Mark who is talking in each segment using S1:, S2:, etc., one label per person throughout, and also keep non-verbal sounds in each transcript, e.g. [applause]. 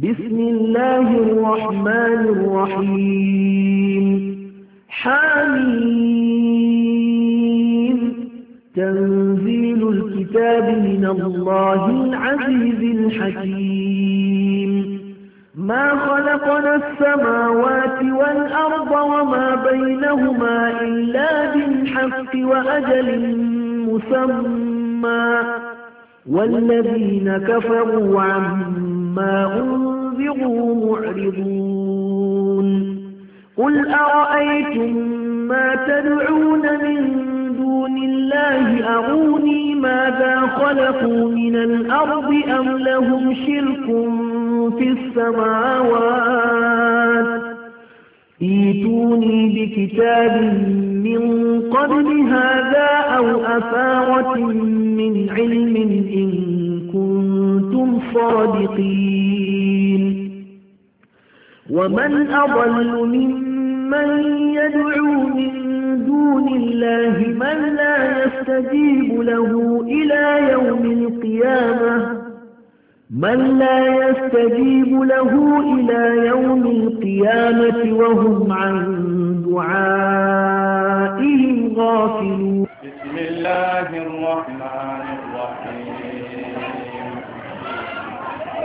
S1: بسم الله الرحمن الرحيم حميم تنزيل الكتاب من الله العزيز الحكيم ما خلقنا السماوات والأرض وما بينهما إلا بالحق وأجل مسمى
S2: والذين كفروا عما ما
S1: أنذروا معرضون قل أرأيتم ما تدعون من دون الله أروني ماذا خلقوا من الأرض أم لهم شرك في السماوات ايتوني بكتاب من قبل هذا أو أثارة من علم إن كنتم صادقين ومن أضل ممن يدعو من دون الله من لا يستجيب له إلى يوم القيامة من لا يستجيب له إلى يوم القيامة وهم عن دعائهم غافلون
S2: بسم الله الرحمن الرحيم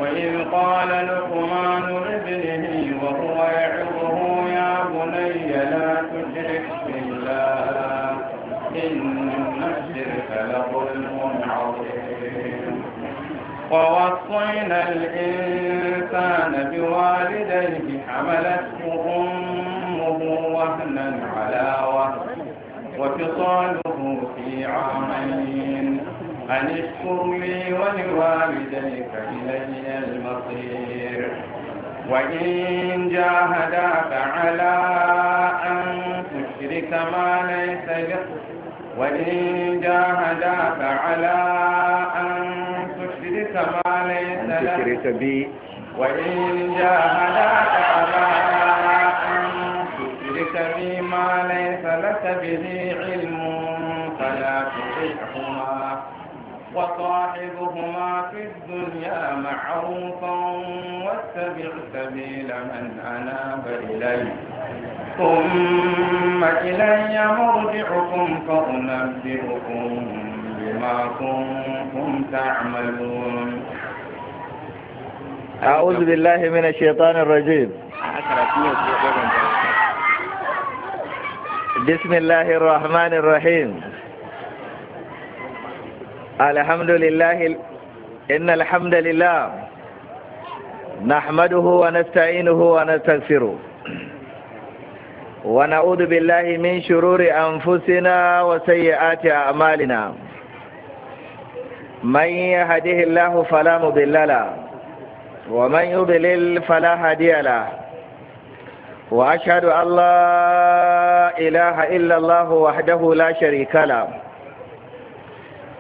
S2: وإذ قال
S3: لقمان لابنه وهو يعظه يا بني لا تشرك بالله إن الشرك
S2: لظلم عظيم
S3: ووصينا الإنسان بوالديه حملته أمه وهنا على وهن وفصاله في عامين أن اشكر لي ولوالديك إلي المصير وإن جاهداك على أن تشرك ما ليس لك وإن جاهداك على أن تشرك ما ليس لك بي وإن جاهداك على أن تشرك بي ما ليس لك به علم وصاحبهما في الدنيا معروفا واتبع سبيل من أناب إلي ثم إلي مرجعكم فأنبئكم بما كنتم تعملون
S4: أعوذ بالله من الشيطان الرجيم بسم الله الرحمن الرحيم alhamdulillahi inna alhamdulillah nahmaduhu wa nasta'inuhu wa nastaghfiruh wa na'udhu billahi min shururi anfusina wa sayyiati a'malina man yahdihillahu fala mudilla la wa man yudlil fala hadiya la wa ashhadu an la ilaha wahdahu la sharika la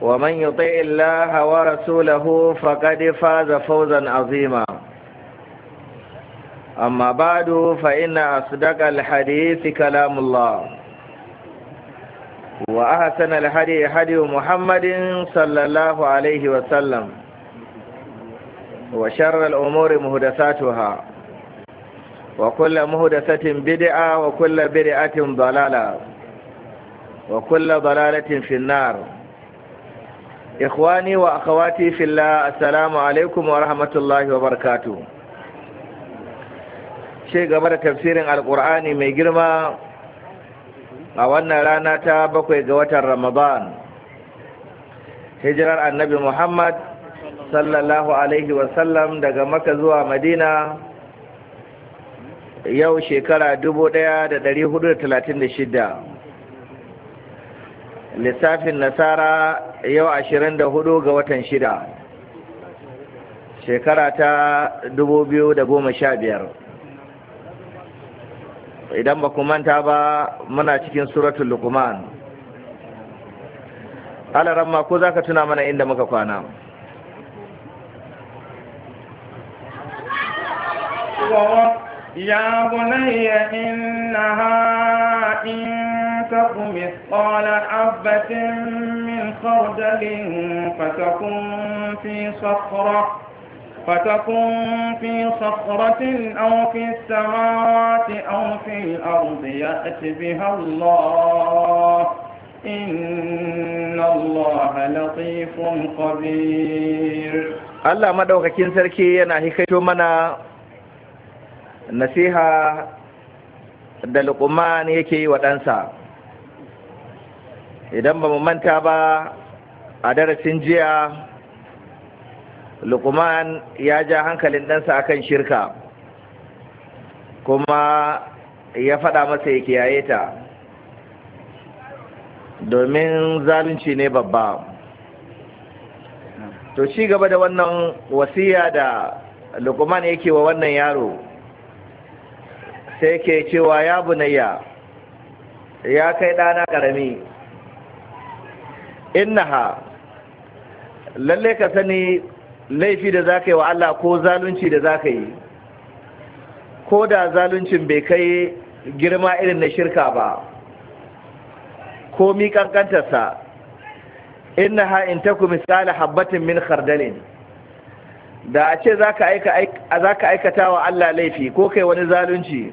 S4: ومن يطع الله ورسوله فقد فاز فوزا عظيما أما بعد فإن أصدق الحديث كلام الله وأحسن الحديث حديث محمد صلى الله عليه وسلم وشر الأمور مهدساتها وكل مهدسة بدعة وكل بدعة ضلالة وكل ضلالة في النار ikhwani wa akhawati fillah assalamu alaikum wa rahmatullahi wa barakatuh ce gaba da tafsirin alkur'ani mai girma a wannan rana ta bakwai ga watan ramadan hijirar annabi muhammad sallallahu alaihi wasallam daga maka zuwa madina yau shekara da shida. lissafin nasara yau ashirin da hudu ga watan shida shekara ta dubu biyu da goma sha biyar idan ba ku manta ba muna cikin suratul luqman alaramma ko za ka tuna mana inda muka kwana
S3: you. يا بني إنها إن تك مثقال حبة من خردل فتكن في صخرة فتكن في صخرة أو في السماوات أو في الأرض يأت بها
S4: الله إن الله لطيف خبير الله ما دوكا كين سركي أنا هيكتو منا nasiha da lukman yake yi wa ɗansa idan ba mu manta ba a darasin jiya lukman ya ja hankalin ɗansa akan shirka kuma ya faɗa masa ya kiyaye ta domin zalunci ne babba to ci gaba da wannan wasiya da lukman yake wa wannan yaro sai ke cewa ya bunayya ya kai ɗana ƙarami Inna ha, lalle ka sani laifi da za ka yi wa Allah ko zalunci da za ka yi ko da zaluncin bai kai girma irin na shirka ba ko mi kankantarsa ha in taku misali habbatin min kardalin da a ce za ka aikata wa Allah laifi ko kai wani zalunci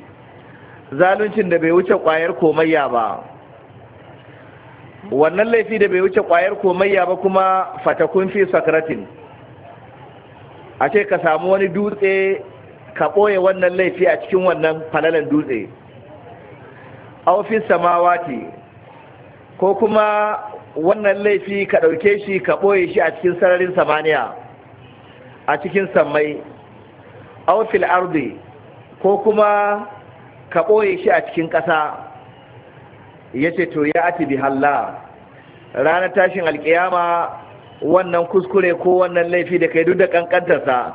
S4: zaluncin da bai wuce ƙwayar komayya ba wannan laifi da bai wuce kwayar komayya ba kuma fatakun fi sakratin a ce ka samu wani dutse ka ɓoye wannan laifi a cikin wannan falalan dutse ofis samawati ko kuma wannan laifi ka ɗauke shi ka ɓoye shi a cikin sararin samaniya a cikin sammai ofil ardi ko kuma ka ɓoye shi a cikin ƙasa ya ce to ya ati bi halla ranar tashin alkiyama wannan kuskure ko wannan laifi da ka yi duk da ƙanƙantarsa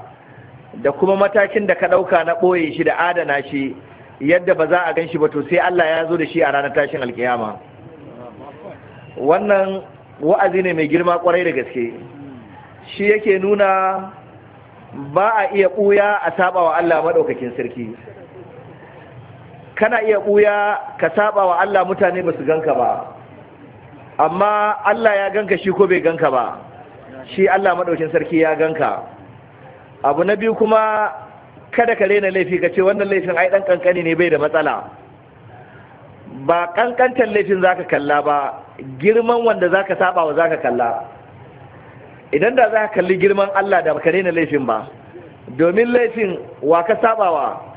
S4: da kuma matakin da ka ɗauka na ɓoye shi da adana shi yadda ba za a gan shi ba to sai Allah ya zo da shi a ranar tashin alkiyama wannan wa'azi ne mai girma ƙwarai da gaske shi yake nuna ba a iya ɓuya a saɓa wa Allah maɗaukakin sarki kana iya buya ka saba wa Allah mutane ba su ganka ba amma Allah ya ganka shi ko bai ganka ba shi Allah madaukin sarki ya ganka abu na biyu kuma kada ka rena laifi ka ce wannan laifin ai dan kankani ne bai da matsala ba kankantar laifin zaka kalla ba girman wanda zaka saba wa zaka kalla idan da zaka kalli girman Allah da ka rena laifin ba domin laifin wa ka wa?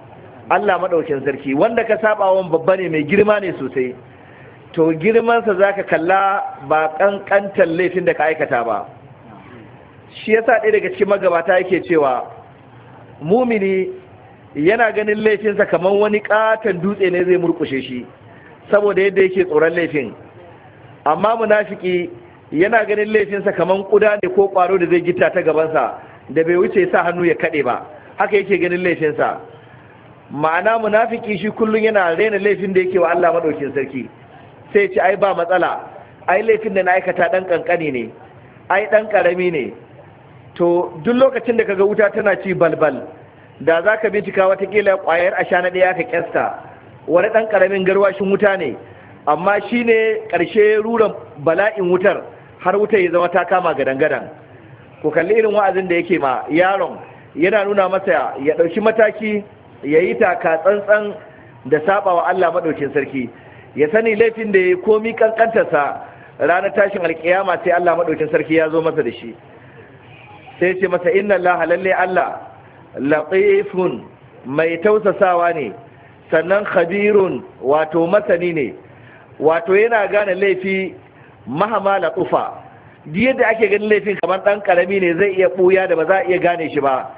S4: Allah maɗaukin sarki wanda ka saba wa babba ne mai girma ne sosai to girmansa za ka kalla ba ƙanƙantar laifin da ka aikata ba shi yasa ɗaya daga cikin magabata yake cewa mumini yana ganin laifinsa kamar wani ƙaton dutse ne zai murƙushe shi saboda yadda yake tsoron laifin amma munafiki yana ganin laifinsa kamar ƙuda ne ko ƙwaro da zai gita ta gabansa da bai wuce sa hannu ya kaɗe ba haka yake ganin laifinsa ma'ana munafiki shi kullum yana rena laifin da yake wa Allah madaukin sarki sai ce ai ba matsala ai laifin da na aikata dan kankani ne ai dan karami ne to duk lokacin da kaga wuta tana ci balbal da zaka bincika wata kila kwayar ashana daya ka kyasta wani dan karamin garwashin wuta ne amma shine karshe ruran bala'in wutar har wuta ya zama ta kama gadangadan ku kalli irin wa'azin da yake ma yaron yana nuna masa ya dauki mataki Ya yi taka tsantsan da saba wa Allah maɗaukin sarki ya sani laifin da yayi komi kankantarsa ranar tashin alkiyama sai Allah madaukin sarki ya zo masa da shi sai ce masa inna Allah lalle Allah laqifun mai tausasawa ne sannan khabirun wato masani ne wato yana gane laifi mahama la tufa da ake ganin laifin kamar ɗan karami ne zai iya buya da ba za a iya gane shi ba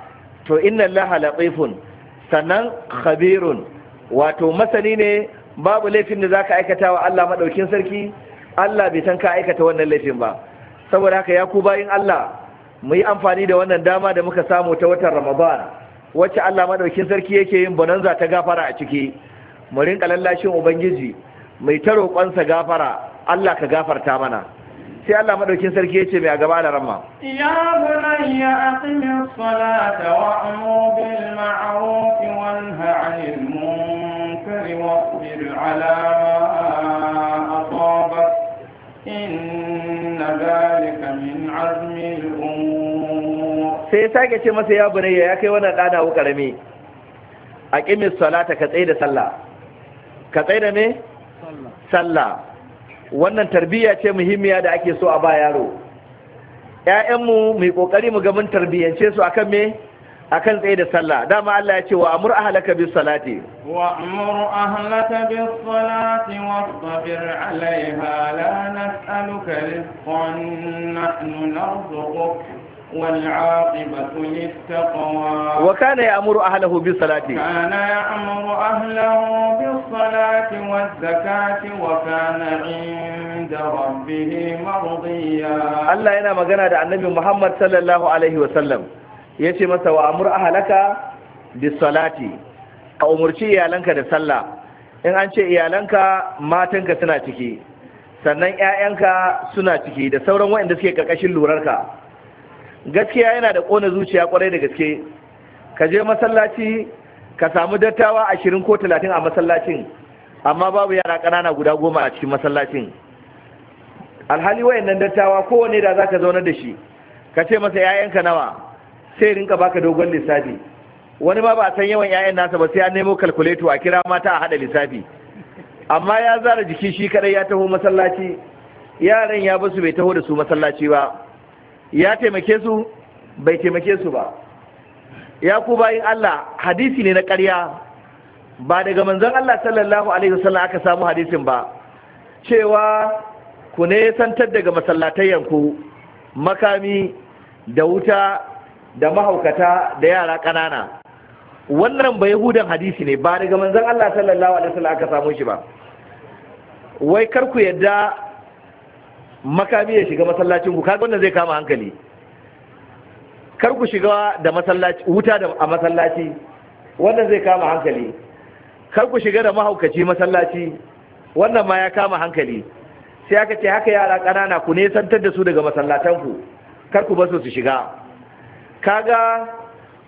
S4: to inna Allah laqifun sannan khabirun wato masani ne babu laifin da zaka aikata wa Allah madaukin sarki Allah bai san ka aikata wannan laifin ba saboda haka ya ku bayin Allah mu yi amfani da wannan dama da muka samu ta watan Ramadan wacce Allah madaukin sarki yake yin bonanza ta gafara a ciki mu rinka lallashin ubangiji mai taro gafara Allah ka gafarta mana sai Allah madaukin sarki yace mai a gaba da ramma
S3: ya bunayya aqimis salata wa'mur bil ma'ruf wanha 'anil munkar wasbir 'ala ma asabak inna dhalika min 'azmil
S4: umur sai sake ce masa ya bunayya ya kai wannan dana wu karami aqimis salata ka tsaye da sallah ka tsaye da me sallah wannan tarbiyya ce muhimmiya da ake so a ba yaro Ya'yanmu mai kokari mu ga mun tarbiyyance su akan me akan tsaye da sallah dama Allah ya ce wa amur ahlaka bis salati
S3: wa amur ahlaka bis salati alaiha la nas'aluka rizqan nahnu والعاقبة للتقوى
S4: وكان يأمر أهله بالصلاة كان
S3: يأمر أهله بالصلاة والزكاة وكان عند ربه
S4: مرضيا الله ينا مغنى عن النبي محمد صلى الله عليه وسلم yace masa wa amur ahlaka bis salati ka umurci iyalanka da sallah in an ce iyalanka matanka suna ciki sannan ƴaƴanka suna ciki da sauran waɗanda suke karkashin lurarka gaskiya yana da ƙona zuciya kwarai da gaske ka je masallaci ka samu dattawa ashirin ko talatin a masallacin amma babu yara ƙanana guda goma a cikin masallacin alhali wayannan dattawa kowane da za ka zaunar da shi ka ce masa 'ya'yanka nawa sai rinka baka dogon lissafi wani ma ba a san yawan 'ya'yan nasa ba sai an nemo kalkuleto a kira mata a haɗa lissafi amma ya zara jiki shi kadai ya taho masallaci yaran ya basu bai taho da su masallaci ba ya taimake su bai taimake su ba ya ku bayin Allah hadisi ne na ƙarya ba daga manzon Allah sallallahu alaihi wasallam aka samu hadisin ba cewa ku ne santar daga masallatayyanku makami da wuta da mahaukata da yara ƙanana wannan ba yahudan hadisi ne ba daga manzon Allah sallallahu alaihi wasallam aka samu shi ba wai kar ku yadda makami ya shiga masallacin ku kaga wannan zai kama hankali kar ku shiga da masallaci wuta da a masallaci wannan zai kama hankali kar ku shiga da mahaukaci masallaci wannan ma ya kama hankali sai aka ce haka yara ƙanana ku nesantar da su daga masallatan ku kar ku basu su shiga kaga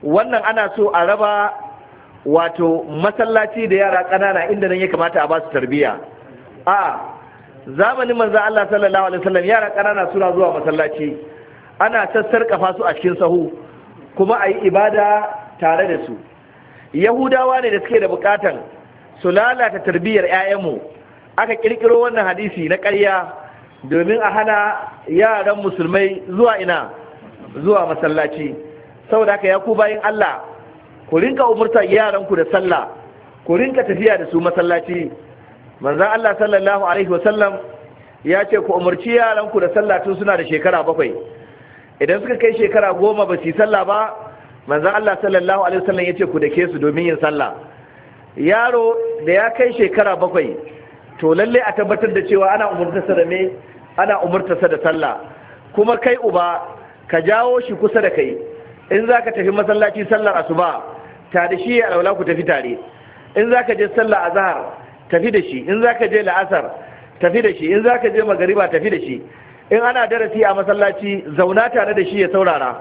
S4: wannan ana so a raba wato masallaci da yara ƙanana inda nan ya kamata a ba su tarbiyya a zamanin manzan Allah sallallahu alaihi wasallam yara ƙanana suna zuwa masallaci ana kafa su a cikin sahu kuma a yi ibada tare da su yahudawa ne da suke da buƙatan su lalata tarbiyyar 'ya'yanmu aka ƙirƙiro wannan hadisi na ƙarya domin a hana yaran musulmai zuwa ina zuwa masallaci saboda haka ya ku bayan Allah ku rinka umurta yaranku da sallah ku rinka tafiya da su masallaci manzan Allah sallallahu alaihi wasallam ya ce ku umarci yaranku da sallatun suna da shekara bakwai idan suka kai shekara goma ba su sallah ba manzan Allah sallallahu alaihi wasallam ya ce ku dake su domin yin sallah yaro da ya kai shekara bakwai to lalle a tabbatar da cewa ana umurtarsa da me ana umurtarsa da sallah kuma kai uba ka jawo shi kusa da kai in za ka tafi masallaci sallar asuba tare shi ya alaula ku tafi tare in za ka je sallar azhar tafi da shi in za ka je la'asar tafi da shi in za ka je magariba tafi da shi in ana darasi a masallaci zauna tare da shi ya saurara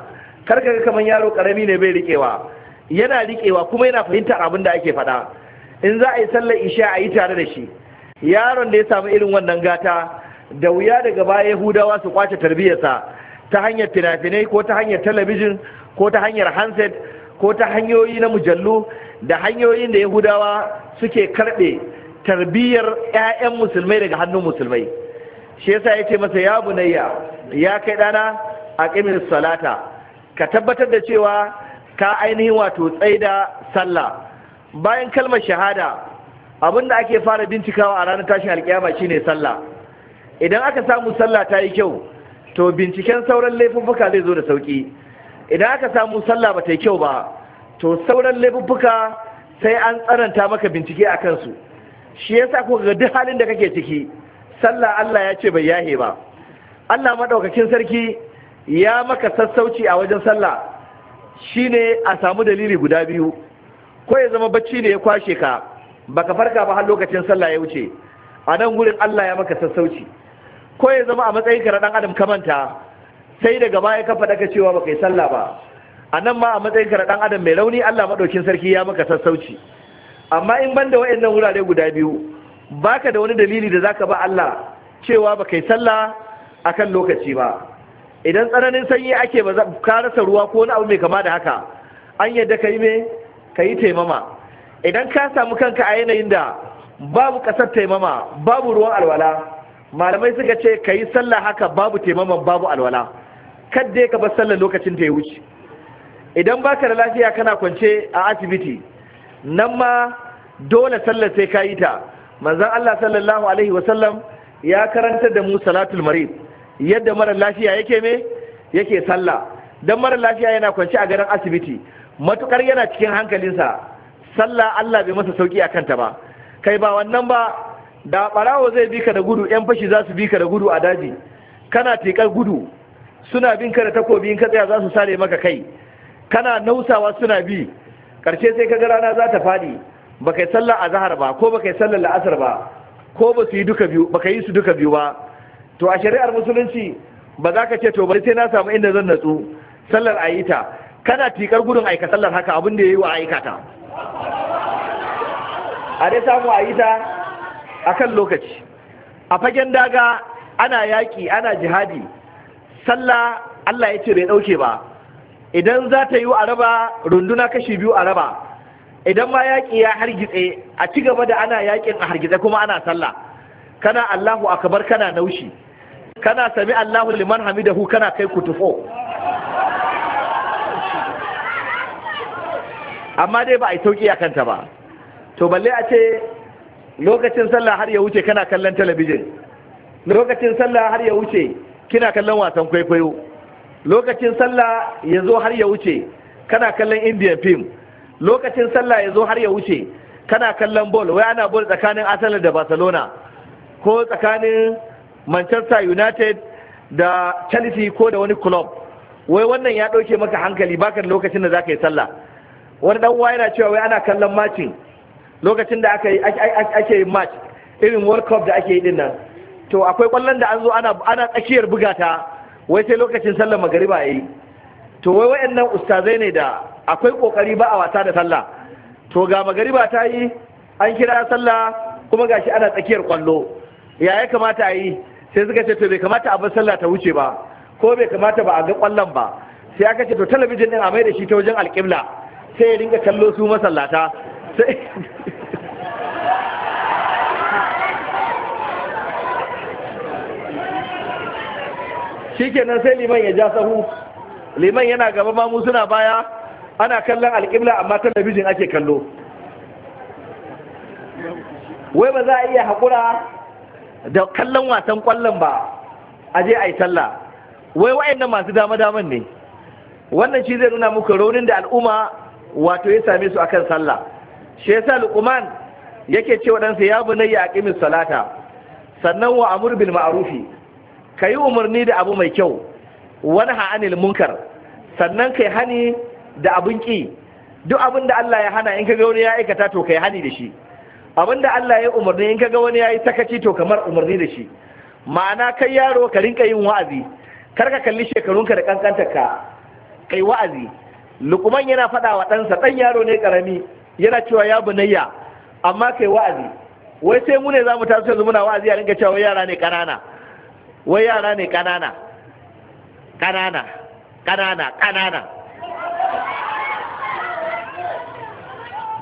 S4: kar ka ga kaman yaro karami ne bai riƙewa. yana riƙewa kuma yana fahimtar abin da ake faɗa in za a yi sallar isha a yi tare da shi yaron da ya samu irin wannan gata da wuya daga baya yahudawa su kwace tarbiyyarsa ta hanyar fina-finai ko ta hanyar talabijin ko ta hanyar handset ko ta hanyoyi na mujallu da hanyoyin da yahudawa suke karɓe tarbiyyar 'ya'yan musulmai daga hannun musulmai shi yasa ya ce masa ya bunayya ya kai ɗana a ƙimin salata ka tabbatar da cewa ka ainihin wato tsaida sallah bayan kalmar shahada abinda ake fara bincikawa a ranar tashin alƙiyama shine sallah idan aka samu sallah ta yi kyau to binciken sauran laifuffuka zai zo da sauki idan aka samu sallah ba ta yi kyau ba to sauran laifuffuka sai an tsananta maka bincike a kansu shi yasa ko ga duk halin da kake ciki sallah Allah ya ce bai yahe ba Allah maɗaukakin sarki ya maka sassauci a wajen sallah shine a samu dalili guda biyu ko ya zama bacci ne ya kwashe ka baka farka ba har lokacin sallah ya wuce a nan gurin Allah ya maka sassauci ko ya zama a matsayin ka dan adam kamanta sai daga baya ka faɗa ka cewa baka yi sallah ba a nan ma a matsayin ka adam mai rauni Allah maɗaukin sarki ya maka sassauci amma in ban da waɗannan wurare guda biyu baka da wani dalili da zaka ba Allah cewa baka yi sallah akan lokaci ba idan tsananin sanyi ake ba ka rasa ruwa ko wani abu mai kama da haka an yadda ka yi me ka yi taimama idan ka samu kanka a yanayin da babu ƙasar taimama babu ruwan alwala malamai suka ce ka yi sallah haka babu taimaman babu alwala kadda ka bar sallah lokacin ta ya wuce idan baka da lafiya kana kwance a asibiti nan ma dole sallar sai ka yi ta manzon Allah sallallahu alaihi wasallam ya karanta da mu salatul marid yadda mara lafiya yake me yake sallah Don mara lafiya yana kwanci a garin asibiti matukar yana cikin hankalinsa sallah Allah bai masa sauki akan ta ba kai ba wannan ba da barawo zai bi ka da gudu yan fashi za su bi ka da gudu a daji kana tekar gudu suna bin ka da takobi in ka tsaya za su sare maka kai kana nausawa suna bi karshe sai kaga rana za ta fadi baka yi a zahar ba ko ba kai sallar la'asar ba ko ba su yi duka biyu yi su duka biyu ba to a shari'ar musulunci ba za ka ce to bari sai na samu inda zan natsu sallar ayita kana tikar gudun aika sallar haka abin da ya yi wa aikata a dai samu ayita kan lokaci a fagen daga ana yaƙi, ana jihadi sallah Allah ya ce bai ɗauke ba idan za ta yi a raba runduna kashi biyu a raba idan ma yaƙi ya hargitse a ci gaba da ana yaƙin a hargitse kuma ana sallah kana Allahu akbar kana naushi kana sami Allahu liman hamidahu kana kai kutufo amma dai ba a yi sauƙi a kanta ba to balle a ce lokacin sallah har ya wuce kana kallon talabijin lokacin sallah har ya wuce kina kallon wasan kwaikwayo lokacin sallah ya zo har ya wuce kana kallon indian film lokacin sallah ya zo har ya wuce kana kallon ball? wai ana ball tsakanin arsenal da barcelona ko tsakanin manchester united da chelsea ko da wani club wai wannan ya ɗauke maka hankali baka da lokacin da za ka yi sallah wani dan uwa yana cewa wai ana kallon matching lokacin da aka yi ake yi match irin world cup da ake yi din to akwai kwallon da an zo ana ana tsakiyar buga ta wai sai lokacin sallar magariba a yi to wai wayannan ustazai ne da akwai kokari ba a wasa da sallah to ga magariba ta yi an kira sallah kuma ga gashi ana tsakiyar kwallo ya ya kamata a yi sai suka ce to bai kamata a bar sallah ta wuce ba ko bai kamata ba a ga kwallon ba sai aka ce to talabijin din a mai da shi ta wajen alƙibla sai ya dinga kallo su masallata sai [laughs] shi kenan sai liman ya ja sahu liman yana gaba mamu suna baya ana kallon alƙibla amma talabijin ake kallo wai ba za a iya haƙura da kallon wasan ƙwallon ba a je a yi talla? wai wa'annan masu dama-daman ne wannan shi zai nuna muku raunin da al'umma wato ya same su akan sallah shi yasa lukuman yake ce waɗansa ya bunayya ƙimin salata sannan wa amur bil ma'arufi ka yi umarni da abu mai kyau wani ha'anil munkar sannan kai hani da abin ƙi duk abin da Allah ya hana in ka ga wani ya aikata to kai hani da shi abin da Allah ya umarni in ka ga wani ya yi sakaci to kamar umarni da shi ma'ana kai yaro ka rinka yin wa'azi kar ka kalli shekarunka da ka kai wa'azi lukuman yana faɗa wa ɗansa ɗan yaro ne ƙarami yana cewa ya bunayya amma kai wa'azi wai sai mu ne za mu taso yanzu muna wa'azi a rinka cewa yara ne ƙanana wai yara ne ƙanana ƙanana ƙanana ƙanana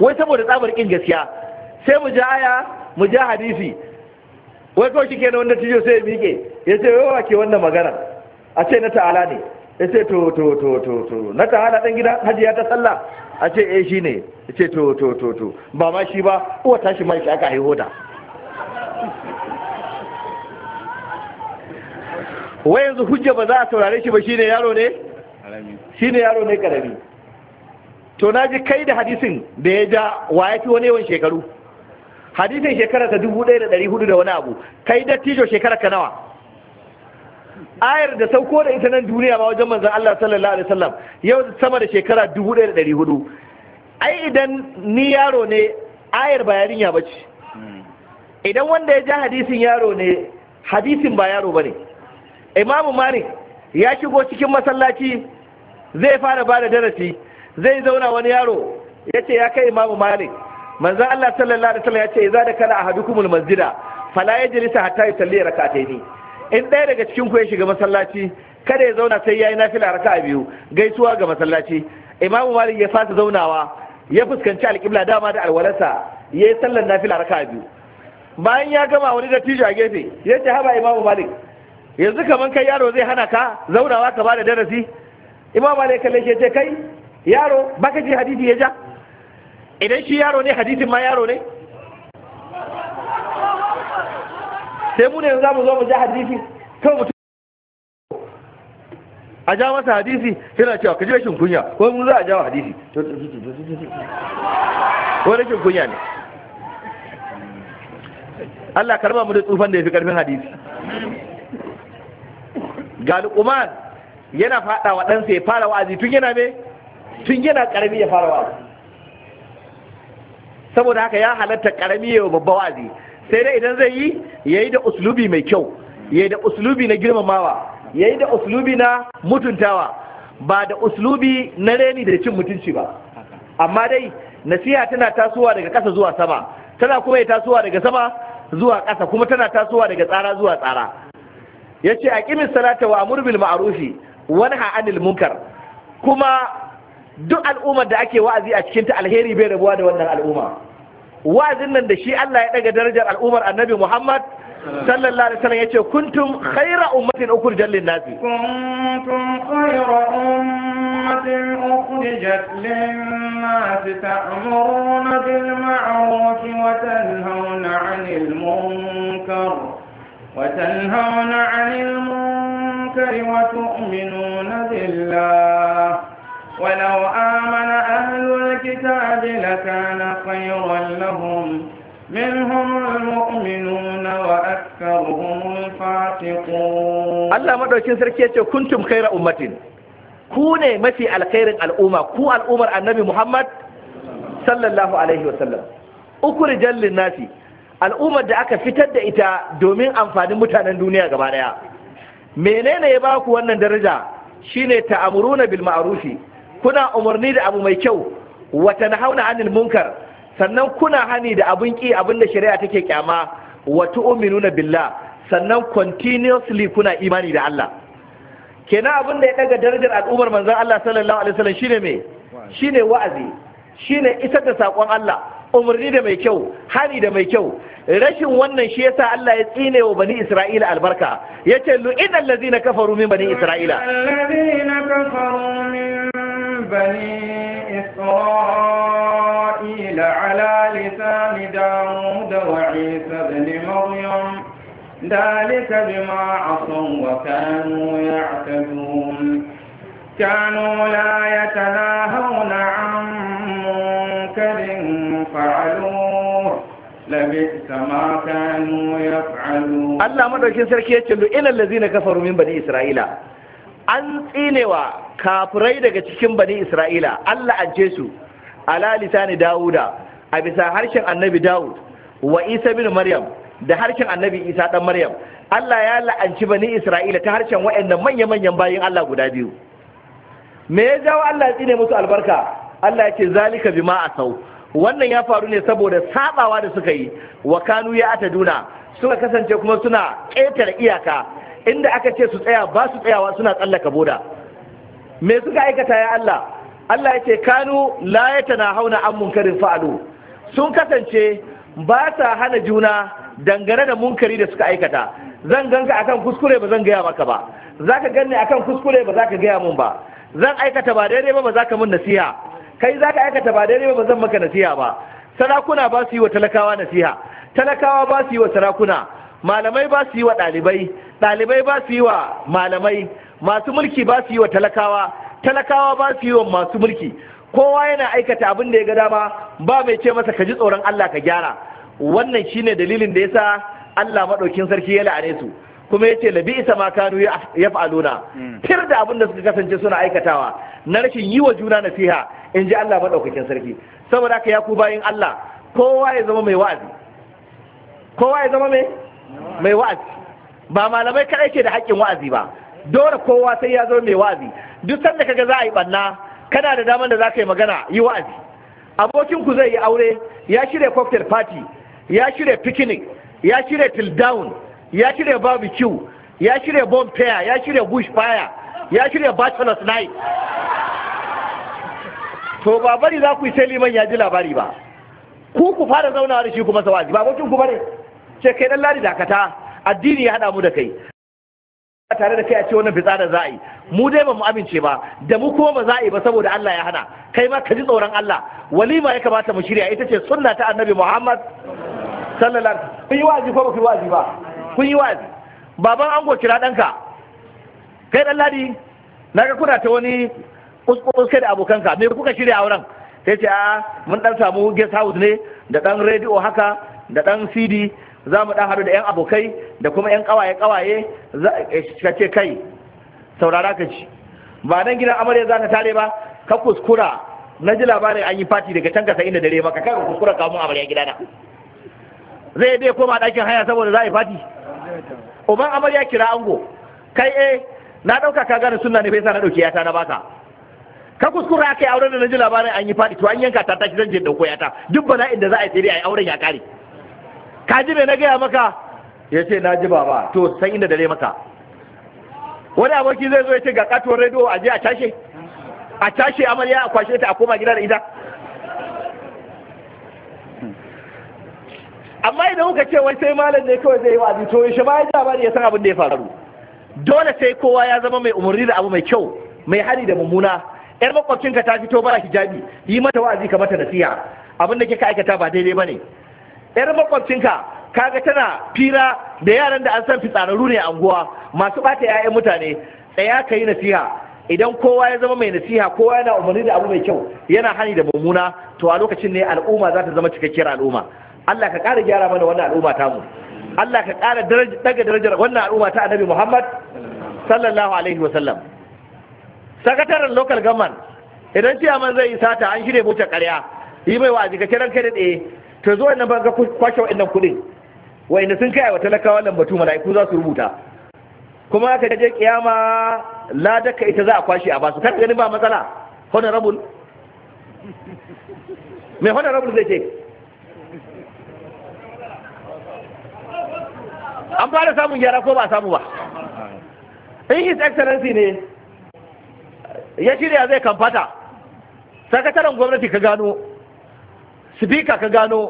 S4: wai saboda tsabar ƙin gaskiya sai mu ja aya mu ja hadisi wai kawai shi kenan wanda tijo sai ya miƙe ya ce wai ke wannan magana a ce na ta'ala ne ya ce to to to to to na ta'ala ɗan gida hajiya ta sallah a ce eh shi ne ya ce to to to to ba ma shi ba uwa tashi ma shi aka haihu da wai yanzu hujja ba za a saurare shi ba shine yaro ne shine yaro ne karami to na ji kai da hadisin da ya ja wa ya fi wani yawan shekaru hadisin shekara ta dubu daya da dari hudu da wani abu kai da tijo shekara ka nawa ayar da sauko da ita nan duniya ba wajen manzan Allah sallallahu alaihi wasallam yau sama da shekara dubu daya da dari hudu ai idan ni yaro ne ayar ba yarinya ba ce hmm. idan wanda ya ja hadisin yaro ne hadisin ba yaro ba ne imamu malik ya shigo cikin masallaci zai fara ba da darasi zai zauna wani yaro ya ce ya kai imamu malik manzan allah sallallahu alaihi wasallam ya ce za da kana a hadu kumul masjida fala ya jilisa hatta ya salli rak'ataini in ɗaya daga cikin ku ya shiga masallaci kada ya zauna sai ya yi nafila a biyu gaisuwa ga masallaci imamu malik ya fasa zaunawa ya fuskanci alƙibla dama da alwalarsa ya yi sallar nafila a biyu bayan ya gama wani dattijo a gefe ya ce haba imamu malik yanzu kaman kai yaro zai hana ka zaunawa ka bada darasi imam malik kalle ke ce kai yaro baka ji hadisi ya ja idan shi yaro ne hadisin ma yaro ne sai mu ne za mu zo mu ja hadisi kawai mutum a ja masa hadisi yana cewa ka ji rashin kunya ko mun za a wa hadisi ko rashin kunya ne Allah karba mu da tsufan da ya fi karfin hadisi ga luqman yana fada wa ɗansa ya fara wa'azi tun yana me tun yana karami ya fara wa'azi saboda haka ya halatta karami ya babba wa'azi sai dai idan zai yi ya yi da uslubi mai kyau ya yi da uslubi na girmamawa ya yi da uslubi na mutuntawa ba da uslubi na reni da cin mutunci ba amma dai nasiha tana tasowa daga ƙasa zuwa sama tana kuma ya tasowa daga sama zuwa ƙasa kuma tana tasowa daga tsara zuwa tsara yace aqimis salata wa amur bil maarufi wani nahy munkar kuma duk al'ummar da ake wa'azi a cikin ta alheri bai rabuwa da wannan al'umma wa'azin nan da shi Allah ya daga darajar al'ummar Annabi Muhammad sallallahu alaihi wasallam yace kuntum khayra ummatin ukhrijat lin-nasi
S3: kuntum khayra ummatin ukhrijat lin-nasi ta'muruna bil ma'ruf wa tanhauna 'anil munkar
S2: وتنهون
S3: عن المنكر وتؤمنون بالله ولو آمن أهل الكتاب لكان خيرا لهم منهم المؤمنون وأكثرهم
S4: الفاسقون الله مدركين سركية كنتم خير أمة كوني مفي الخير الأمة كو الأمر النبي محمد صلى الله عليه وسلم أخرج للناس al'ummar da aka fitar da ita domin amfanin mutanen duniya gaba daya menene ya baku wannan daraja shine ta'amuruna bil ma'rufi kuna umarni da abu mai kyau wa tanhauna 'anil munkar sannan kuna hani da abun ki abin da shari'a take kyama wa tu'minuna billah sannan continuously kuna imani da Allah kenan abin da ya daga darajar al'ummar manzon Allah sallallahu alaihi wasallam shine me shine wa'azi shine isar da sakon Allah umarni da mai kyau hari da mai kyau rashin wannan shi yasa Allah ya tsine wa bani Isra'ila albarka yace lu'ina allazina kafaru min bani Isra'ila
S3: allazina kafaru min bani Isra'ila ala lisani Dawud wa Isa ibn Maryam ذلك بما عصوا وكانوا يعتدون كانوا لا يتناهون عن منكر
S4: فعلوه لبئس ما كانوا يفعلون الله مدركين سركي يتلو إلى الذين كفروا من بني إسرائيل an tsinewa kafirai daga cikin bani isra'ila allah ance su ala lisani dawuda a bisa harshen annabi dawud wa isa bin maryam da harshen annabi isa dan maryam allah ya la'anci bani isra'ila ta harshen waɗannan manya-manyan bayin allah guda biyu me ya jawo Allah ya tsine musu albarka Allah ya ce zalika bima asau wannan ya faru ne saboda sabawa da suka yi wa kanu ya duna, suka kasance kuma suna ƙetare iyaka inda aka ce su tsaya ba su tsayawa suna tsallaka boda me suka aikata ya Allah Allah ya ce kanu la hauna an munkarin fa'alu sun kasance ba sa hana juna dangane da munkari da suka aikata zan ganka akan kuskure ba zan gaya maka ba zaka ganni akan kuskure ba zaka gaya mun ba zan aikata ba daidai ba ba za ka mun nasiha kai za ka aikata ba daidai ba ba zan maka nasiha ba sarakuna ba su yi wa talakawa nasiha talakawa ba su yi wa sarakuna malamai ba su yi wa ɗalibai ɗalibai ba su yi wa malamai masu mulki ba su yi wa talakawa talakawa ba su yi wa masu mulki kowa yana aikata abin da ya ga dama ba mai ce masa ka ji tsoron Allah ka gyara wannan shine dalilin da yasa Allah maɗaukin sarki ya la'ane su kuma yace labi isa ma kanu yaf'aluna hmm. tir da abin da suka kasance suna aikatawa na rashin yi wa juna nasiha in ji Allah madaukakin sarki saboda haka ya ku bayin Allah kowa ya zama mai wa'azi kowa ya zama mai mai wa'azi ba malamai kadai ke da haƙƙin wa'azi ba dole kowa sai ya zama mai wa'azi duk sanda kaga za a yi banna kana da daman da za ka yi magana yi wa'azi abokin ku zai yi aure ya shirya cocktail party ya shirya picnic ya shirya till down ya shirya barbecue ya shirya pair ya shirya bush fire ya shirya bachelor's night to ba bari za ku yi sai liman ya ji labari ba ku ku fara zaunawa da shi kuma sawaji ba bakin ku bare ce kai dan ladi dakata addini ya hada mu da kai tare da kai a ce wannan fitsa da za'i mu dai ba mu amince ba da mu kuma ba za'i ba saboda Allah ya hana kai ma ka ji tsoron Allah walima ya kamata mu shirya ita ce sunna ta annabi Muhammad sallallahu alaihi wasallam yi wajibi ko ba ku wajibi ba kun yi wa'azi baban ango kira ɗanka kai ɗan ladi na ga kuna ta wani kuskus da abokanka me kuka shirya auren sai ce a mun ɗan samu guest house ne da ɗan radio haka da ɗan cd za mu ɗan haɗu da 'yan abokai da kuma 'yan ƙawaye-ƙawaye eh, ka ce kai saurara ka ci ba nan gidan amarya za ka tare ba ka kuskura na ji labarin an yi fati daga can kasa inda dare maka kai ka kuskura kamun amarya gidana zai dai koma ɗakin haya saboda za a yi fati uban amarya kira ango kai eh na dauka ka gane sunna ne bai sa na dauki yata na baka ka kuskura kai auren da naji labarin an yi fadi to an yanka ta ta zan je dauko yata duk na inda za a yi sai ai auren ya kare ka ji ne na gaya maka ya ce na ji baba to san inda dare maka wani aboki zai zo ya ce ga katuwar rediyo a je a cashe a cashe amarya a kwashe ta a koma gida da ita amma idan kuka ce wai sai malam ne kawai zai yi wa'azi to shi ma ya ji labari ya san abin da ya faru dole sai kowa ya zama mai umarni da abu mai kyau mai hari da mummuna yar makwabcinka ta fito bara hijabi yi mata wa'azi ka mata nasiha abin da ka aikata ba daidai bane yar makwabcinka kaga tana fira da yaran da an san fitsararru ne a unguwa masu bata 'ya'yan mutane tsaya ka yi nasiha idan kowa ya zama mai nasiha kowa yana umarni da abu mai kyau yana hani da mummuna to a lokacin ne al'umma za ta zama cikakkiyar al'umma Allah ka ƙara gyara mana wannan al'umma ta mu Allah ka ƙara daga darajar wannan al'umma ta annabi Muhammad sallallahu alaihi wa sallam sakataren local government idan man zai yi sata an shirya mota ƙarya yi mai wa'azi ka kiran kai da tsaye to zo wannan ban ga kwashe wa'annan kuɗin wa'anda sun kai wa talakawa lambatu mala'iku za su rubuta kuma ka je kiyama ladaka ita za a kwashe a basu kada ganin ba matsala honorable mai honorable zai ce an fara samun gyara ko ba a samu ba in his excellency ne ya shirya zai kamfata sakataren gwamnati ka gano sifika ka gano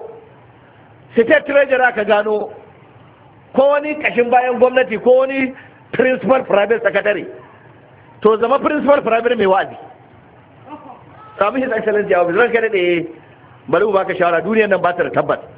S4: state treasurer ka gano ko wani kashin bayan gwamnati ko wani principal private secretary to zama principal private mai wa'azi samun his excellency a office ranka daɗe bari mu baka shawara duniyar nan ba ta da tabbata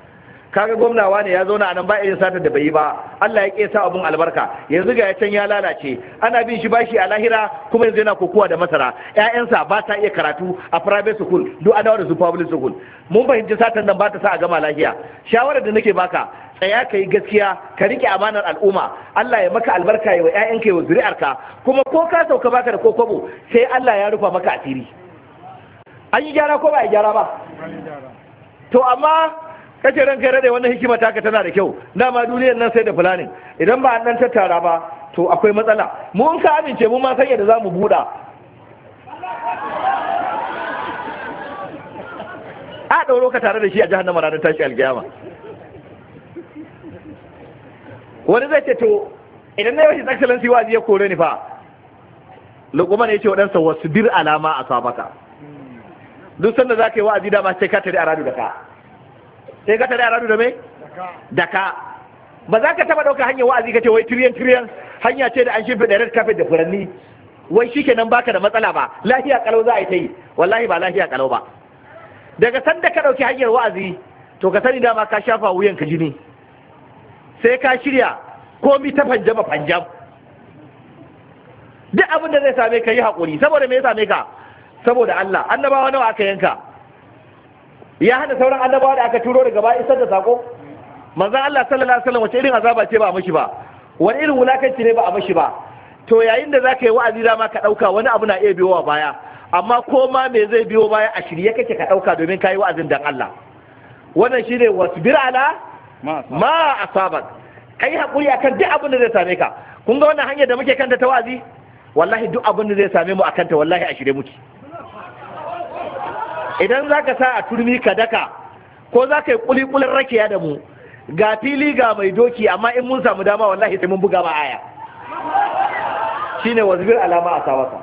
S4: kaga gwamnawa ne ya zauna a nan ba irin satar da bai yi ba Allah ya kesa abun albarka yanzu ga ya can ya lalace ana bin shi bashi a lahira kuma yanzu yana kokowa da masara ƴaƴansa ba ta iya karatu a private school duk an da su public school mun fahimci satar nan ba ta sa a gama lahiya shawarar da nake baka tsaya ka yi gaskiya ka rike amanar al'umma Allah ya maka albarka ya wa ƴaƴanka ya zuri'arka kuma ko ka sauka baka da kokobo sai Allah ya rufa maka asiri an yi gyara ko ba a gyara ba to amma kace ran kai rade wannan hikima taka tana da kyau dama duniyar nan sai da fulani idan ba nan tattara ba to akwai matsala mu in ka amince mu ma san yadda mu buɗa a ɗauro ka tare da shi a jahannama da tashi alkiyama wani zai ce to idan na yawashi excellency wazi ya kore ni fa ne ya ce waɗansa wasu dir alama a sabaka duk sanda za ka yi wa'azi dama sai ka tare a radu da ka sai ka tare aradu da mai daka ba za ka taba ɗauka hanyar wa'azi ka ce wai tiriyan tiriyan hanya ce da an shi da red carpet da furanni wai shi kenan baka da matsala ba lahiya kalau za a yi ta yi wallahi ba lahiya kalau ba daga sanda ka dauki hanyar wa'azi to ka sani dama ka shafa wuyan ka jini sai ka shirya komi ta fanjama fanjam duk abin da zai same ka yi hakuri saboda me ya same ka saboda Allah annabawa nawa aka yanka ya hada sauran annabawa da aka turo daga bayan isar da sako manzon Allah sallallahu alaihi wasallam wace irin azaba ce ba a mashi ba wani irin wulakanci ne ba a mashi ba to yayin da zaka yi wa'azi dama ka dauka wani abu na iya biyowa baya amma ko ma me zai biyo baya a shirye kake ka dauka domin kai wa'azin dan Allah wannan shine wasbir ala ma asabak kai hakuri akan duk abin da zai same ka kun ga wannan hanyar da muke kanta ta wa'azi wallahi duk abin da zai same mu akan ta wallahi a shirye muke idan za ka sa a turmi ka daka ko za ka yi kulikulin rakiya da mu ga fili ga mai doki amma in mun samu dama wallahi sai mun buga ba aya shine wazbir alama a sawasa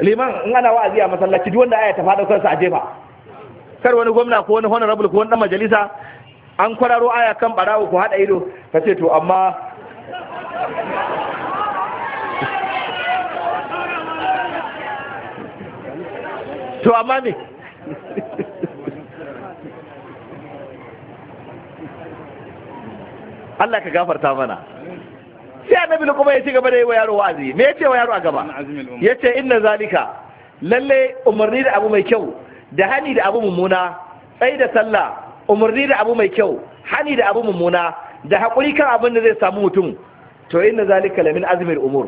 S4: liman in ana wa'azi a masallaci duk wanda aya ta faɗa kansa a jefa kar wani gwamna ko wani honorable ko wani majalisa an kwararo aya kan barawo ku haɗa ido ka ce to amma to amma ne Allah ka gafarta mana sai annabi kuma ya ci gaba da yi wa yaro wa'azi me ya ce wa yaro a gaba ya ce inna zalika lalle umarni da abu mai kyau da hani da abu mummuna tsayi da sallah umarni da abu mai kyau hani da abu mummuna da haƙuri kan abin da zai samu mutum to inna zalika la min azmil umur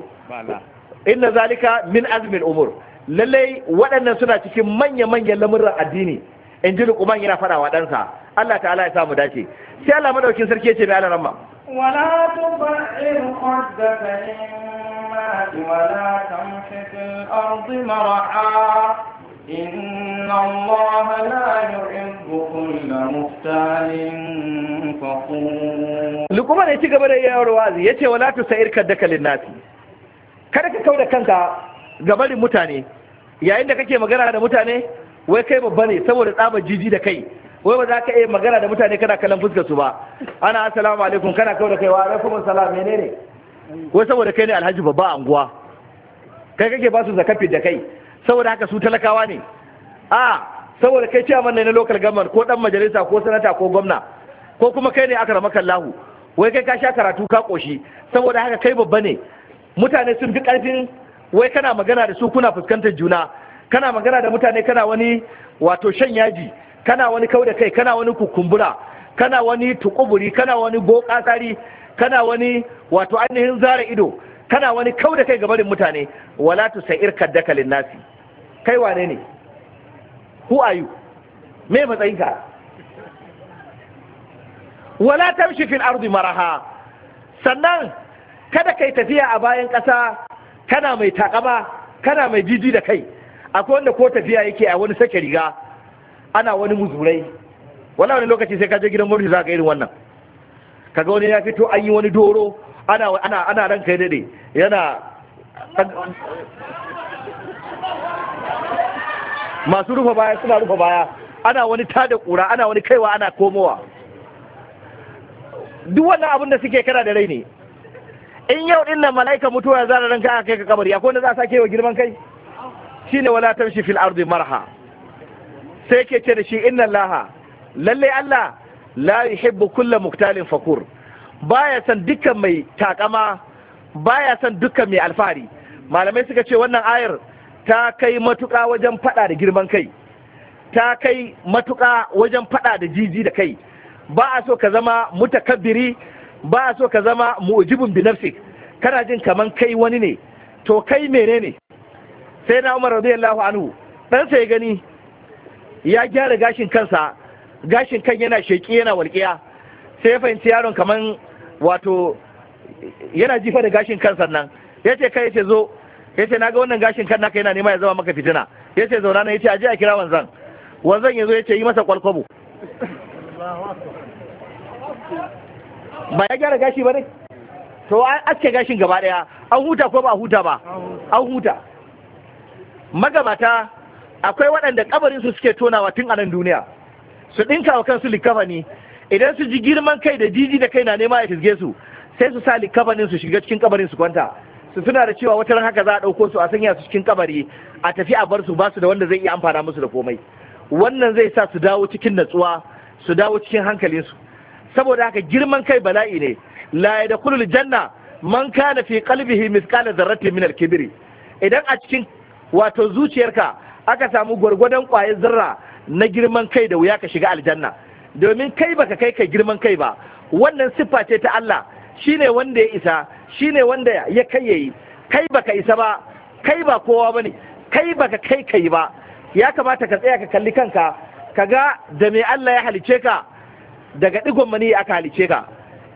S4: inna zalika min azmil umur lallai waɗannan suna cikin manya-manyan lamurran addini in ji lukuman yana fada wa ɗansa Allah ta'ala ya samu dace sai Allah madaukin sarki ya ce mai Wala ma
S3: wala tuba'ir qaddaka linnasi wala tamshi fil ardi mara'a inna Allah
S4: la yuhibbu kulla muhtalin fakhur lukuman ya ci gaba da yawar wazi ce wala tusa'ir dakalin linnasi kada ka kauda kanka Ga barin mutane yayin da kake magana da mutane wai kai babba ne saboda tsaba jiji da kai wai ba za ka iya magana da mutane kana kallon fuskar su ba ana assalamu alaikum kana kawo da kai wa alaikum assalam menene wai saboda kai ne alhaji babba a anguwa kai kake ba su zakafi da kai saboda haka su talakawa ne a saboda kai man ne na local government ko dan majalisa ko sanata ko gwamna ko kuma kai ne aka ramaka lahu wai kai ka sha karatu ka koshi saboda haka kai babba ne mutane sun fi karfin wai kana magana da su kuna fuskantar juna kana magana da mutane kana wani wato shan yaji kana wani kau da kai kana wani kukumbura kana wani tukuburi kana wani bokatsari kana wani wato ainihin zara ido kana wani kau da kai gabarin mutane wala tu sa'ir kaddaka linnasi kai wane ne who are you me matsayinka wala tamshi fil ardi maraha sannan kada kai tafiya a bayan ƙasa kana mai takama kana mai jiji da kai akwai wanda ko tafiya yake a wani sake riga ana wani muzurai wala wani lokaci sai ka je gidan murni za ka irin wannan kaga wani ya fito an yi wani doro ana ana ana ran kai dade yana masu rufa baya suna rufa baya ana wani tada kura ana wani kaiwa ana komowa duk wannan abin da suke kana da rai ne in yau din nan mala'ika mutuwa ya zara ranka aka kai ka kabari akwai wanda za a sake wa girman kai shine wala tamshi fil ardi marha sai ke ce da shi inna laha lalle Allah la yuhibbu kulla muktalin fakur baya san dukkan mai takama baya san dukkan mai alfahari malamai suka ce wannan ayar ta kai matuka wajen faɗa da girman kai ta kai matuka wajen faɗa da jiji da kai ba a so ka zama mutakabbiri ba so ka zama mujibin bi nafsik kana jin kaman kai wani ne to kai ne? sai na Umar radiyallahu anhu dan sai gani ya gyara gashin kansa gashin kan yana sheki yana walƙiya sai ya fahimci yaron kaman wato yana jifa da gashin kansa nan yace kai yace zo yace ga wannan gashin kan naka yana nema ya zama maka fitina yace zauna nan yace aje a kira wanzan wanzan yazo yace yi masa kwalkwabo ba ya gyara gashi ba ne to an aske gashin gaba daya an huta ko ba huta ba an huta magabata akwai waɗanda kabarin su suke tonawa tun anan duniya su ɗinka wa kansu likafani idan su ji girman kai da jiji da kai na nema ya tisge su sai su sa likafanin su shiga cikin kabarin su kwanta su suna da cewa wata ran haka za a ɗauko su a sanya su cikin kabari a tafi a bar su ba su da wanda zai iya amfana musu da komai wannan zai sa su dawo cikin natsuwa su dawo cikin hankalinsu saboda haka girman kai bala'i ne la kulul janna man kana fi qalbihi mithqala dharratin min al-kibri idan a cikin wato zuciyarka aka samu gwargwadon ƙwayar zarra na girman kai da wuya ka shiga aljanna domin kai baka kai ka girman kai ba wannan siffa ce ta Allah shine wanda ya isa shine wanda ya kai yayi kai baka isa ba kai ba kowa bane kai baka kai kai ba ya kamata ka tsaya ka kalli kanka ka ga da me Allah ya halice ka daga digon mani aka kalice ka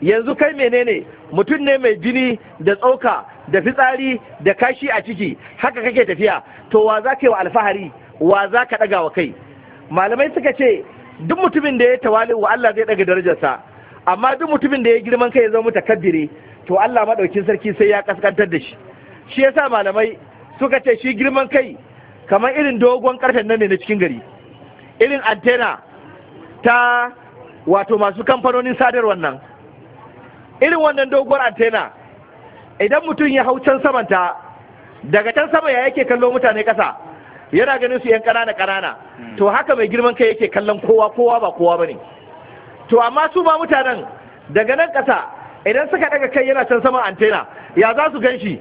S4: yanzu kai menene mutum ne mai jini da tsoka da fitsari da kashi a ciki haka kake tafiya to wa za ka yi wa alfahari wa za ka ɗaga wa kai malamai suka ce duk mutumin da ya tawali wa Allah zai ɗaga darajarsa amma duk mutumin da ya girman kai ya zama mutakabbiri to Allah maɗaukin sarki sai ya kaskantar da shi shi yasa malamai suka ce shi girman kai kamar irin dogon ƙarfen nan ne na cikin gari irin antena ta wato masu kamfanonin sadarwar nan irin wannan doguwar antena idan mutum ya hau can samanta daga can sama ya yake kallo mutane kasa yana ganin su 'yan kanana kanana to haka mai girman kai yake kallon kowa kowa ba kowa ba ne to amma su ba mutanen daga nan ƙasa idan suka daga kai yana can sama antena ya za su gan shi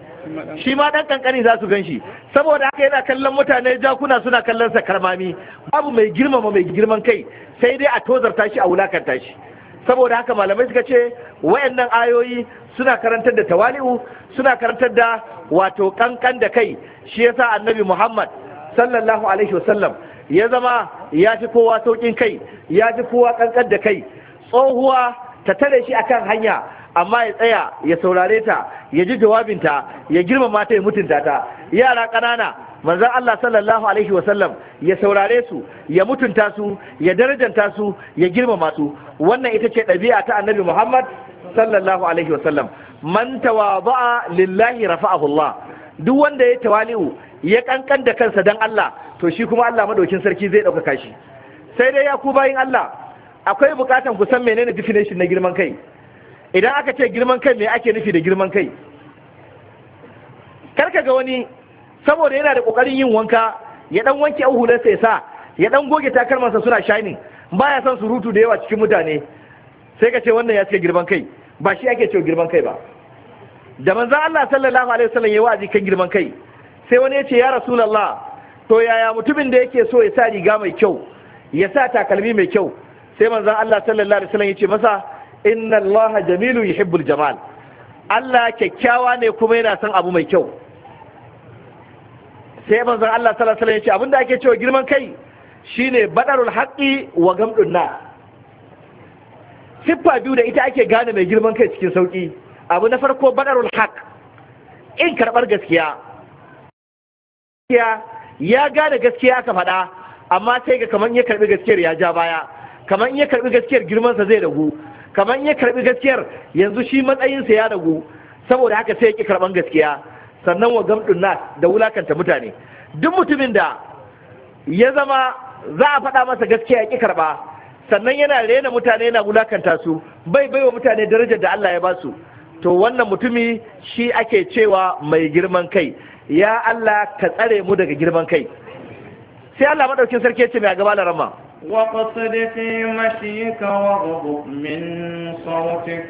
S4: shi ma ɗan kankani za su shi saboda haka yana kallon mutane jakuna suna kallon sa karmami babu mai girmama mai girman kai sai dai a tozarta shi a wulakanta shi saboda haka malamai suka ce wayannan ayoyi suna karantar da tawali'u suna karantar da wato ƙanƙan da kai shi yasa annabi Muhammad sallallahu alaihi wasallam ya zama ya fi kowa saukin kai ya fi kowa kankan da kai tsohuwa ta tare shi akan hanya amma ya tsaya ya saurare ta ya ji jawabinta ya girmama ta ya mutunta ta yara ƙanana manzan Allah sallallahu alaihi wasallam ya saurare su ya mutunta su ya darajanta su ya girma masu. wannan ita ce ɗabi'a ta annabi Muhammad sallallahu alaihi wasallam man tawada'a lillahi rafa'ahu Allah duk wanda ya tawali'u ya kankan da kansa dan Allah to shi kuma Allah madaukin sarki zai ɗaukaka shi sai dai ya ku bayin Allah akwai bukatan ku san menene definition na girman kai idan aka ce girman kai me ake nufi da girman kai karka ga wani saboda yana da kokarin yin wanka ya dan wanke ahularsa ya sa ya dan goge takalmansa suna shining baya son surutu da yawa cikin mutane sai ka ce wannan ya ce girman kai ba shi ake cewa girman kai ba da manzon Allah sallallahu alaihi wasallam ya wa'azi kan girman kai sai wani ya ce ya rasu rasulullah to yaya mutumin da yake so ya sa riga mai kyau ya sa takalmi mai kyau sai manzon Allah sallallahu alaihi wasallam ya ce masa inna allaha jamilu yuhibbul jamal Allah kyakkyawa ne kuma yana son abu mai kyau sai manzon Allah sallallahu alaihi wasallam ya ce abinda ake cewa girman kai shine badarul haqqi wa gamdun na siffa biyu da ita ake gane mai girman kai cikin sauki abu na farko badarul haqq in karbar gaskiya ya gane gaskiya aka faɗa amma sai ga kamar ya karbi gaskiyar ya ja baya kamar in ya karbi gaskiyar girmansa zai ragu kamar ya karɓi gaskiyar yanzu shi matsayinsa ya ragu saboda haka sai ya ki karban gaskiya sannan wa gamdun na da wulakanta mutane duk mutumin da ya zama za a faɗa masa gaskiya ya ki karɓa, sannan yana rena mutane yana wulakanta su bai baiwa mutane darajar da Allah ya ba su to wannan mutumi shi ake cewa mai girman kai ya Allah ka tsare mu daga girman kai sai Allah madaukin sarki ya ce mai gaba rama
S3: واقصد في مشيك واغضب من صوتك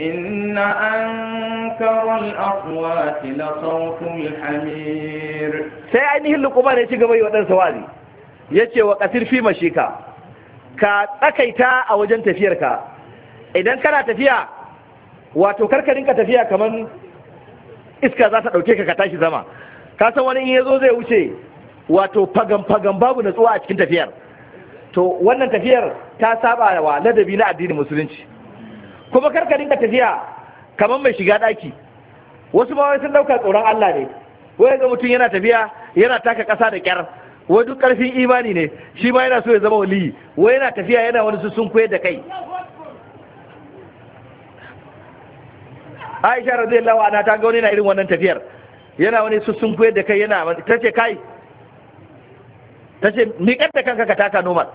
S3: إن أنكر الأقوات لصوت
S4: الحمير سيعني قبان يشيك بي ودن سوالي يشي وقصد في مشيك ka أو جن تفيرك إذن كان تفيا wato karka rinka tafiya kaman iska za ta dauke ka ka tashi zama ka san wani in yazo zai wuce wato fagan fagan babu natsuwa a cikin tafiyar to wannan tafiyar ta saba wa ladabi na addinin musulunci kuma karka dinga tafiya kamar mai shiga daki wasu ma wai sun dauka tsoron Allah ne wai ga mutum yana tafiya yana taka kasa da kyar wai duk karfin imani ne shi ma yana so ya zama wali wai yana tafiya yana wani su sun koyar da kai Aisha radiyallahu anha ta ga wani na irin wannan tafiyar yana wani su sun koyar da kai yana tace kai tace ni da kanka ka taka nomal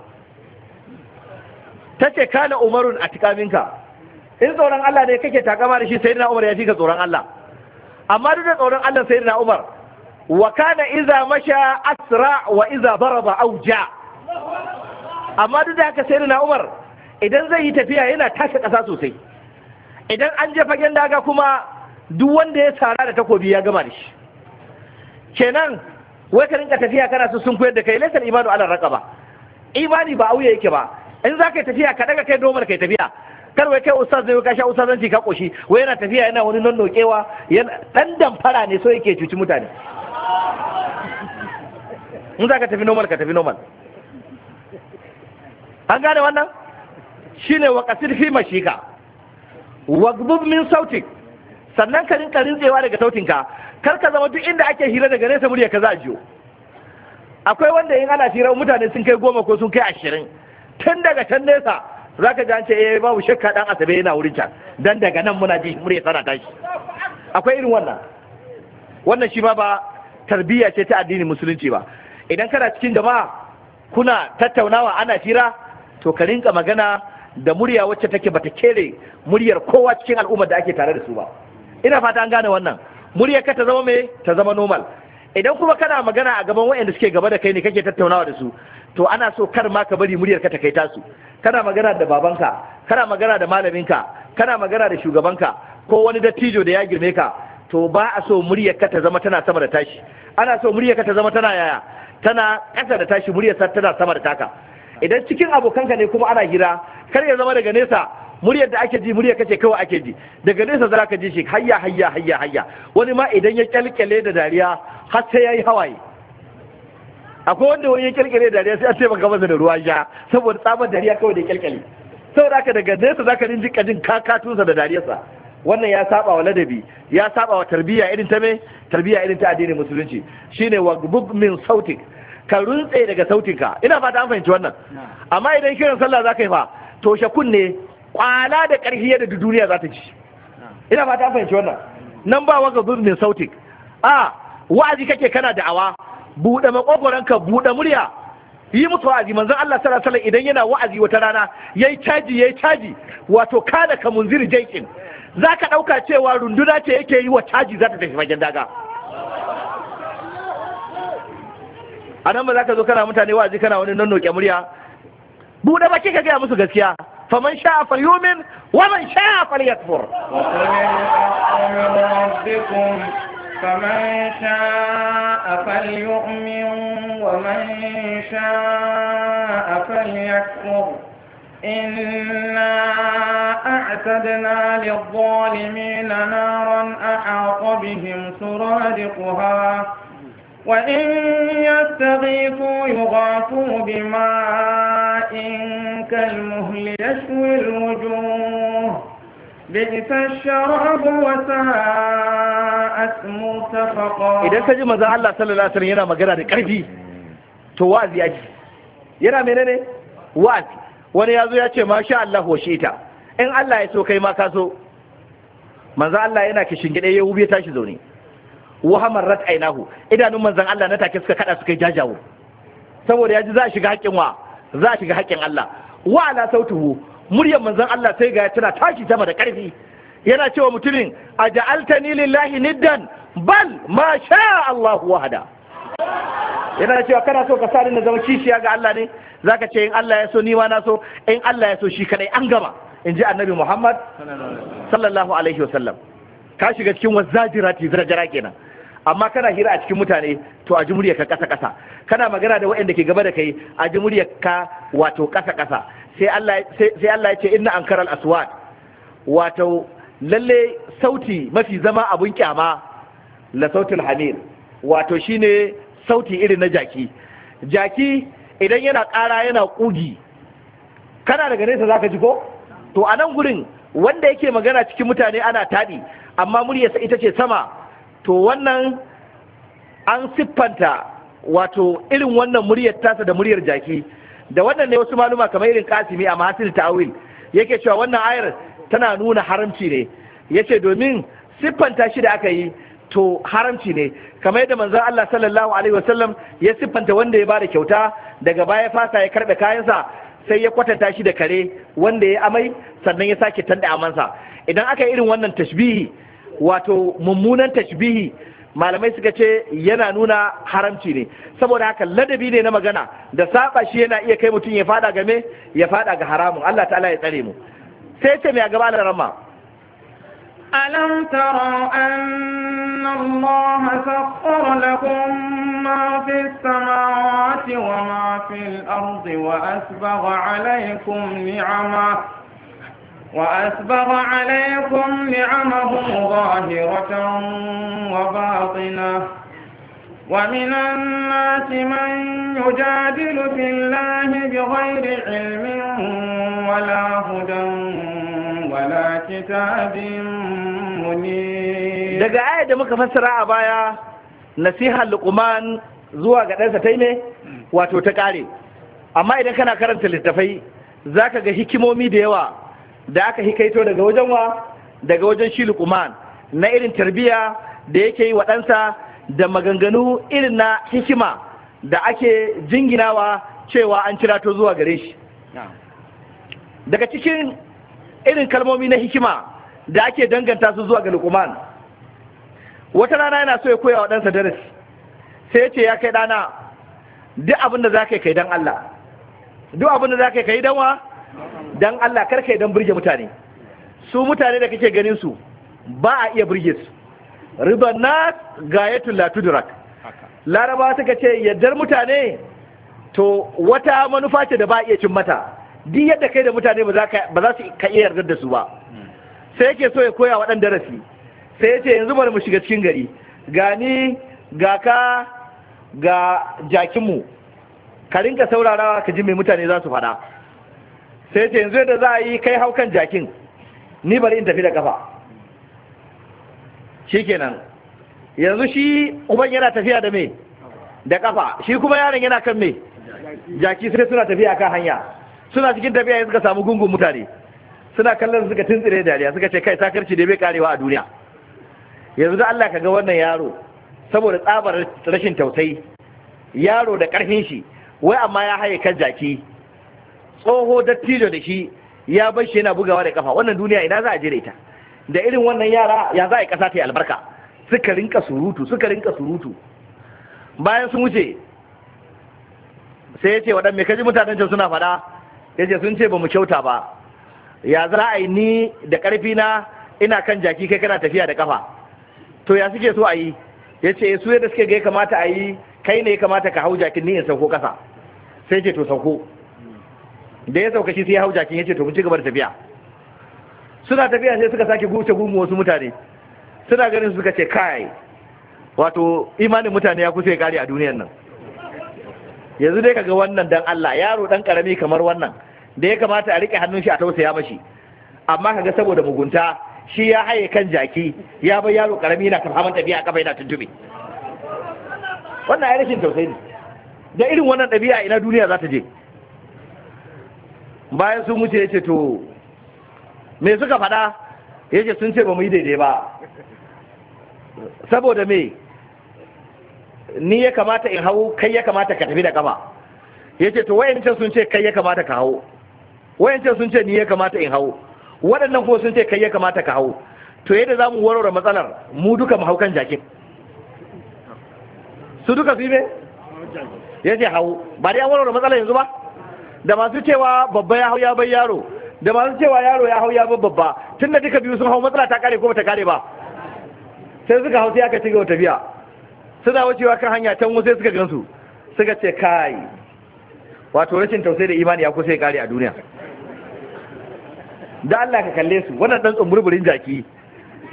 S4: ta ce kana umarun a tikaminka in tsoron Allah ne kake takama da shi sai na umar ya fi ka tsoron Allah amma duk da tsoron Allah sai na umar wa kana iza masha asra wa iza baraba auja amma duk da haka sai na umar idan zai yi tafiya yana tashi kasa sosai idan an je fagen daga kuma duk wanda ya tsara da takobi ya gama da shi kenan wai ka rinka tafiya kana su sun koyar da kai laysal imanu ala raqaba imani ba auya yake ba in za ka yi tafiya ka daga kai domar ka yi tafiya kar wai kai ustaz ne ka sha ustazanci ka koshi wai yana tafiya yana wani nan nokewa yana dan damfara ne so yake cuci mutane in za ka tafi normal ka tafi normal an gane wannan shine wa qasid fi mashika gbub min sauti sannan ka rinka rintsewa daga sautinka kar ka zama duk inda ake hira daga nesa murya ka za a jiyo akwai wanda in ana hira mutane sun kai goma ko sun kai ashirin tun daga can nesa zaka ji an ce eh babu shakka dan asabe yana wurin can dan daga nan muna ji murya tana tashi akwai irin wannan wannan shi ma ba tarbiyya ce ta addinin musulunci ba idan kana cikin jama'a kuna tattaunawa ana hira to ka rinka magana da murya wacce take bata kere muryar kowa cikin al'ummar da ake tare da su ba ina fata an gane wannan Murya ka ta zama me ta zama normal idan kuma kana magana a gaban waɗanda suke gaba da kai ne kake tattaunawa da su to ana so kar ma ka bari muryarka ta kai tasu kana magana da babanka kana magana da malaminka kana magana da shugabanka ko wani dattijo da ya girme ka to ba a so muryarka ta zama tana sama da tashi ana so muryarka ta zama tana yaya tana ƙasa da tashi muryarsa tana sama da taka idan cikin abokanka ne kuma ana hira kar ya zama daga nesa muryar da ake ji muryar kace kawai ake ji daga nesa za ka ji shi hayya hayya hayya hayya wani ma idan ya kyalkyale da dariya har sai yayi hawaye akwai wanda wani ya kirkire dariya sai a taimaka masa da ruwa sha saboda tsamar dariya kawai da kirkire saboda haka daga nesa zaka rinji kajin kakatunsa da dariyarsa wannan ya saba wa ladabi ya saba wa tarbiyya irin ta me tarbiyya irin ta addinin musulunci shine wa buk min sautik ka runtse daga sautinka ina fata an fahimci wannan amma idan kiran sallah zaka yi fa toshe kunne kwala da karfi yadda duniya za ta ci ina fata an fahimci wannan nan ba wa min sautik a wa'azi kake kana da'awa buɗe ka buɗe murya yi musu wa'azi manzon Allah sallallahu alaihi idan yana wa'azi wata rana yayi caji yayi caji wato kada ka munziri jaikin zaka dauka cewa runduna ce yake yi wa caji za ta tafi fagen daga a nan ba za ka zo kana mutane wa'azi kana wani nan noke murya buɗe baki ka gaya musu gaskiya faman sha a yumin wa man sha a falyakfur فمن
S3: شاء فليؤمن ومن شاء فليكفر إنا أعتدنا للظالمين نارا أحاط بهم سرادقها وإن يستغيثوا يغاثوا بماء كالمهل يشوي الوجوه بئس الشراب وساءت مرتفقا idan kaji
S4: manzon Allah sallallahu alaihi wasallam yana magana da ƙarfi, to wazi ji. yana menene wazi wani zo ya ce masha Allah wa shita in Allah ya so kai ma ka so Maza Allah yana kishin gide ya hube tashi zaune wahamar rat ainahu idanun manzon Allah na take suka kada suka jajawo saboda yaji za a shiga haƙƙin wa za a shiga haƙƙin Allah wa ala sautuhu muryar manzon Allah sai ga tana tashi sama da ƙarfi yana cewa mutumin a ni lillahi niddan bal ma sha Allahu wahada yana cewa kana so ka sa ni na zama kishiya ga Allah ne zaka ce in Allah ya so ni ma na so in Allah ya so shi kadai an gama in ji annabi Muhammad sallallahu alaihi wasallam ka shiga cikin wazajirati zarajara kenan amma kana hira a cikin mutane to a ji muryar ka kasa kasa kana magana da waɗanda ke gaba da kai a ji muryar ka wato kasa kasa sai Allah ya ce inna karar aswat wato lalle sauti mafi zama abun kyama la sautin hamir wato shine sauti irin na jaki jaki idan yana kara yana kugi, kana daga nesa zaka ji ko to a nan gurin wanda yake magana cikin mutane ana taɗi amma muryarsa ita ce sama to wannan an siffanta wato irin wannan muryar tasa da muryar jaki da wannan ne wasu maluma kamar irin kasimi a mahasil ta'awil yake cewa wannan ayar tana nuna haramci ne yace domin siffanta shi da aka yi to haramci ne kamar yadda manzon Allah sallallahu alaihi wasallam ya siffanta wanda ya bada kyauta daga baya fasa ya karbe kayansa sai ya kwatanta shi da kare wanda ya amai sannan ya sake tanda amansa idan aka yi irin wannan tashbihi wato mummunan tashbihi malamai suka ce yana nuna haramci ne saboda haka ladabi ne na magana da saba shi yana iya kai mutum ya fada game ya fada ga haramun Allah ta'ala ya tsare mu sai ce mai gaba da rama
S3: alam tara anna Allah sakhkhara lakum ma fi samawati wa ma fil ardi wa asbagha alaykum ni'ama وأسبغ عليكم نعمه ظاهرة وباطنة ومن الناس من يجادل في الله بغير علم ولا هدى ولا كتاب
S4: منير daga ayat da muka fassara a baya nasihar luqman zuwa ga ɗansa ta ne wato ta ƙare amma idan kana karanta littafai zaka ga hikimomi da yawa da aka kaito daga wajen wa daga wajen shi lukuman na irin tarbiya da yake yi wa da maganganu irin na hikima da ake jinginawa cewa an cirato zuwa gare shi daga cikin irin kalmomi na hikima da ake danganta su zuwa ga lukuman wata rana yana so ya koya wa ɗansa darasi sai ce ya kai ɗana duk abin da za ka yi kai don Allah duk abin da za ka yi kai don wa dan Allah karka idan burge mutane su mutane da kake ganin su ba a iya burge su ribanna gayatul la laraba suka ce yaddar mutane to wata manufa ce da ba a iya cin mata duk yadda kai da mutane ba za su ka iya yardar da su ba hmm. sai yake so ya koya waɗan darasi sai yace yanzu bari mu shiga cikin gari gani ga ka ga jakinmu ka rinka saurarawa ka ji mai mutane za su faɗa sai ce yanzu yadda za a yi kai haukan jakin ni bari in tafi da kafa kenan yanzu shi uban yana tafiya da me da kafa shi kuma yaron yana kan me jaki sai suna tafiya kan hanya suna cikin tafiya yanzu suka samu gungun mutane suna kallon suka tuntsire dariya suka ce kai takarci da bai karewa a duniya yanzu da Allah ka ga wannan yaro saboda tsabar rashin tausayi yaro da karfin shi wai amma ya haye kan jaki tsoho dattijo da shi ya bar shi yana bugawa da kafa wannan duniya ina za a jira ita da irin wannan yara ya za a yi kasa ta yi albarka suka rinka surutu suka rinka surutu bayan sun wuce sai ya ce waɗanda mai kaji mutanen can suna faɗa ya ce sun ce ba mu kyauta ba ya zara a ni da ƙarfi na ina kan jaki kai kana tafiya da kafa to ya suke so a yi ya ce eh, su yadda suke ga ya kamata a yi kai ne ya kamata ka hau jakin ni in sauko ƙasa sai ce to sauko da ya saukashi sai ya hau jakin ya ce to mu ci gaba da tafiya suna tafiya sai suka sake guce gumu wasu mutane suna ganin suka ce kai wato imanin mutane ya kusa ya kare a duniyar nan yanzu dai kaga wannan dan Allah yaro dan karami kamar wannan da ya kamata a rike hannun shi a tausaya mashi amma kaga saboda mugunta shi ya haye kan jaki ya bar yaro karami yana kafaman tafiya a kafa yana tuntube wannan ya rashin tausayi da irin wannan ɗabi'a ina duniya za ta je bayan sun wuce ce to me suka faɗa ce sun ce ba mu yi daidai ba saboda me ni ya kamata in hau kai ya kamata ka tafi da kama ce to wayancan sun ce kai ya kamata ka hau wayancan sun ce ni ya kamata in hau waɗannan ko sun ce kai ya kamata ka hau to yadda za mu warware matsalar mu duka mu hau kan jakin su duka su yi me ya ce hau ba dai an warware matsalar yanzu ba da masu cewa babba ya hau ya bai yaro da masu cewa yaro ya hau ya bai babba da duka biyu sun hau matsala ta kare ko ta kare ba sai suka hau sai aka ci gaba tafiya suna wucewa kan hanya can sai suka gansu suka ce kai wato rashin tausayi da imani ya kusa ya kare a duniya da Allah ka kalle su wannan dan tsumburburin jaki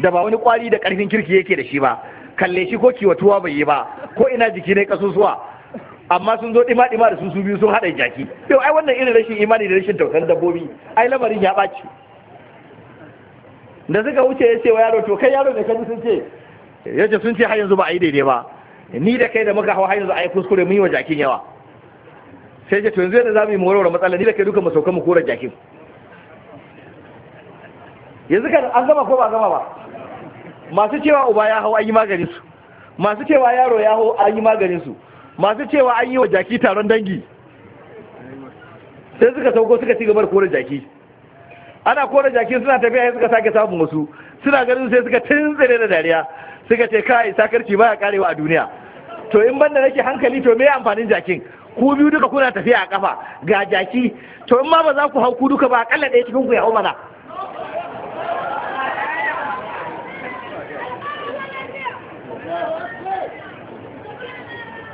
S4: da ba wani kwari da karfin kirki yake da shi ba kalle shi ko kiwatuwa bai yi ba ko ina jiki ne kasusuwa amma sun zo dima dima da su su biyu sun haɗa jaki yau ai wannan irin rashin imani da rashin tausan dabbobi ai lamarin ya ɓaci da suka wuce ya ce wa yaro to kai yaro da kaji sun ce yace sun ce har yanzu ba a yi daidai ba ni da kai da muka hawa har yanzu a yi kuskure mun yi wa jakin yawa sai ce to yanzu yadda za mu yi morowar matsala ni da kai duka mu sauka mu kora jakin yanzu kan an gama ko ba gama ba masu cewa uba ya hau an yi maganin su masu cewa yaro ya hau an yi maganin su masu cewa an yi wa jaki taron dangi sai suka sauko suka ci gabar kore jaki ana kore jaki suna tafiya sai suka sake samun wasu suna ganin sai suka tunzare da dariya suka ce kai sakarci baya karewa a duniya to in banda nake hankali to me amfanin jakin ku biyu duka kuna tafiya a kafa ga jaki to in ma ba za ku hau ku duka ba akalla ɗaya cikin ku ya hau mana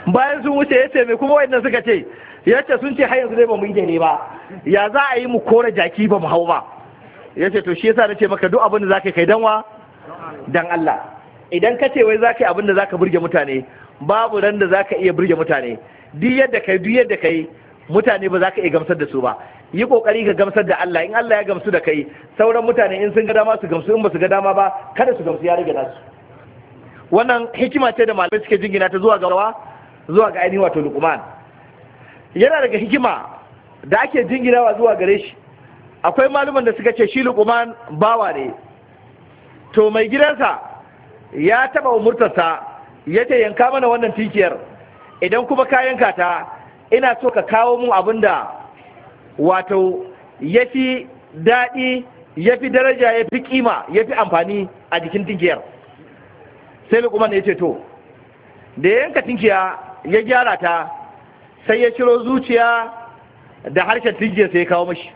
S4: bayan sun wuce ya ce mai kuma wayannan suka ce ya ce sun ce har yanzu dai ba mu ne ba ya za a yi mu kora jaki ba mu hau ba ya ce to shi yasa na ce maka duk abin da zaka kai danwa dan Allah idan ka ce wai zaka yi abin da zaka burge mutane babu ran da zaka iya burge mutane duk yadda kai duk yadda kai mutane ba za ka iya gamsar da su ba yi kokari ka gamsar da Allah in Allah ya gamsu da kai sauran mutane in sun ga dama su gamsu in ba su ga dama ba kada su gamsu ya rage nasu wannan hikima ce da malamai suke jingina ta zuwa rawa zuwa ga ainihin wato lukuman. yana daga hikima da ake jinginawa zuwa gare shi akwai maluman da suka ce shi lukuman bawa ne to mai gidansa ya taba umurtarsa ya ce yanka mana wannan tikiyar idan kuma ka yanka ta ina so ka kawo mun abin da wato ya fi daɗi ya fi daraja ya fi kima ya fi amfani a jikin tinkiyar sai lukuman ya ce to da yanka tinkiya ya gyara ta sai ya ciro zuciya da harshen tijjiyar sai ya kawo mashi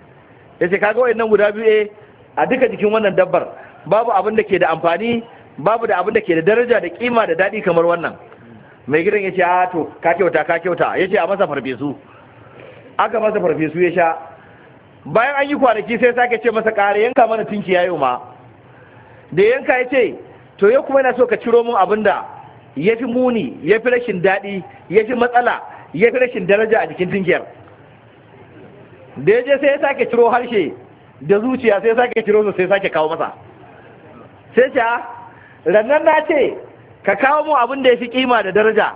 S4: ya ce kaga wayannan guda biyu eh, a duka jikin wannan dabbar babu abin da ke da amfani babu da abin da ke da daraja da kima da daɗi kamar wannan mai gidan ya ce a ah, to ka kyauta ka kyauta ya ce a masa farfesu aka masa farfesu ya sha bayan an yi kwanaki sai sake ce masa ƙara yanka mana tinki yayo ma da yanka ya ce to ya kuma yana so ka ciro min abin da ya fi muni ya fi rashin daɗi ya fi matsala ya fi rashin daraja a jikin tunkiyar da ya je sai ya sake ciro harshe da zuciya sai ya sake ciro su sai ya sake kawo masa sai ce ah, rannan na ce ka kawo mu abin da ya fi kima da daraja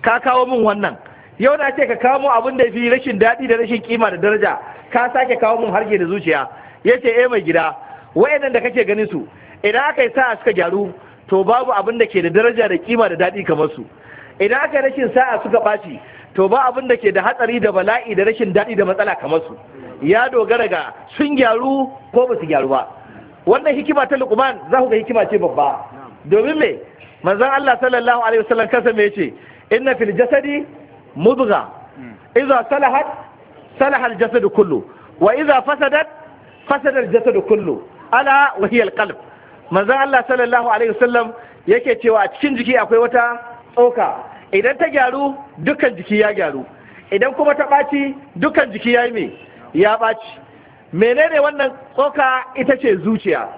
S4: ka kawo min wannan yau na ce ka kawo mu abin da ya fi rashin daɗi da rashin kima da daraja ka sake kawo min harshe da zuciya ya ce eh mai gida wa'annan da kake ganin su idan aka yi sa suka gyaru to babu abin da ke da daraja da kima da daɗi kamar su idan aka rashin sa'a suka ɓaci to ba abin da ke da hatsari da bala'i da rashin daɗi da matsala kamar su ya dogara ga sun gyaru ko ba su gyaru ba wannan hikima ta lukman za ku ga hikima ce babba domin me manzon Allah sallallahu alaihi wasallam kasa me yace inna fil jasadi mudgha Iza salahat salaha al jasad kullu wa idza fasadat fasada al jasad kullu ala wa hiya manzon Allah sallallahu alaihi wasallam yake cewa a cikin jiki akwai wata tsoka idan ta gyaru dukkan jiki ya gyaru idan kuma ta ɓaci dukkan jiki ya yi mai ya ɓaci menene wannan tsoka ita ce zuciya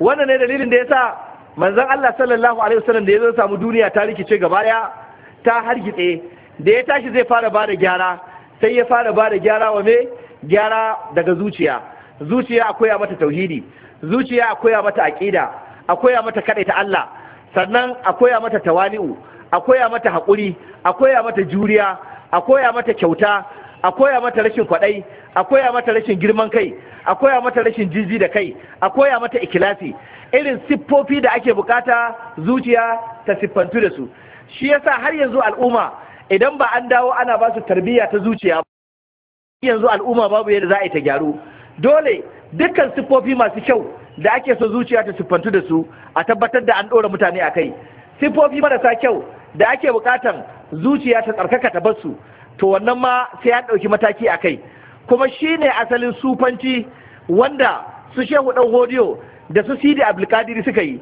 S4: wannan ne dalilin da ya sa manzon Allah sallallahu alaihi wasallam da ya zo samu duniya ta rikice gaba ɗaya ta hargitse da ya tashi zai fara bada gyara sai ya fara ba da gyara wa me gyara daga zuciya zuciya akwai mata tauhidi zuciya a koya mata aƙida, a koya mata ta Allah sannan a koya mata tawali'u a koya mata haƙuri a koya mata juriya a koya mata kyauta a koya mata rashin kwaɗai a koya mata rashin girman kai a koya mata rashin jiji da kai a koya mata ikilasi irin siffofi da ake bukata zuciya ta siffantu da su shi yasa har yanzu al'umma idan ba an dawo ana ba su tarbiyya ta zuciya ba. yanzu al'umma babu yadda za a yi ta gyaru dole dukkan siffofi masu kyau da ake so zuciya ta siffantu da su a tabbatar da an ɗora mutane a kai siffofi marasa kyau da ake buƙatan zuciya ta tsarkaka ta basu to wannan ma sai an ɗauki mataki a kai kuma shi ne asalin sufanci wanda su shehu ɗan hodiyo da su sidi abdulkadiri suka yi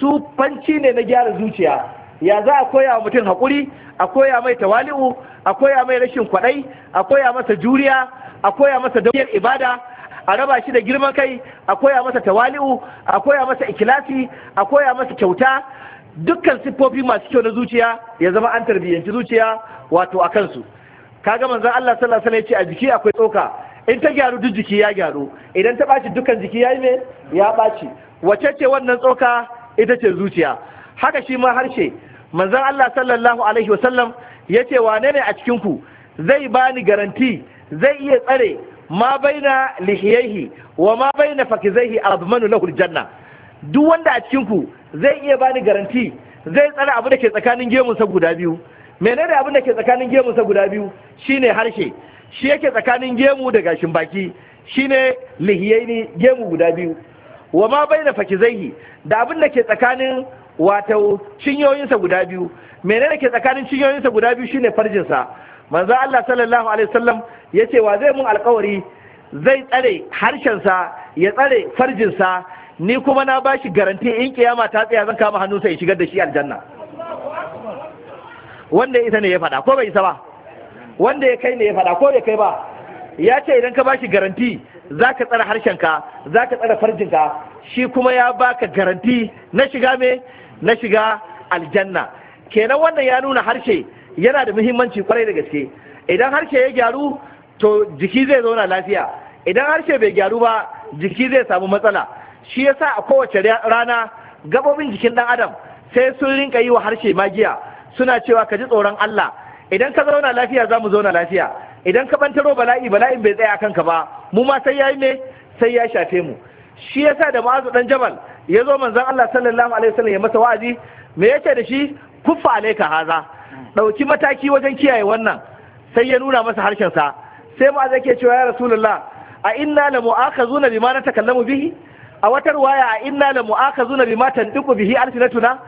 S4: sufanci ne na gyara zuciya ya za a koya wa mutum haƙuri a koya mai tawali'u a koya mai rashin kwaɗai a koya masa juriya a koya masa dauyar ibada a raba shi da girman kai a koya masa tawali'u a koya masa ikilasi a koya masa kyauta dukkan siffofi masu kyau na zuciya ya zama an tarbiyyanci zuciya wato a kansu kaga manzon Allah sallallahu alaihi wasallam ya ce a jiki akwai tsoka in ta gyaru duk jiki ya gyaru idan ta ɓaci dukkan jiki yayi me ya ɓaci wace ce wannan tsoka ita ce zuciya haka shi ma harshe manzon Allah sallallahu alaihi wasallam ya ce wane ne a cikin ku zai bani garanti zai iya tsare ma na lihiyaihi wa ma baina fakizaihi admanu lahu aljanna duk wanda a cikinku zai iya bani garanti zai tsare abu da ke tsakanin gemunsa guda biyu menene abin da ke tsakanin gemunsa guda biyu shine harshe shi yake tsakanin gemu da gashin baki shine lihiyaini gemu guda biyu wa ma na fakizaihi da abin da ke tsakanin wato cinyoyinsa guda biyu menene ke tsakanin cinyoyinsa guda biyu shine farjinsa manzo Allah sallallahu alaihi wasallam yace wa zai mun alƙawari zai tsare harshensa ya tsare farjinsa ni kuma na bashi garanti in kiyama ta tsaya zan kama hannu ya shigar da shi aljanna wanda ita ne ya faɗa ko bai isa ba wanda ya kai ne ya faɗa ko bai kai ba ya ce idan ka bashi garanti za ka tsara harshenka za ka farjinka shi kuma ya baka garanti na shiga me na shiga aljanna kenan wannan ya nuna harshe yana da muhimmanci kwarai da gaske idan harshe ya gyaru to jiki zai zauna lafiya idan harshe bai gyaru ba jiki zai samu matsala shi yasa a kowace rana gabobin jikin ɗan adam sai sun rinka yi wa harshe magiya suna cewa ka ji tsoron Allah idan ka zauna lafiya za mu zauna lafiya idan ka bantaro bala'i bala'in bai tsaya kanka ba mu ma sai yayi ne sai ya shafe mu shi yasa da ma'azu dan jabal ya zo manzon Allah sallallahu alaihi wasallam ya masa wa'azi me yake da shi kuffa alaika haza ɗauki mataki wajen kiyaye wannan sai ya nuna masa harshensa sai ma zai ke cewa ya rasulullah a inna la mu'akhazuna bima natakallamu bihi a wata ruwaya a inna la mu'akhazuna bima tandiqu bihi alsinatuna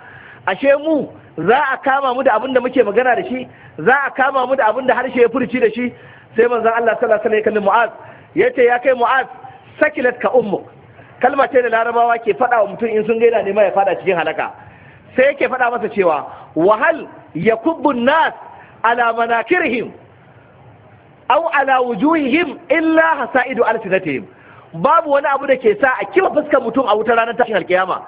S4: ashe mu za a kama mu da abin da muke magana da shi za a kama mu da abin da harshe ya furci da shi sai manzon Allah sallallahu alaihi wasallam mu'az yace ya kai mu'az sakilat ka ummuk kalma ce da larabawa ke faɗawa wa mutum in sun gaida ne ma ya faɗa cikin halaka sai yake faɗa masa cewa wahal Yakubun nas ala manakirihim aw ala wujuhihim illa hasaidu alsinatihim babu wani abu da ke sa a kifa fuskar mutum a wutar ranar tashin alkiyama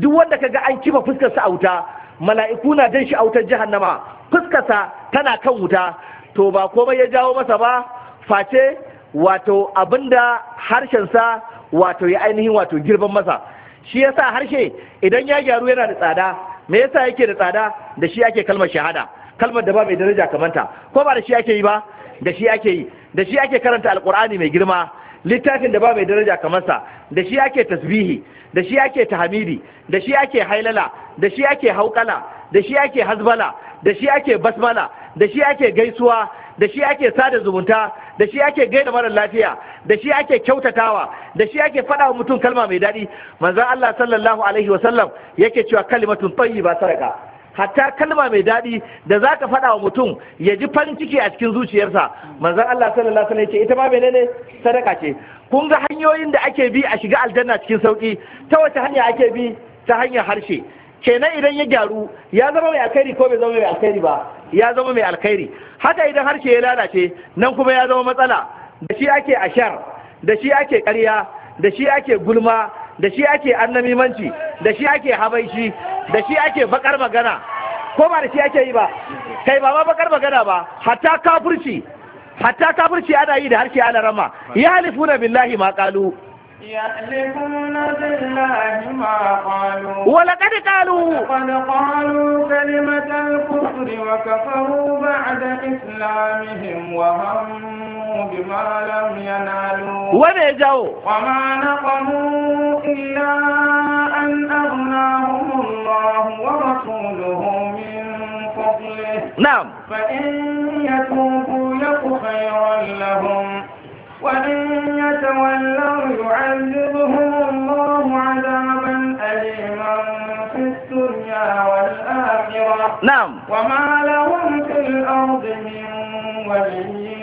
S4: duk wanda kaga an kifa fuskar sa a wuta mala'iku na jan shi a wutar jahannama fuskar sa tana kan wuta to ba komai ya jawo masa ba face wato abinda harshen sa wato ya ainihin wato girban masa shi yasa harshe idan ya gyaru yana da tsada me yasa yake da tsada da shi ake kalmar shahada kalmar da ba mai daraja kamanta ko ba da shi ake yi ba da shi ake yi da shi ake karanta alkur'ani mai girma littafin da ba mai daraja kamarsa da shi ake tasbihi da shi ake tahmidi da shi ake hailala da shi ake haukala da shi ake hasbala da shi ake basmala da shi ake gaisuwa da shi ake sada zumunta da shi ake gaida mara lafiya da shi ake kyautatawa da shi ake fada wa mutum kalma mai daɗi manzon Allah sallallahu alaihi wa sallam yake cewa kalimatun tayyiba sadaka hatta kalma mai daɗi da za ka wa mutum ya ji farin ciki a cikin zuciyarsa manzon Allah sallallahu alaihi wasallam ita ma menene sadaka ce kun ga hanyoyin da ake bi a shiga aljanna cikin sauki ta wace hanya ake bi ta hanyar harshe kenan idan ya gyaru ya zama mai alkhairi ko bai zama mai alkhairi ba ya zama mai alkhairi haka idan harshe ya lalace nan kuma ya zama matsala da shi ake ashar da shi ake ƙarya da shi ake gulma da shi ake annamimanci da shi ake habaishi da shi ake bakar magana ko ba da shi ake yi ba kai ba ma bakar magana ba hatta kafirci hatta kafirci ana yi da harshe ana rama ya halifuna billahi ma qalu
S3: يحلفون بالله ما قالوا ولقد قالوا لقد قالوا كلمة الكفر وكفروا بعد إسلامهم وهموا بما لم
S5: ينالوا
S3: وما نقموا إلا أن أغناهم الله ورسوله من فضله نعم فإن يتوبوا يك خيرا لهم وإن يتولوا يعذبهم الله عذابا أليما في الدنيا والآخرة نعم وما لهم في الأرض من ولي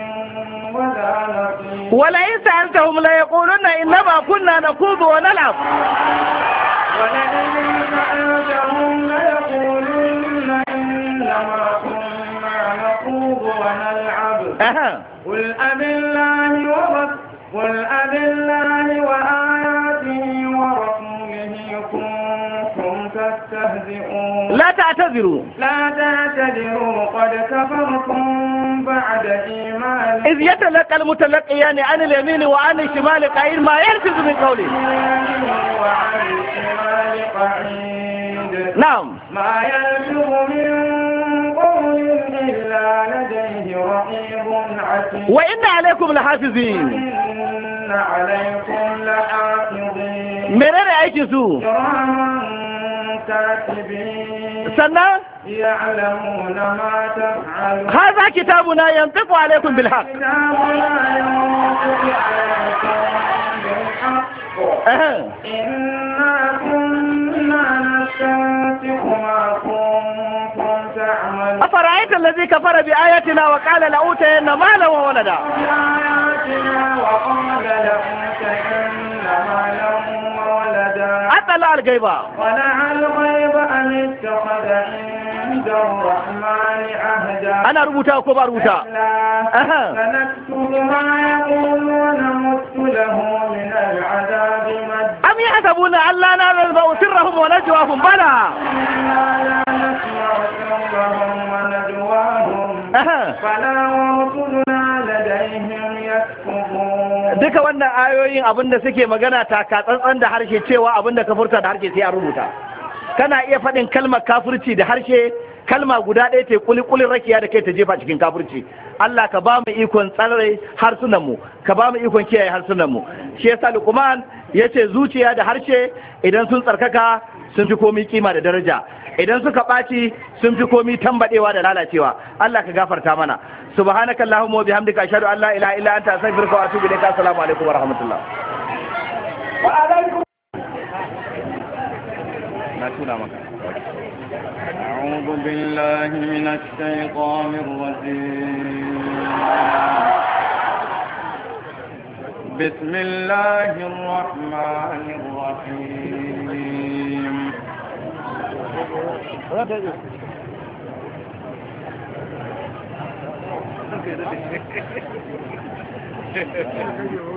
S3: ولا نصير
S4: ولئن سألتهم ليقولن إنما كنا نخوض ونلعب ولئن سألتهم
S3: ليقولن إنما كنا ونلعب قل أب الله ورسوله قل أب الله وآياته ورسوله كنتم تستهزئون لا
S4: تعتذروا
S3: لا تعتذروا قد
S4: كفرتم بعد
S3: إيمانكم إذ
S4: يتلقى المتلقيان عن اليمين وعن الشمال قعيد ما يلفظ من قوله عن
S3: اليمين
S4: وعن الشمال
S3: قعيد نعم ما يلفظ من وإن
S4: عليكم لحافظين وإن
S3: عليكم لحافظين منين أيكي سو سنة يعلمون ما تفعلون هذا
S4: كتابنا ينطق عليكم بالحق كتابنا ينطق عليكم
S3: بالحق إنا كنا
S4: نستنسخ
S3: ما كنتم تعملون
S4: أفرأيت الذي كفر بآياتنا وقال لأوتين مالا وولدا بآياتنا وقال لأوتين مالا وولدا أطلع الغيب
S3: ولع الغيب أن اتخذ
S4: ana rubuta ko ba rubuta
S3: am yahsabuna alla na'lamu sirrahum wa najwahum bala
S4: duka wannan ayoyin abinda suke magana ta tsantsan da harshe cewa abinda ka furta da harshe sai a rubuta kana iya faɗin kalmar kafirci da harshe kalma guda ɗaya ta kuli kulin rakiya da kai ta jefa cikin kafirci Allah ka ba mu ikon tsare harsunan mu ka ba mu ikon kiyaye harsunan mu shi yasa Luqman yace zuciya da harshe idan sun tsarkaka sun fi komi kima da daraja idan suka ɓaci sun fi komi tambadewa da lalacewa Allah ka gafarta mana subhanaka allahumma wa bihamdika ashhadu an la ilaha illa anta astaghfiruka wa atubu ilaik assalamu alaikum wa rahmatullah
S2: أعوذ
S3: بالله من الشيطان الرجيم بسم الله الرحمن الرحيم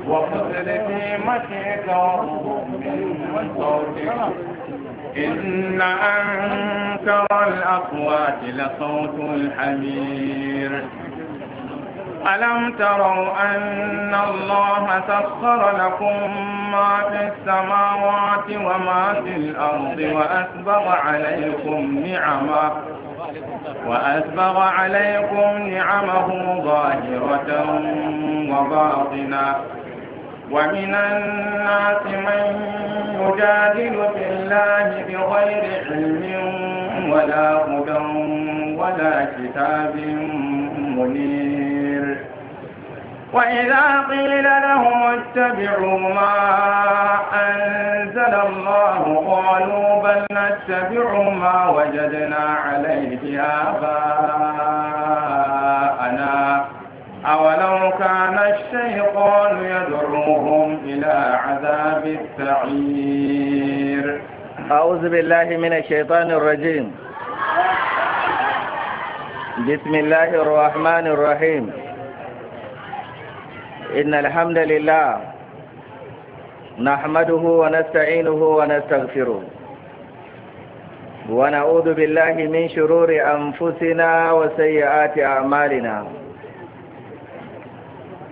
S2: وخذ لذيمتك وارض من صوتك
S3: إن أنكر الأصوات لصوت الحمير ألم تروا أن الله سخر لكم ما في السماوات وما في الأرض وأسبغ عليكم نعمه وأسبغ عليكم نعمه ظاهرة وباطنة ومن الناس من يجادل في الله بغير علم ولا هدى ولا كتاب منير وإذا قيل لهم اتبعوا ما أنزل الله قالوا بل نتبع ما وجدنا عليه آباءنا أولو كان الشيطان يدعوهم
S4: إلى عذاب السعير أعوذ بالله من الشيطان الرجيم بسم الله الرحمن الرحيم إن الحمد لله نحمده ونستعينه ونستغفره ونعوذ بالله من شرور أنفسنا وسيئات أعمالنا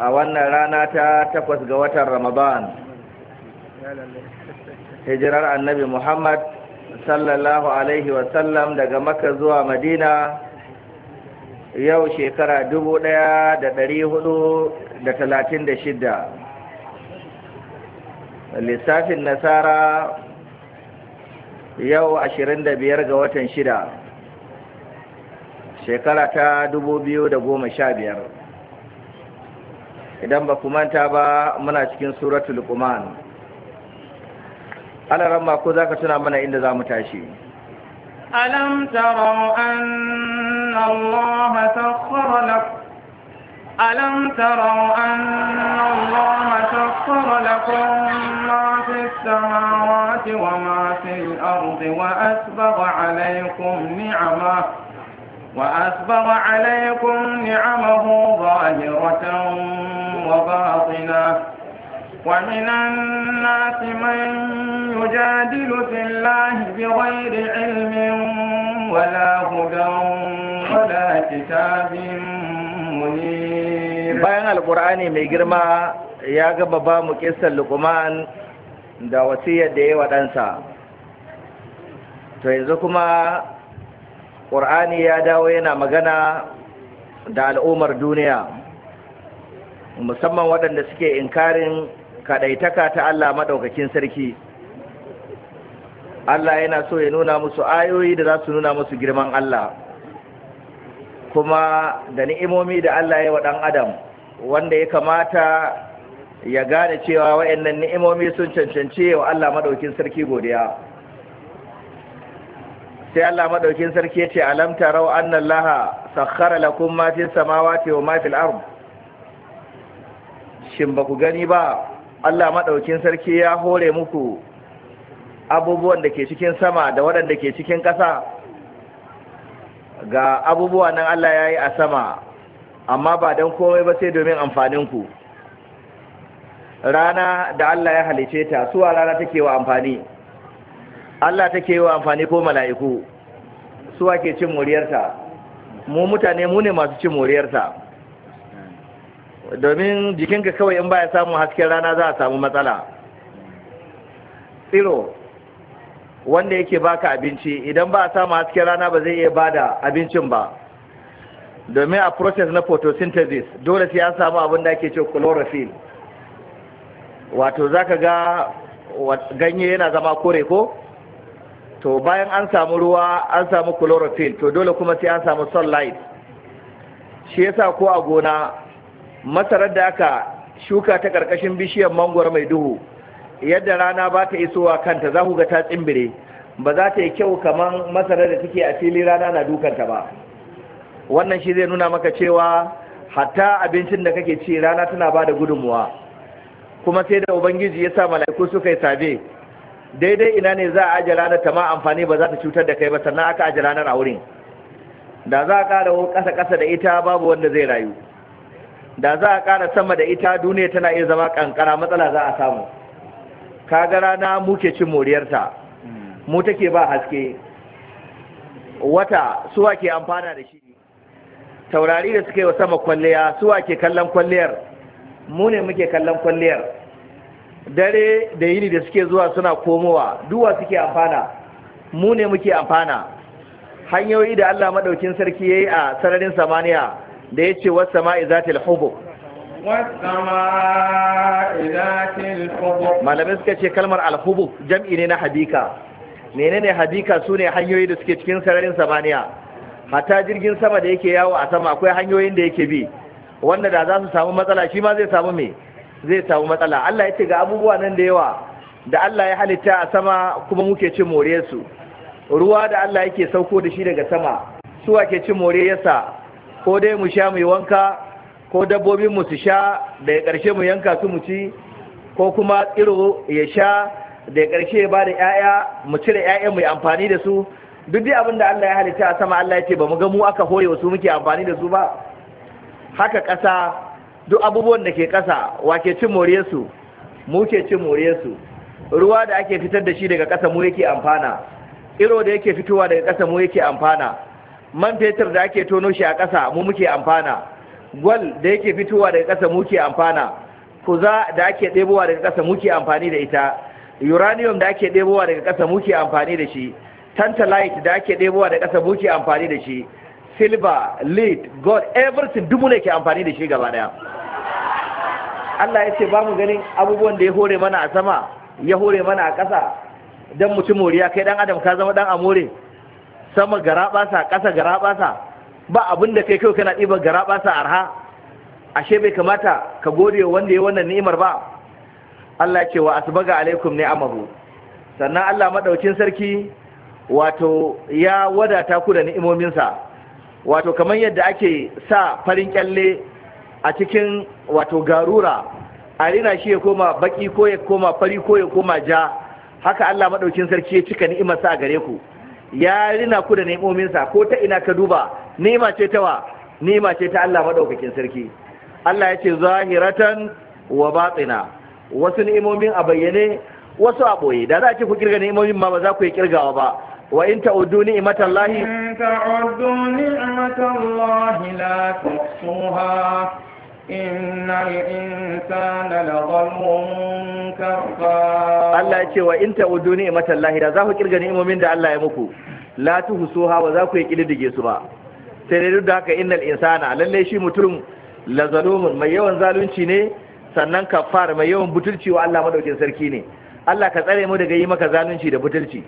S4: a wannan rana ta takwas ga watan ramadan hijirar annabi muhammad sallallahu alaihi wasallam daga maka zuwa madina yau shekara dubu ɗaya da ɗari hudu da lissafin nasara yau ashirin da biyar ga watan shida shekara ta dubu da goma sha biyar idan ba manta ba muna cikin suratul quman ala ramma ko zaka tuna mana inda zamu tashi
S3: alam tarau anna allaha sakhkhara lakum ألم تروا أن الله سخر لكم ما في السماوات وما ardi wa asbagha alaykum نعمه وأسبغ عليكم نعمه ظاهرة وباطلا ومن الناس من يجادل في الله بغير علم ولا هدى ولا كتاب
S4: منير بيان القرآن ميجرما يا بابا مكسر لقمان دا wasiyar دي ودنسا waɗansa to yanzu kuma ƙur'ani ya dawo yana magana da al'ummar duniya musamman waɗanda suke inkarin kaɗaitaka ta Allah maɗaukakin sarki Allah yana so ya nuna musu ayoyi da za su nuna musu girman Allah kuma da ni'imomi da Allah ya wa adam wanda ya kamata ya gane cewa waɗannan ni'imomi sun cancanci wa Allah maɗaukin sarki godiya sai Allah maɗaukin sarki ya ce alam tarau anna laha sakhara lakum ma samawa, samawati wa ma fil shin ba ku gani ba Allah maɗaukin sarki ya hore muku abubuwan da ke cikin sama da waɗanda ke cikin ƙasa ga abubuwa nan Allah ya yi a sama amma ba don komai ba sai domin amfaninku rana da Allah ya halice ta suwa rana take wa amfani Allah take wa amfani ko mala'iku suwa ke cin moriyarta mu mutane mu ne masu cin moriyarta domin jikinka kawai in baya samun hasken rana za a samu matsala tsiro wanda yake baka abinci idan ba a samu hasken rana ba zai iya bada abincin ba domin a process na photosynthesis dole sai an samu abin da ake ce chlorophyll wato zaka ga ganye yana zama kore ko to bayan an samu ruwa an samu chlorophyll to dole kuma sai an samu sunlight shi yasa ko a gona masarar da aka shuka ta ƙarƙashin bishiyar mangwar mai duhu yadda rana ba ta isowa kanta za ku ga ta tsimbire ba za ta yi kyau kamar masarar da take a fili rana na dukanta ba wannan shi zai nuna maka cewa hatta abincin da kake ci rana tana ba da gudunmuwa kuma sai da ubangiji ya sa mala'iku suka yi sabe daidai ina ne za a aje ranar ta ma amfani ba za ta cutar da kai ba sannan aka aje ranar a wurin da za a ƙara kasa ƙasa da ita babu wanda zai rayu da za a ƙara sama da ita duniya tana iya zama ƙanƙara matsala za a samu kaga rana muke cin moriyarta mu take ba haske wata suwa ke amfana da shi taurari da suka sama kwalliya suwa ke kallon kwalliyar mu ne muke kallon kwalliyar dare da yini da suke zuwa suna komowa duwa suke amfana mu ne muke amfana hanyoyi da allah maɗaukin sarki ya yi a sararin samaniya da ya ce wasu sama'i za ta lahubo malamai suka ce kalmar alhubu jam'i ne na hadika menene hadika su ne hanyoyi da suke cikin sararin samaniya hata jirgin sama da yake yawo a sama akwai hanyoyin da yake bi wanda da za su samu matsala shi ma zai samu me zai samu matsala Allah ya ce ga abubuwa nan da yawa da Allah ya halitta a sama kuma muke cin more su ruwa da Allah yake sauko da shi daga sama su ke cin more yasa ko dai mu sha mai wanka ko dabbobin mu su sha da ya ƙarshe mu yanka su mu ci ko kuma tsiro ya sha da ya ƙarshe ya ba da 'ya'ya mu cire 'ya'yan mu yi amfani da su duk dai abin da Allah ya halitta a sama Allah ya ce ba mu ga mu aka hore wasu muke amfani da su ba haka ƙasa duk abubuwan da ke ƙasa wa ke cin su mu ke cin su ruwa da ake fitar da shi daga ƙasa mu yake amfana iro da yake fitowa daga ƙasa mu yake amfana man fetur da ake tono shi a ƙasa mu muke amfana gwal da yake fitowa daga ƙasa muke amfana kuza da ake ɗebowa daga ƙasa muke amfani da ita uranium da ake ɗebowa daga ƙasa muke amfani da shi tantalite da ake ɗebowa daga ƙasa muke amfani da shi silver lead gold everything duk ne ke amfani da shi gaba daya Allah ya ce ba mu ganin abubuwan da ya hore mana a sama ya hore mana a ƙasa don mutum moriya kai dan adam ka zama dan amore sama garabasa ƙasa garabasa ba abin da kai kai kana ɗiba garabasa arha ashe bai kamata ka gode wanda ya wannan ni'imar ba Allah ce wa asbaga alaikum ne ni'amahu sannan Allah madaukin sarki wato ya wadata ku da ni'imominsa wato kamar yadda ake sa farin kyalle a cikin wato garura a rina shi ya koma baki ko ya koma fari ko ya koma ja haka Allah madaukin sarki ya cika ni'imarsa a gare ku ya rina ku da nemominsa ko ta ina ka duba nema ce ta wa nema ce ta Allah madaukakin sarki Allah ya ce zahiratan wa batina wasu ni'imomin a bayyane wasu a boye da za ce ku kirga ni'imomin ma ba za ku yi kirgawa ba wa in ta'uddu ni'matallahi
S3: in ta'uddu ni'matallahi la tuhsuha Allah ya
S4: ce wa in taɓa duniya matar lahida, za ku ƙirga nemo da Allah ya muku La tuhu su hawa, za ku yi ƙilin su ba. Sai dai duk da haka Innal in Sana'a, lallai shi mutum, Lazanoman mai yawan zalunci ne, sannan Kaffar mai yawan buturci ne wa Allah madaukin Sarki ne. Allah ka tsare mu daga yi maka zalunci da buturci.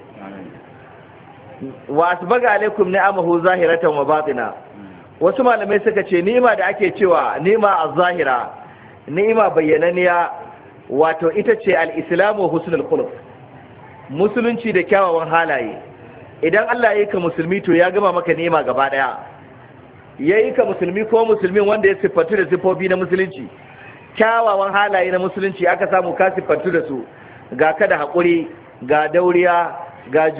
S4: Wa asubar ga alaikum ne Amadu zahirar ta ma batsina. wasu malamai suka ce nima da ake cewa nima a zahira nima bayyananiya wato ita ce al'islamu husnul kulub musulunci da kyawawan halaye idan Allah ya ka musulmi to ya gama maka nima gaba daya ya yi ka musulmi ko musulmin wanda ya siffantu da siffofi na musulunci kyawawan halaye na musulunci aka samu ka siffantu da su ga ka da haƙuri ga dauriya ga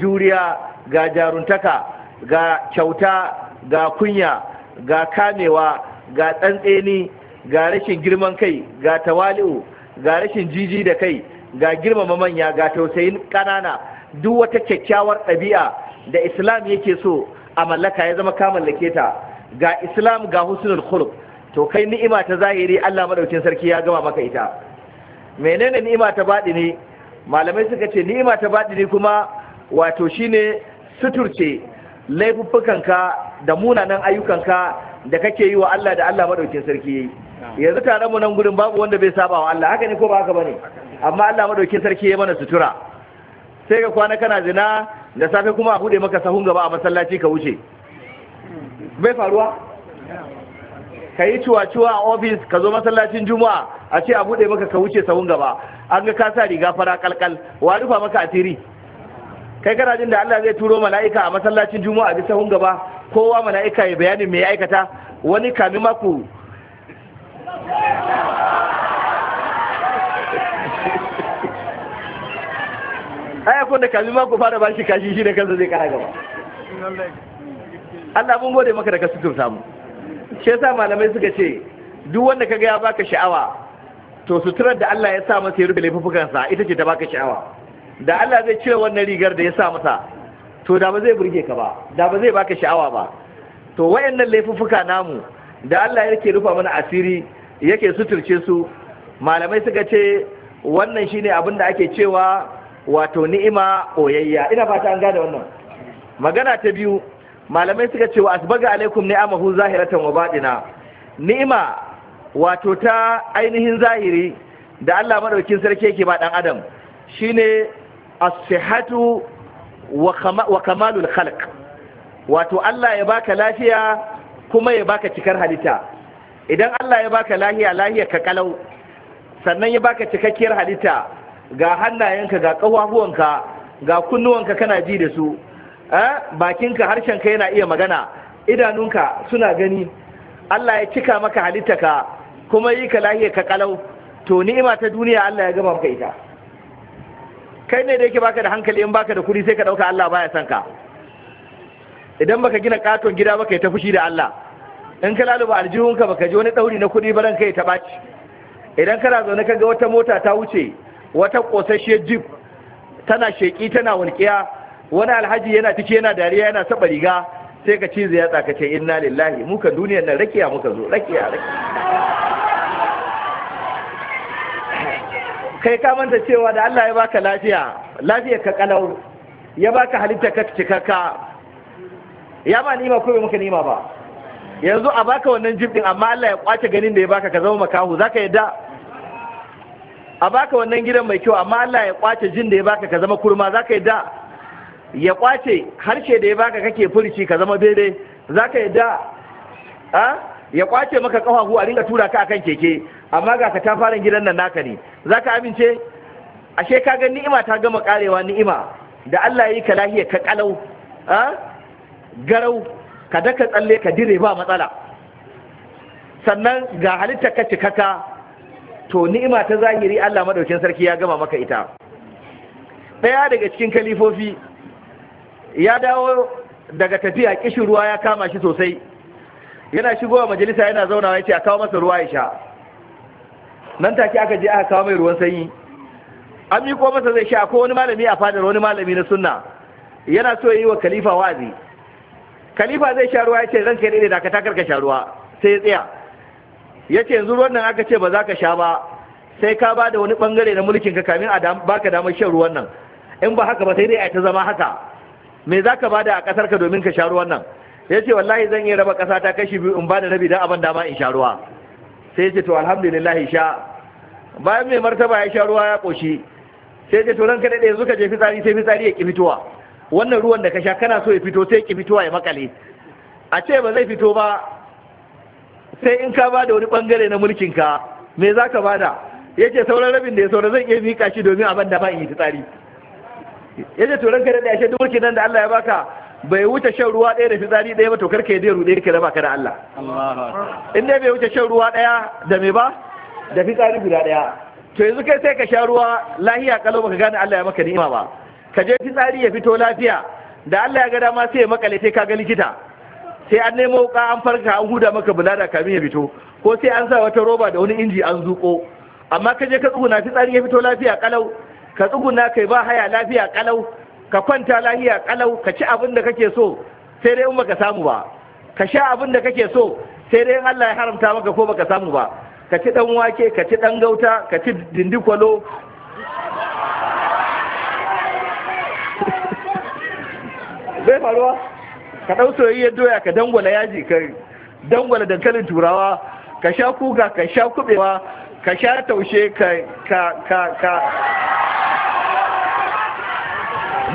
S4: juriya ga jaruntaka ga kyauta ga kunya ga kamewa ga tsantseni ga rashin girman kai ga tawali'u ga rashin jiji da kai ga girmama manya ga tausayin ƙanana duk wata kyakkyawar ɗabi'a da islam yake so a mallaka ya zama ka mallake ta ga islam ga husnul khulq to kai ni'ima ta zahiri Allah madaukin sarki ya gama maka ita menene ni'ima ta badi ne? malamai suka ce ni'ima ta badi ne kuma wato shine suturce laifuffukanka da munanan ayyukanka da kake yi wa Allah da Allah madaukin sarki yayi yanzu tare mu nan gurin babu wanda bai saba wa Allah haka ne ko ba haka bane amma Allah madaukin sarki yayi mana sutura sai ga kwana kana zina da safe kuma a bude maka sahun gaba a masallaci ka wuce bai faruwa ka yi cuwa-cuwa a ofis ka zo masallacin juma'a a ce a bude maka ka wuce sahun gaba an ga ka sa riga fara kalkal wa rufa maka asiri kai kana jin da Allah zai turo mala'ika a masallacin juma'a bisa sahun gaba kowa mala'ika ya bayanin me ya aikata wani kami maku [laughs] ai akwai da kami maku fara ba shi kashi shi da kansa zai kara gaba Allah mun gode maka da ka suturta samu shi yasa malamai suka ce duk wanda kaga ya baka sha'awa to suturar da Allah ya sa masa ya rubuta laifukansa ita ce ta baka sha'awa da Allah zai cire wannan rigar da ya sa masa to da ba zai burge ka ba da ba zai baka sha'awa ba to wayannan laifuffuka namu da Allah yake rufa mana asiri yake suturce su malamai suka ce wannan shine abin da ake cewa wato ni'ima oyayya ina fata an gane wannan magana ta biyu malamai suka ce wa asbaga alaikum ni'amahu zahiratan wa batina ni'ima wato ta ainihin zahiri da Allah madaukin sarki yake ba dan adam shine asihatu wa kamalul khalq wato Allah ya baka lafiya kuma ya baka cikar halitta idan Allah ya baka lafiya lafiya ka kalau sannan ya baka cikakkiyar halitta ga hannayenka ga kafafuwanka ga kunnuwanka kana ji da su eh, bakinka harshenka yana iya magana idanunka suna gani Allah ya cika maka halittaka kuma yi ka lahiya ka kalau to ni'ima ta duniya Allah ya gama maka ita kai ne da yake baka da hankali in baka da kuɗi sai ka ɗauka Allah baya son ka idan baka gina katon gida baka yi ta fushi da Allah in ka laluba aljihunka baka ji wani ɗauri na kuɗi baran kai ta ɓaci idan kana zaune ka ga wata mota ta wuce wata ƙosasshiyar jeep tana sheƙi tana walƙiya wani alhaji yana ciki yana dariya yana saba riga sai ka cizo ya tsakace inna lillahi mu ka duniyar nan rakiya muka zo rakiya rakiya kai ka manta cewa da Allah ya baka lafiya lafiyar ka kalau ya baka halitta ka cikakka ya ba nima ko bai maka nima ba yanzu a baka wannan jibdin amma Allah ya kwace ganin da ya baka ka zama makahu zaka yadda a baka wannan gidan mai kyau amma Allah ya kwace jin da ya baka ka zama kurma zaka yadda ya kwace harshe da ya baka kake furci ka zama daidai zaka yadda a ya kwace maka kafafu a ringa tura ka akan keke amma ga ka ta fara gidan nan naka ne za ka amince ashe ka ga ni'ima ta gama karewa ni'ima da Allah yi ka lahiya ka kalau garau ka daka tsalle ka dire ba matsala sannan ga halitta ka cikaka to ni'ima ta zahiri Allah madaukin sarki ya gama maka ita ɗaya daga cikin kalifofi ya dawo daga tafiya kishin ruwa ya kama shi sosai yana shigowa majalisa yana zaunawa ya ce a kawo masa ruwa ya sha nan take aka je aka kawo mai ruwan sanyi an miko masa zai sha ko wani malami a fadar wani malami na sunna yana so ya yi wa khalifa wazi khalifa zai sha ruwa ya ce ranka daidai da ka takar ka sha ruwa sai ya tsaya ya yanzu ruwan nan aka ce ba za ka sha ba sai ka ba da wani bangare na mulkin ka kamin a baka damar shan ruwan nan in ba haka ba sai dai a ta zama haka me za ka ba da a kasar ka domin ka sha ruwan nan ya ce wallahi zan iya raba ƙasa ta kashi biyu in ba da rabi don abin dama in sha ruwa sai ce to alhamdulillah sha bayan mai martaba ya sha ruwa ya koshi sai ce to nan ka dade yanzu ka je fitsari sai fitsari ya kifitowa wannan ruwan da ka sha kana so ya fito sai kifitowa ya makale a ce ba zai fito ba sai in ka bada wani bangare na mulkin ka me za ka bada yace sauran rabin da ya saura zan iya mika shi domin abin da ba in yi fitsari yace to ranka dade ashe duk mulkin nan da Allah ya baka bai wuce shan ruwa ɗaya da fitsari ɗaya ba to karka yi ruɗe ka da ka da Allah in dai bai wuce shan ruwa ɗaya da mai ba da fitsari guda ɗaya to yanzu kai sai ka sha ruwa lahiya kalau baka gane Allah ya maka ni'ima ba ka je fitsari ya fito lafiya da Allah ya ga dama sai ya makale sai ka ga likita sai an nemo wuka an farka an huda maka bulada kamin ya fito ko sai an sa wata roba da wani inji an zuko amma ka je ka tsuguna fitsari ya fito lafiya kalau ka tsuguna kai ba haya lafiya kalau ka kwanta lahiya kalau ka ci abin da kake so sai dai in baka samu ba ka sha abin da kake so sai dai in Allah ya haramta maka ko baka samu ba ka ci dan wake ka ci dan gauta ka ci dindikwalo [laughs] zai faruwa ka dau soyayyar doya ka dangwala yaji ka dangwala dankalin turawa ka sha kuka ka sha kubewa ka sha taushe ka ka ka ka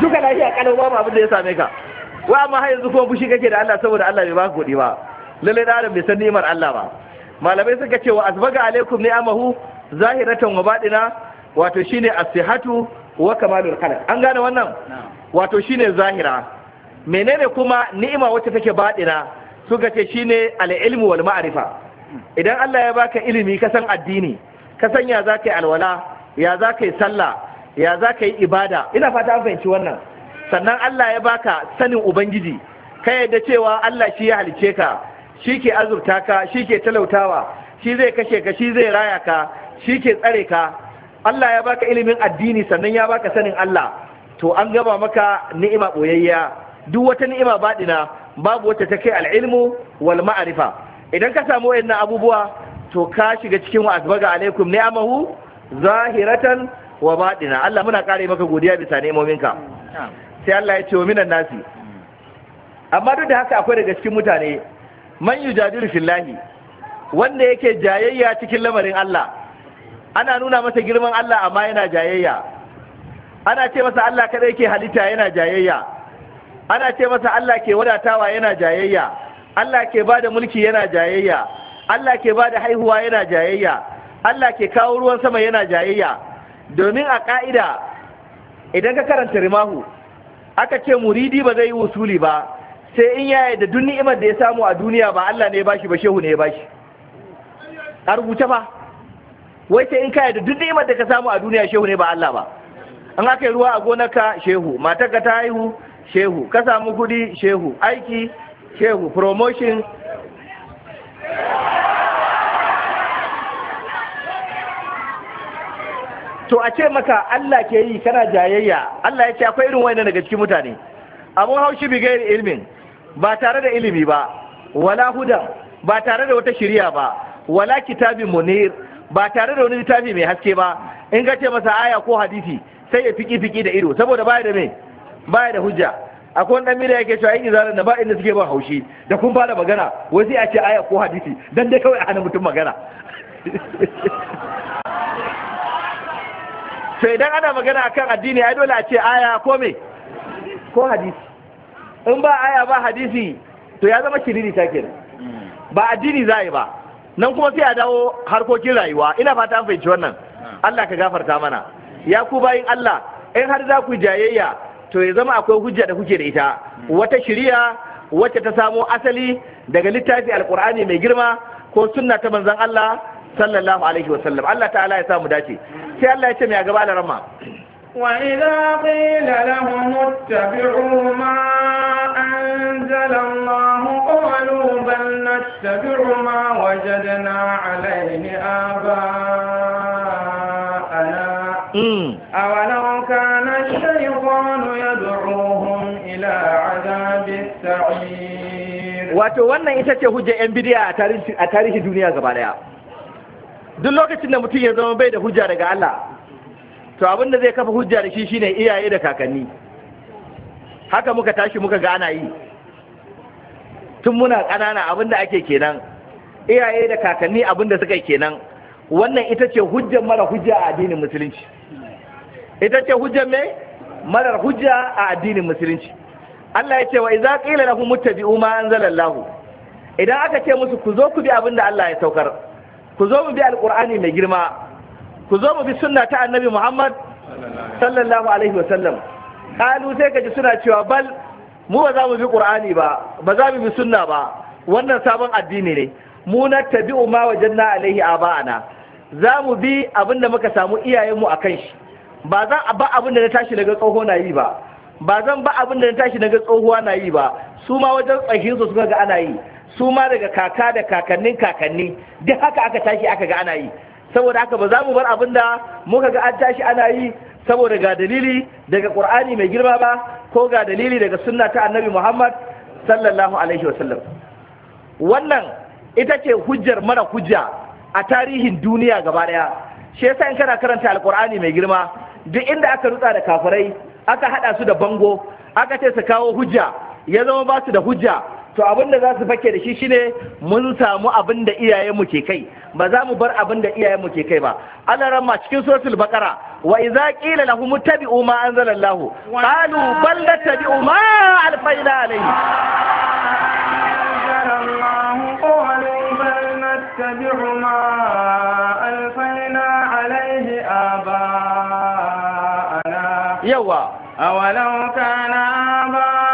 S4: duka lafiya kalau ba abin da ya same ka wa amma har yanzu kuma fushi kake da Allah saboda Allah bai baka kuɗi ba lalle da bai san ni'imar Allah ba malamai suka ce wa asbaga alaikum ni'amahu zahiratan wa baɗina wato shine as-sihatu wa kamalul khalq an gane wannan wato shine zahira menene kuma ni'ima wacce take baɗina suka ce shine al-ilmu wal ma'rifa idan Allah ya baka ilimi ka san addini ka san ya zaka yi alwala ya zaka yi sallah ya za ka yi ibada ina fata an fahimci wannan sannan Allah ya baka sanin ubangiji ka yadda cewa Allah shi ya halice ka shi ke azurta ka shi ke talautawa shi zai kashe ka shi zai raya ka shi ke tsare ka Allah ya baka ilimin addini sannan ya baka sanin Allah to an gaba maka ni'ima boyayya duk wata ni'ima baɗina babu wata ta kai al'ilmu wal ma'arifa idan ka samu wayannan abubuwa to ka shiga cikin wa alaikum ni'amahu zahiratan wa baɗina Allah muna ƙare maka godiya bisa nemominka sai Allah ya ce wa minan nasi amma duk da haka akwai daga cikin mutane man yujadilu fillahi wanda yake jayayya cikin lamarin Allah ana nuna masa girman Allah amma yana jayayya ana ce masa Allah kada yake halitta yana jayayya ana ce masa Allah ke wadatawa yana jayayya Allah ke bada mulki yana jayayya Allah ke bada haihuwa yana jayayya Allah ke kawo ruwan sama yana jayayya domin a ƙa'ida idan ka karanta rimahu aka ce muridi ba zai yi wasuli ba sai in ya da duk ni'imar da ya samu a duniya ba Allah ne ya bashi ba shehu ne ya bashi a rubuta ba wai sai in ka da duk ni'imar da ka samu a duniya shehu ne ba Allah ba an aka yi ruwa a gonarka shehu matarka ta haihu shehu ka samu kudi shehu aiki shehu promotion to a ce maka Allah ke yi kana jayayya Allah ya ce akwai irin wani daga cikin mutane abun haushi bi gairi ilmin ba tare da ilimi ba wala hudan ba tare da wata shiriya ba wala kitabin munir ba tare da wani littafi mai haske ba in ka ce masa aya ko hadisi sai ya fiki fiki da ido saboda baya da me baya da hujja akwai wani dan mira yake cewa yin izalan da ba inda suke ban haushi da kun fara magana wai sai a ce aya ko hadisi dan dai kawai a hana mutum magana [laughs] to idan ana magana akan addini ai dole a ce aya ko me ko hadisi in ba aya ba hadisi to ya zama kiriri take ba addini za yi ba nan kuma sai a dawo harkokin rayuwa ina fata an fahimci wannan Allah ka gafarta mana ya ku bayin Allah in har za ku jayayya to ya zama akwai hujja da kuke da ita wata shiriya wacce ta samo asali daga littafi alkur'ani mai girma ko sunna ta manzon Allah sallallahu alaihi wasallam Allah ta'ala ya samu dace sai Allah ya ce mai gaba da rama
S3: وإذا قيل لهم اتبعوا ما أنزل الله قالوا بل نتبع ما وجدنا عليه آباءنا أولو كان الشيطان يدعوهم إلى عذاب
S4: السعير wato wannan ita ce hujjar 'yan bidiya a tarihi duniya gaba duk lokacin da mutum ya zama bai da hujja daga Allah to abin da zai kafa hujja da shi shine iyaye da kakanni haka muka tashi muka gana yi tun muna ƙanana abin da ake kenan iyaye da kakanni abin da suka kenan wannan ita ce hujjar mara hujja a addinin musulunci ita ce hujjar mai marar hujja a addinin musulunci Allah ya ce wa idza qila lahum muttabi'u ma anzala Allah idan aka ce musu ku zo ku bi abin da Allah ya saukar ku zo mu bi alkur'ani mai girma ku zo mu bi sunna ta annabi muhammad sallallahu alaihi wa sallam kalu sai kaji suna cewa bal mu ba za mu bi qur'ani ba ba za mu bi sunna ba wannan sabon addini ne mu na tabi'u ma wajanna alaihi aba'ana za mu bi abin da muka samu iyayenmu a kan shi ba zan ba abin na tashi daga tsoho na yi ba ba zan ba abin na tashi daga tsohuwa na yi ba su ma wajen tsahinsu suka ga ana yi su ma daga kaka da kakannin kakanni duk haka aka tashi aka ga ana yi saboda haka ba za mu bar abin da muka ga an tashi ana yi saboda ga dalili daga qur'ani mai girma ba ko ga dalili daga sunna ta annabi muhammad sallallahu alaihi wasallam wannan ita ce hujjar mara hujja a tarihin duniya gaba daya shi yasa in kana karanta alqur'ani mai girma duk inda aka rutsa da kafirai aka hada su da bango aka ce su kawo hujja ya zama ba su da hujja to abin da za su fake da shi shine mun samu abin da iyayenmu ke kai ba za mu bar abin da iyayenmu ke kai ba ana ramma cikin suratul baqara wa idza qila lahum ittabi'u ma anzalallahu qalu bal nattabi'u ma
S3: alfayna alayhi يوا أولو كان آباءنا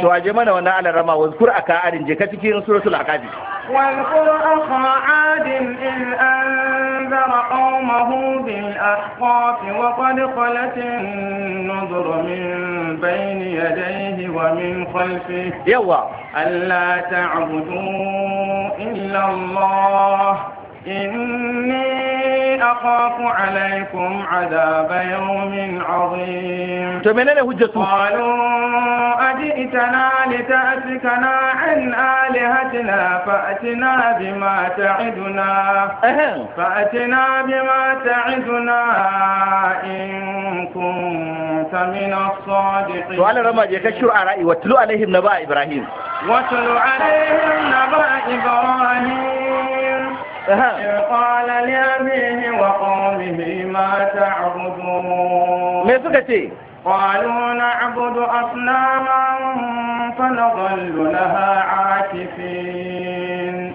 S4: to aje mana wannan alarama wa zkur aka adin je ka cikin suratul aqabi
S3: wa zkur akha adin in an qawmahu bil ahqaf wa qad khalat nuzur min bayni yadayhi wa min khalfi yawa alla ta'budu illa allah inni أخاف عليكم عذاب يوم عظيم
S5: قالوا
S3: أجئتنا لتأتكنا عن آلهتنا فأتنا بما تعدنا فأتنا بما تعدنا
S4: إن كنت من الصادقين سؤال رمضي جيكا أرأي واتلو عليهم نبأ إبراهيم واتلو عليهم نبأ إبراهيم
S3: إذ قال لأبيه وقومه ما تعبدون ميسوكتي قالوا نعبد أصناما فنظل لها عاكفين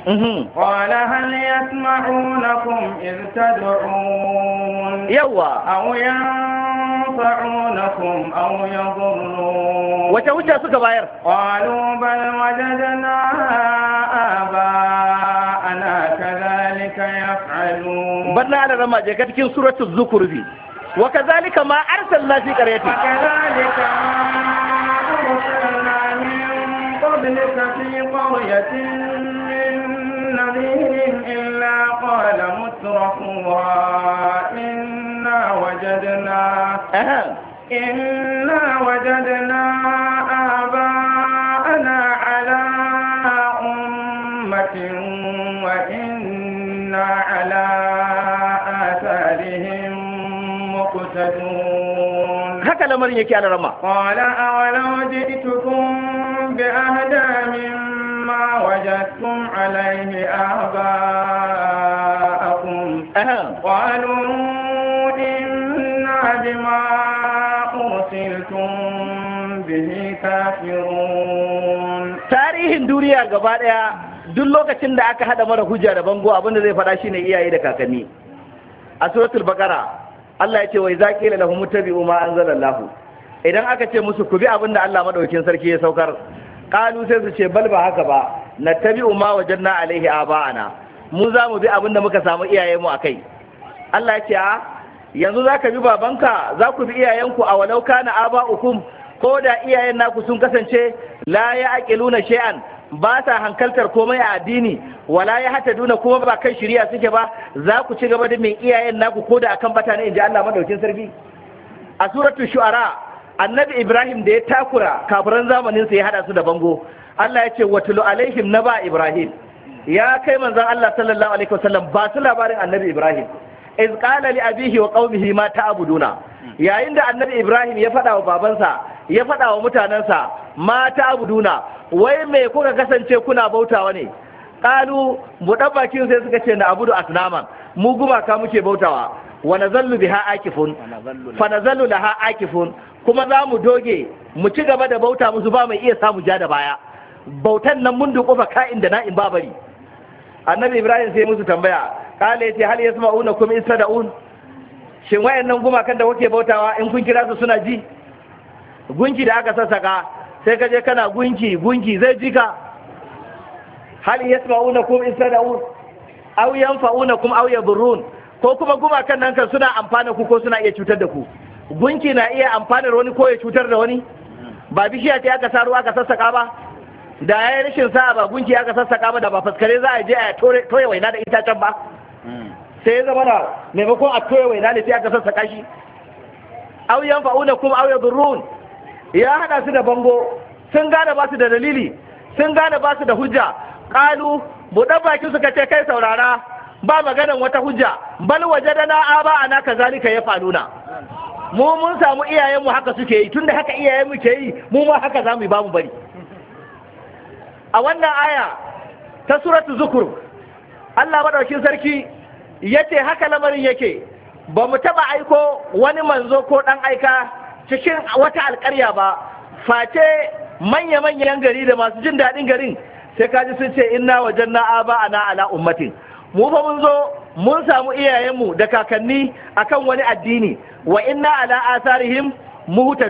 S3: قال هل يسمعونكم إذ تدعون يوا أو ينفعونكم أو يضرون وتوجه سكبير قالوا بل وجدنا آباءنا
S4: كذا بنال على رما جاءت في سورة الذكر دي وكذلك ما أرسلنا في قريته وكذلك
S2: ما أرسلنا
S3: من قبلك في قرية من نذير إلا قال مترفوها إنا وجدنا أه. إنا وجدنا آباءنا على أمة وإن على آثارهم
S4: مقتدون هكذا لمن يكي على رما قال
S3: أولو جئتكم بأهدى مما وجدتم عليه آباءكم قالوا إنا بما أرسلتم به كافرون
S4: tarihin duniya gaba ɗaya duk lokacin da aka haɗa mara hujja da bango abinda zai faɗa ne iyaye da kakanni a suratul baqara Allah ya ce wai za qila lahum tabi'u ma anzalallahu idan aka ce musu ku bi abinda Allah maɗaukin sarki ya saukar qalu sai su ce bal ba haka ba nattabi'u wajen wajanna alaihi aba'ana mu za mu bi abinda muka samu iyaye mu kai. Allah ya ce yanzu zaka bi babanka za ku bi iyayenku a walau kana aba'ukum ko da iyayen naku sun kasance la ya aqiluna shay'an ba sa hankaltar komai a addini wala ya hata duna kuma ba kan shari'a suke ba za ku ci gaba da mai iyayen naku ko da akan bata ne inji Allah madaukin sarki a suratul shu'ara annabi Ibrahim da ya takura kafiran zamanin sa ya hada su da bango Allah ya ce watulu alaihim naba Ibrahim ya kai manzon Allah sallallahu alaihi wasallam ba su labarin annabi Ibrahim iz qala li abihi wa qaumihi ma ta'buduna yayin da annabi ibrahim ya faɗa wa babansa ya faɗa wa mutanensa ma ta'buduna wai me kuka kasance kuna bautawa ne qalu ɗan bakin sai suka ce na abudu asnaman mu gumaka muke bautawa wa nazallu biha akifun fa nazallu laha akifun kuma za mu doge mu ci gaba da bauta musu ba mai iya samu ja da baya bautan nan mun duƙufa ka'in da na'in babari annabi ibrahim sai musu tambaya kala yace hal yasma'una kum istada'un shin wayannan gumakan da kuke bautawa in kun kira su suna ji gunki da aka sassaka sai ka je kana gunki gunki zai ji ka hal yasma'una kum fa aw yanfa'una kum aw yadurrun ko kuma gumakan nan kan suna amfana ku ko suna iya cutar da ku gunki na iya da wani ko ya cutar da wani ba bishiya ce aka sa ruwa aka sassaka ba da ya yi rashin sa'a ba gunki aka sassaka ba da ba faskare za a je a toye waina da itacen ba sai ya zama na maimakon a toye waina ne sai aka shi auyen fa'una kuma aw ya hada su da bango sun gane ba su da dalili sun gane ba su da hujja ƙalu buɗe bakin suka ce kai saurara ba maganan wata hujja bal waje da ba a naka kazalika ya na mu mun samu iyayenmu haka suke yi tunda haka iyayenmu ke yi mu ma haka za mu yi mu bari a wannan aya ta suratu zukur Allah madaukin sarki yace haka lamarin yake ba mu taɓa aiko wani manzo ko dan aika cikin wata alƙarya ba face manya-manyan gari da masu jin daɗin garin sai kaji sun ce inna wajen na'a ba ana ala ummatin mu fa mun zo mun samu iyayenmu da kakanni akan wani addini wa inna ala asarihim kuta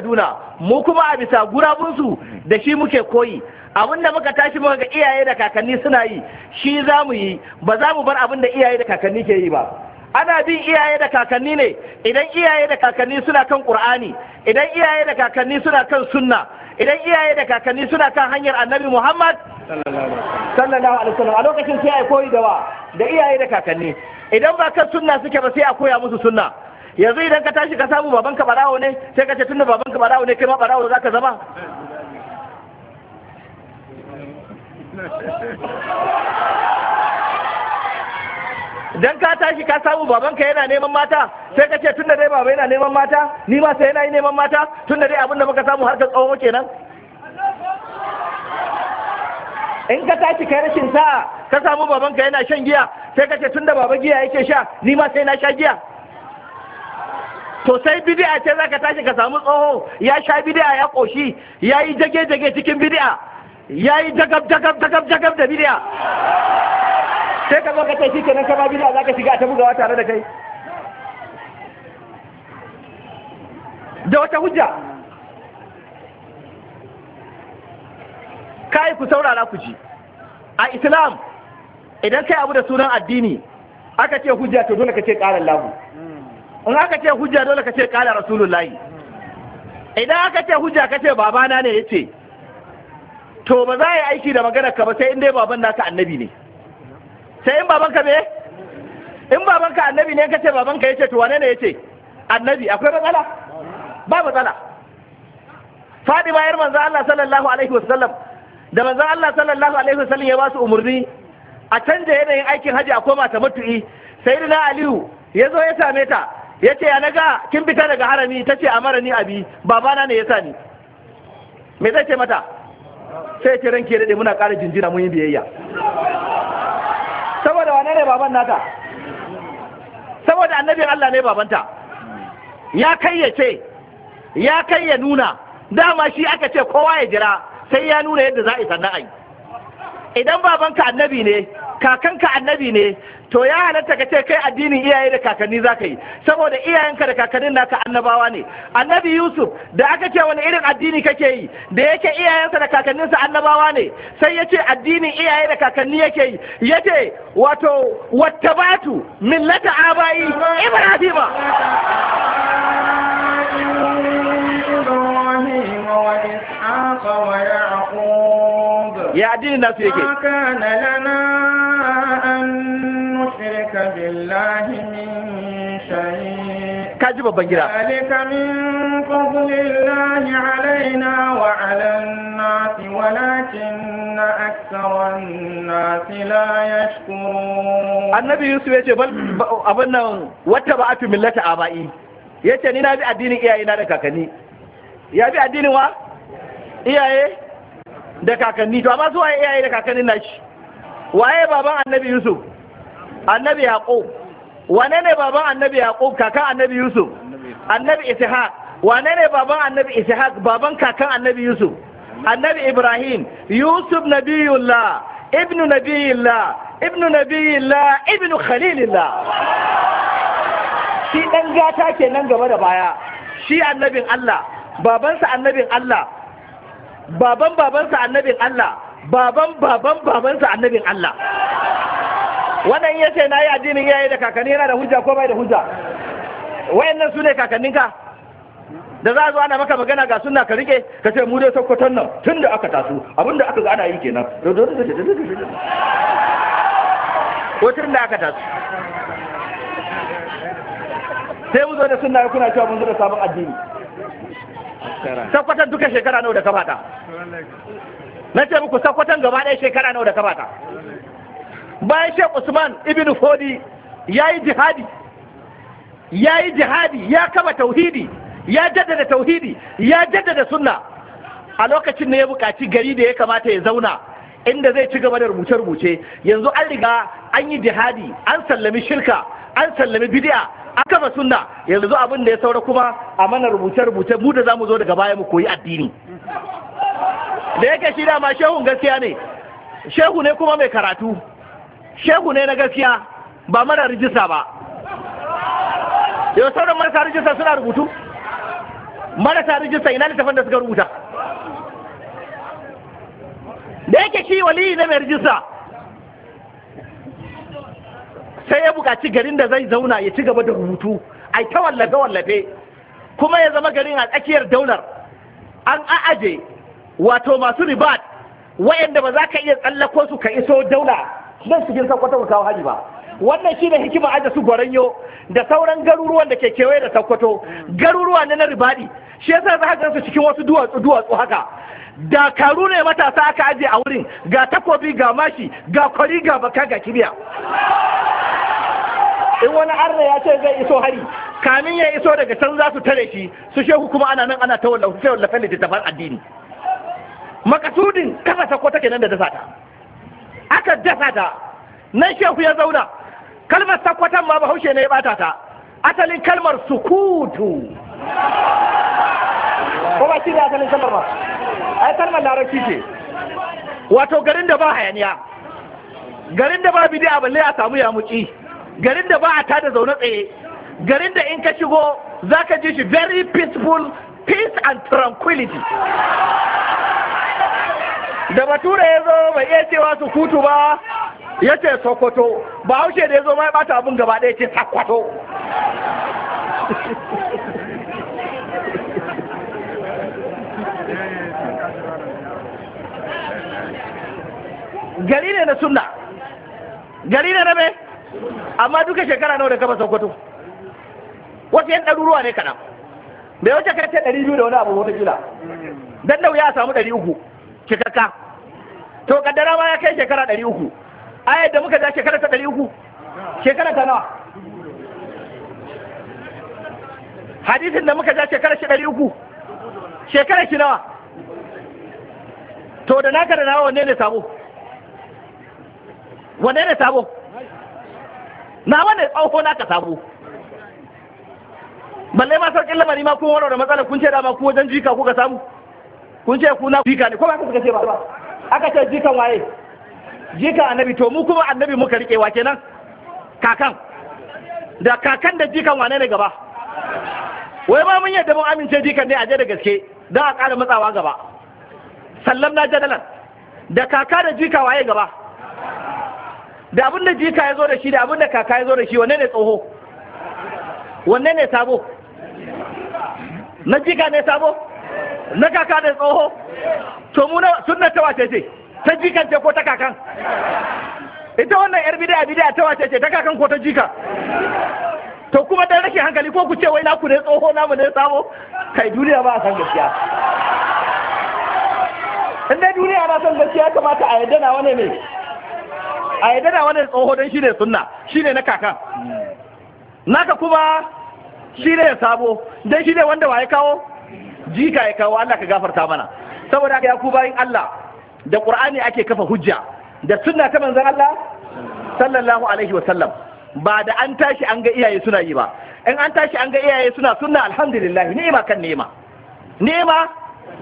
S4: juna mu kuma a bisa gurabunsu da shi muke koyi abin da muka tashi muka ga iyaye da kakanni suna yi shi za mu yi ba za mu bar abin da iyaye da kakanni ke yi ba ana bin iyaye da kakanni ne idan iyaye da kakanni suna kan qur'ani idan iyaye da kakanni suna kan sunna idan iyaye da kakanni suna kan hanyar annabi muhammad
S2: sallallahu
S4: alaihi wasallam a lokacin sai ai koyi da wa da iyaye da kakanni idan ba kan sunna suke ba sai a koya musu sunna yanzu idan ka tashi ka samu babanka barawo ne sai ka ce tunda babanka barawo ne kai ma barawo zaka zama
S2: dan
S4: ka tashi ka samu babanka yana neman mata sai ka ce tun da dai baba yana neman mata ni ma sai yana yi neman mata tun da dai da muka samu har ka tsawo kenan in ka tashi kai rashin sa'a ka samu babanka yana shan giya sai ka ce tun da baba giya yake sha ni ma sai na sha giya to sai bid'a ce ka tashi ka samu tsoho ya sha bid'a ya koshi ya yi jage-jage cikin bid'a ya yi dagab dagab dagab dagab da bidiya sai ka zo ka ce shi nan kama bidiya za ka shiga ta bugawa tare da kai da wata hujja kai ku saurara ku ji a islam idan kai abu da sunan addini aka ce hujja to dole ka ce karar lamu in aka ce hujja dole ka ce rasulun rasulullahi idan aka ce hujja ka ce babana ne ya ce to ba za a yi aiki da magana ka ba sai in dai baban naka annabi ne sai in baban ka me in baban ka annabi ne kace ka yace to wane ne yace annabi akwai matsala ba matsala Fadima yar manzo Allah sallallahu alaihi wasallam da manzo Allah sallallahu alaihi wasallam ya ba su umurni a canja yanayin aikin haji a koma ta matu'i sayyidina Aliyu ya zo ya same ta yace ya naga kin fita daga harami tace amara ni abi babana ne ya sani me zai ce mata sai ce ranke daɗe muna ƙara jinjina mun yi biyayya saboda wane ne baban nata saboda annabin Allah ne babanta ya kai ya ce kai ya nuna dama shi aka ce kowa ya jira sai ya nuna yadda za a yi sannan a yi idan babanka annabi ne kakanka annabi ne to ya halatta ka ce kai addinin iyaye da kakanni za ka yi saboda iyayenka da kakannin naka annabawa ne annabi yusuf da aka ce wani irin addini kake yi da yake iyayensa da kakanninsa annabawa ne sai ya ce addinin iyaye da kakanni yake yi ya ce wato wattabatu millata abayi ibrahima
S3: ya addinin nasu yake يشرك بالله من شيء
S4: كاجب بنجرا
S3: ذلك من فضل الله علينا وعلى
S4: الناس
S3: ولكن أكثر الناس لا
S4: يشكرون النبي يوسف بل أبنا واتبعت ملة آبائي yace ni na bi addinin iyayena da kakanni ya bi addinin wa iyaye da kakanni to amma zuwa iyaye da kakannin nashi waye baban annabi yusuf annabi yaqub wane ne baban annabi yaqub kakan annabi yusuf annabi ishaq wane ne baban annabi ishaq baban kakan annabi yusuf annabi ibrahim yusuf nabiyullah ibnu nabiyillah ibnu nabiyillah ibnu khalilillah shi dan gata kenan gaba da baya shi annabin Allah babansa annabin Allah baban babansa annabin Allah baban baban babansa annabin Allah wannan ya ce na yi addinin iyaye da kakanni yana da hujja ko bai da hujja wayannan su ne kakanninka da za a zo ana maka magana ga sunna ka rike ka ce mu dai sokoton nan tun da aka taso abinda aka ga ana yi kenan ko tun da aka taso sai mu zo da sunna kuna cewa mun zo da sabon addini sokoton duka shekara nawa da ka bata na ce muku sokoton gaba ɗaya shekara nawa da ka bata bayan shek usman ibn fodi ya yi jihadi ya yi jihadi ya kama tauhidi ya jaddada tauhidi ya jaddada sunna a lokacin da ya buƙaci gari da ya kamata ya zauna inda zai ci gaba da rubuce-rubuce yanzu an riga an yi jihadi an sallami shirka an sallami bidi'a an kama sunna yanzu abin da ya saura kuma a mana rubuce-rubuce mu da mu zo daga baya mu koyi addini da yake shi dama shehun gaskiya ne shehu ne kuma mai karatu shehu ne na gaskiya ba mara rijista ba yau sauran marasa rijista suna rubutu marasa rijista ina littafin da suka rubuta da yake shi wali na mai rijista sai ya buƙaci garin da zai zauna ya ci gaba da rubutu ai ta wallafe-wallafe kuma ya zama garin a tsakiyar daular an a'aje wato masu ribat wayanda ba za ka iya tsallako su ka iso daula nan cikin sakwata ba kawo hari ba wannan shi shine hikima aje su goranyo da sauran garuruwan da ke kewaye da sakkwato garuruwa ne na ribadi shi ya sa za a su cikin wasu duwatsu duwatsu haka dakaru ne matasa aka aje a wurin ga takobi ga mashi ga kwari ga baka ga kibiya in wani arna ya ce zai iso hari kamin ya iso daga can za su tare shi su shehu kuma ana nan ana ta wallafa littattafan addini makasudin kasa ke nan da dasa ta aka dasa ta nan shehu ya zauna kalmar sakwatan ma bahaushe ne ya bata ta asalin kalmar sukutu ko ba shi ne asalin kalmar ba yi kalmar larabci ce wato garin da ba hayaniya garin da ba bidiya balle a samu ya muci garin da ba a tada zaune tsaye garin da in ka shigo za ka ji shi very peaceful peace and tranquility da bature ya zo ba iya cewa su kutu ba ya ce sokoto ba haushe da ya zo ma bata abin gaba ɗaya ce sakwato gari ne na sunna gari ne na me amma duka shekara nawa da kafa sokoto wasu yan ɗaruruwa ne kaɗan bai wace kai ce ɗari biyu da wani abu wata kila don da ya samu ɗari uku cikakka to kaddara ma ya kai shekara ɗari uku ayar da muka ja shekara ta ɗari uku shekara ta nawa hadisin da muka ja shekara shi ɗari uku shekara shi nawa to da naka da nawa wanne ne sabo wanne ne sabo na tsawo tsoho naka sabo balle ma sarkin lamari ma kuma waro da matsalar kun ce ma ku wajen jika kuka samu kun ce kuna jika ne ko ba suka ce ba aka ce jikan waye jika annabi to mu kuma annabi muka rike wa kenan kakan da kakan da jikan wane ne gaba wai ba mun yadda mun amince jikan ne a je da gaske don a ƙara matsawa gaba sallam na jadalan da kaka da jika waye gaba da abin da jika ya zo da shi da abin da kaka ya zo da shi wanne ne tsoho wanne ne sabo na jika ne sabo na kaka da tsoho to mu sunna ta wace ce ta jikan ce ko ta kakan ita wannan yar bid'a bid'a ta wace ce ta kakan ko ta jika to kuma dan rake hankali ko ku ce wai ku ne tsoho mu ne sabo kai duniya ba a san gaskiya in dai duniya na san gaskiya kamata a yadda na wani ne a yadda na wani tsoho dan shine sunna shine na kakan naka kuma shine sabo dan shine wanda waye kawo jika ya kawo Allah ka gafarta mana saboda haka ya ku bayin Allah da Qur'ani ake kafa hujja da sunna ta manzon Allah sallallahu alaihi wa sallam. ba da an tashi an ga iyaye suna yi ba in an tashi an ga iyaye suna sunna alhamdulillah ni'ima kan ni'ima ni'ima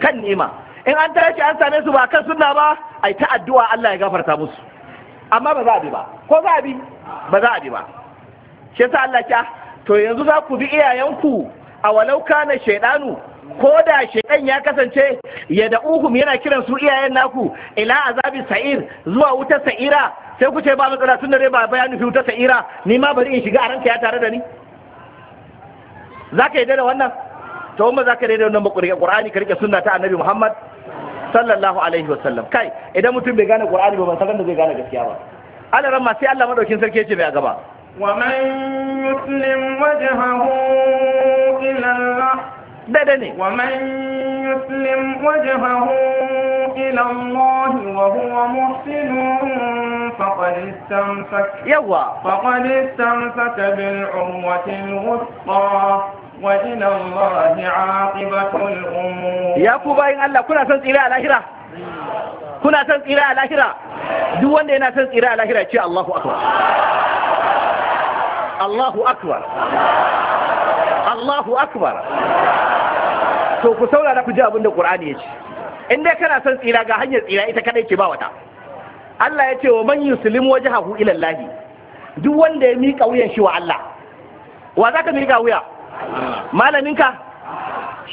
S4: kan ni'ima in an tashi an same su ba kan sunna ba ai ta addu'a Allah ya gafarta musu amma ba za a bi ba ko za a bi ba za a bi ba shi yasa Allah ya ah, to yanzu za ku bi iyayenku a walau kana shaidanu ko da shekan ya kasance ya da uhum yana kiran su iyayen naku ila azabi sa'ir zuwa wuta sa'ira sai ku ce ba matsala tun da dai ba bayani fi wuta sa'ira ni ma bari in shiga a ranka ya tare da ni za ka yi da wannan to umma za ka yi da wannan ba ƙurƙe ƙur'ani ka riƙe sunna ta annabi muhammad sallallahu alaihi wasallam kai idan mutum bai gane ƙur'ani ba ban san da zai gane gaskiya ba alaran ma sai Allah madaukin sarki ya ce mai a gaba
S3: wa man yuslim wajhahu ila Allah daidai ne wa man yuslim wajhahu ila Allah huwa muhsin faqad istamsaka yawa faqad istamsaka bil urwati
S4: wa ila Allah aqibatu al-umur ya ku bayin Allah kuna son tsira a lahira kuna son tsira a lahira duk wanda yana son tsira a lahira ce Allahu akbar Allahu akbar Allahu akbar to ku saurara ku ji abin da Qur'ani ya ce in dai kana son tsira ga hanyar tsira ita kadai ke ba wata Allah ya ce wa man yuslimu wajhahu ila Allah duk wanda ya miƙa wuyan shi wa Allah wa zaka miƙa wuya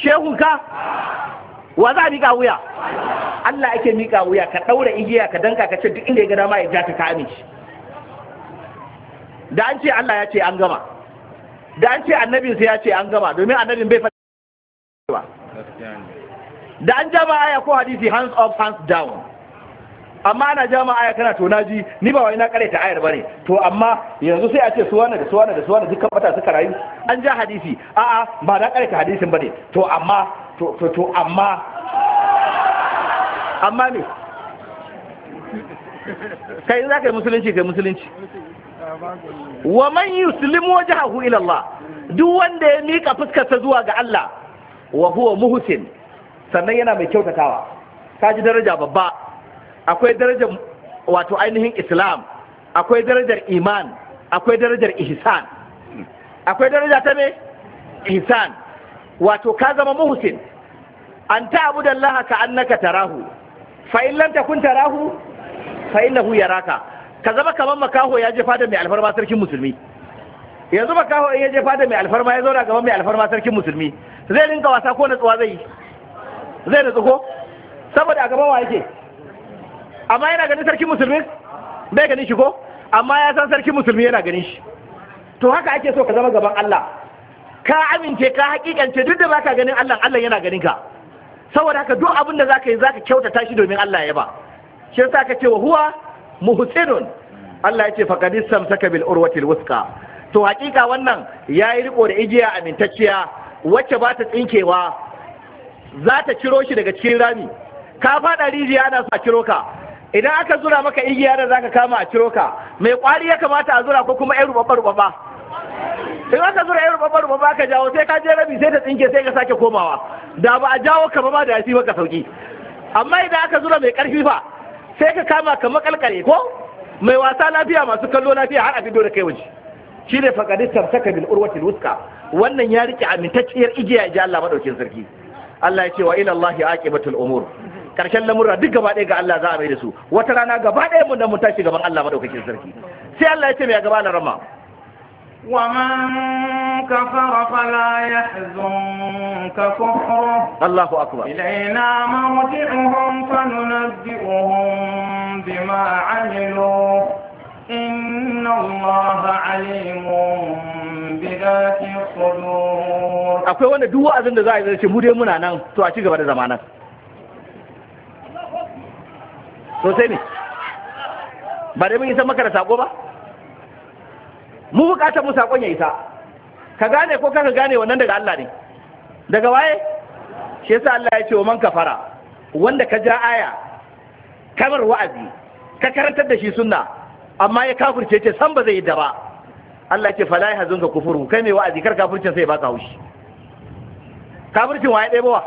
S4: shehun ka wa za a wuya Allah ake miƙa wuya ka ɗaura igiya ka danka ka ce duk inda ya ga dama ya ja ka ka shi da an ce Allah ya ce an gama da an ce annabin sai ya ce an gama domin annabin bai faɗi ba da an jama aya ko hadisi hands up hands down amma ana jama aya kana to naji ni ba wai na kare ta ayar bane to amma yanzu sai a ce su wannan da su wannan da su wannan dukkan mata suka rayu an ja hadisi a'a ba na kare ta hadisin bane to amma to to, to amma amma ne kai za ka yi musulunci kai musulunci wa man yuslimu wajhahu ila Allah duk wanda ya mika fuskarsa zuwa ga Allah wa huwa muhsin sannan yana mai kyautatawa ka ji daraja babba akwai darajar wato ainihin islam akwai darajar iman akwai darajar ihsan akwai daraja ta me ihsan wato ka zama muhsin an ta'budallaha ka annaka tarahu fa in lam takun tarahu fa innahu yaraka ka zama kamar makaho ya je fada mai alfarma sarkin musulmi yanzu makaho in ya je fada mai alfarma ya zauna gaban mai alfarma sarkin musulmi zai rinka wasa ko natsuwa zai yi zai natsu ko saboda a gaban wa yake amma yana ganin sarkin musulmi bai ganin shi ko amma ya san sarkin musulmi yana ganin shi to haka ake so ka zama gaban Allah ka amince ka hakikance duk da baka ganin Allah Allah yana ganin ka saboda haka duk abin da zaka yi zaka kyautata shi domin Allah ya ba shi yasa ka ce wa huwa muhsinun Allah ya ce faqad istamsaka bil urwatil to hakika wannan yayi riko da igiya amintacciya wacce ba ta tsinkewa za ta ciro shi daga cikin rami ka fada rijiya ana sa ciro ka idan aka zura maka igiya da zaka kama a ciro ka mai kwari ya kamata a zura ko kuma ƴan rubabba rubabba in aka zura ƴan rubabba rubabba ka jawo sai ka je rami sai ta tsinke sai ka sake komawa da ba a jawo ka ba ma da yasi maka sauki amma idan aka zura mai karfi fa sai ka kama ka makalkale ko mai wasa lafiya masu kallo lafiya har abin da kai waje shi ne faƙaɗi tamsaka bil urwatil wuska wannan ya rike amintacciyar igiya ji Allah madaukin sarki Allah ya ce wa ila Allah aqibatul umur karshen lamurra duk gaba ɗaya ga Allah za a mai da su wata rana gaba ɗaya mun da mun tashi gaban Allah madaukakin sarki sai Allah ya ce mai gaba na rama
S3: ومن كفر فلا يحزنك كفره
S4: الله أكبر إلينا
S3: مرجعهم فننبئهم بما عملوا إن الله عليم بذات الصدور
S4: akwai wanda duk wa'azin da za a yi zarce mu dai muna nan to a ci da zamanan sosai ba dai mun isa maka da sako ba mu bukatar mu sakon ya isa ka gane ko kaka gane wannan daga Allah ne daga waye shi yasa Allah ya ce wa man kafara wanda ka ja aya kamar wa'azi ka karantar da shi sunna amma ya kafirce ce san ba zai yi da ba Allah ce fala ka kufuru kai mai wa'azi kar kafircin sai baka haushi kafircin waye dai bawa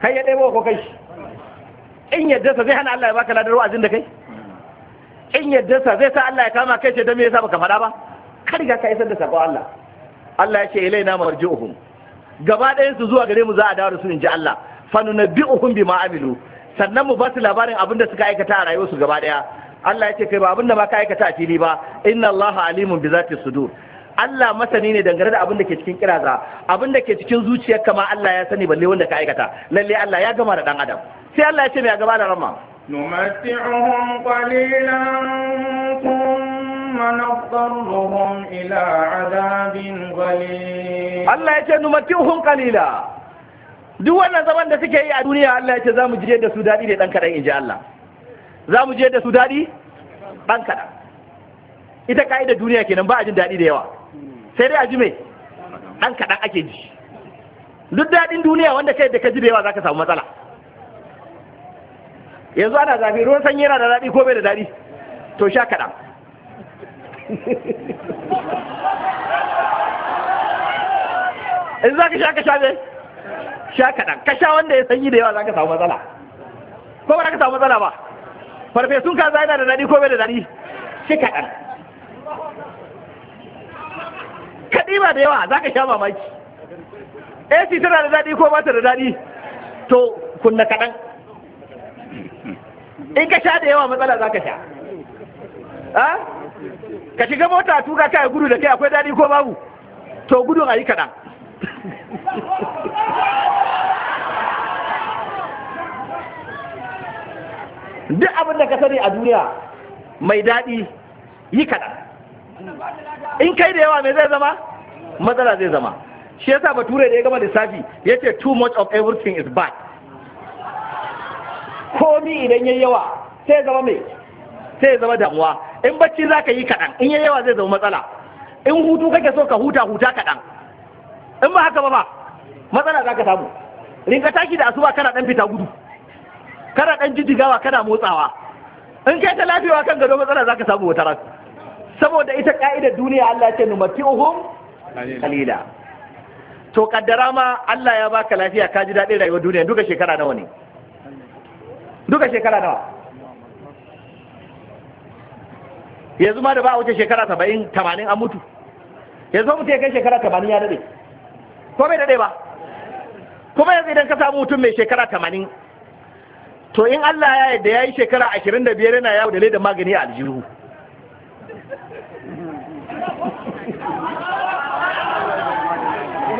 S4: kai ya bawa ko kai in yadda sa zai hana Allah ya baka ladar wa'azin da kai in yaddarsa zai sa Allah ya kama kai ce don me yasa baka faɗa ba ka riga ka isar da sako Allah Allah ya ce ilaina marji'uhum gaba ɗaya su zuwa gare mu za a dawo da su in ji Allah fa nunabbi'uhum bima amilu sannan mu ba su labarin abin da suka aikata a rayuwar su gaba ɗaya Allah ya ce kai ba abin da ma ka aikata a fili ba inna Allah alimun bi zati sudur Allah masani ne dangane da abin da ke cikin kiraza abin da ke cikin zuciyar ma Allah ya sani balle wanda ka aikata lalle Allah ya gama da dan adam sai Allah ya ce mai gaba da rama
S3: نمتعهم قليلا ثم نضطرهم إلى عذاب غليظ
S4: الله يجعل نمتعهم قليلا duk wannan zaman da suke yi a duniya Allah ya ce za mu je da su daɗi ne ɗan kaɗan in ji Allah za mu je da su daɗi ɗan kaɗan ita ka'idar duniya kenan ba a jin daɗi da yawa sai dai a ji mai ɗan kaɗan ake ji duk daɗin duniya wanda kai da ka ji da yawa za ka samu matsala yanzu ana zafi ruwan sanyi yana da daɗi ko bai da daɗi to sha kaɗan in za ka sha ka sha ne sha kaɗa ka sha wanda ya sanyi da yawa za ka samu matsala ko ba za ka samu matsala ba farfesun kaza yana da daɗi ko bai da daɗi shi kaɗan kaɗi ba da yawa za ka sha mamaki AC tana da daɗi ko ba ta da daɗi to kunna kaɗan in ka sha da yawa matsala za ka sha ka shiga mota tuka kai gudu da kai akwai daɗi ko babu to gudu a yi kaɗan duk abin da ka sani a duniya mai daɗi yi kaɗan in kai da yawa mai zai zama matsala zai zama shi yasa bature da ya gama lissafi ya ce too much of everything is bad komi idan yi yawa sai zama mai sai zama damuwa in bacci za ka yi kaɗan in yi yawa zai zama matsala in hutu kake so ka huta huta kaɗan in ba haka ba ba matsala za ka samu rinka tashi da asuba kana ɗan fita gudu kana ɗan jijjigawa kana motsawa in kai ta lafiyawa kan gado matsala za ka samu wata ran saboda ita ƙa'idar duniya Allah ce uhum kalila to kaddara ma Allah ya baka lafiya ka ji daɗin rayuwar duniya duka shekara nawa ne duka shekara nawa yanzu ma da ba a wuce shekara saba'in tamanin an mutu yanzu mutu ya kai shekara tamanin ya daɗe ko bai daɗe ba kuma yanzu idan ka samu mutum mai shekara tamanin to in Allah ya yarda ya yi shekara ashirin da biyar yana yawo da da magani a aljihu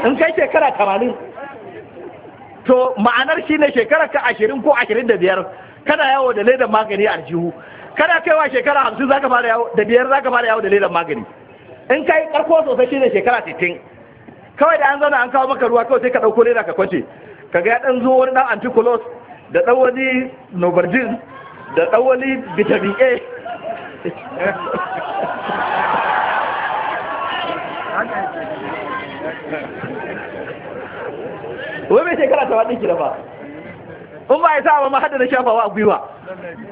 S4: in kai shekara tamanin to ma'anar shi ne shekarar ka ashirin ko ashirin da biyar kana yawo da ledar magani a jihu kana kaiwa shekara hamsin za ka fara yawo da biyar za ka fara yawo da ledar magani in kai karko sosai shi ne shekara sittin kawai da an zauna an kawo maka ruwa kawai sai ka ɗauko leda ka kwace ka ya ɗan zo wani ɗan antikulos, da ɗan wani novardin da ɗan wani vitamin a [laughs] wai mai shekara ta waɗin kira ba in ba ya sa ba ma hada da shafawa a gwiwa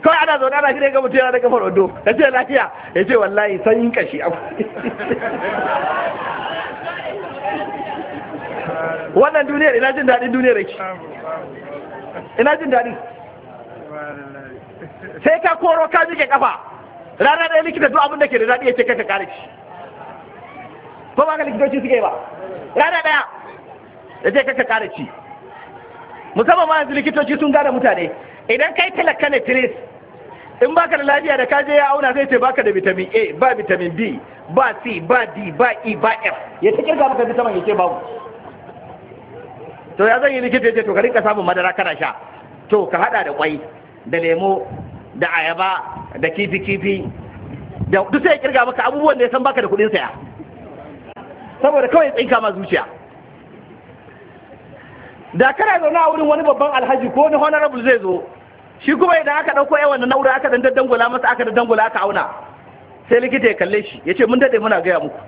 S4: kawai ana zaune ana shirya ga mutum yana da kafar wando ya ce lafiya ya ce wallahi sanyin kashi a wannan duniyar ina jin daɗin duniyar yake ina jin daɗi sai ka koro ka jike kafa rana ɗaya likita duk abin da ke da daɗi ya ce kai ka kare shi ko ba ka likitoci suke ba rana ɗaya da zai kaka kara ci musamman ma yanzu likitoci sun gane mutane idan kai talaka ne tiris in baka da lafiya da kaje ya auna zai ce baka da vitamin A ba vitamin B ba C ba D ba E ba F ya ta kirga da vitamin yake babu to ya zan yi likita ya ce to ka rinka samun madara kana sha to ka hada da kwai da lemo da ayaba da kifi kifi da duk sai ya kirga maka abubuwan da ya san baka da kudin saya saboda kawai tsinka ma zuciya da kana zaune a wurin wani babban alhaji ko wani honorable zai zo shi kuma idan aka ɗauko yawan na na'ura aka dan dangula masa aka dan dangula aka auna sai likita ya kalle shi ya ce mun daɗe muna gaya muku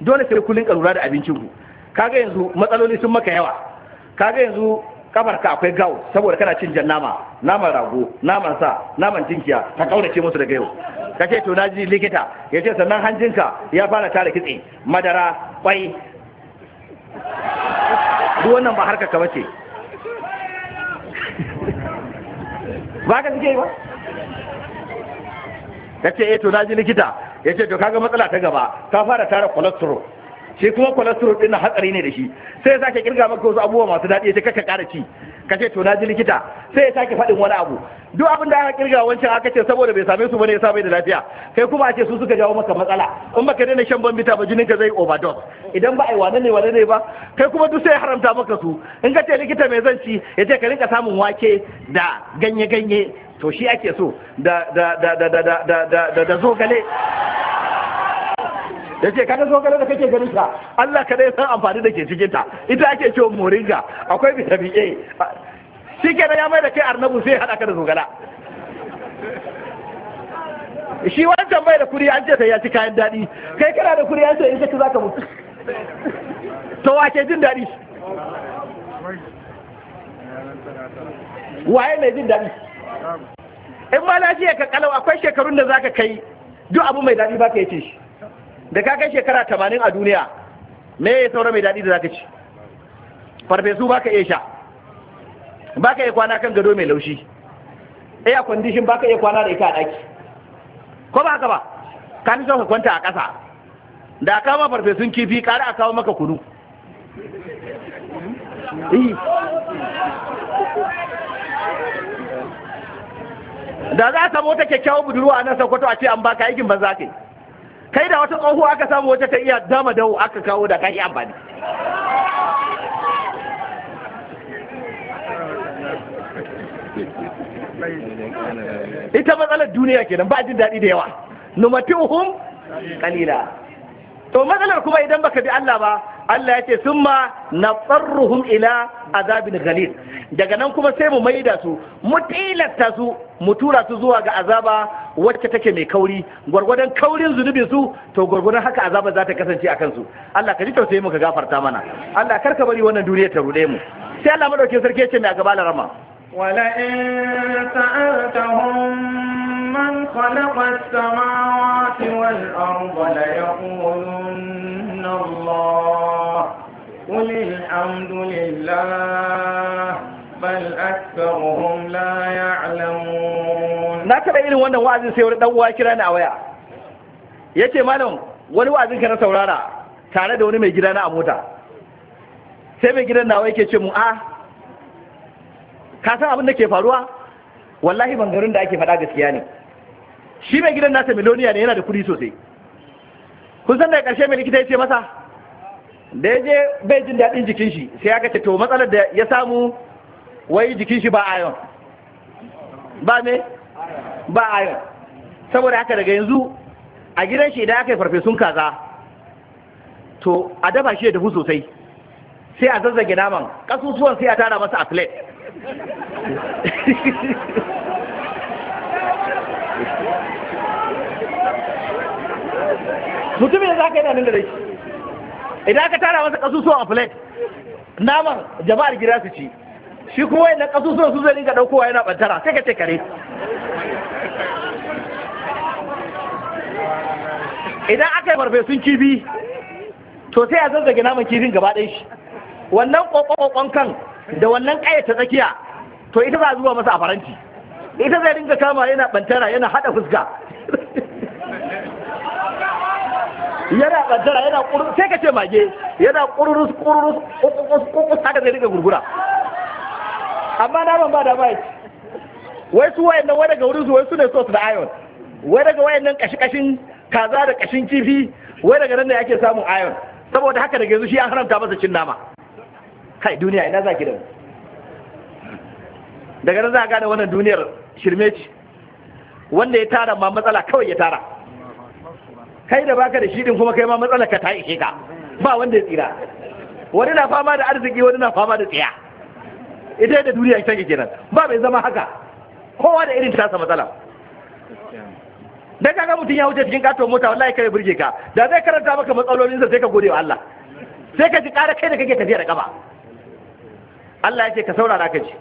S4: dole sai kullun lura da abincin ku kaga yanzu matsaloli sun maka yawa kaga yanzu kafar ka akwai gawo saboda kana cin jan nama naman rago naman sa naman jinkiya, ka kaurace musu daga yau ka to na ji likita ya ce sannan hanjinka ya fara tare kitse madara kwai duk wannan ba harkar ka bace ba ka suke ba ta ce eto eh, na ji likita ya ce to kaga matsala ta gaba ta fara tara cholesterol shi kuma cholesterol din hatsari ne da shi sai ya sake kirga maka wasu abubuwa masu daɗi ya ce kaka ƙara ci ka ce to na ji likita sai ya sake faɗin wani abu duk abin da aka kirga wancan aka ce saboda bai same su bane ya same da lafiya kai kuma a ce su suka jawo maka matsala in baka daina shan bambita ba jinin ka zai overdose idan ba yi wane ne wane ne ba kai kuma duk sai ya haramta maka su in ka ce likita mai zan ci ya ce ka rinka samun wake da ganye ganye to shi ake so da da da da da da da da zogale yace kada so kada da kake ganin ta Allah kada ya san amfani da ke cikin ta ita ake ce moringa akwai vitamin A shike da ya mai da kai arnabu sai hada ka da zogala shi wancan bai da kuri an ce sai ya ci kayan daɗi kai kana da kuri an ce in ka zaka mutu to wa ke jin daɗi waye mai jin daɗi in ma lafiya ka kalau akwai shekarun da zaka kai duk abu mai daɗi ba ka yace shi da ka kai shekara tamanin a duniya me ya saura mai daɗi da za ka ci farfesu ba ka iya sha ba ka iya kwana kan gado mai laushi iya kwandishin ba ka iya kwana da ita a ɗaki ko ba haka ba ka fi son ka kwanta a ƙasa da a ma farfesun kifi ƙara a kawo maka kunu da za a samu wata kyakkyawa budurwa a nan sokoto a ce an baka aikin ban za ka yi kai da wata tsohuwa aka samu wata ta iya dama dawo aka kawo da kai amfani ita matsalar duniya kenan ba jin daɗi da yawa hun ƙalila. to matsalar kuma idan baka bi Allah ba Allah ya ce sun ma na tsarruhun ila azabin galil daga nan kuma sai mu maida su mu tilasta su mu tura su zuwa ga azaba wacce take mai kauri gwargwadon kaurin zunubin su to gwargwadon haka azaba za ta kasance a kansu Allah ka ji tausayi mu ka gafarta mana Allah karka bari wannan duniya ta rude mu sai Allah madaukin sarki ya ce mai a gaba larama
S3: ولئن سألتهم من خلق السماوات والأرض ليقولن الله قل الحمد لله بل أكثرهم لا
S4: يعلمون na إلي وانا wannan wa'azin sai wani ويا uwa kira wani wazin kana saurara tare da wani mai gida na a mota sai mai gidan nawa yake ce mu a ah, ka san abin da ke faruwa wallahi bangarin da ake faɗa gaskiya ne shi mai gidan nasa miloniya ne yana da kuɗi sosai kun san daga ƙarshe mai likita ya ce masa da ya je bai jin daɗin jikin shi sai ya kace to matsalar da ya samu wai jikin shi ba ayon ba me ba ayon saboda haka daga yanzu a gidan shi idan aka yi farfesun kaza to a dafa shi ya dafu sosai sai a zazzage naman ƙasusuwan sai a tara masa a plate mutumin da za ka yi nanin da rai idan aka tara masa kasusuwan a filet, naman jama'ar gida su ci shi kuma yana kasusuwan su zai ga ɗaukowa yana ɓantara sai ka ce kare idan aka yi sun kibi to sai a zazzage naman kifin gaba ɗaya shi wannan ƙwaƙwaƙwaƙwan kan da wannan ƙaya ta tsakiya to ita za a zuba masa a faranti ita zai dinga kama yana bantara yana hada fuska yana bantara yana kurus sai ka ce mage yana kurus kurus kukus haka zai dinga gurgura amma naman ba da mai wai su wayannan wai daga wurin su wai su ne su da ayon. wai daga wayannan kashi kashin kaza da kashin kifi wai daga nan ne ake samun ayon. saboda haka daga yanzu shi an haramta masa cin nama kai duniya ina za ki da mu daga nan za a gane wannan duniyar shirme ce wanda ya tara ma matsala kawai ya tara kai da baka da shi din kuma kai ma matsala ka ta ishe ka ba wanda ya tsira wani na fama da arziki wani na fama da tsiya ita da duniya ita ke kenan ba bai zama haka kowa da irin tasa matsala dan kaga mutum ya wuce cikin gato mota wallahi kai burge ka da zai karanta maka matsalolinsa sai ka gode wa Allah sai ka ji ƙara kai da kake tafiya da kaba Allah ce ka saurara ka ji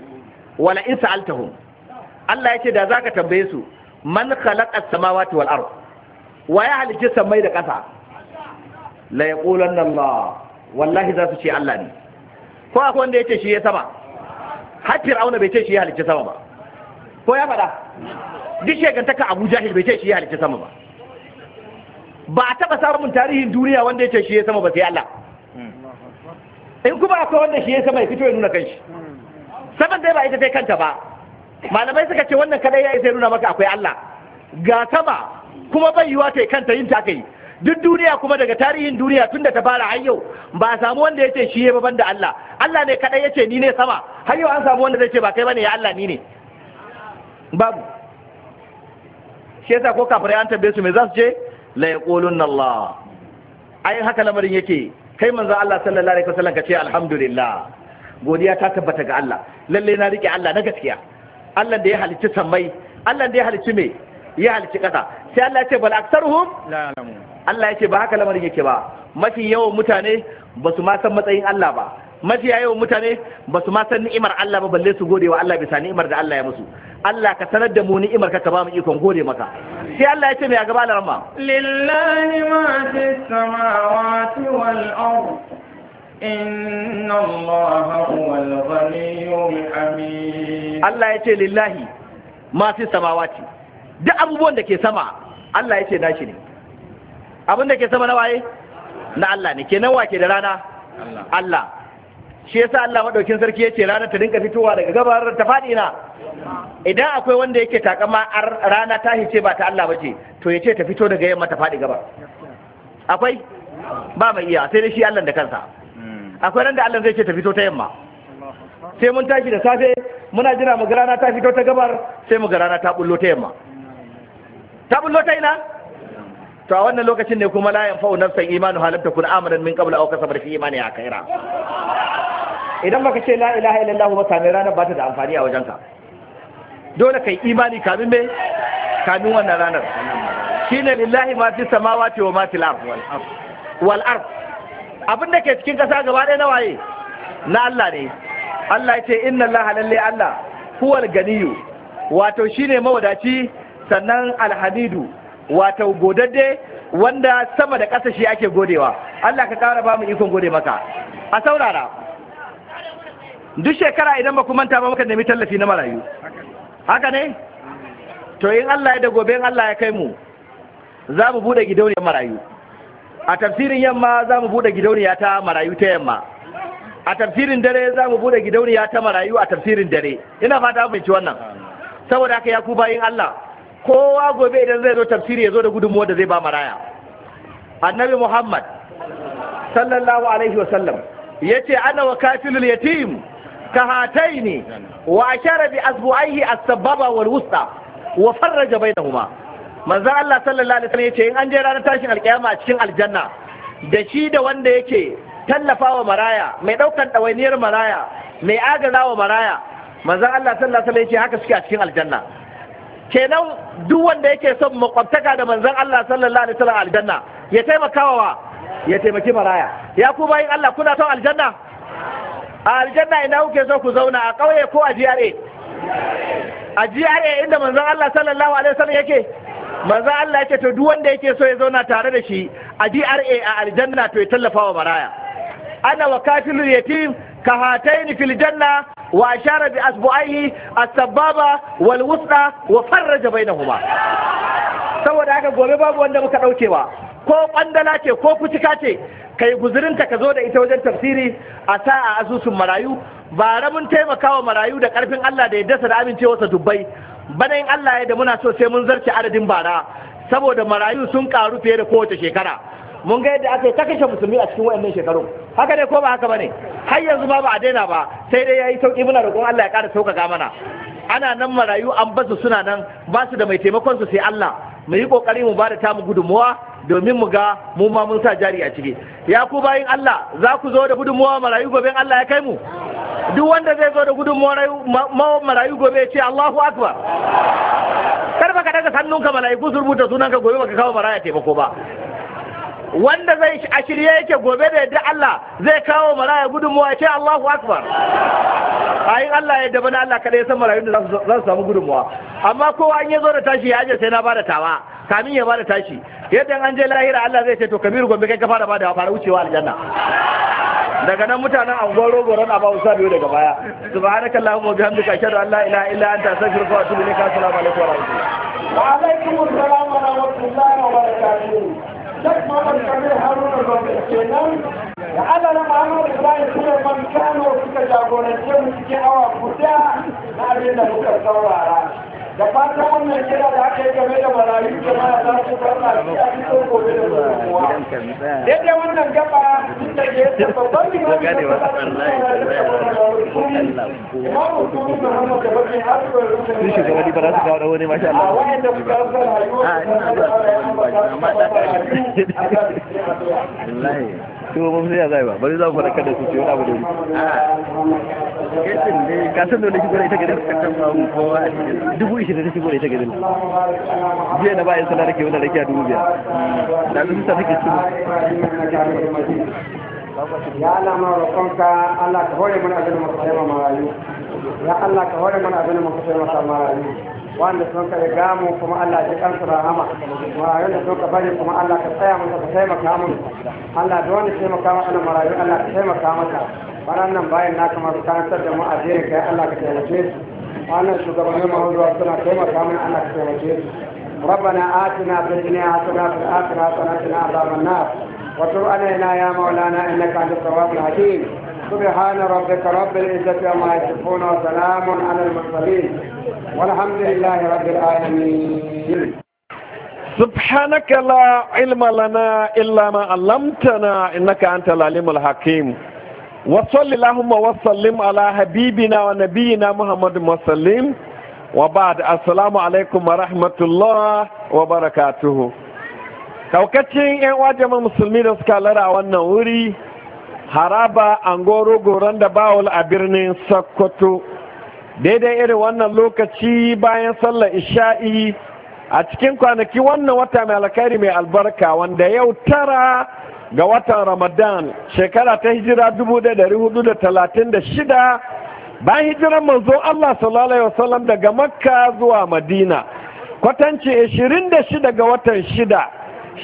S4: wala in sa'altahum Allah ya ce da zaka tambaye su man khalaqa as-samawati wal ard wa ya halice samai da ƙasa la yaqulanna Allah wallahi za su ce Allah ne ko akwai wanda yake shi ya sama har fir'auna bai ce shi ya halice sama ba ko ya faɗa duk shegantaka Abu Jahil bai ce shi ya halice sama ba ba a taɓa samun tarihin duniya wanda yake shi ya sama ba sai Allah in kuma akwai wanda shi ya sama ya fito ya nuna kanshi saman dai ba ita sai kanta ba malamai suka ce wannan kadai ya isa nuna maka akwai Allah ga sama kuma bai yiwa ta kanta yin ta kai duk duniya kuma daga tarihin duniya tunda ta fara har yau ba a samu wanda yace shi ya baban da Allah Allah ne kadai yace ni ne sama har yau an samu wanda zai ce ba kai bane ya Allah ni ne babu shi yasa ko kafirai an tambaye su me za su ce la yaqulunna Allah ai haka lamarin yake kai manzo Allah sallallahu alaihi wasallam kace ce alhamdulillah godiya ta tabbata ga Allah lalle na rike Allah na gaskiya Allah da ya halicci sammai Allah da ya halicci me ya halicci kasa sai Allah ya ce bal aktsaruhum la ya'lamun Allah ya ce ba haka lamarin yake ba mafi yawan mutane ba su ma san matsayin Allah ba mafi yawan mutane ba su ma san ni'imar Allah ba balle su gode wa Allah bisa ni'imar da Allah ya musu Allah ka sanar da mu ni'imar ka ka ba mu ikon gode maka sai Allah ya ce mai gaba da rama
S3: lillahi ma fi samawati wal ardh
S4: inna allaha huwal ghaniyyul hamid Allah ya ce lillahi ma fi samawati duk abubuwan da ke sama Allah ya ce nashi ne abin da ke sama na waye na Allah ne kenan wa ke da rana Allah shi yasa Allah madaukin sarki yace rana ta dinka fitowa daga gabar ta fadi na idan akwai wanda yake takama rana ta hice ba ta Allah bace to yace ta fito daga yamma ta fadi gaba akwai ba mai iya sai dai shi Allah da kansa akwai ran da Allah zai ce ta fito ta yamma sai mun tashi da safe muna jira mu rana ta fito ta gabar sai mu rana ta bullo ta yamma ta bullo ta ina to a wannan lokacin ne kuma la yanfa'u nafsan imanu halatta kun amanan min qabla aw kasabar fi imani ya kaira idan baka ce la ilaha illallah ba kamar ranar ba ta da amfani a ka, dole kai imani kamin me kamin wannan ranar shine lillahi ma fi samawati wa ma fil ard wal ard abin da ke cikin kasa gaba ɗaya na waye na Allah ne Allah ya inna Allah lalle Allah huwal ganiyu wato shine mawadaci sannan alhamidu wato godadde wanda sama da ƙasa shi ake godewa Allah ka ƙara ba mu ikon gode maka a saurara duk shekara idan ba ku manta ba muka nemi tallafi na marayu haka ne to in Allah ya da gobe in Allah ya kai mu za mu bude gidauniyar marayu a tafsirin yamma za mu bude gidauniya ta marayu ta yamma a tafsirin dare za mu bude gidauniya ta marayu a tafsirin dare ina fata mun ci wannan saboda haka ya ku bayin Allah kowa gobe idan zai zo tafsiri ya zo da gudunmuwa da zai ba maraya annabi Muhammad sallallahu alaihi wa sallam yace ana wa kafilul yatim كهاتين وأشار بأسبوعيه السبابة والوسطى وفرج بينهما manzo Allah sallallahu alaihi wasallam yace in an je ranar tashin alkiyama a cikin aljanna da shi da wanda yake tallafawa maraya mai ɗaukar ɗawainiyar maraya mai agarawa maraya manzo Allah sallallahu alaihi wasallam yace haka suke a cikin aljanna kenan duk wanda yake son makwabtaka da manzon Allah sallallahu alaihi wasallam aljanna ya taimakawa ya taimaki maraya ya ku bayin Allah kuna son aljanna a aljanna ina kuke so ku zauna a ƙauye ko a GRA a GRA inda manzon Allah sallallahu alaihi wasallam yake manzon Allah yake to duk wanda yake so ya zauna tare da shi a GRA a aljanna to ya tallafa wa baraya ana wa kafilul yatim ka hataini fil janna wa ashara bi asbu'aihi as-sababa wal wusta wa farraja bainahuma saboda haka gobe babu wanda muka daukewa ko kwandala ce ko kucika ce kai guzurinta ka zo da ita wajen tafsiri a sa a asusun marayu ba ramin taimakawa marayu da karfin Allah da ya dasa da amincewarsa dubbai bana yin Allah ya da muna so sai mun zarce adadin bara saboda marayu sun karu fiye da kowace shekara mun ga yadda aka yi ta kashe musulmi a cikin wayannan shekaru haka ne ko ba haka bane har yanzu ba ba a daina ba sai dai yayi sauki muna roƙon Allah ya ƙara sauƙaƙa mana ana nan marayu an basu suna nan ba su da mai taimakon su sai Allah mu yi kokari mu ba da tamu gudunmuwa domin mu ga mu ma mun sa jari a ciki ya ku bayin Allah za ku zo da gudunmuwa marayu gobe Allah ya kai mu duk wanda zai zo da gudunmuwa marayu gobe ce Allahu akbar kar baka daga sannunka mala'iku su rubuta sunanka gobe baka kawo maraya taimako ba wanda zai a shirye yake gobe da yadda Allah zai kawo maraya gudunmuwa ce Allahu Akbar ayin Allah ya dabana Allah kada ya san marayun da za su samu gudunmuwa amma kowa an ya zo da tashi ya aje sai na bada tawa kamin ya bada tashi yadda an je lahira Allah zai ce to kabiru gombe kai ka fara bada fara wucewa aljanna daga nan mutanen anguwar rogoron a sa biyu daga baya subhanaka allahumma wa bihamdika ashhadu an la ilaha illa anta astaghfiruka wa atubu ilayka assalamu alaykum wa
S1: rahmatullahi wa alaykum assalam wa rahmatullahi wa barakatuh Sheikh Muhammad Kabir Haruna Gombe kenan da ala na Muhammad Ibrahim
S5: Suleiman Kano suka jagorance mu cikin awa guda na abin da muka saurara. da fata wannan kira da aka yi game da marayu jama'a za su farka a cikin gobe da zuwa daidai wannan gaba da
S2: ke babban limanin da ta tsara da imamu kuma muhammad
S1: da bakin asibar rukun shi shugaba
S4: ba za su kawo wani masha Allah a wayan da suka rasa
S1: rayuwa a ina zuwa su kawo wani
S4: masha Allah to ba sai ya zai ba bari za ku farka da su ce wani abu da wuri san da wani shigo da ita gidan dubu ishirin da shigo da ita gidan jiya na bayan sana rake wani rake a dubu biyar da su sa take cikin
S3: ya Allah ma roƙonka Allah ka hore mana abin da muka sai ma ya Allah ka hore mana abin da muka sai ma wanda sun ka riga mu kuma Allah ya kansu rahama wanda sun ka bari kuma Allah ka tsaya masa ka taimaka mun Allah da wanda taimaka masa marayu Allah ka taimaka masa waɗannan bayan na kamar karantar da mu addinin kai Allah ka taimake su wannan shugabannin mahuduwa suna taimaka mun Allah ka taimake su ربنا آتنا في الدنيا حسنة وفي الآخرة حسنة وقنا عذاب النار وتب علينا يا مولانا إنك أنت التواب الحكيم
S5: سبحان ربك رب العزة عما يصفون وسلام على المرسلين والحمد لله رب العالمين سبحانك لا علم لنا إلا ما علمتنا إنك أنت العليم الحكيم وصل اللهم وسلم على حبيبنا ونبينا محمد وسلم وبعد السلام عليكم ورحمة الله وبركاته كوكتين إن wajen musulmi da suka lara wannan haraba angoro goron da bawul a birnin sokoto daidai irin wannan lokaci bayan sallar isha'i a cikin kwanaki wannan wata mai alkhairi mai albarka wanda yau tara ga watan ramadan shekara ta hijira 1436 bayan hijiran manzo allah sallallahu alaihi daga makka zuwa madina kwatanci 26 ga watan shida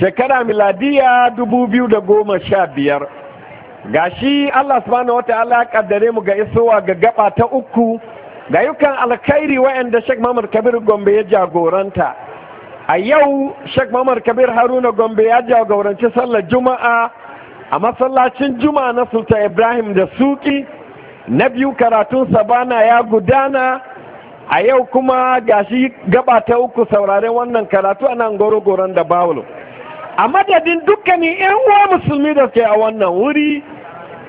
S5: shekara miladiya 2015 Ga shi Allah subhanahu wataala ya kaddare mu ga isowa ga gaba ta uku ga yukan alkhairi wa'anda Sheikh Muhammad Kabir Gombe ya jagoranta a yau Sheikh Muhammad Kabir Haruna Gombe ya jagoranci sallar Juma'a a masallacin Juma'a na Sultan Ibrahim da Suki na biyu karatun Sabana ya gudana a yau kuma gashi gaba ta uku sauraren wannan karatu a nan goro-goron da Bawulu. a madadin dukkanin 'yan uwa musulmi da ke a wannan wuri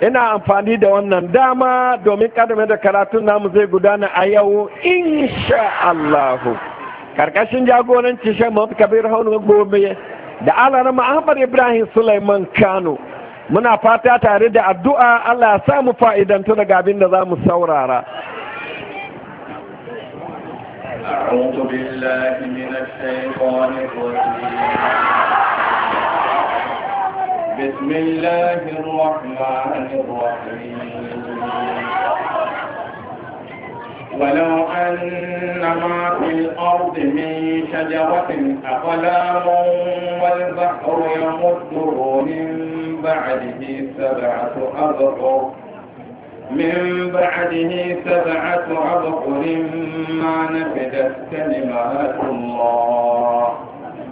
S5: ina amfani da wannan dama domin kadame da karatun namu zai gudana a yau insha Allahu karkashin jagoranci shan mafi kabir haunin gobe da alarar ma'amar Ibrahim Sulaiman Kano muna fata tare da addu'a Allah ya samu fa'idan daga abin da za mu saurara
S2: أعوذ بالله من الشيطان الرجيم
S3: بسم الله الرحمن الرحيم ولو أن ما في الأرض من شجرة أقلام والبحر يمده من بعده سبعة أبحر من بعده سبعة أبحر ما نفدت كلمات الله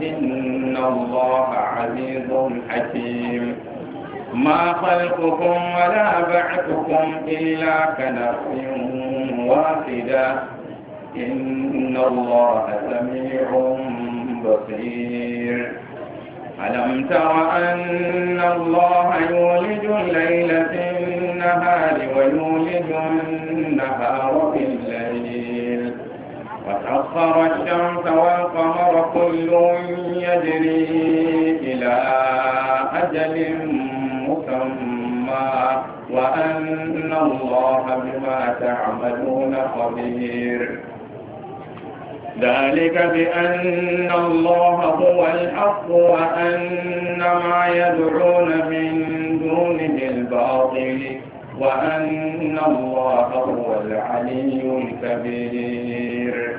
S3: إن الله عزيز حكيم ما خلقكم ولا بعثكم إلا كنفس واحدة إن الله سميع بصير ألم تر أن الله يولج الليل في النهار ويولج النهار في سخر الشمس والقمر كل يجري إلى أجل مسمى وأن الله بما تعملون خبير ذلك بأن الله هو الحق وأن ما يدعون من دونه الباطل وأن الله هو العلي الكبير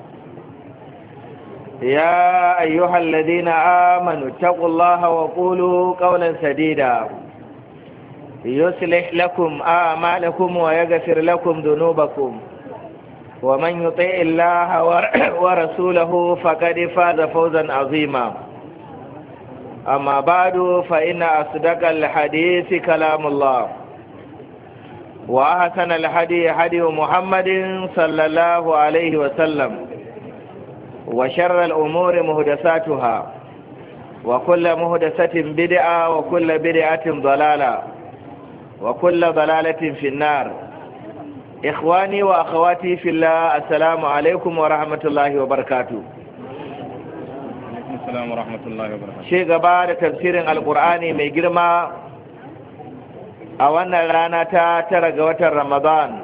S4: يا أيها الذين آمنوا اتقوا الله وقولوا قولا سديدا يصلح لكم آمالكم ويغفر لكم ذنوبكم ومن يطع الله [coughs] ورسوله فقد فاز فوزا عظيما أما بعد فإن أصدق الحديث كلام الله وأحسن الحديث حديث محمد صلى الله عليه وسلم وشر الأمور مهدساتها وكل مهدسة بدعة وكل بدعة ضلالة وكل ضلالة في النار إخواني وأخواتي في الله السلام عليكم ورحمة الله وبركاته
S3: السلام ورحمة الله وبركاته
S4: شيء غبار تفسير القرآن ميجرما أولا رانا ترى رمضان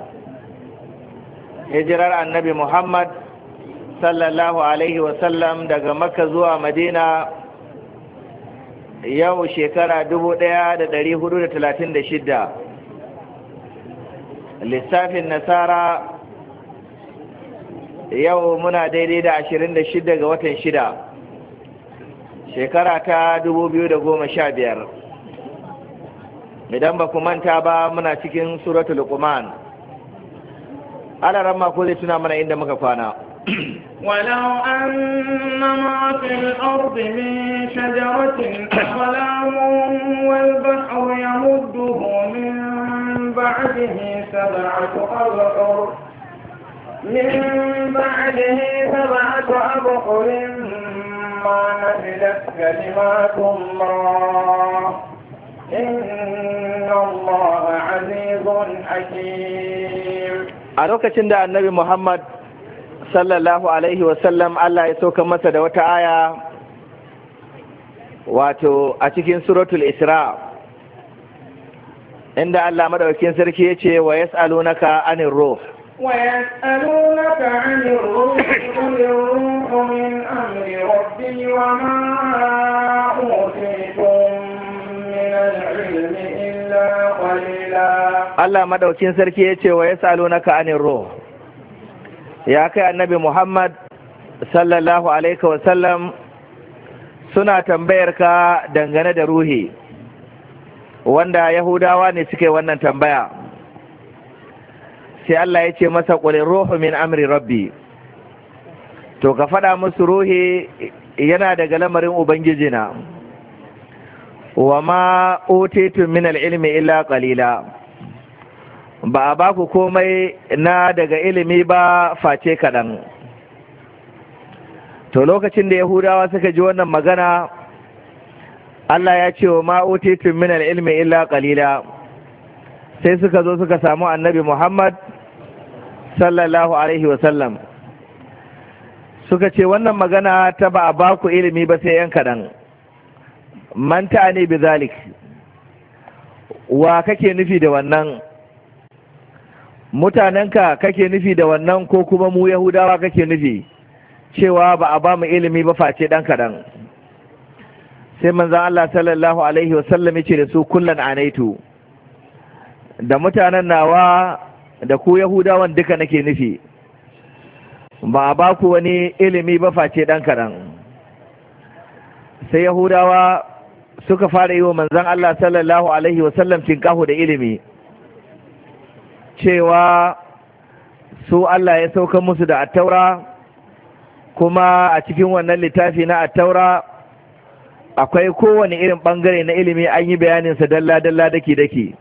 S4: هجرار النبي محمد sallallahu alaihi wasallam daga Makka zuwa madina yau shekara shida, lissafin nasara yau muna daidai da shida ga watan shida shekara ta biyar. idan ba ku manta ba muna cikin suratul lukman. ala ramma ko zai tuna mana inda muka kwana
S3: [coughs] ولو أن ما في الأرض من شجرة أقلام والبحر يمده من بعده سبعة أبحر من بعده سبعة أبحر ما نزلت كلمات الله إن الله عزيز حكيم
S4: a lokacin da annabi Muhammad sallallahu alaihi wasallam Allah ya sauka masa da wata aya wato a cikin suratul isra inda Allah madaukakin sarki ya ce wa yas'alunaka anir ruh
S3: wa yas'alunaka anir ruh min amri rabbi wa ma utitum min al-ilmi illa qalila
S4: Allah madaukakin sarki ya ce wa yas'alunaka anir ruh ya kai annabi Muhammad sallallahu alaihi wasallam suna tambayar ka dangane da ruhi wanda yahudawa ne suke wannan tambaya sai Allah ya ce masa ƙulin ruhu min amri rabbi to ka faɗa musu ruhi yana daga lamarin na wa ma utitu min al'ilmi illa qalila ba a baku komai na daga ilimi ba face kaɗan to lokacin da yahudawa suka ji wannan magana Allah ya ce wa ma'utitun min ilmi illa qalila sai suka zo suka samu annabi Muhammad sallallahu alaihi wasallam suka ce wannan magana ta ba a baku ilimi ba sai yan kaɗan manta ne bi zalik wa kake nufi da wannan mutanenka kake nufi da wannan ko kuma mu yahudawa kake nufi cewa ba a ba mu ilimi ba face dan kaɗan sai manzan Allah sallallahu alaihi wasallam ya ce da su kullan anaitu da mutanen nawa da ku yahudawan duka nake nufi ba a ba ku wani ilimi ba face dan kaɗan sai yahudawa suka fara yi wa manzan Allah sallallahu alaihi wasallam cinkahu da ilimi cewa su Allah ya sauka musu da attaura kuma a cikin wannan littafi na attaura akwai kowane irin bangare na ilimi an yi bayaninsa dalla-dalla daki-daki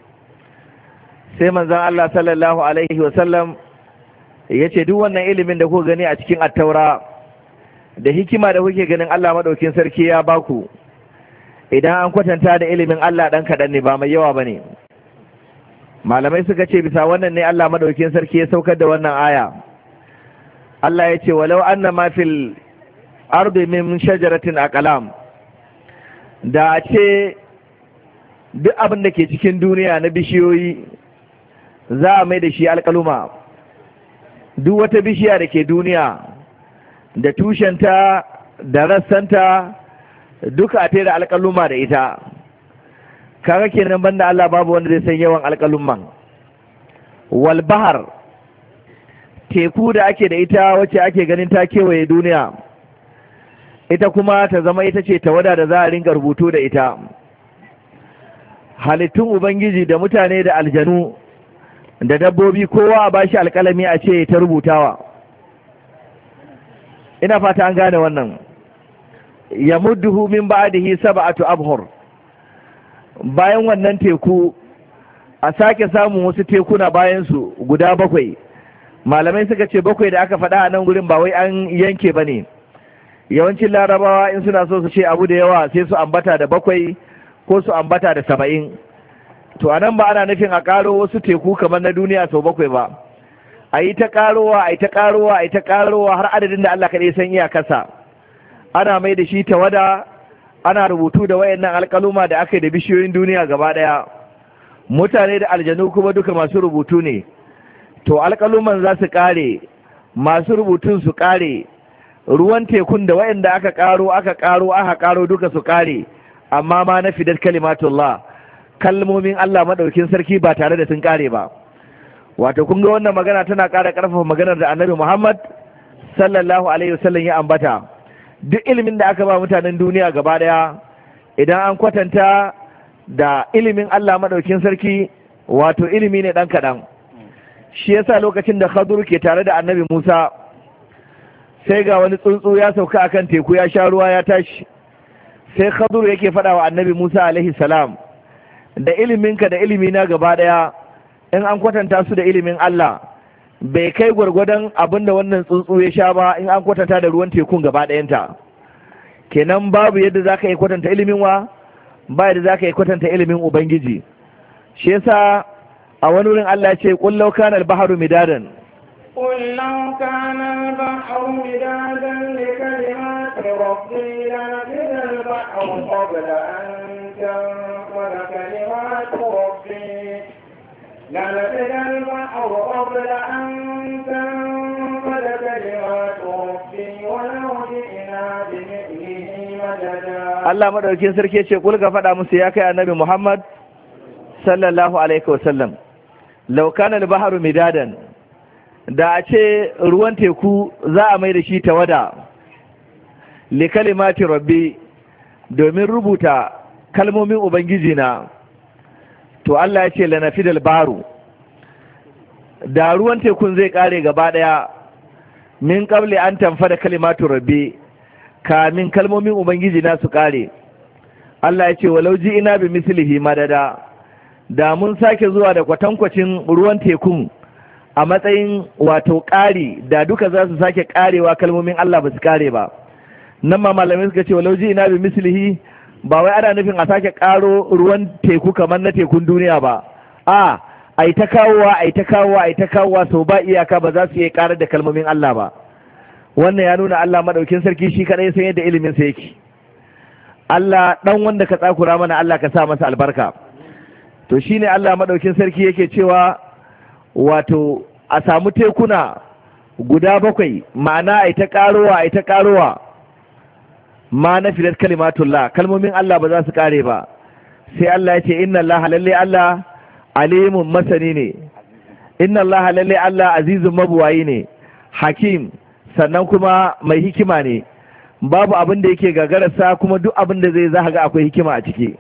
S4: sai manzan Allah sallallahu Alaihi wasallam ya ce duk wannan ilimin da ku gani a cikin attaura da hikima da kuke ganin Allah maɗaukin sarki ya baku idan an kwatanta da ilimin Allah ɗan kaɗan ne ba mai yawa ba ne malamai suka ce bisa wannan ne Allah madaukin sarki ya saukar da wannan aya Allah ya ce walau anna ma fil ardi min shajaratin aqlam da ce duk abin da ke cikin duniya na bishiyoyi za a mai da shi alƙaluma duk wata bishiya da ke duniya da tushenta da rassanta duka a fere alƙaluma da ita kaga kenan banda Allah babu wanda zai san yawan alƙalumman wal bahar teku da ake da ita wacce ake ganin ta kewaye duniya ita kuma ta zama ita ce ta wada da za a ringa rubutu da ita halittun ubangiji da mutane da aljanu da dabbobi kowa a bashi alƙalami a ce ta rubutawa ina fata an gane wannan ya mudduhu min ba'dihi sab'atu abhur bayan wannan teku a sake samun wasu tekuna bayansu guda bakwai malamai suka ce bakwai da aka faɗa a nan gurin ba wai an yanke ba ne yawancin larabawa in suna so su ce abu da yawa sai su ambata da bakwai ko su ambata da saba'in to a nan ba ana nufin a ƙaro wasu teku kamar na duniya sau bakwai ba a yi ta ƙarowa a yi ta ƙarowa a yi ta ƙarowa har adadin da Allah kaɗai san iyakarsa ana mai da shi tawada ana rubutu da wayannan alƙaluma da aka da bishiyoyin duniya gaba ɗaya mutane da aljanu kuma duka masu rubutu ne to alƙaluman za su ƙare masu rubutun su kare, ruwan tekun da wayanda aka ƙaro aka ƙaro aka ƙaro duka su kare, amma ma na fidar kalimatullah kalmomin Allah maɗaukin sarki ba tare da sun ƙare ba wato kun ga wannan magana tana ƙara ƙarfafa maganar da annabi Muhammad sallallahu alaihi wasallam ya ambata duk ilimin da aka ba mutanen duniya gaba daya idan an kwatanta da ilimin Allah maɗaukin sarki wato ilimi ne ɗan kaɗan shi yasa lokacin da khaduru ke tare da annabi musa sai ga wani tsuntsu ya sauka akan teku ya sha ruwa ya tashi sai khaduru yake faɗa wa annabi musa alaihi salam da iliminka da ilimina gaba ɗaya in an kwatanta su da ilimin Allah bai kai gwargwadon abin da wannan tsuntsu ya sha ba in an kwatanta da ruwan tekun gaba ɗayanta kenan babu yadda za ka yi kwatanta ilimin wa ba yadda za ka yi kwatanta ilimin ubangiji shi yasa a wani wurin Allah ce kullau kana al-bahru midadan
S3: kana al-bahru midadan li kalimati rabbi la nafida al-bahru qabla an tanfada rabbi allah
S4: maɗaukin sarki ce تنفد كلمات ربي musu ya kai annabi Muhammad sallallahu alaihi wasallam law kana al midadan da a ce ruwan teku za a mai da shi tawada wada likalimati rabbi domin rubuta kalmomin ubangiji na to Allah ya ce fidal baro. da ruwan tekun zai kare gaba daya min qabli an tanfa da kalimatu rabbi kamin kalmomin ubangiji na su kare Allah ya ce walau ji ina bi mislihi madada da mun sake zuwa da kwatankwacin ruwan tekun a matsayin wato kare, da duka za su sake karewa kalmomin Allah ba su kare ba nan ma malamai suka ce walau ji ina bi mislihi ba wai ana nufin a sake karo ruwan teku kamar na tekun duniya ba a a ta kawowa a ta kawowa a ta kawowa sau ba iyaka ba za su iya karar da kalmomin Allah ba wannan ya nuna Allah maɗaukin sarki shi kaɗai sai yadda ilimin sa yake Allah ɗan wanda ka tsakura mana Allah ka sa masa albarka to shine Allah maɗaukin sarki yake cewa wato a samu tekuna guda bakwai ma'ana a ta ƙarowa a ta ƙarowa ma na filar kalimatullah kalmomin Allah ba za su kare ba sai Allah ya ce inna Allah lalle Allah alimun masani ne inna Allah lalle Allah azizun mabuwayi ne hakim sannan kuma mai hikima ne babu abin da yake gagararsa kuma duk abin da zai za ga akwai hikima a ciki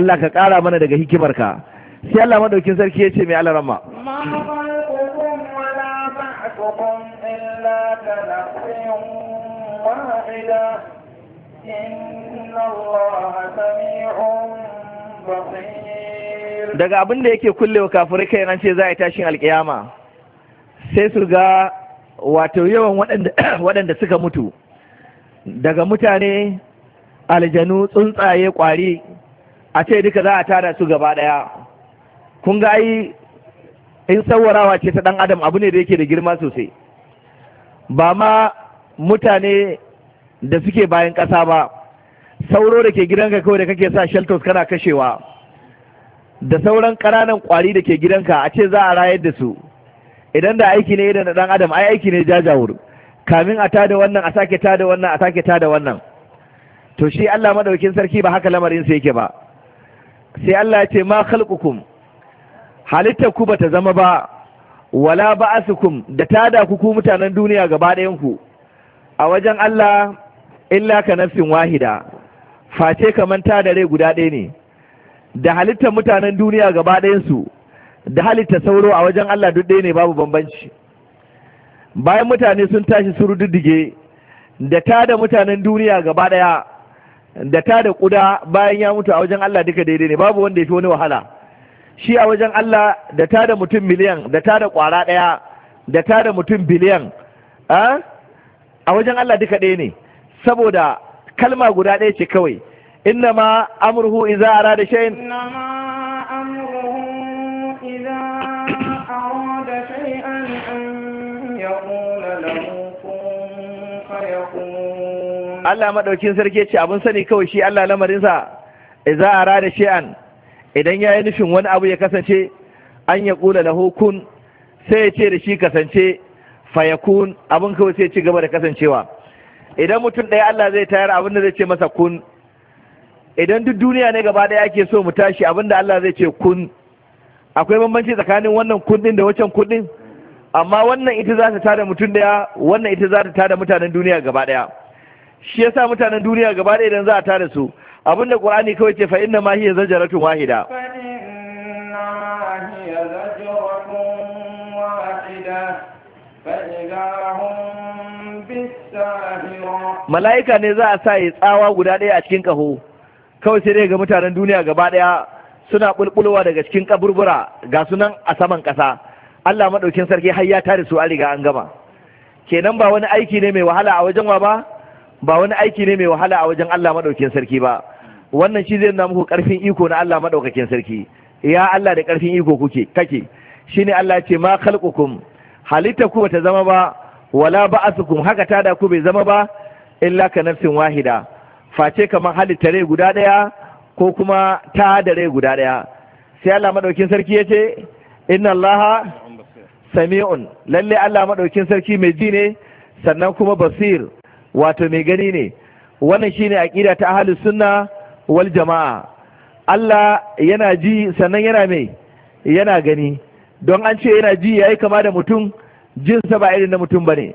S4: Allah ka kara mana daga hikimarka sai Allah madaukin sarki ya ce mai alarama Yeah. daga abin da yake kullewa kafirai kai nan ce za a yi tashin alkiyama sai su ga wato yawan [clears throat] waɗanda suka mutu daga mutane aljanu tsuntsaye kwari a ce duka za a tara su gaba ɗaya kun ga yi in sauwarawa ce ta ɗan adam abu ne da yake da girma sosai ba ma mutane da suke bayan ƙasa ba sauro da ke gidanka kawai da kake sa shelters kana kashewa da sauran ƙananan ƙwari da ke gidanka a ce za a rayar da su idan da aiki ne idan da ɗan adam ai aiki ne jajawur kamin a tada wannan a sake tada wannan a sake tada wannan to shi Allah madaukin sarki ba haka lamarin sa yake ba sai Allah ya ce ma khalqukum halittar ku bata zama ba wala ba'asukum da tada ku ku mutanen duniya gaba ɗayan ku a wajen Allah illa ka nafsin wahida face kamar ta da rai guda ɗaya ne da halittar mutanen duniya gaba ɗayansu da halitta sauro a wajen Allah duk ɗaya ne babu bambanci bayan mutane sun tashi su rududdige da ta da mutanen duniya gaba ɗaya da ta da ƙuda bayan ya mutu a wajen Allah duka daidai ne babu wanda ya fi wani wahala shi a wajen Allah da ta da mutum miliyan da ta da ƙwara ɗaya da ta da mutum biliyan ah, a wajen Allah duka ɗaya ne saboda kalma guda ɗaya ce kawai inna ma amurhu iza arada shay'in Allah maɗaukin sarki ce abin sani kawai shi Allah lamarinsa iza rada shayin idan ya yi nufin wani abu ya kasance an ya ƙula na hukun sai ya ce da shi kasance fayakun abin kawai sai ci gaba da kasancewa idan mutum ɗaya Allah zai tayar abin da zai ce masa kun idan duk duniya ne gaba ɗaya ake so mu tashi abin da Allah zai ce kun akwai bambanci tsakanin wannan kun ɗin da wancan kun ɗin amma wannan ita za ta tada mutum ɗaya wannan ita za ta tada mutanen duniya gaba ɗaya shi yasa mutanen duniya gaba ɗaya idan za a tada su abin da Qur'ani kawai ce fa inna ma hiya zajaratun wahida
S3: فإذا هم
S4: mala'ika ne za a sa ya tsawa guda ɗaya a cikin ƙaho kawai sai dai ga mutanen duniya gaba ɗaya suna bulbulwa daga cikin ƙaburbura, ga sunan a saman ƙasa Allah maɗaukin sarki har ya tare su an riga an gama kenan ba wani aiki ne mai wahala a wajen wa ba ba wani aiki ne mai wahala a wajen Allah maɗaukin sarki ba wannan shi zai na muku ƙarfin iko na Allah maɗaukakin sarki ya Allah da ƙarfin iko kuke kake ne Allah ce ma khalqukum halitta ku bata zama ba wala ba'asukum haka ta da ku bai zama ba illa ka nafsin wahida face kamar halitta rai guda daya ko kuma ta da rai guda daya sai Allah madaukin sarki yace inna Allah sami'un lalle Allah madaukin sarki mai ji ne sannan kuma basir wato mai gani ne wannan shine aqida ta ahlus sunna wal jama'a Allah yana ji sannan yana mai yana gani don an ce yana ji yayi kama da mutum jinsa ba irin na mutum ba ne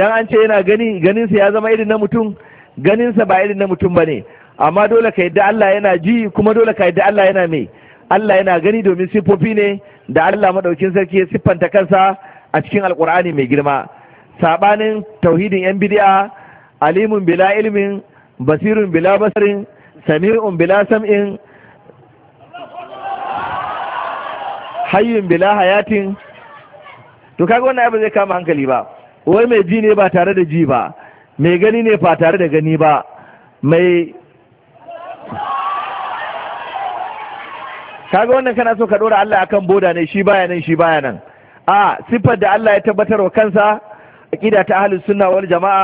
S4: don an ce yana gani ganinsa ya zama irin na mutum ganinsa ba irin na mutum ba ne amma dole ka yadda Allah yana ji kuma dole ka yadda Allah yana mai Allah yana gani domin siffofi ne da Allah maɗaukin sarki ya siffanta kansa a cikin alkur'ani mai girma saɓanin tauhidin yan bidi'a alimun bila ilmin basirun bila basirin, sami'un bila sam'in hayyun bila hayatin to kaga wannan abin zai kama hankali ba wai mai ji ne ba tare da ji ba mai gani ne ba tare da gani ba mai kaga wannan kana so ka dora Allah akan boda ne shi baya nan shi baya nan a sifar da Allah ya tabbatar wa kansa aqida ta ahlus sunna wal jamaa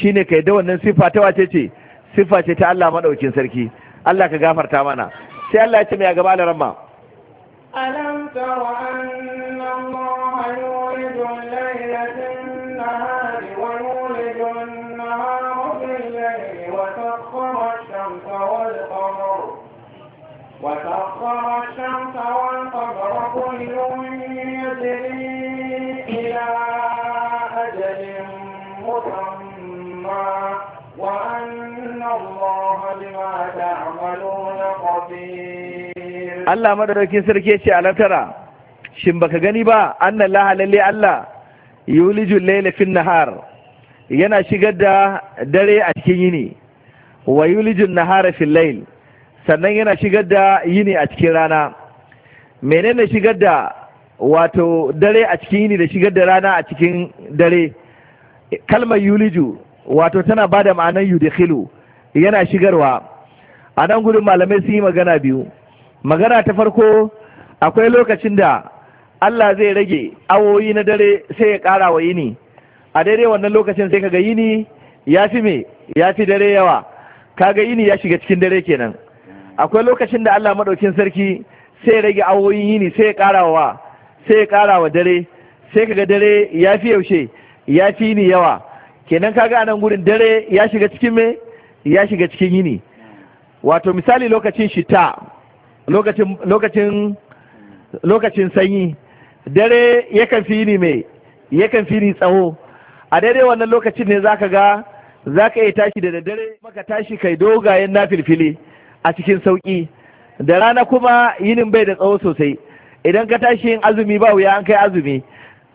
S4: shine kai da wannan siffa ta wace ce siffa ce ta Allah madaukin sarki Allah ka gafarta mana sai Allah ya ce mai gaba ramma
S3: alam tara الشمس والقمر sarki الشمس والقمر كل يجري إلى أجل مسمى وأن الله بما تعملون
S4: الله على ترى shin baka gani ba annan lahalalle Allah yuliju layla fin nahar yana shigar da dare a cikin yini wa yulijin nahara harafin layl sannan yana shigar da yini a cikin rana menene shigar da wato dare a cikin yini da shigar da rana a cikin dare kalmar yuliju wato tana bada da ma'anar yudkhilu yana shigarwa a nan gudun malamai sun yi magana biyu magana ta farko akwai lokacin da Allah zai rage awoyi na dare sai ya ƙara wa yini a daidai wannan lokacin sai kaga yini ya fi me ya fi dare yawa kaga yini ya shiga cikin dare kenan akwai lokacin da Allah madaukin sarki sai rage awoyin yini sai ya karawa sai ya karawa dare sai kaga dare ya fi yaushe ya fi yini yawa kenan kaga anan gurin dare ya shiga cikin me ya shiga cikin yini wato misali lokacin shita lokacin lokacin lokacin sanyi dare yakan fi yini me yakan fi ni tsawo a daidai wannan lokacin ne zaka ga za ka iya tashi da daddare maka tashi kai dogayen na filfili a cikin sauki. da rana kuma yinin bai da tsawo sosai idan ka tashi yin azumi ba wuya an kai azumi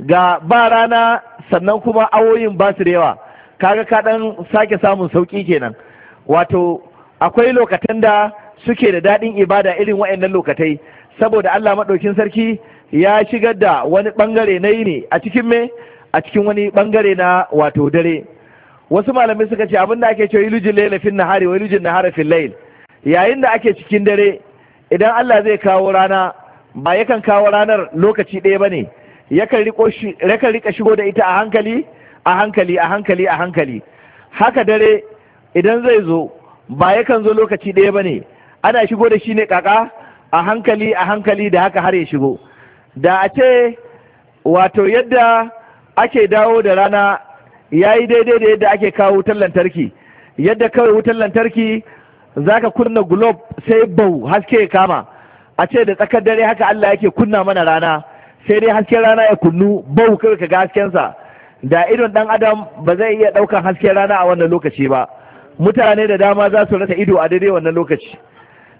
S4: ga ba rana sannan kuma awoyin ba su da yawa kaga ka dan sake samun sauki kenan wato akwai lokatan da suke da daɗin ibada irin waɗannan lokatai saboda Allah maɗaukin sarki ya shigar da wani ɓangare na ne a cikin me a cikin wani ɓangare na wato dare wasu malamai suka ce abinda da ake cewa ilujin laila fin nahari wa ilujin nahari fin lail yayin da ake cikin dare idan Allah zai kawo rana ba yakan kawo ranar lokaci ɗaya bane yakan yakan rika shigo da ita a hankali a hankali a hankali a hankali haka dare idan zai zo ba yakan zo lokaci ɗaya bane ana shigo da shi ne kaka a hankali a hankali da haka har ya shigo da a ce wato yadda ake dawo da rana ya yi daidai da yadda ake kawo wutar lantarki yadda kawai wutar lantarki za ka kunna gulob sai bau haske ya kama a ce da tsakar dare haka Allah yake kunna mana rana sai dai hasken rana ya kunnu bau kawai ka ga haskensa da idon dan adam ba zai iya ɗaukan hasken rana a wannan lokaci ba mutane da dama za su rasa ido a daidai wannan lokaci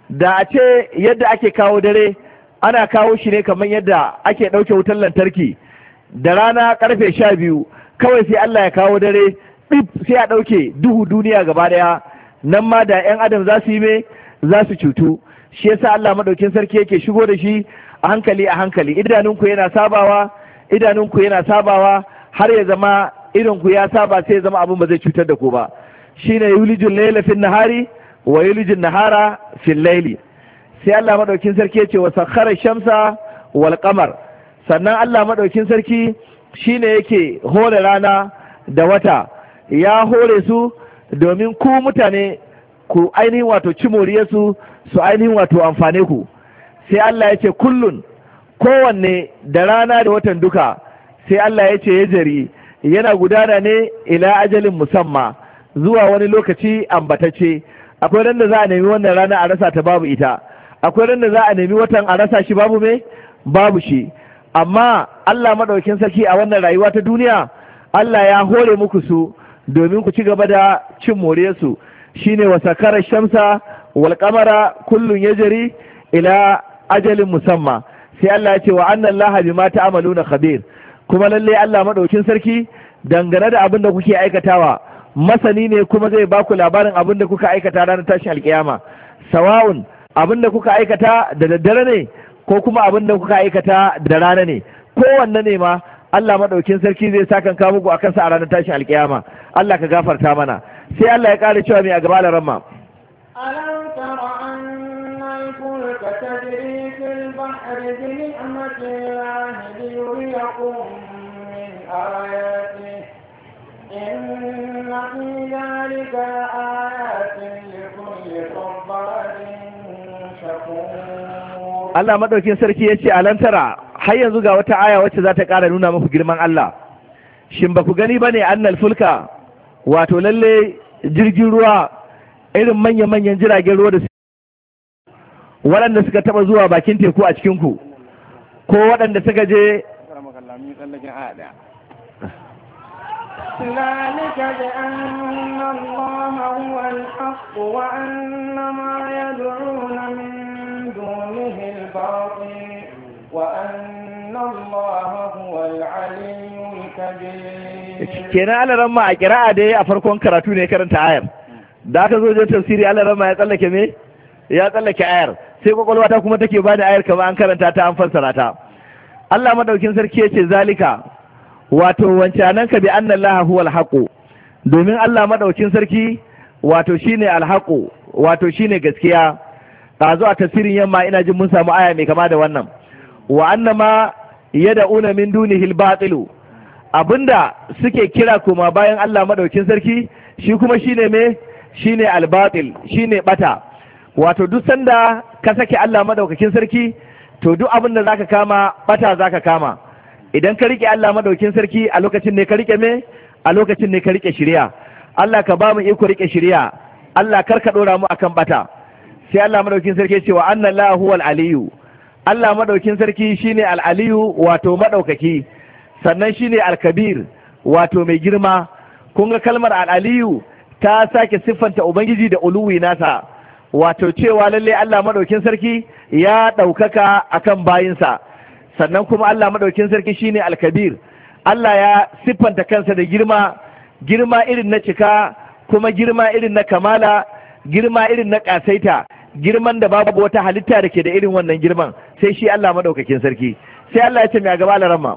S4: da a ce yadda ake kawo dare ana kawo shi ne kamar yadda ake ɗauke wutar lantarki da rana karfe sha biyu kawai sai Allah ya kawo dare ɗib sai a ɗauke duhu duniya gaba ɗaya nan ma da 'yan adam za su yi me za su cutu shi yasa Allah maɗaukin sarki yake shigo da shi a hankali a hankali idanunku yana sabawa idanunku yana sabawa har ya zama idonku ya saba sai zama abin ba zai cutar da ku ba shine yulijul layla fil nahari wa yulijul nahara fil layli sai Allah maɗaukin sarki yake wa sakhara shamsa wal qamar sannan Allah maɗaukin sarki Shi ne yake hore rana da wata ya hore su domin ku mutane ku ainihin wato ci moriyarsu su ainihin wato amfane ku sai Allah ya ce kullun kowanne da rana da watan duka sai Allah ya ce ya jari yana gudana ne ila ajalin musamma zuwa wani lokaci ambatacce akwai ran da za a nemi wannan rana a rasa ta babu ita akwai ran za a nemi watan a rasa shi babu me babu shi amma Allah maɗaukin sarki a wannan rayuwa ta duniya Allah ya hore muku su domin ku ci gaba da cin moresu. shine wa sakarar shamsa wal Kullum kullun yajri ila ajalin musamma sai Allah ya ce wa annan laha bima ta'maluna khabir kuma lalle Allah maɗaukin sarki dangane da abin da kuke aikatawa masani ne kuma zai ba ku labarin abin da kuka aikata ranar tashin alkiyama sawa'un abin da kuka aikata da daddare ne ko kuma abin da kuka aikata da rana ne kowanne ne ma Allah madaukin sarki zai sakan ka muku akan sa a ranar tashin alkiyama Allah ka gafarta mana sai Allah ya ƙara cewa mai a gaba da ramma
S3: alam tara anna fulka tajri fil bahri bi ni'mati liyuriyakum min ayatihi inna fi dhalika
S2: ayatin likulli sabbarin Allah
S4: maɗaukin sarki ya ce a lantara har yanzu ga wata aya wacce za ta ƙara nuna muku girman Allah shin ba ku gani ba ne annal fulka wato lalle jirgin ruwa irin manya-manyan jiragen ruwa da waɗanda suka taɓa zuwa bakin teku a cikinku ko waɗanda suka je
S3: ذلك بأن الله هو الحق وأن ما يدعون من دونه الباطل وأن الله هو العلي الكبير
S4: kenan alaran ma a kira'a dai a farkon karatu ne karanta ayar da aka zo jin tafsiri alaran ma ya tsallake me ya tsallake ayar sai kwakwalwa ta kuma take bada ayar kama an karanta ta an fassara ta Allah madaukin sarki yace zalika wato wancanan ka bi anna allaha domin Allah madaukin sarki wato shine alhaqu wato shine gaskiya a zuwa tafsirin yamma ina jin mun samu aya mai kama da wannan wa annama yad'una min dunihi al-batil abinda suke kira kuma bayan Allah madaukin sarki shi kuma shine me shine al-batil shine bata wato duk sanda ka sake Allah maɗaukakin sarki to duk abinda zaka kama bata zaka kama idan ka rike Allah madaukin sarki a lokacin ne ka rike me a lokacin ne ka rike shari'a Allah ka ba mu iko rike shari'a Allah kar ka dora mu akan bata sai Allah madaukin sarki ce wa anna la huwal aliyu Allah madaukin sarki shine al aliyu wato madaukaki sannan shine al kabir wato mai girma kun ga kalmar al aliyu ta sake siffanta ubangiji da uluwi nasa wato cewa lalle Allah maɗaukin sarki ya ɗaukaka akan bayinsa sannan kuma Allah maɗaukin sarki shine alkabir Allah ya siffanta kansa da girma girma irin na cika kuma girma irin na kamala girma irin na kasaita girman da babu wata halitta da ke da irin wannan girman sai shi Allah maɗaukakin sarki sai Allah ya ce mai gaba larama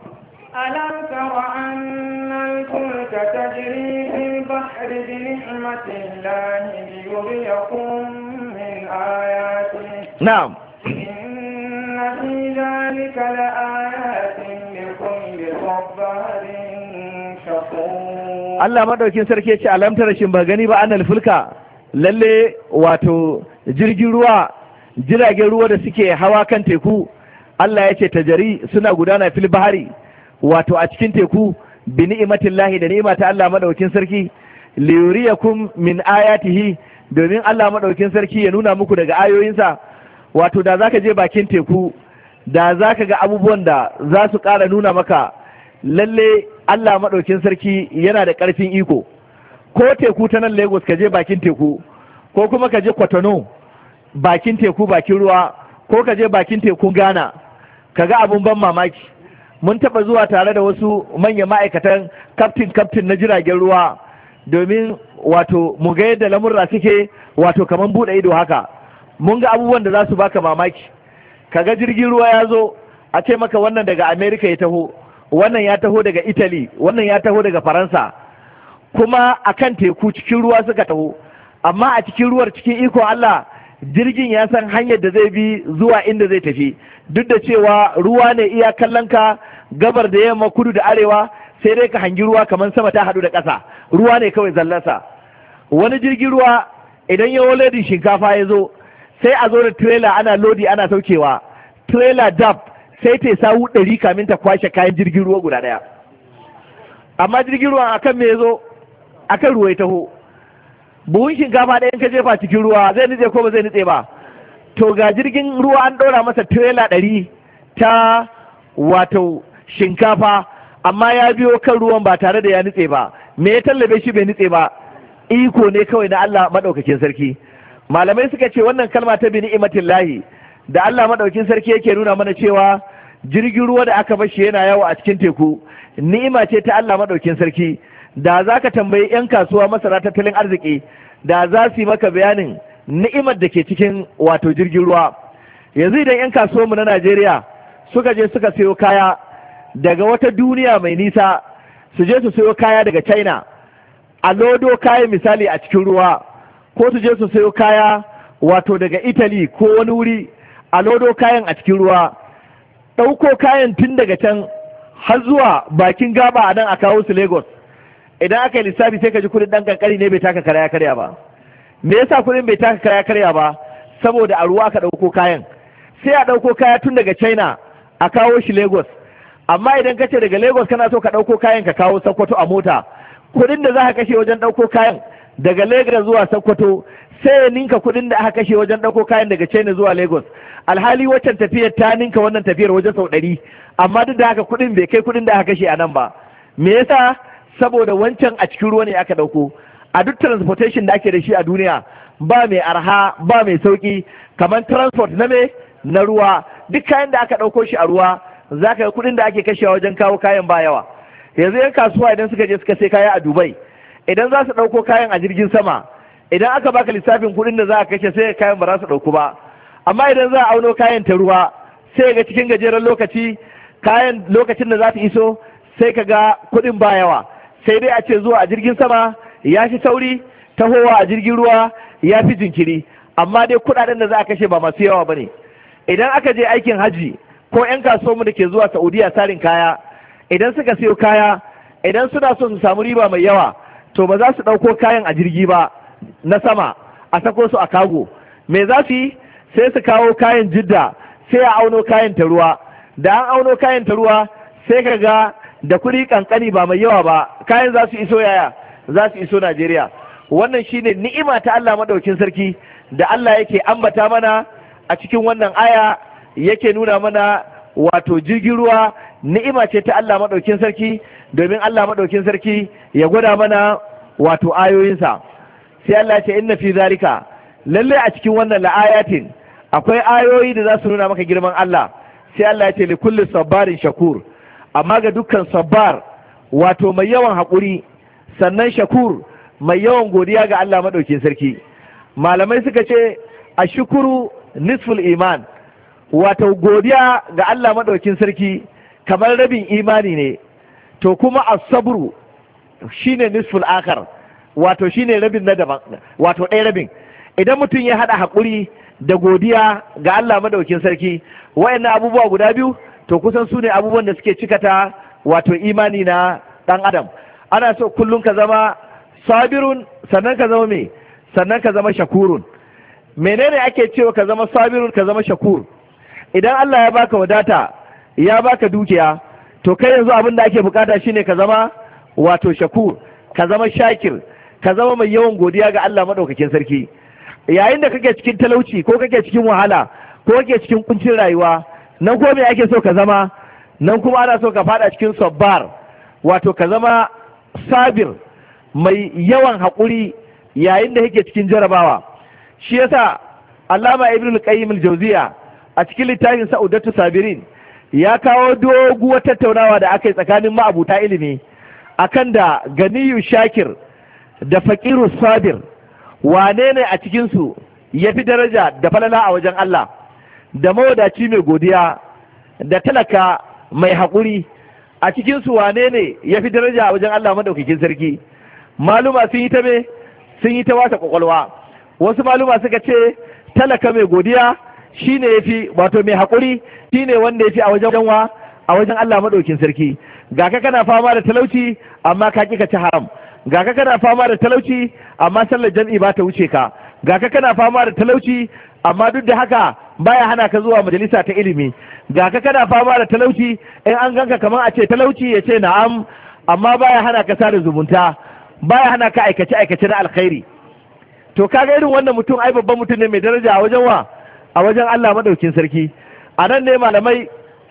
S3: alam tara annal fulka tajri fil bahri bi ni'matillahi liyuriyakum min
S4: ayatihi na'am inna fi ذلك
S3: لآيات لكل صبار
S2: شكور
S4: الله madaukin sarki yace alamtar shin ba gani ba annal fulka lalle wato jirgin ruwa jiragen ruwa da suke hawa kan teku Allah yace tajari suna gudana fil bahari wato a cikin teku bi ni'imatillahi da ni'ima ta Allah madaukin sarki liyuriyakum min ayatihi domin Allah madaukin sarki ya nuna muku daga ayoyinsa wato da zaka je bakin teku da za ka ga abubuwan da za su ƙara nuna maka lalle Allah maɗaukin sarki yana da ƙarfin iko ko teku ta nan Lagos ka je bakin teku ko kuma ka je Kwatano bakin teku bakin ruwa ko ka je bakin teku Ghana ka ga abun ban mamaki mun taɓa zuwa tare da wasu manyan ma'aikatan kaftin kaftin na jiragen ruwa domin wato mu ga yadda lamurra suke wato kamar buɗe ido haka mun ga abubuwan da za su baka mamaki Ka ga jirgin ruwa ya zo a ce maka wannan daga Amerika ya taho wannan ya taho daga italy wannan ya taho daga faransa kuma a kan teku cikin ruwa suka taho amma a cikin ruwar cikin iko allah jirgin ya san hanyar da zai bi zuwa inda zai tafi duk da cewa ruwa ne iya kallon ka gabar da yamma kudu da arewa sai dai ka hangi ruwa kamar sama ta haɗu da ƙasa ruwa ne kawai zallarsa wani jirgin ruwa idan yawon ledin shinkafa ya zo sai a zo da trela ana lodi ana saukewa trela dab sai ta sawu ɗari kamin ta kwashe kayan jirgin ruwa guda ɗaya amma jirgin ruwan akan me zo akan ruwa ya taho buhun shinkafa ɗayan ka jefa cikin ruwa zai nutse ko ba zai nutse ba to ga jirgin ruwa an ɗora masa trela ɗari ta wato shinkafa amma ya biyo kan ruwan ba tare da ya nutse ba me ya tallabe shi bai nutse ba iko ne kawai na Allah maɗaukakin sarki malamai suka ce wannan kalma ta bi imatin lahi da Allah maɗaukin sarki yake nuna mana cewa jirgin ruwa da aka bashi yana yawo a cikin teku ni'ima ce ta Allah maɗaukin sarki da za ka tambayi 'yan kasuwa masana tattalin arziki da za su yi maka bayanin ni'imar da ke cikin wato jirgin ruwa yanzu idan 'yan mu na Najeriya suka je suka sayo kaya daga wata duniya mai nisa su je su sayo kaya daga China a lodo kayan misali a cikin ruwa ko su je su sayo kaya wato daga italy ko wani wuri a lodo kayan a cikin ruwa ɗauko kayan tun daga can har zuwa bakin gaba a nan a kawo su lagos idan aka yi lissafi sai ka ji kudin ɗan kankari ne bai taka karya karya ba me yasa kudin bai taka karya karya ba saboda a ruwa ka ɗauko kayan sai a ɗauko kaya tun daga china a kawo shi lagos amma idan ka ce daga lagos kana so ka ɗauko kayan ka kawo sokoto a mota kudin da za ka kashe wajen ɗauko kayan daga Lagos zuwa Sokoto sai ya ninka kuɗin da aka kashe wajen ɗauko kayan daga China zuwa Lagos alhali waccan tafiyar ta ninka wannan tafiyar wajen sau ɗari amma duk da haka kuɗin bai kai kuɗin da aka kashe a nan ba me yasa saboda wancan a cikin ruwa ne aka ɗauko a duk transportation da ake da shi a duniya ba mai arha ba mai sauki kamar transport na me na ruwa duk kayan da aka ɗauko shi a ruwa za ka yi kuɗin da ake kashewa wajen kawo kayan ba yawa yanzu yan kasuwa idan suka je suka sai kaya a dubai idan za su ɗauko kayan a jirgin sama idan aka baka lissafin kuɗin da za a kashe sai kayan ba za su ɗauku ba amma idan za a auno kayan ta ruwa sai ga cikin gajeren lokaci kayan lokacin da za su iso sai ka ga kuɗin ba yawa sai dai a ce zuwa a jirgin sama ya fi sauri tahowa a jirgin ruwa ya fi jinkiri amma dai kuɗaɗen da za a kashe ba masu yawa ba ne idan aka je aikin hajji ko 'yan kasuwanmu da ke zuwa saudiya sarin kaya idan suka siyo kaya idan suna so su samu riba mai yawa to ba za su ɗauko kayan a jirgi ba na sama a sako su a kago me za su yi sai su kawo kayan jidda sai a auno kayan ta ruwa da an auno kayan ta ruwa sai ka ga da kuɗi kankani ba mai yawa ba kayan za su iso yaya za su iso najeriya wannan shine ni'ima ta allah maɗaukin sarki da allah yake ambata mana a cikin wannan aya yake nuna mana wato jirgin ruwa ni'ima ce ta allah maɗaukin sarki domin Allah maɗaukin sarki ya gwada mana wato ayoyinsa sai Allah ce inna fi zalika lalle a cikin wannan la'ayatin akwai ayoyi da za su nuna maka girman Allah sai Allah ya ce li kulli sabarin shakur amma ga dukkan sabbar wato mai yawan haƙuri sannan shakur mai yawan godiya ga Allah maɗaukin sarki malamai suka ce a shukuru nisful iman wato godiya ga Allah maɗaukin sarki kamar rabin imani ne to kuma asabru shine nisful akar, wato shine rabin na daban wato ɗaya rabin idan mutum ya haɗa haƙuri da godiya ga Allah madaukin sarki wayannan abubuwa guda biyu to kusan su ne abubuwan da suke cikata wato imani na ɗan adam ana so kullum ka zama sabirun sannan ka zama me sannan ka zama shakurun menene ake cewa ka zama sabirun ka zama shakur idan Allah ya baka wadata ya baka dukiya to kai yanzu abin da ake bukata shine ka zama wato shakur ka zama shakir ka zama mai yawan godiya ga Allah madaukakin sarki yayin da kake cikin talauci ko kake cikin wahala ko kake cikin kuncin rayuwa nan ko me ake so ka zama nan kuma ana so ka fada cikin sabbar wato ka zama sabir mai yawan hakuri yayin da yake cikin jarabawa shi yasa Allama ibnul Qayyim al-Jawziya a cikin littafin Sa'udatu Sabirin ya kawo doguwar tattaunawa da aka yi tsakanin ma'abuta ilimi akan da ganiyu shakir da fakiru sabir wane ne a cikinsu ya fi daraja da falala a wajen Allah da mawadaci mai godiya da talaka mai haƙuri a cikinsu wane ne ya fi daraja a wajen Allah maɗaukakin sarki maluma sun yi ta me sun yi ta wasa ƙwaƙwalwa wasu maluma suka ce talaka mai godiya Shi ya fi wato mai hakuri ne wanda ya fi a wajen wa a wajen Allah maɗaukin sarki ga ka kana fama da talauci amma ka ka ci haram ga ka kana fama da talauci amma sallar jam'i ba ta wuce ka ga ka kana fama da talauci amma duk da haka baya hana ka zuwa majalisa ta ilimi ga ka kana fama da talauci in an ganka kamar a ce talauci ya ce na'am amma baya hana ka sada zumunta baya hana ka aikace aikace na alkhairi to kaga irin wannan mutum ai babban mutum ne mai daraja a wajen wa a wajen Allah maɗaukin sarki a nan ne malamai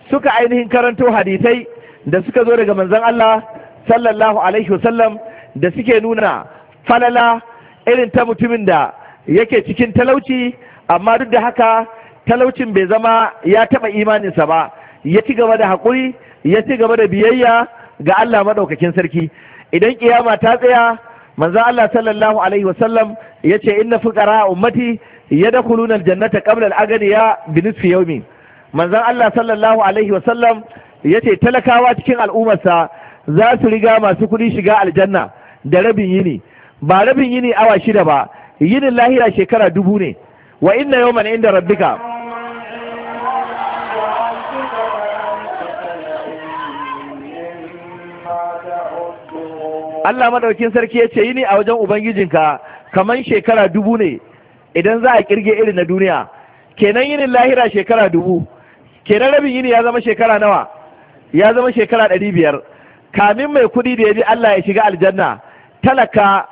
S4: suka ainihin karanto hadisai da suka zo daga manzon Allah sallallahu alaihi wasallam da suke nuna falala irin ta mutumin da yake cikin talauci amma duk da haka talaucin bai zama ya taɓa imaninsa ba ya ci gaba da haƙuri ya ci gaba da biyayya ga Allah maɗaukakin sarki idan kiyama ta tsaya manzan Allah sallallahu alaihi wasallam ya ce inna fuqara ummati kulunan jannata qabla al ya binis nisfi yawmin manzan Allah sallallahu alaihi wasallam ce talakawa cikin al'ummarsa za su riga masu kudi shiga aljanna da rabin yini ba rabin yini awa shida ba yinin lahira shekara dubu ne wa inna mana inda rabbika Allah madaukin sarki ya ce yini a wajen ubangijinka kaman shekara dubu ne idan za a kirge irin na duniya kenan yinin lahira shekara dubu kenan rabin yini ya zama shekara nawa ya zama shekara ɗari biyar kamin mai kuɗi da ya ji Allah ya shiga aljanna talaka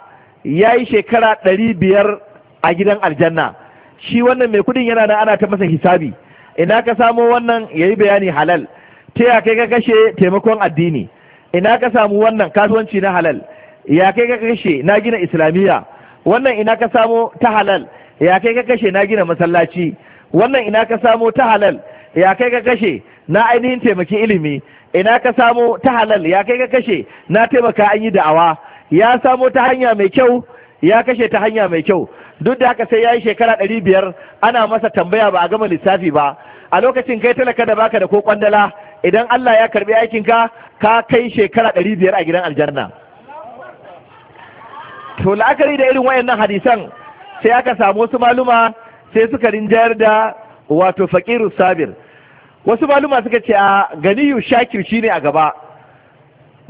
S4: ya yi shekara ɗari biyar a gidan aljanna shi wannan mai kuɗin yana nan ana ta masa hisabi ina ka samo wannan ya yi bayani halal ta ya kai ka kashe taimakon addini ina ka samu wannan kasuwanci na halal ya kai ka kashe na gina islamiyya wannan ina ka samo ta halal ya kai ka kashe na gina masallaci wannan ina ka samo ta halal ya kai ka kashe na ainihin taimaki ilimi ina ka samo ta halal ya kai ka kashe na taimaka an yi da'awa ya samo ta hanya mai kyau ya kashe ta hanya mai kyau duk da haka sai ya yi shekara ɗari biyar ana masa tambaya ba a gama lissafi ba a lokacin kai talaka da baka da ko kwandala idan Allah ya karbi ka ka kai shekara ɗari biyar a gidan aljanna to la'akari da irin wayannan hadisan sai aka samu wasu maluma sai suka rinjayar da wato faƙiru sabir wasu maluma suka ce a ganiyu shakir ne a gaba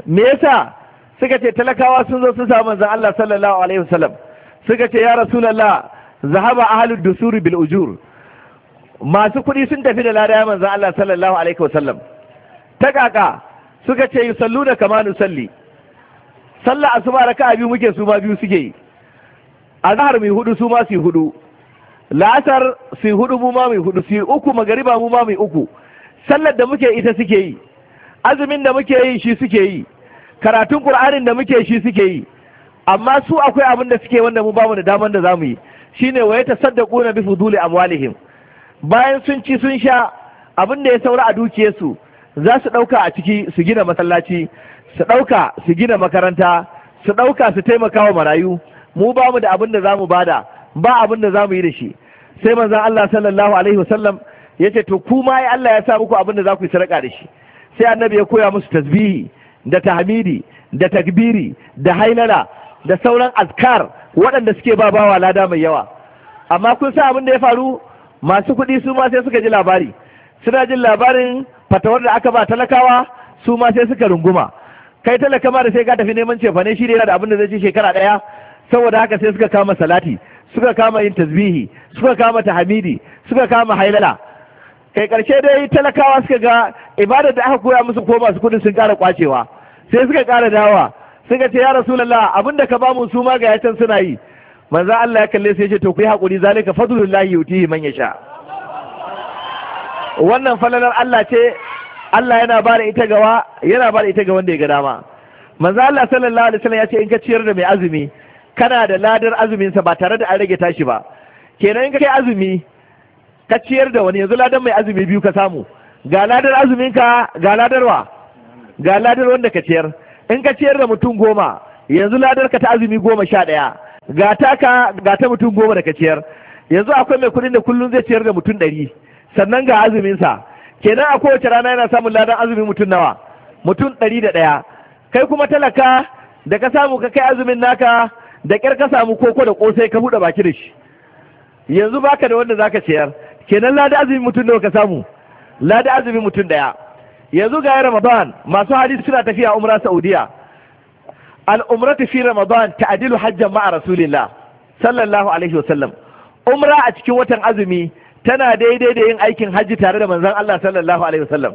S4: me yasa suka ce talakawa sun zo sun samu manzon Allah sallallahu alaihi wasallam suka ce ya rasulullah zahaba ahli dusur bil ujur masu kuɗi sun tafi da ladaya manzon Allah sallallahu alaihi wasallam ta kaka suka ce yusalluna kama nusalli sallah asuba raka'a biyu muke su ma biyu suke yi Azahar mai hudu su ma su hudu la'asar su hudu mu ma mai hudu su uku magariba mu ma mai uku sallar da muke ita suke yi azumin da muke yi shi suke yi karatun qur'anin da muke shi suke yi amma su akwai abin da suke wanda mu bamu da daman da zamu yi shine waye ta wa na bi fuduli amwalihim bayan sun ci sun sha abin da ya saura a dukiyarsu za su ɗauka a ciki su gina masallaci su ɗauka su gina makaranta su ɗauka su taimaka wa marayu mu ba mu da abin da za mu bada ba abin da za mu yi da shi sai manzon Allah sallallahu alaihi wasallam ya ce to ku ma ya Allah ya sa muku abin da za ku yi sadaka da shi sai annabi ya koya musu tasbihi da tahmidi da takbiri da hailala da sauran azkar waɗanda suke ba bawa lada mai yawa amma kun sa abin da ya faru masu kuɗi su ma sai suka ji labari suna jin labarin fatawar da aka ba talakawa su ma sai suka runguma kai talaka ma da sai ka tafi neman cefane shi ne yana da abin da zai ci shekara ɗaya saboda haka sai suka kama salati suka kama yin tasbihi suka kama tahmidi suka kama hailala kai karshe dai talakawa suka ga ibadar da aka koya musu ko masu kudin sun kara kwacewa sai suka kara dawa suka ce ya rasulullah abinda ka bamu su ma ga yatan suna yi manzo Allah ya kalle sai ya ce to ku yi hakuri zalika fadlullah yutihi man yasha wannan falalar Allah ce Allah yana ba da ita gawa yana ba da ita ga wanda ya ga dama manzo Allah sallallahu alaihi wasallam ya ce in ka ciyar da mai azumi kana da ladar azuminsa ba tare da an rage tashi ba kenan in ka kai azumi ka ciyar da wani yanzu ladan mai azumi biyu ka samu ga ladar azuminka ga ladarwa ga ladar wanda ka ciyar in ka ciyar da mutum goma yanzu ladar ka ta azumi goma sha ɗaya ga ta ka ga ta mutum goma da ka ciyar yanzu akwai mai kuɗin da kullum zai ciyar da mutum ɗari sannan ga azuminsa kenan a kowace rana yana samun ladan azumin mutum nawa mutum ɗari da ɗaya kai kuma talaka da ka samu ka kai azumin naka da ƙyar ka samu koko da ƙosai ka buɗe baki da shi yanzu baka da wanda zaka ciyar kenan lada azumi mutum da ka samu lada azumi mutum daya yanzu ga ramadan masu hadisi suna tafiya umra saudiya al'umratu fi ramadan ta'dilu hajjan ma'a rasulillah sallallahu alaihi wasallam umra a cikin watan azumi tana daidai da yin aikin hajji tare da manzon Allah sallallahu alaihi wasallam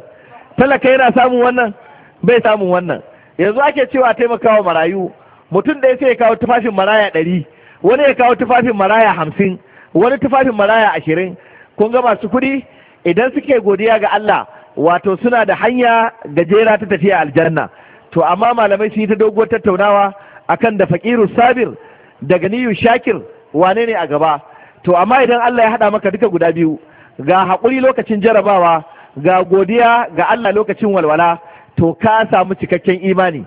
S4: talaka yana samun wannan bai samun wannan yanzu ake cewa taimakawa marayu mutum ɗaya sai ya kawo tufafin maraya ɗari wani ya kawo tufafin maraya hamsin wani tufafin maraya ashirin kun ga masu kuɗi idan suke godiya ga Allah wato suna da hanya gajera ta tafiya aljanna to amma malamai sun yi ta doguwar tattaunawa akan da fakiru sabir daga niyu shakir wane ne a gaba to amma idan Allah ya haɗa maka duka guda biyu ga haƙuri lokacin jarabawa ga godiya ga Allah lokacin walwala to ka samu cikakken imani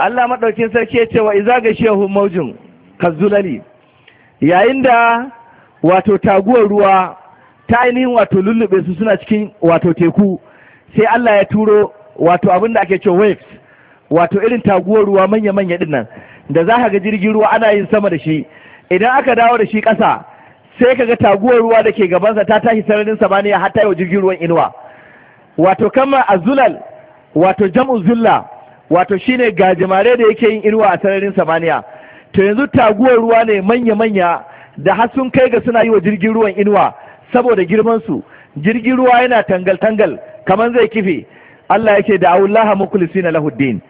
S4: Allah maɗaukin sarki ya ce wa iza ga shehu maujin kazzulali yayin da wato taguwar ruwa ta ainihin wato lullube su suna cikin wato teku sai Allah ya turo wato abin da ake ce waves wato irin taguwar ruwa manya-manya din da za ka ga jirgin ruwa ana yin sama da shi idan aka dawo da shi ƙasa sai ka ga taguwar ruwa da ke gabansa ta tashi sararin samaniya har yau jirgin ruwan inuwa wato kama azulal wato jam'u zulla wato shine gajimare da yake yin inuwa a sararin samaniya to yanzu taguwar ruwa ne manya-manya da har kai ga suna yi wa jirgin ruwan inuwa saboda girmansu jirgin ruwa yana tangal-tangal kamar zai kife Allah yake da awullaha mukhlisina lahuddin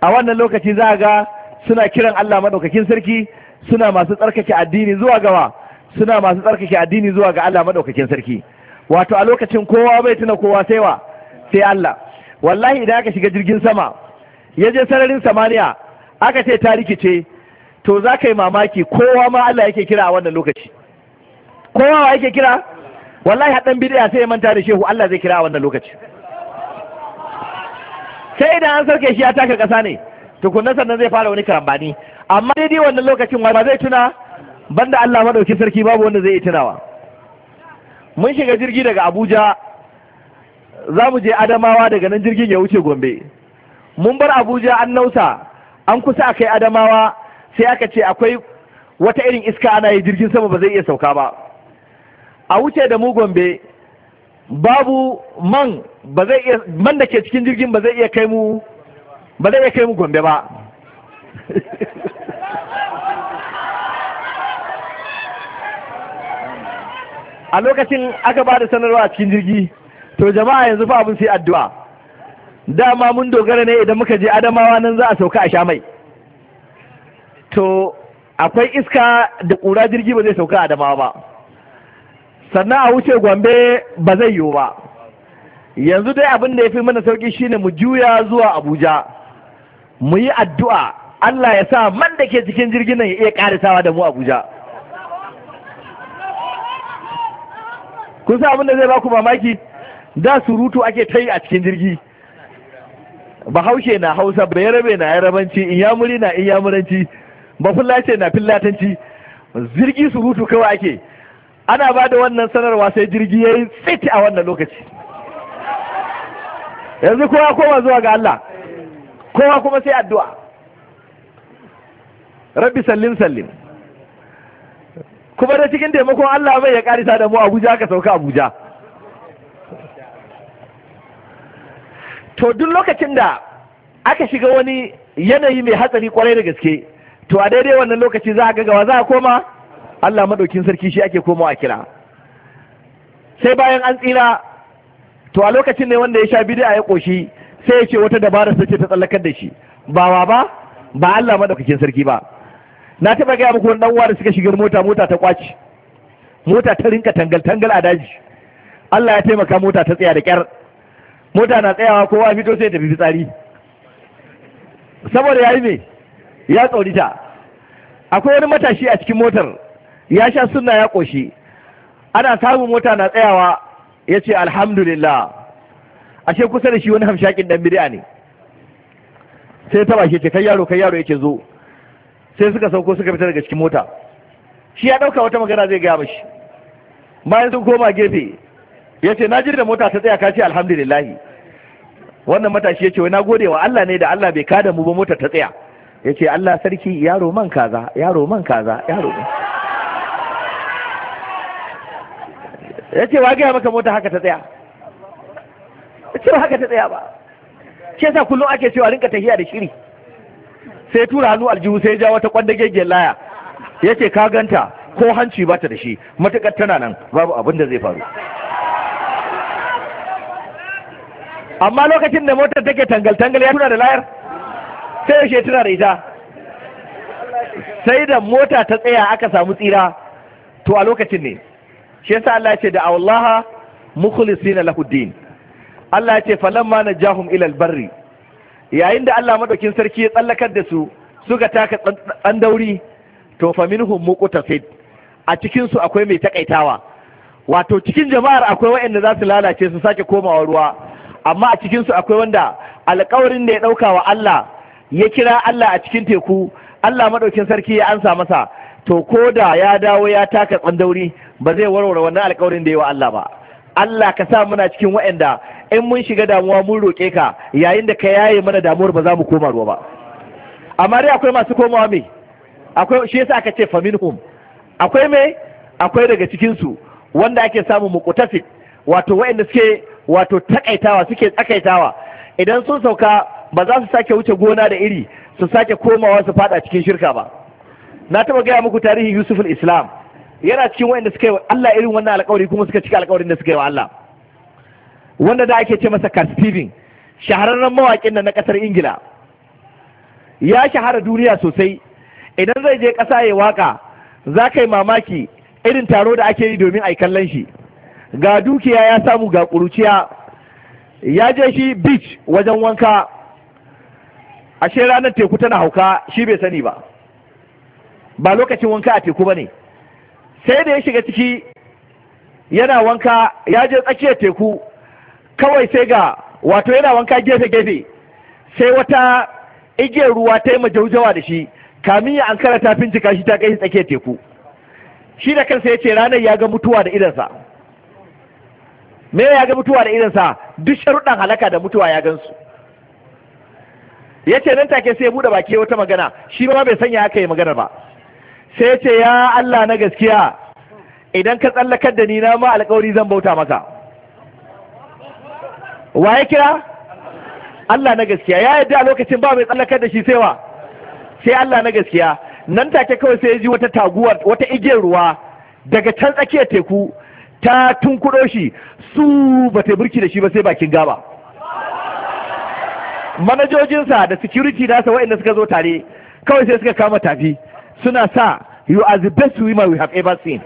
S4: a wannan lokaci za ga suna kiran Allah madaukakin sarki suna masu tsarkake addini zuwa gawa suna masu tsarkake addini zuwa ga Allah madaukakin sarki wato a lokacin kowa bai tuna kowa sai wa sai Allah wallahi idan aka shiga jirgin sama ya je sararin samaniya aka ce ta rikice to za ka yi mamaki kowa ma Allah yake kira a wannan lokaci kowa wa yake kira wallahi haɗin bid'a sai ya manta da shehu Allah zai kira a wannan lokaci sai idan an sarke shi ya taka ƙasa ne tukunna sannan zai fara wani karambani amma daidai wannan lokacin wa ba zai tuna banda Allah madauki sarki babu wanda zai yi tunawa mun shiga jirgi daga Abuja za mu je Adamawa daga nan jirgin ya wuce Gombe mun bar Abuja an nausa an kusa kai Adamawa sai aka ce akwai wata irin iska ana yi jirgin sama ba zai iya sauka ba a wuce da mu Gombe babu man ba zai iya man da ke cikin jirgin ba zai iya kai mu ba zai iya kai mu Gombe ba [laughs] a lokacin aka ba da sanarwa a cikin jirgi to jama'a yanzu fa abin sai addu'a dama mun dogara ne idan muka je adamawa nan za a sauka a sha mai to akwai iska da ƙura jirgi ba zai sauka adamawa ba sannan a wuce gombe ba zai yiwu ba yanzu dai abin da ya fi mana sauƙi shine mu juya zuwa abuja mu yi addu'a allah ya sa man da ke cikin jirgin nan ya iya ƙarisawa da mu abuja kun sa abin da zai baku mamaki da surutu ake ta yi a cikin jirgi bahaushe na hausa bayarabe na yarabanci inyamuri na inyamuranci bafullace na fillatanci jirgi surutu kawai ake ana ba da wannan sanarwa sai jirgi ya yi tsiti a wannan lokaci yanzu kowa koma zuwa ga Allah kowa kuma sai addu'a rabbi sallim sallim kuma da cikin taimakon Allah mai ya karisa da mu Abuja ka sauka Abuja to duk lokacin da aka shiga wani yanayi mai hatsari kwarai da gaske to a daidai wannan lokaci za a gawa za a koma Allah madaukin sarki shi ake komawa a kira sai bayan an tsira to a lokacin ne wanda ya sha a ya koshi sai ya ce wata dabara sace ta tsallakar da shi ba wa ba ba Allah madaukakin sarki ba na taba gaya muku wannan uwa da suka shigar mota mota ta kwaci mota ta rinka tangal tangal a daji Allah ya taimaka mota ta tsaya da kyar mota na tsayawa kowa fito sai tafi fitsari saboda yayi me ya tsorita akwai wani matashi a cikin motar ya sha suna ya ƙoshi, ana samun mota na tsayawa ya ce alhamdulillah ashe kusa da shi wani hamshakin dan bidiya ne sai ta bashe ce kai yaro kai yaro yake zo sai suka sauko suka fita daga cikin mota shi ya ɗauka wata magana zai gaya shi. bayan sun koma gefe ya ce na jirda mota ta tsaya kashi alhamdulillahi wannan matashi ya ce wai na gode wa Allah ne da Allah bai kada mu ba mota ta tsaya ya ce Allah sarki yaro man kaza yaro man kaza yaro man ya ce wage gaya maka mota haka ta tsaya ya ce ba haka ta tsaya ba ce sa kullum ake cewa rinka tahiya da shiri sai tura hannu aljihu sai ja wata gegen laya yace ka ganta ko hanci ba ta da shi matukar tana nan babu abin da zai faru amma lokacin da motar take tangal-tangal ya tura da layar sai yaushe tuna da ita sai da mota ta tsaya aka samu tsira to a lokacin ne shi yasa Allah ya ce da Allah mukhlisina lahu Allah ya ce falamma najahum ila albarri barri yayin da Allah madaukin sarki ya tsallakar da su suka taka tsan dauri to fa minhum muqtasid a cikin su akwai mai takaitawa wato cikin jama'ar akwai waɗanda za su lalace su sake komawa ruwa amma a cikin su akwai wanda alƙawarin da ya ɗauka wa Allah ya kira Allah a cikin teku Allah madaukin sarki ya ansa masa to ko da ya dawo ya taka tsandauri ba zai warware wannan alƙawarin da ya wa Allah ba Allah ka sa muna cikin waɗanda in mun shiga damuwa mun roƙe ka yayin da ka yaye mana damuwar ba za mu koma ruwa ba amma dai akwai masu komawa me akwai shi yasa aka ce faminhum akwai me akwai daga cikin su wanda ake samu muqtasid wato waɗanda suke wato takaitawa suke tsakaitawa idan sun sauka ba za su sake wuce gona da iri su sake komawa su fada cikin shirka ba na taba gaya muku tarihi yusuf islam yana cikin waɗanda suka yi Allah irin wannan alƙawari kuma suka cika alƙawarin da suka yi wa Allah wanda da ake ce masa Cat Steven shahararren mawaƙin nan na ƙasar Ingila ya shahara duniya sosai idan zai je ƙasa ya waka za ka yi mamaki irin taro da ake yi domin a kallon shi ga dukiya ya samu ga ƙuruciya ya je shi beach wajen wanka ashe ranar teku tana hauka shi bai sani ba ba lokacin wanka a teku ba ne sai da ya shiga ciki yana wanka ya je tsakiyar teku kawai sai ga wato yana wanka gefe gefe sai wata igiyar ruwa ta yi majaujawa da shi kamin ya kara ta jika shi ta kai tsakiyar teku shi da kansa ya ce ranar ya ga mutuwa da idansa me ya ga mutuwa da idansa duk sharuɗan halaka da mutuwa ya gansu ya ce nan take sai ya buɗe baki wata magana shi ba bai sanya aka yi magana ba sai ya ce ya Allah na gaskiya idan ka tsallakar da ni na ma alƙawari zan bauta maka wa ya kira Allah na gaskiya ya yadda a lokacin ba mai tsallakar da shi sai wa sai Allah na gaskiya nan take kawai sai ya ji wata taguwa wata igiyar ruwa daga can tsakiyar teku ta tunkuɗo shi su ba ta burki da shi ba sai bakin gaba manajojinsa da security nasa waɗanda suka zo tare kawai sai suka kama tafi suna sa you are the best swimmer we have ever seen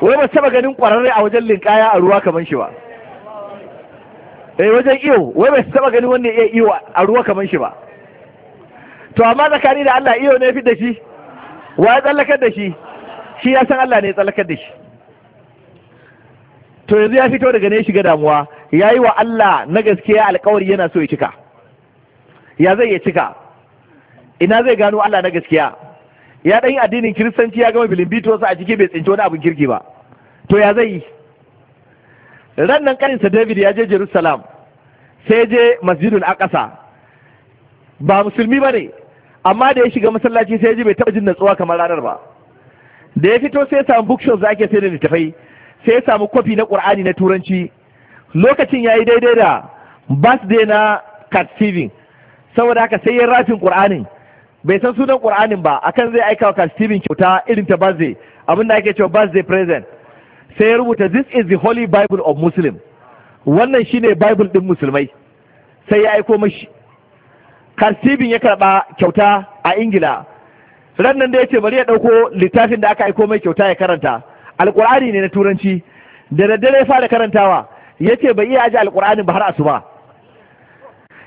S4: wai ba taba ganin ƙwararre a wajen linkaya a ruwa kamar shi ba eh wajen iyo wai bai taba gani wanda ya iyo a ruwa kamar shi ba to amma tsakani da Allah iyo ne fi da shi wa ya tsallakar da shi shi ya san Allah ne ya tsallakar da shi to yanzu ya fito daga ne shiga damuwa ya yi wa Allah na gaskiya alkawari yana so ya cika ya zai ya cika ina zai gano Allah na gaskiya ya ɗan addinin kiristanci ya gama bilimbito a ciki bai tsinci wani abin kirki ba to ya zai yi ran nan karinsa david ya je jerusalem sai je a ƙasa ba musulmi ba ne amma da ya shiga masallaci sai ji bai taɓa jin natsuwa kamar ranar ba da ya fito sai ya samu bookshop za ake sai da littafai sai ya samu kwafi na ƙur'ani na turanci lokacin ya yi daidai da birthday na cat steven saboda haka sai ya rafin ƙur'anin bai san sunan ƙur'anin ba akan zai aikawa wa steven kyauta irin ta birthday abin da ake cewa birthday present sai ya rubuta this is the holy bible of muslim wannan shine bible din musulmai sai ya aiko mashi karsibin ya karba kyauta a ingila rannan da ya ce bari ya ɗauko littafin da aka aiko mai kyauta ya karanta alƙur'ani ne na turanci da daddare ya fara karantawa ya ce bai iya aji Alƙur'ani ba har asuba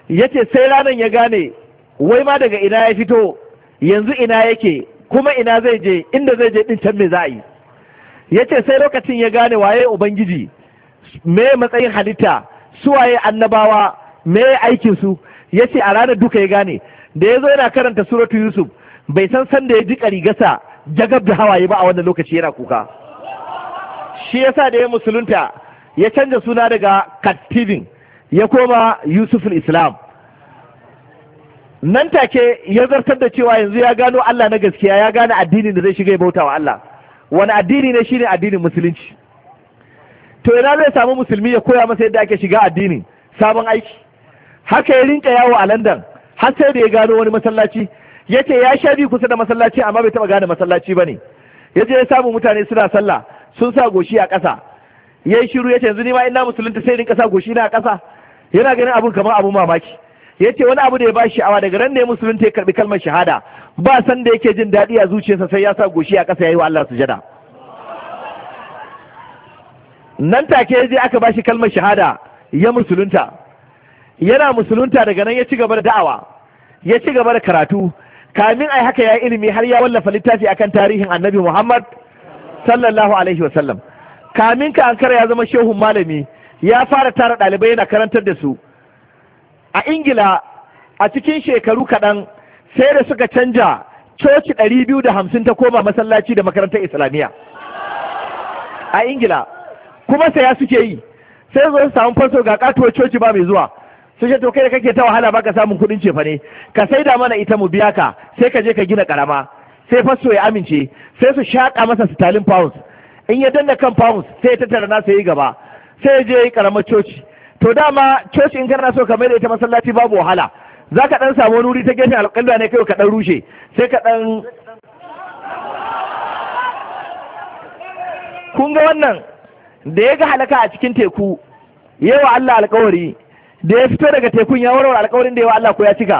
S4: ya ce sai ranar ya gane wai ma daga ina ya fito yanzu ina yake kuma ina zai je inda zai je ɗin can me za a yi ya ce sai lokacin ya gane waye ubangiji me matsayin halitta su waye annabawa me aikinsu ya ce a ranar duka ya gane da ya zo yana karanta suratu yusuf bai san sanda ya ji rigarsa jagab da hawaye ba a wannan lokaci yana kuka shi yasa da ya musulunta ya canza suna daga kattibin ya koma yusuf islam nan take ya zartar da cewa yanzu ya gano Allah na gaskiya ya gane addinin da zai shiga ya bauta Allah wani addini ne shine addinin musulunci to ina zai samu musulmi ya koya masa yadda ake shiga addini sabon aiki haka ya rinka yawo a Landan har sai da ya gano wani masallaci Ya ce ya sha biyu kusa da masallaci amma bai taba gane masallaci ba ne. ya ya samu mutane suna sallah sun sa goshi a ƙasa Ya yi shiru ya ce yanzu ni ma ina musulunta sai rinka sa goshi na a ƙasa yana ganin abun kamar abun mamaki ya ce wani abu da ya ba sha'awa daga ran da ya musulunta ya karbi kalmar shahada ba san da yake jin daɗi a zuciyarsa sai ya sa goshi a ƙasa ya yi wa Allah sujada nan take ya je aka ba shi kalmar shahada ya musulunta yana musulunta daga nan ya ci gaba da da'awa ya ci gaba da karatu kamin ai haka ya yi ilimi har ya wallafa littafi akan tarihin annabi Muhammad sallallahu alaihi wasallam kamin ka kara ya zama shehun malami ya fara tara ɗalibai yana karantar da su a ingila a cikin shekaru kaɗan sai da suka canja coci ɗari biyu da hamsin ta koma masallaci da makarantar islamiyya a ingila kuma saya suke yi sai zo su samu fasto ga katuwar coci ba mai zuwa su ce to kai da kake ta wahala baka samun kuɗin cefa ne ka da mana ita mu biya ka sai ka je ka gina karama sai fasto ya amince sai su shaƙa masa sitalin pounds in ya danna kan pounds sai ya tattara nasa yi gaba sai ya je ya yi karamar coci to dama coci in kana so ka mai da ita masallaci babu wahala za ka dan samu wuri ta gefen alƙalla ne kai ka dan rushe sai ka dan. kun ga wannan da ya ga halaka a cikin teku yawa Allah alƙawari da ya fito daga tekun ya warware alƙawarin da yawa Allah ko ya cika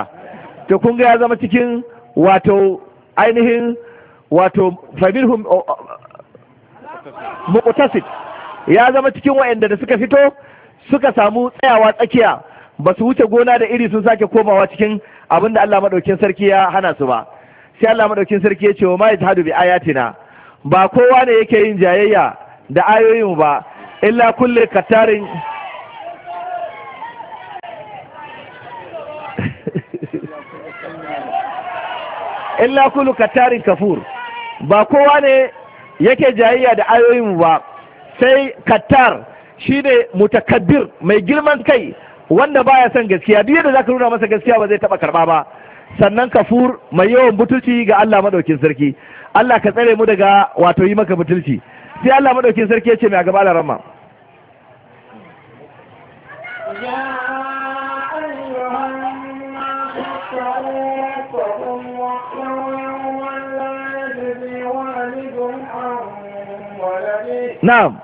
S4: to kun ga ya zama cikin wato ainihin wato faminhum muqtasid ya zama cikin waɗanda da suka fito suka samu tsayawa tsakiya ba su wuce gona da iri sun sake komawa cikin abin da Allah maɗaukin sarki ya hana su ba sai Allah maɗaukin sarki ya ce wa mai hadu bi ayatina ba kowa ne yake yin jayayya da ayoyin ba illa kulle kattarin
S2: [laughs]
S4: illa kullu kattarin kafur ba kowa ne yake jayayya da ayoyin ba sai kattar shine mutakabbir mai girman kai wanda baya son gaskiya duk yadda zaka nuna masa gaskiya ba zai taba karba ba sannan kafur mai yawan butulci ga Allah madaukin sarki Allah ka tsare mu daga wato yi maka butulci sai Allah madaukin sarki ya ce mai gaba da rama Na'am.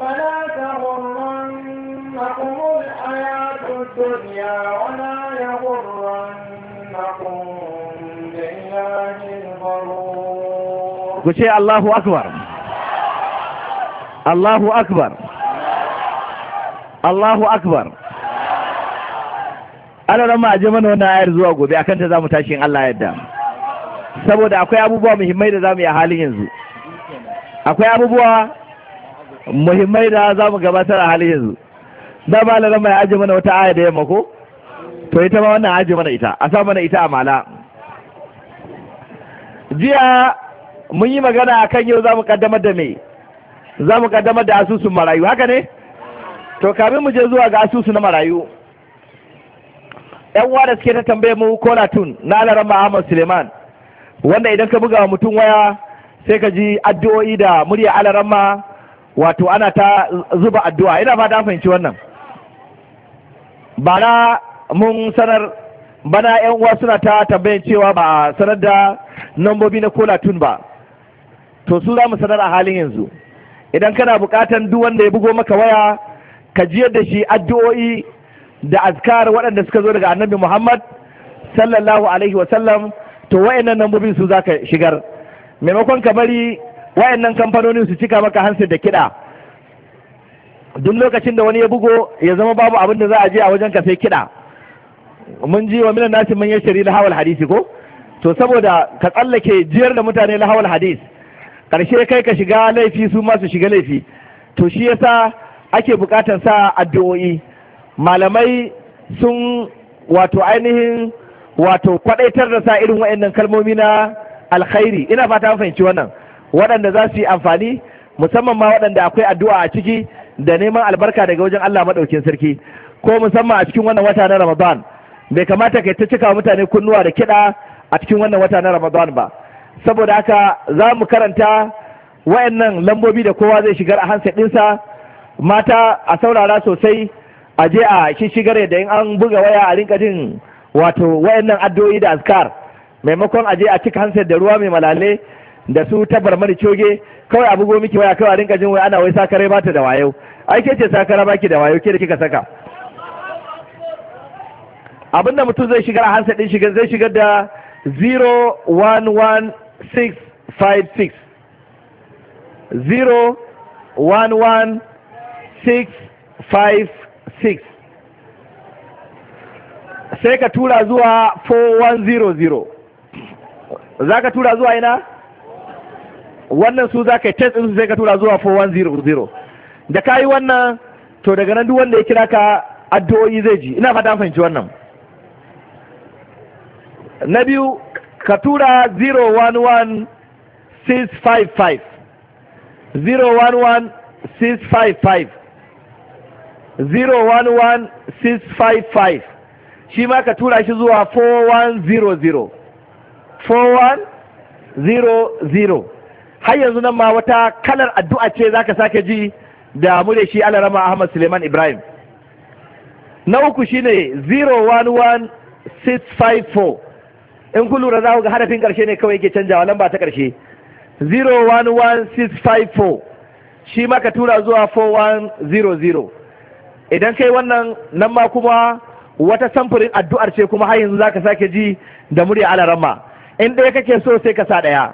S3: فلا تغرنكم الحياة الدنيا ولا يغرنكم بالله
S2: الغرور
S4: وشيء الله أكبر الله أكبر الله أكبر ana nan ma aje mana wannan ayar zuwa gobe akan ta zamu tashi in Allah yadda saboda akwai abubuwa muhimmai da zamu yi a halin yanzu akwai abubuwa muhimmai da za mu gabatar a halin yanzu da ba lalar mai aji mana wata aya da yamma ko to ita ma wannan aji mana ita a sa mana ita a mala jiya mun yi magana a kan yau za mu kaddamar da mai za mu kaddamar da asusun marayu haka ne to kamin mu je zuwa ga asusu na marayu yan da suke ta tambaye mu tun na alarama ahmad suleiman wanda idan ka buga mutum waya sai ka ji addu'o'i da murya alarama wato ana ta zuba addu'a ina ba ta fahimci wannan Ba na mun sanar bana yan uwa suna ta tambayan cewa ba sanar da nambobi na kola tun ba to su za mu sanar a halin yanzu idan kana bukatan duk wanda ya bugo maka waya ka jiyar da shi addu'o'i da azkar waɗanda suka zo daga annabi muhammad sallallahu alaihi wasallam to wayannan nambobin su za ka shigar maimakon ka bari nan kamfanonin su cika maka hansu da kiɗa duk lokacin da wani ya bugo ya zama babu abin da za a je a wajen ka sai kiɗa mun ji wa minan nasi man yashari lahawal hadisi ko to saboda ka tsallake jiyar da mutane lahawal hadis karshe kai ka shiga laifi su masu shiga laifi to shi yasa ake bukatar sa addu'o'i malamai sun wato ainihin wato kwadaitar da sa irin nan kalmomi na alkhairi ina fata fahimci wannan waɗanda za su yi amfani musamman ma waɗanda akwai addu'a a ciki da neman albarka daga wajen Allah maɗaukin sarki ko musamman a cikin wannan wata na Ramadan bai kamata kai ta cika mutane kunnuwa da kiɗa a cikin wannan wata na Ramadan ba saboda haka za mu karanta wayannan lambobi da kowa zai shigar a hansa ɗinsa mata a saurara sosai a je a shishigar da in an buga waya a rinka jin wato wayannan addu'o'i da azkar maimakon a je a cika hansa da ruwa mai malale da su tabbar mani coge kawai abu go miki waya kawai rinka jin wai ana wai sakare ba ta da wayo ai ke ce sakara baki da wayo ke da kika saka abinda mutum zai shigar a hansa din shigar zai shigar da 011656 011656 sai ka tura zuwa 4100 za ka tura zuwa ina wannan su za ka yi test ɗinsu sai ka tura zuwa 4100 da ka yi wannan to daga nan duk wanda ya kira ka addu'o'i zai ji ina fata fahimci wannan na biyu ka tura 011655 011655 011655 shi ma ka tura shi zuwa 4100 4100 har yanzu nan ma wata kalar addu'a ce za ka sake ji da mu da shi alarama Ahmad Suleiman Ibrahim na uku shi ne 011654 in ku lura za ku ga harafin karshe ne kawai ke canjawa lamba ta karshe 011654 shi maka tura zuwa 4100 idan kai wannan nan ma kuma wata samfurin addu'ar ce kuma har yanzu za zaka sake ji da murya alarama in ɗaya kake so sai ka sa ɗaya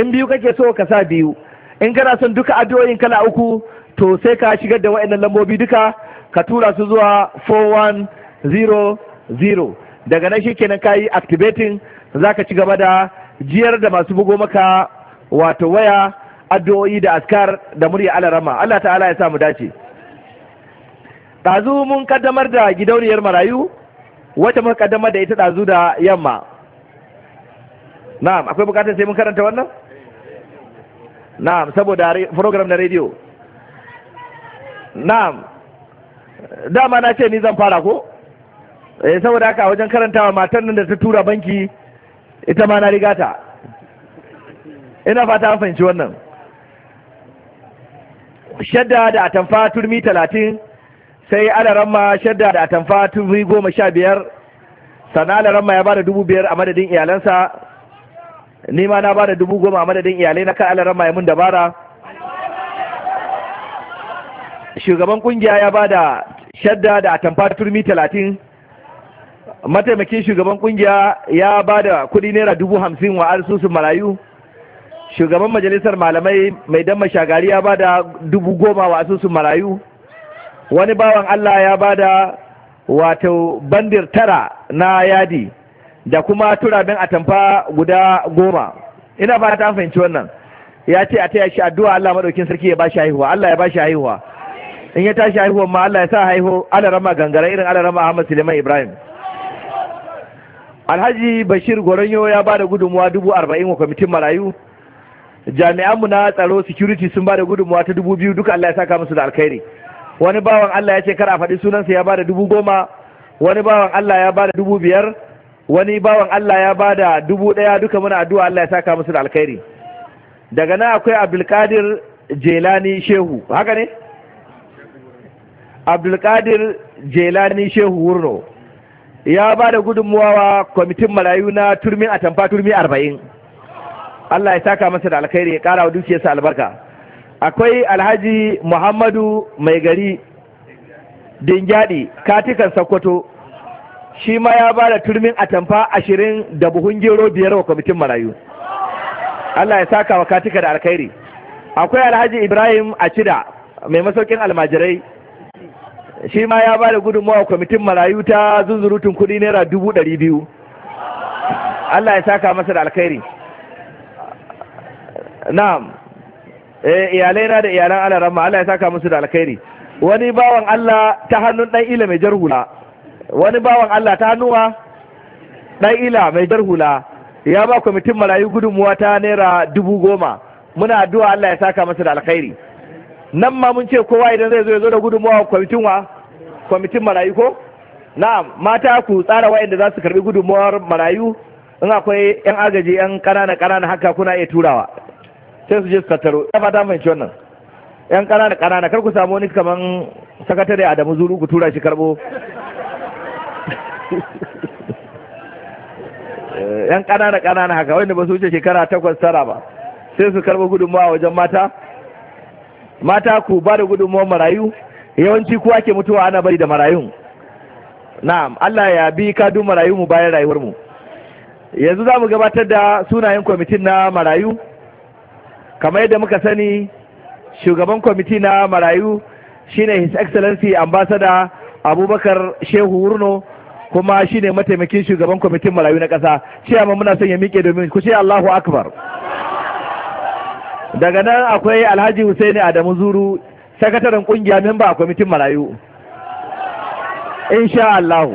S4: in biyu kake so ka sa biyu in kana son duka addu'o'in kala uku to sai ka shigar da wa'annan lambobi duka ka tura su zuwa 4100 daga nan shikenan ka yi activating za ka ci gaba da jiyar da masu bugo maka wato waya addu'o'i da askar da murya alarama Allah ta'ala ya samu dace ɗazu mun kaddamar da gidauniyar marayu wacce muka kaddamar da ita ɗazu da yamma na'am akwai bukatar sai mun karanta wannan na'am saboda program na radio na'am dama na ce ni zan fara ko eh saboda haka wajen karantawa matan nan da ta tura banki ita ma na rigata ina fata an fahimci wannan shadda da atamfa turmi talatin sai ma shadda da atamfa turmi goma sha biyar sannan ramma ya ba da dubu biyar a madadin iyalansa ni ma na ba da dubu goma a madadin iyalai na kan alaran mayamun dabara shugaban kungiya ya ba da shadda da atamfa turmi talatin mataimakin shugaban kungiya ya ba da kudi naira dubu hamsin wa arsusun marayu shugaban majalisar malamai mai damar shagari ya ba da dubu goma wa asusun marayu wani bawan allah ya ba da wato bandir tara na yadi da kuma turabin atamfa guda goma ina ba ta fahimci wannan ya ce a taya shi addu'a Allah madaukin sarki ya ba shi haihuwa Allah ya ba shi haihuwa in ya tashi haihuwa ma Allah ya sa haihu rama gangara irin rama Ahmad Suleiman Ibrahim Alhaji Bashir Goronyo ya ba da gudunmuwa dubu arba'in wa kwamitin marayu jami'anmu na tsaro security sun ba da gudunmuwa ta dubu biyu duka Allah ya saka musu da alkhairi wani bawan Allah ya ce kar a faɗi sunansa ya ba da dubu goma wani bawan Allah ya ba da dubu biyar wani bawan Allah ya bada dubu ɗaya duka muna addu'a Allah ya saka musu da alkhairi daga nan akwai abdulkadir jelani shehu haka ne abdulkadir jelani shehu wurno ya bada da gudunmuwa kwamitin marayu na turmi a tamfa turmi arba'in Allah ya saka masa da alkhairi ya kara wa dukiyarsa albarka akwai alhaji muhammadu mai gari dingyadi katikan sokoto shi ma ya ba da turmin atamfa ashirin da buhun gero biyar wa kwamitin marayu Allah ya saka wa katika da alkhairi akwai alhaji ibrahim a cida mai masaukin almajirai shi ma ya ba da wa kwamitin marayu ta zunzurutun kudi naira dubu ɗari biyu Allah ya saka masa da alkhairi na'am eh, iyalai na da iyalan alarama Allah ya saka musu da alkhairi wani bawan Allah ta hannun ɗan ila mai jarhula wani bawan Allah ta nuwa ɗan ila mai hula ya ba kwamitin marayu gudunmuwa ta naira dubu goma muna addu'a Allah ya saka masa da alkhairi nan ma mun ce kowa idan zai zo ya zo da gudunmuwa kwamitin wa kwamitin marayu ko na'am mata ku tsara wa'anda za su karbi gudunmuwar marayu in akwai yan agaji yan ƙanana ƙanana haka kuna iya turawa sai su je su tattaro ya fata mai wannan yan ƙanana ƙanana kar ku samu wani kaman sakatare Adamu Zuru ku tura shi karbo Eh, yan ƙanana ƙanana haka wanda ba su wuce shekara takwas tara ba sai su karɓi gudunmawa wajen mata mata ku ba da gudunmawar marayu yawanci kuwa ke mutuwa ana bari da marayun na'am Allah ya bi kadun marayu mu bayan rayuwar mu yanzu za mu gabatar da sunayen kwamitin na marayu kamar yadda muka sani shugaban kwamiti na marayu shine his excellency ambassador abubakar shehu wurno kuma shi ne mataimakin shugaban kwamitin marayu na ƙasa amma muna son ya miƙe domin ku ce Allahu akbar daga nan akwai Alhaji Hussaini Adamu Zuru sakataren ƙungiya memba a kwamitin marayu insha Allah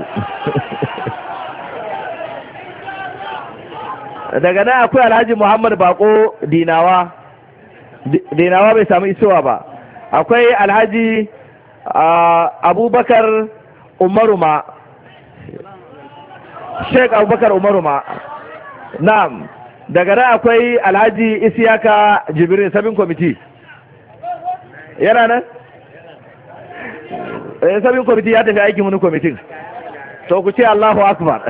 S4: [laughs] daga nan akwai Alhaji Muhammad Bako Dinawa Dinawa bai samu isowa ba akwai Alhaji ah, Abubakar Umaruma Sheikh abubakar umaru ma na'am daga nan akwai alhaji isiyaka jibirin sabin kwamiti yana nan eh, sabin kwamiti ya tafi aikin wani kwamitin to ku ce allahu akbar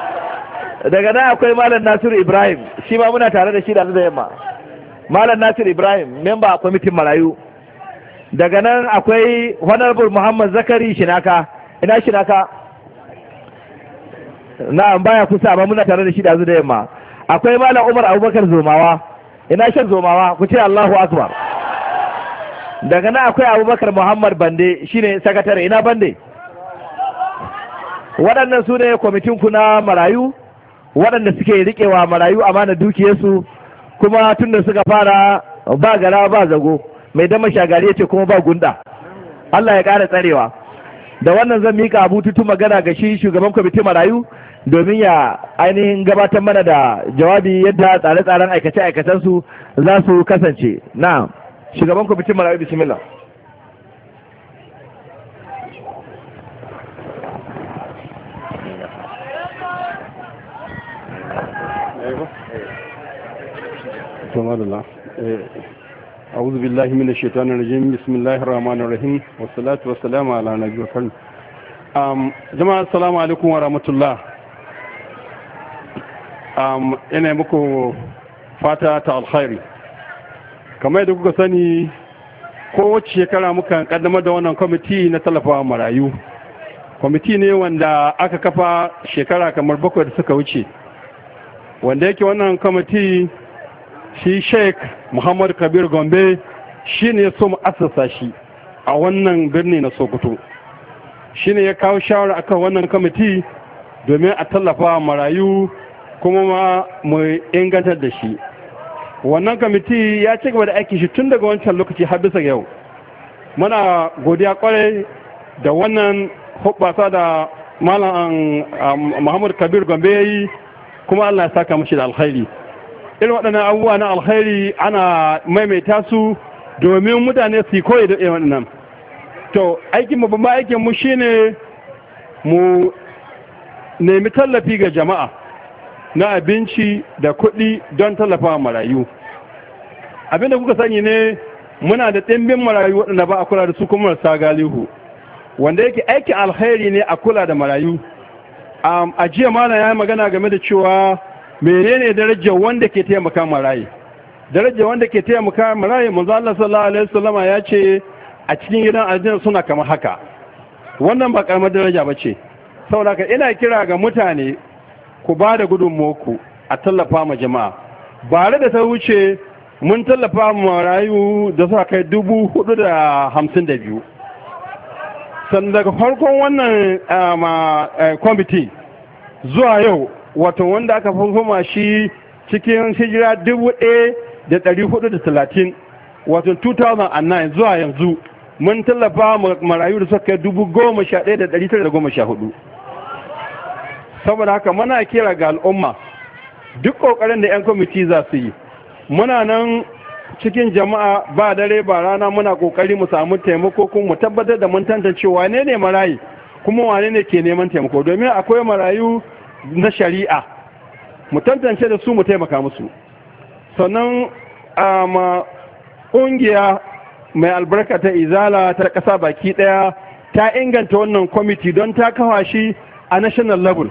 S4: [laughs] daga nan akwai malam nasiru ibrahim shi ma muna tare da shi da da yamma malam nasiru ibrahim memba a kwamitin marayu daga nan akwai honorable muhammad zakari shinaka ina shinaka na'am baya kusa amma muna tare da shi da da yamma akwai malam Umar Abubakar Zomawa ina shan Zomawa ku ce Allahu Akbar daga nan akwai Abubakar Muhammad Bande shine sakatare ina Bande waɗannan su ne kwamitin ku na marayu waɗanda suke riƙewa marayu amana dukiyarsu kuma tun da suka fara ba gara ba zago mai dama shagari ce kuma ba gunda Allah ya ƙara tsarewa da wannan zan mika abu tutu magana ga shi shugaban kwamitin marayu domin ya ainihin gabatar mana da jawabi yadda tsare-tsaren aikace-aikacensu za su kasance na shugaban kwamitin malawi bismillah
S6: أعوذ بالله من الشيطان الرجيم بسم الله الرحمن الرحيم والصلاة والسلام على نبي وكرم جماعة السلام عليكم ورحمة الله Um, ina muku fata ta alkhairi kamar yadda kuka sani kowace shekara muka kaddamar da wannan kwamiti na tallafawa marayu kwamiti ne wanda aka kafa shekara kamar bakwai da suka wuce wanda yake wannan kwamiti shi sheik muhammad kabir gombe shi ne so mu asasa shi a wannan birni na sokoto shi ne ya kawo shawara akan wannan kwamiti domin a tallafa marayu kuma ma mu ingantar da shi wannan kamiti ya ci gaba da aiki shi tun daga wancan lokaci har bisa yau muna godiya kwarai da wannan hubbasa da malam um, muhammad kabir gombe ya yi kuma allah ya saka mashi da alkhairi irin waɗannan abubuwa na alkhairi ana maimaita su domin mutane su koyi da irin waɗannan to aikin mu ba aikin mu shine mu nemi tallafi ga jama'a na abinci da kuɗi don tallafa marayu abinda kuka sani ne muna da ɗimbin marayu waɗanda ba a kula da su kuma marasa galihu wanda yake aikin alkhairi ne a kula da marayu a jiya malam ya magana game da cewa menene darajar wanda ke taimaka marayu darajar wanda ke taimaka marayu manzo Allah sallallahu alaihi wasallama ya ce a cikin gidan aljanna suna kamar haka wannan ba karamar daraja ba ce saboda ina kira ga mutane ku ba da gudunmuwarku a tallafa ma jama'a bare da ta wuce mun tallafa ma rayu da suka kai dubu hudu da hamsin da biyu sannan daga farkon wannan eh, eh, kwamiti zuwa yau wato wanda aka fahimta shi cikin hijira dubu ɗaya da ɗari hudu da talatin wato 2009 zuwa yanzu mun tallafa marayu da suka kai dubu goma sha ɗaya da ɗari tara da goma sha hudu saboda haka muna kira ga al'umma duk ƙoƙarin da 'yan kwamiti za su yi muna nan cikin jama'a ba dare ba rana muna ƙoƙari mu samu taimako kuma mu tabbatar da mun tantance wane ne marayi kuma wane ne ke neman taimako domin akwai marayu na shari'a mu tantance da su mu taimaka musu sannan a ma ƙungiya mai albarka ta izala ta ƙasa baki ɗaya ta inganta wannan kwamiti don ta kawashi shi a national level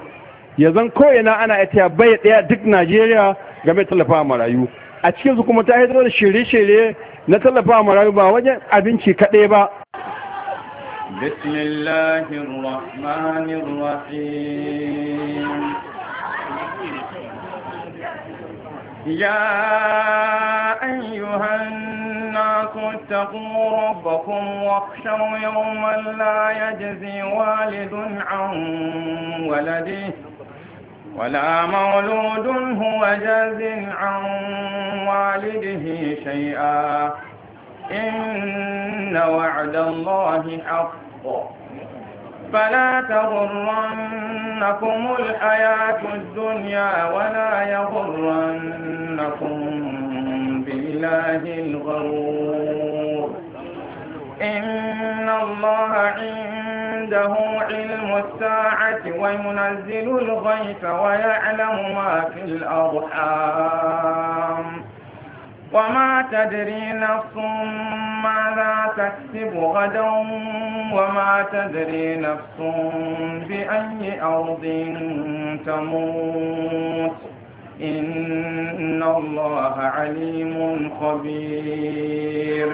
S6: ya zan koyana ana ya taya bai ɗaya duk najeriya game tallafa marayu a cikin su kuma ta haifar da shirye-shirye na tallafa marayu ba wajen abinci kaɗai ba
S3: بسم الله الرحمن الرحيم يا أيها الناس اتقوا ربكم واخشوا يوما لا يجزي والد عن ولده ولا مولود هو جاز عن والده شيئا إن وعد الله حق فلا تغرنكم الحياة الدنيا ولا يغرنكم بالله الغرور إن الله عنده علم الساعة وينزل الغيث ويعلم ما في الأرحام وما تدري نفس ماذا تكسب غدا وما تدري نفس بأي أرض تموت إن الله عليم خبير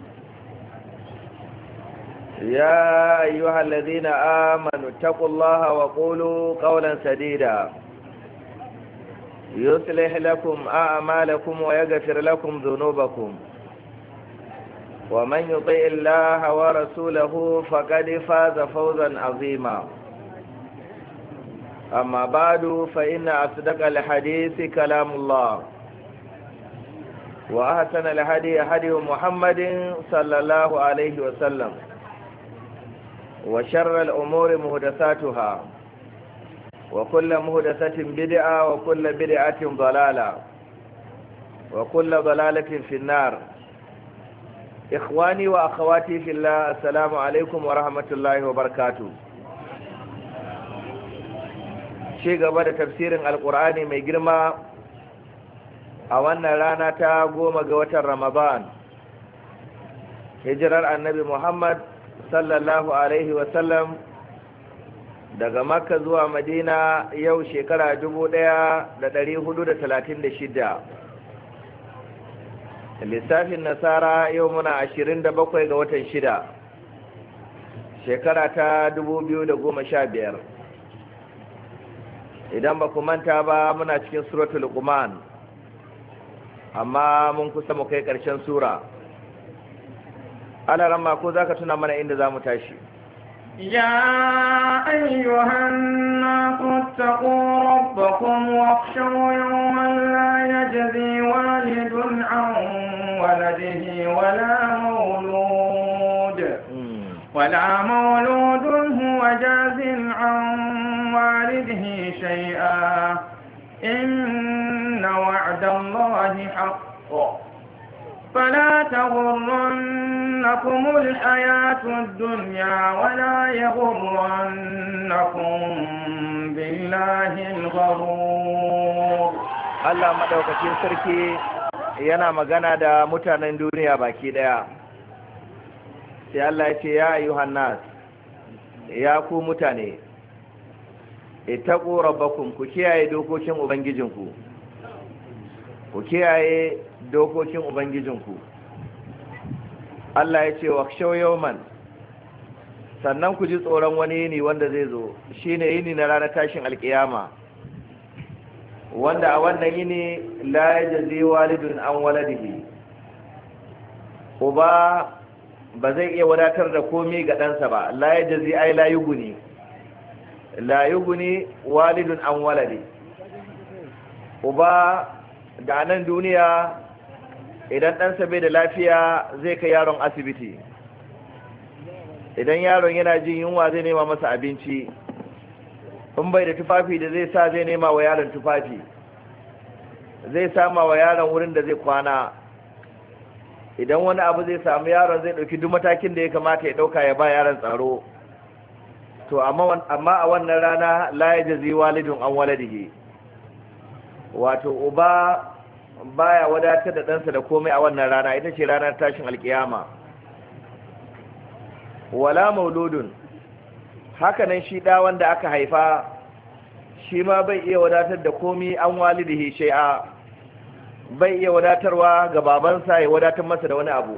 S4: يا أيها الذين آمنوا اتقوا الله وقولوا قولا سديدا يصلح لكم أعمالكم ويغفر لكم ذنوبكم ومن يطيع الله ورسوله فقد فاز فوزا عظيما أما بعد فإن أصدق الحديث كلام الله وأحسن الهدي هدي محمد صلى الله عليه وسلم وشر الأمور مهدساتها وكل مهدسة بدعة وكل بدعة ضلالة وكل ضلالة في النار إخواني وأخواتي في الله السلام عليكم ورحمة الله وبركاته شيء قبل تفسير القرآن ميجرما أولنا لانا تاقوم قوة رمضان hijirar annabi muhammad sallallahu alaihi wasallam daga makka zuwa madina yau shekara da da da shida. lissafin nasara yau muna ashirin da bakwai ga watan shida shekara ta da goma sha biyar. idan ba manta ba muna cikin suratul Luqman amma mun kusa mu kai ƙarshen sura ana ramma ko za ka tuna mana inda za mu tashi
S3: ya ayyuhan naqtaqu rabbakum waqshaw yawman la yajzi walidun an waladihi wala mawlud hmm. wala mawludun huwa jazin an walidihi shay'a inna wa'dallahi haqqun فلا تغرنكم الحياة الدنيا ولا يغرنكم بالله الغرور
S4: Allah madaukakin sarki yana magana da mutanen duniya baki daya sai Allah ya ce ya yuhannas ya ku mutane ittaqu rabbakum ku kiyaye dokokin ubangijinku ku kiyaye dokokin ubangijinku Allah ya ce wa shau yawman sannan ku ji tsoron wani yini wanda zai zo Shi ne yini na ranar tashin alkiyama wanda a wannan yini la jazi walidun an waladihi uba ba zai iya wadatar da komai ga ɗansa ba la jazi ai la ne. la ne walidun an waladi uba da nan duniya idan ɗansa bai da lafiya zai kai yaron asibiti idan yaron yana jin yunwa zai nema masa abinci in bai da tufafi da zai sa zai nema wa yaron tufafi zai sama wa yaron wurin da zai kwana idan wani abu zai samu yaron zai ɗauki duk matakin da ya kamata ya ɗauka ya ba yaron tsaro to amma a wannan rana la ya jazi walidun an waladihi wato uba baya wadatar da ɗansa da komai a wannan rana ita ce ranar tashin alkiyama wala mauludun hakanan shi ɗa wanda aka haifa shi ma bai iya wadatar da komai an walidihi shai'a bai iya wadatarwa ga babansa ya wadatar masa da wani abu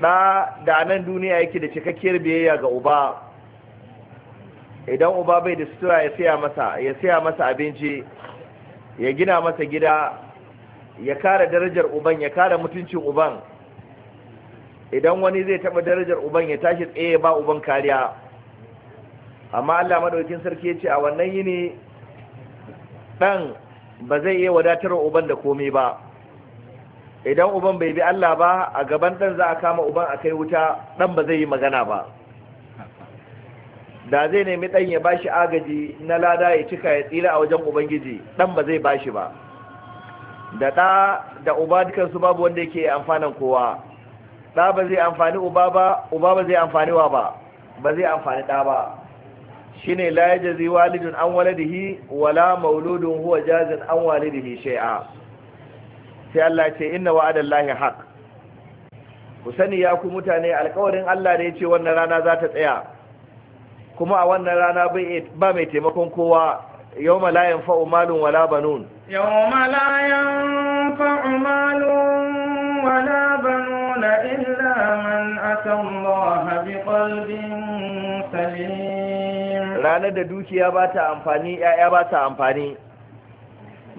S4: ɗa da nan duniya yake da cikakkiyar biyayya ga uba idan uba bai da sutura ya siya masa ya siya masa abinci ya gina masa gida ya kara darajar uban ya kara mutuncin uban idan wani zai taba darajar uban ya tashi tsaye ba uban kariya amma Allah madaukin sarki ya ce a wannan yini dan ba zai iya wadatar uban da komai ba idan uban bai bi Allah ba a gaban dan za a kama uban a kai wuta dan ba zai yi magana ba da zai nemi dan ya bashi agaji na lada ya cika ya tsira a wajen ubangiji dan ba zai bashi ba da da da uba dukan su babu wanda yake amfanan kowa da ba zai amfani uba ba uba ba zai amfani wa ba ba zai amfani da ba shine la yajzi walidun an waladihi wala mauludun huwa jazin an walidihi shay'a sai Allah ce inna wa'adallahi haqq ku sani ya ku mutane alƙawarin Allah da ya ce wannan rana za ta tsaya kuma a wannan rana ba mai taimakon kowa yau malayan fa'o malun wala banun
S3: yau malayan fa'o malun wala banun illa man akan mawa bi ƙalbin
S4: salim ranar da dukiya ba ta amfani ‘ya'ya ba ta amfani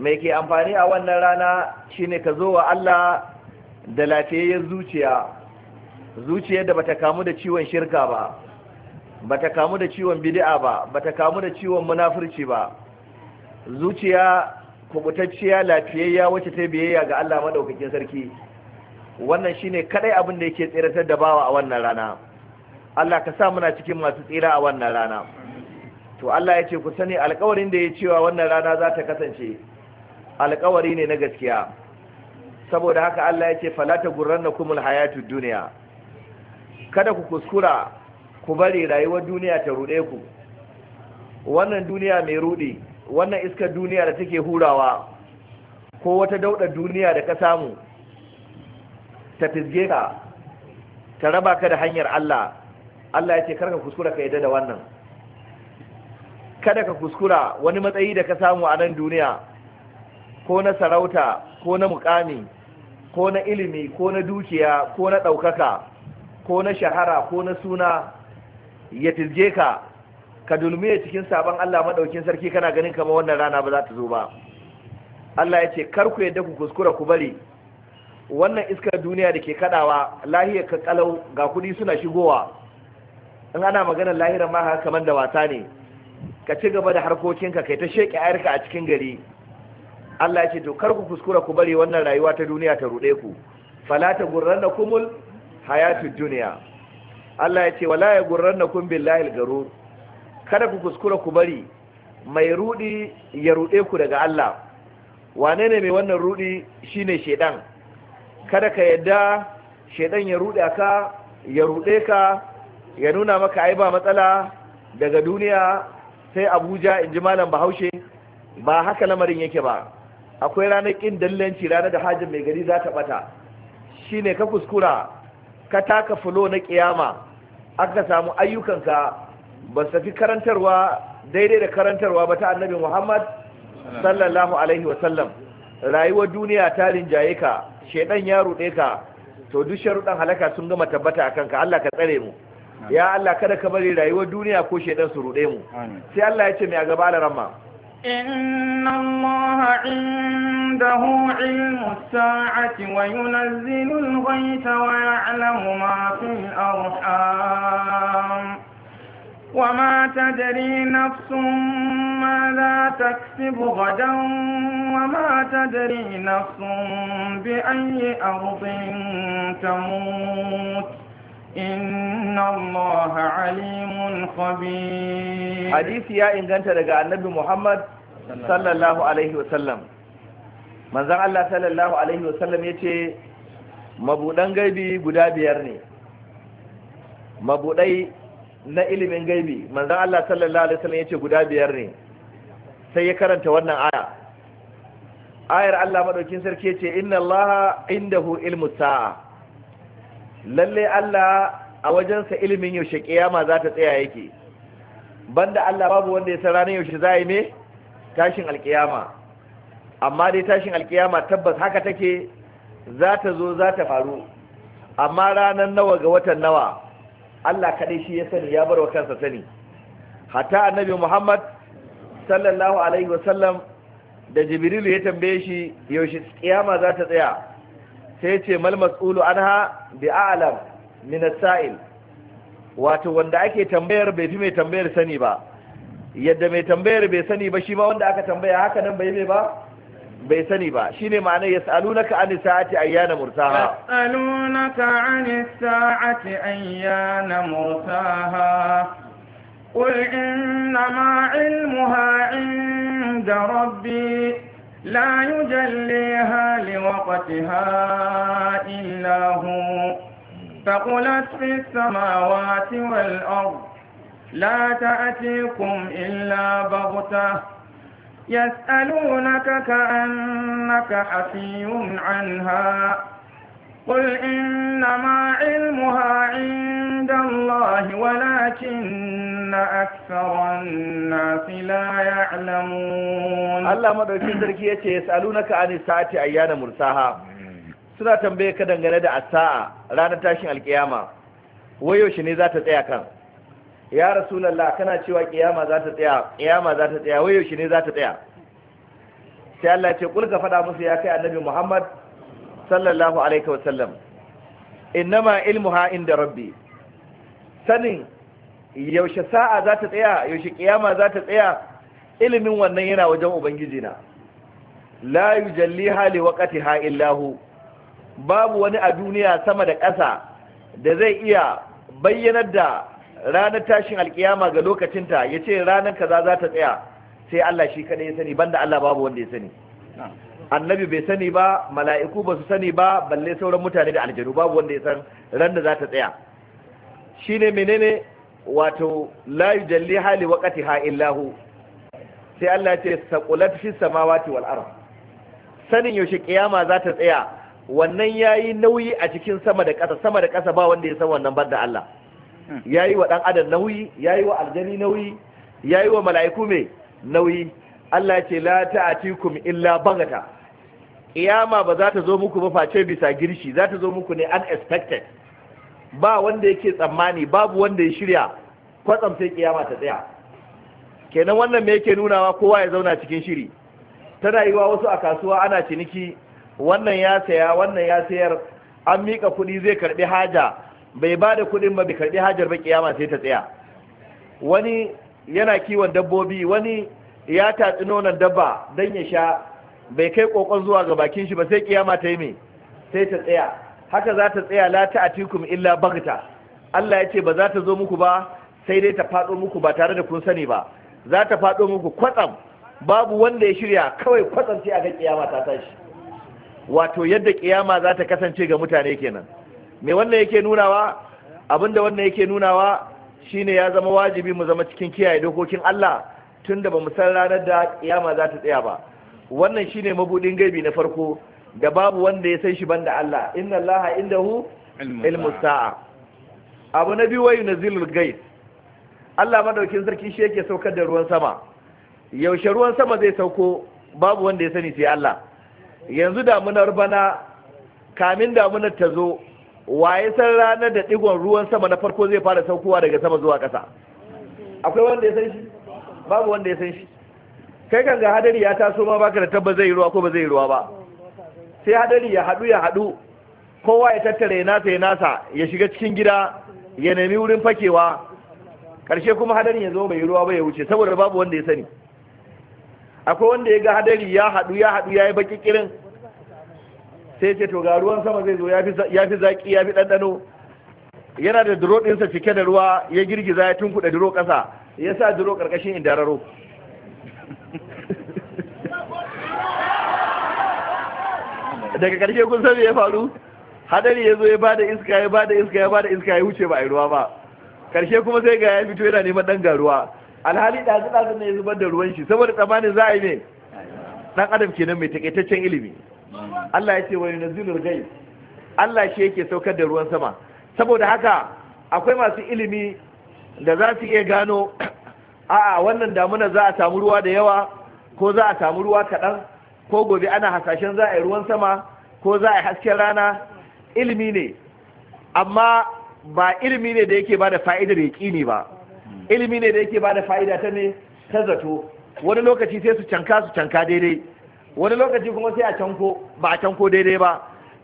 S4: mai ke amfani a wannan rana shine ka zo wa Allah da lafiyayyar zuciya zuciyar da bata kamu da ciwon shirka ba bata kamu da ciwon bid'a ba bata kamu da ciwon munafurci ba zuciya kubutacciya lafiyayya wacce ta biyayya ga Allah madaukakin sarki wannan shine kadai abin da yake tsiratar da bawa a wannan rana Allah ka sa muna cikin masu tsira a wannan rana to Allah ya ce ku sani alƙawarin da ya cewa wannan rana za ta kasance alƙawari ne na gaskiya saboda haka Allah ya ce falata kumul hayatud duniya kada ku kuskura ku bari rayuwar duniya ta rude ku wannan duniya mai rude wannan iskar duniya da take hurawa ko wata Dauda duniya da ka samu ta fisge ka ta raba ka da hanyar Allah Allah ya ce karka kuskura ka yadda da wannan kada ka kuskura wani matsayi da ka samu a nan duniya ko na sarauta ko na mukami ko na ilimi ko na dukiya ko na ɗaukaka ko na shahara ko na suna ya tilje ka ka dulmi ya cikin sabon Allah maɗaukin sarki kana ganin kamar wannan rana ba za ta zo ba Allah ya ce kar ku yadda ku kuskura ku bari wannan iskar duniya da ke kaɗawa lahiyar ka kalau ga kudi suna shigowa in ana maganar lahirar ma haka kamar da wasa ne ka ci gaba da harkokinka kai ta sheƙi ayarka a cikin gari Allah ya ce to kar ku kuskura ku bari wannan rayuwa ta duniya ta ruɗe ku fala ta gurranna kumul hayatud duniya Allah ya ce wala ya kun billahi garur kada ku kuskura ku bari mai rudi ya rude ku daga Allah wane ne mai wannan rudi shine shedan kada ka yadda shedan ya rude ka ya rude ka ya nuna maka ai ba matsala daga duniya sai Abuja inji malam Bahaushe ba haka lamarin yake ba akwai ranar kin dallanci ranar da hajjin mai gari za ta bata shine ka kuskura ka taka fulo na kiyama aka samu ayyukanka ba su fi karantarwa daidai da karantarwa ba ta annabi muhammad sallallahu alaihi wasallam rayuwar duniya ta rinjaye ka shaidan ya ruɗe ka to duk sharuɗan halaka sun gama tabbata akan ka allah ka tsare mu ya allah kada ka bari rayuwar duniya ko shaidan su ruɗe mu sai allah ya ce mai a gaba da ramma
S2: إن
S3: الله عنده علم الساعة وينزل الغيث ويعلم ما في الأرحام وما تدري نفس ماذا تكسب غدا وما تدري نفس بأي أرض تموت إن الله عليم
S4: خبير حديث يا إن كنت رجع النبي محمد صلى الله عليه وسلم من ذا الله صلى الله عليه وسلم يتي mabuɗan gaibi guda biyar ne mabuɗai na ilimin gaibi manzan Allah sallallahu alaihi wasallam yace guda biyar ne sai ya karanta wannan aya ayar Allah madaukin sarki ce, inna Allaha indahu ilmu sa'a lalle Allah a wajensa ilimin yaushe kiyama za ta tsaya yake banda Allah babu wanda ya san ranar yaushe za yi ne tashin alkiyama amma dai tashin alkiyama tabbas haka take za ta zo za ta faru amma ranar nawa ga watan nawa Allah kaɗai shi ya sani ya bar wa kansa sani hatta annabi Muhammad sallallahu alaihi wasallam da Jibrilu ya tambaye shi yaushe kiyama za ta tsaya sai ce mal mas'ulu anha bi a'lam min as-sa'il wato wanda ake tambayar bai fi mai tambayar sani ba yadda mai tambayar bai sani ba shi ma wanda aka tambaya haka nan bai mai ba bai sani ba shine ma'anar yas'alunaka an sa'ati ayyana mursaha
S3: yas'alunaka an sa'ati ayyana mursaha qul innama ilmuha inda rabbi لا يجليها لوقتها إلا هو فقلت في السماوات والأرض لا تأتيكم إلا بغتة يسألونك كأنك حفي عنها قل إنما علمها ya الله ولكن أكثر الناس لا يعلمون الله
S4: مدركين تركية يسألونك عن الساعة أيان مرساها suna tambaye ka dangane da asa'a ranar tashin alkiyama wai yaushe ne za ta tsaya kan ya rasulallah kana cewa kiyama za ta tsaya wai yaushe ne za ta tsaya sai Allah ce kulka faɗa musu ya kai annabi Muhammad sallallahu alaihi wasallam innama ilmuha inda rabbi sanin yaushe sa'a za ta tsaya yaushe kiyama za ta tsaya ilimin wannan yana wajen ubangiji na la yujalliha liwaqtiha illa hu babu wani a duniya sama da ƙasa da zai iya bayyanar da ranar tashin alkiyama ga lokacinta ya ce ranar kaza za ta tsaya sai Allah shi kaɗai ya sani banda Allah babu wanda ya sani annabi bai sani ba mala'iku ba su sani ba balle sauran mutane da aljanu babu wanda ya san ran da za ta tsaya shine menene wato la jalli hali waqtiha illahu sai Allah ce saqulat fi samawati wal ardh sanin yaushe kiyama za ta tsaya wannan yayi nauyi a cikin sama da ƙasa sama da ƙasa ba wanda ya san wannan banda Allah yayi wa dan adam nauyi yayi wa aljani nauyi yayi wa mala'iku me nauyi Allah ce la ta'atikum illa bagata kiyama ba za ta zo muku ba face bisa girshi za ta zo muku ne unexpected ba wanda yake tsammani babu wanda ya shirya kwatsam sai kiyama ta tsaya kenan wannan me yake nunawa kowa ya zauna cikin shiri tana yiwa wasu a kasuwa ana ciniki wannan ya saya wannan ya sayar an mika kuɗi zai karbi haja bai ba da kuɗin ba bai karbi hajar ba kiyama sai ta tsaya wani yana kiwon dabbobi wani ya tatsi nonon dabba don ya sha bai kai kokon zuwa ga bakin shi ba sai kiyama ta yi mai sai ta tsaya haka za ta tsaya la ta'atikum illa baghta Allah ya ce ba za ta zo muku ba sai dai ta fado muku ba tare da kun sani ba za ta fado muku kwatsam babu wanda ya shirya kawai kwatsam sai ga kiyama ta tashi wato yadda kiyama za ta kasance ga mutane kenan me wannan yake nunawa abinda wannan yake nunawa shine ya zama wajibi mu zama cikin kiyaye dokokin Allah tunda ba mu san ranar da kiyama za ta tsaya ba wannan shine mabudin gaibi na farko da babu wanda ya san shi banda Allah inna Allah indahu ilmu abu na biyu wayu nazilul gais Allah madaukin sarki shi yake saukar da ruwan sama yaushe ruwan sama zai sauko babu wanda ya sani sai Allah yanzu damunar bana kamin damunar ta zo waye san ranar da digon ruwan sama na farko zai fara saukowa daga sama zuwa ƙasa akwai wanda ya san shi babu wanda ya san shi kai kan ga hadari ya taso ma baka da tabbas zai ruwa ko ba zai ruwa ba sai hadari ya hadu ya hadu kowa ya tattare ya nasa ya nasa ya shiga cikin gida ya nemi wurin fakewa karshe kuma hadari ya zo bai ruwa ba ya wuce saboda babu wanda ya sani akwai wanda ya ga hadari ya hadu ya hadu ya yi baki kirin sai ce to ga ruwan sama zai zo ya fi zaki ya fi ɗanɗano yana da duro ɗinsa cike da ruwa ya girgiza ya tunkuɗa duro ƙasa ya sa duro ƙarƙashin indararo daga ƙarshe kun ya faru Haɗari ya zo ya bada iska ya bada iska ya bada iska ya wuce ba a ruwa ba Karshe kuma sai ga ya fito yana neman ɗan garuwa alhali da zina ne ya zubar da ruwan shi saboda tsamanin za a yi ne ɗan adam kenan mai takaitaccen ilimi Allah ya ce wani nazilul gai Allah shi yake saukar da ruwan sama saboda haka akwai masu ilimi da za su iya gano [clears throat] a'a wannan damuna za a samu ruwa da yawa ko za a samu ruwa kaɗan ko gobe ana hasashen za a yi ruwan sama ko za a yi hasken rana ilimi ne amma ba ilimi ne da yake ba da fa'idar yaƙini ba ilimi ne da yake ba da fa'ida ta ne ta zato wani lokaci sai su canka su canka daidai wani lokaci kuma sai a canko ba a canko daidai ba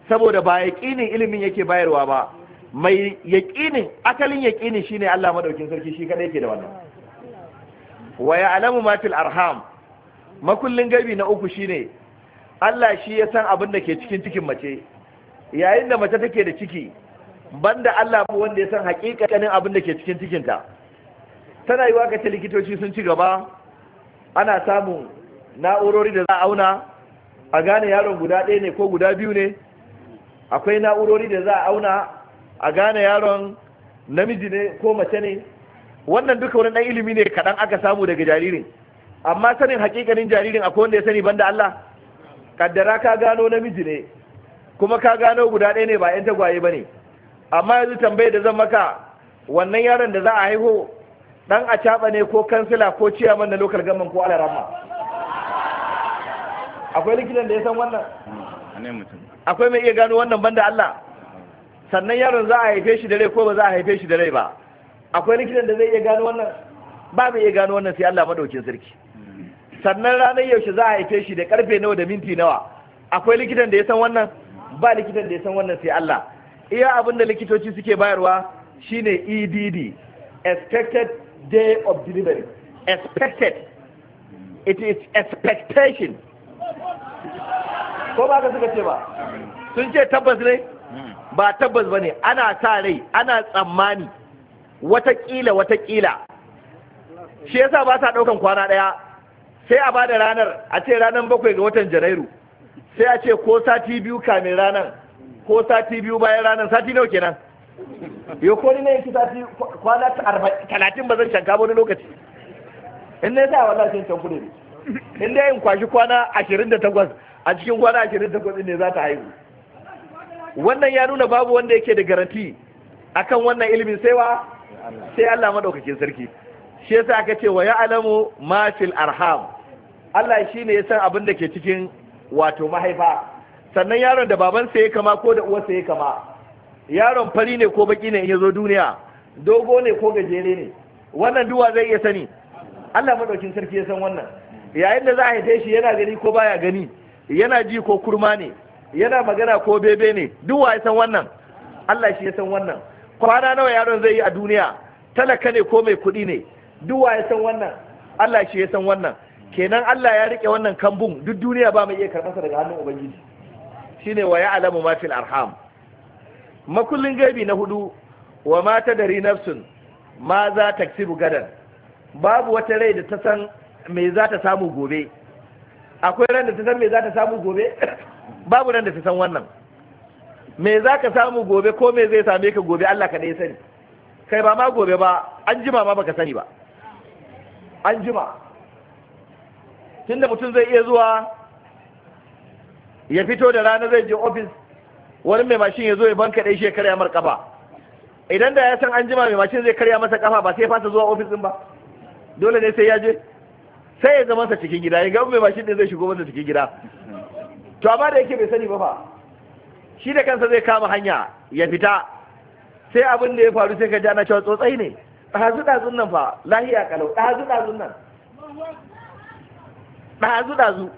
S4: saboda ba yaƙinin ilimin yake bayarwa ba mai yaƙinin akalin shi ne Allah maɗaukin sarki shi kadai yake da wannan Waya Alamu Matil arham makullin gabi na uku shine Allah shi ya san abin da ke cikin cikin mace yayin da mace take da ciki banda Allah ba wanda ya san hakikanin abin da ke cikin cikinta tana yi waka ta likitoci sun ci gaba ana samun na'urori da za a auna a gane yaron guda ɗaya ne ko guda biyu ne akwai na'urori da za a auna a gane yaron namiji ne ko mace ne wannan duka wani ɗan ilimi ne kaɗan aka samu daga jaririn amma sanin hakikanin jaririn akwai wanda ya sani banda Allah kaddara ka gano namiji ne kuma ka gano guda ɗaya ne ba yan tagwaye bane amma yanzu tambayar da zan maka wannan yaron da za a haihu dan a caba ne ko kansila ko ciyaman na local government ko alarama akwai likitan da ya san wannan akwai mai iya gano wannan banda Allah sannan yaron za a haife shi da rai ko ba za a haife shi da rai ba akwai likitan da zai iya gano wannan ba mai iya gano wannan sai Allah madaukin sarki sannan ranar yaushe za a haife shi da karfe nawa da minti nawa akwai likitan da ya san wannan ba likitan da ya san wannan sai Allah iya abin da likitoci suke bayarwa shine EDD expected day of delivery expected it is expectation ko ba ka suka ce ba sun ce tabbas ne ba tabbas ba ne ana sa rai ana tsammani watakila watakila shi yasa ba sa ɗaukan kwana ɗaya sai a bada ranar a ce ranar bakwai ga watan janairu sai a ce ko sati biyu kamin ranar ko sati biyu bayan ranar sati nawa kenan yau ko ni na yanki sati kwana talatin ba zan shanka wani lokaci in na yasa wallahi sai can kudu
S2: ne
S4: in dai in kwashi kwana ashirin da takwas a cikin kwana ashirin da takwas ne za ta haihu wannan ya nuna babu wanda yake da garanti akan wannan ilimin saiwa sai Allah madaukakin sarki shi yasa aka ce wa ya'lamu ma fil arham Allah shi ne ya san abin da ke cikin wato mahaifa sannan yaron da babansa ya kama ko da uwarsa ya kama yaron fari ne ko baki ne in ya zo duniya dogo ne ko gajere ne wannan duwa zai iya sani Allah madaukin sarki ya san wannan yayin da za a haife shi yana gani ko baya gani yana ji ko kurma ne yana magana ko bebe ne duwa ya san wannan Allah shi ya san wannan kwana nawa yaron zai yi a duniya talaka ne ko mai kuɗi ne duwa ya san wannan Allah shi ya san wannan kenan Allah ya rike wannan kambun duk duniya ba mai iya karɓarsa daga hannun ubangiji shine wa ya'lamu ma fil arham makullin gaibi na hudu wa ma tadri nafsun ma za taksibu gadan babu wata rai da ta san me za ta samu gobe akwai ran da ta san me za ta samu gobe [coughs] babu ran da ta san wannan me za ka samu gobe ko me zai same ka gobe Allah ka ya sani kai ba ma gobe ba an jima ma baka sani ba an jima da mutum zai iya zuwa ya fito da rana zai je ofis wani mai mashin ya zo ya banka ɗai shi ya karya mar kafa idan da ya san an jima mai mashin zai karya masa kafa ba sai ya fasa zuwa ofis ɗin ba dole ne sai ya je sai ya zama sa cikin gida ya ga mai mashin ɗin zai shigo masa cikin gida to amma da yake bai sani ba fa shi da kansa zai kama hanya ya fita sai abin da ya faru sai ka ji ana cewa tsotsai ne ɗazu ɗazun nan fa lahiya kalau ɗazu ɗazun nan ɗazu ɗazu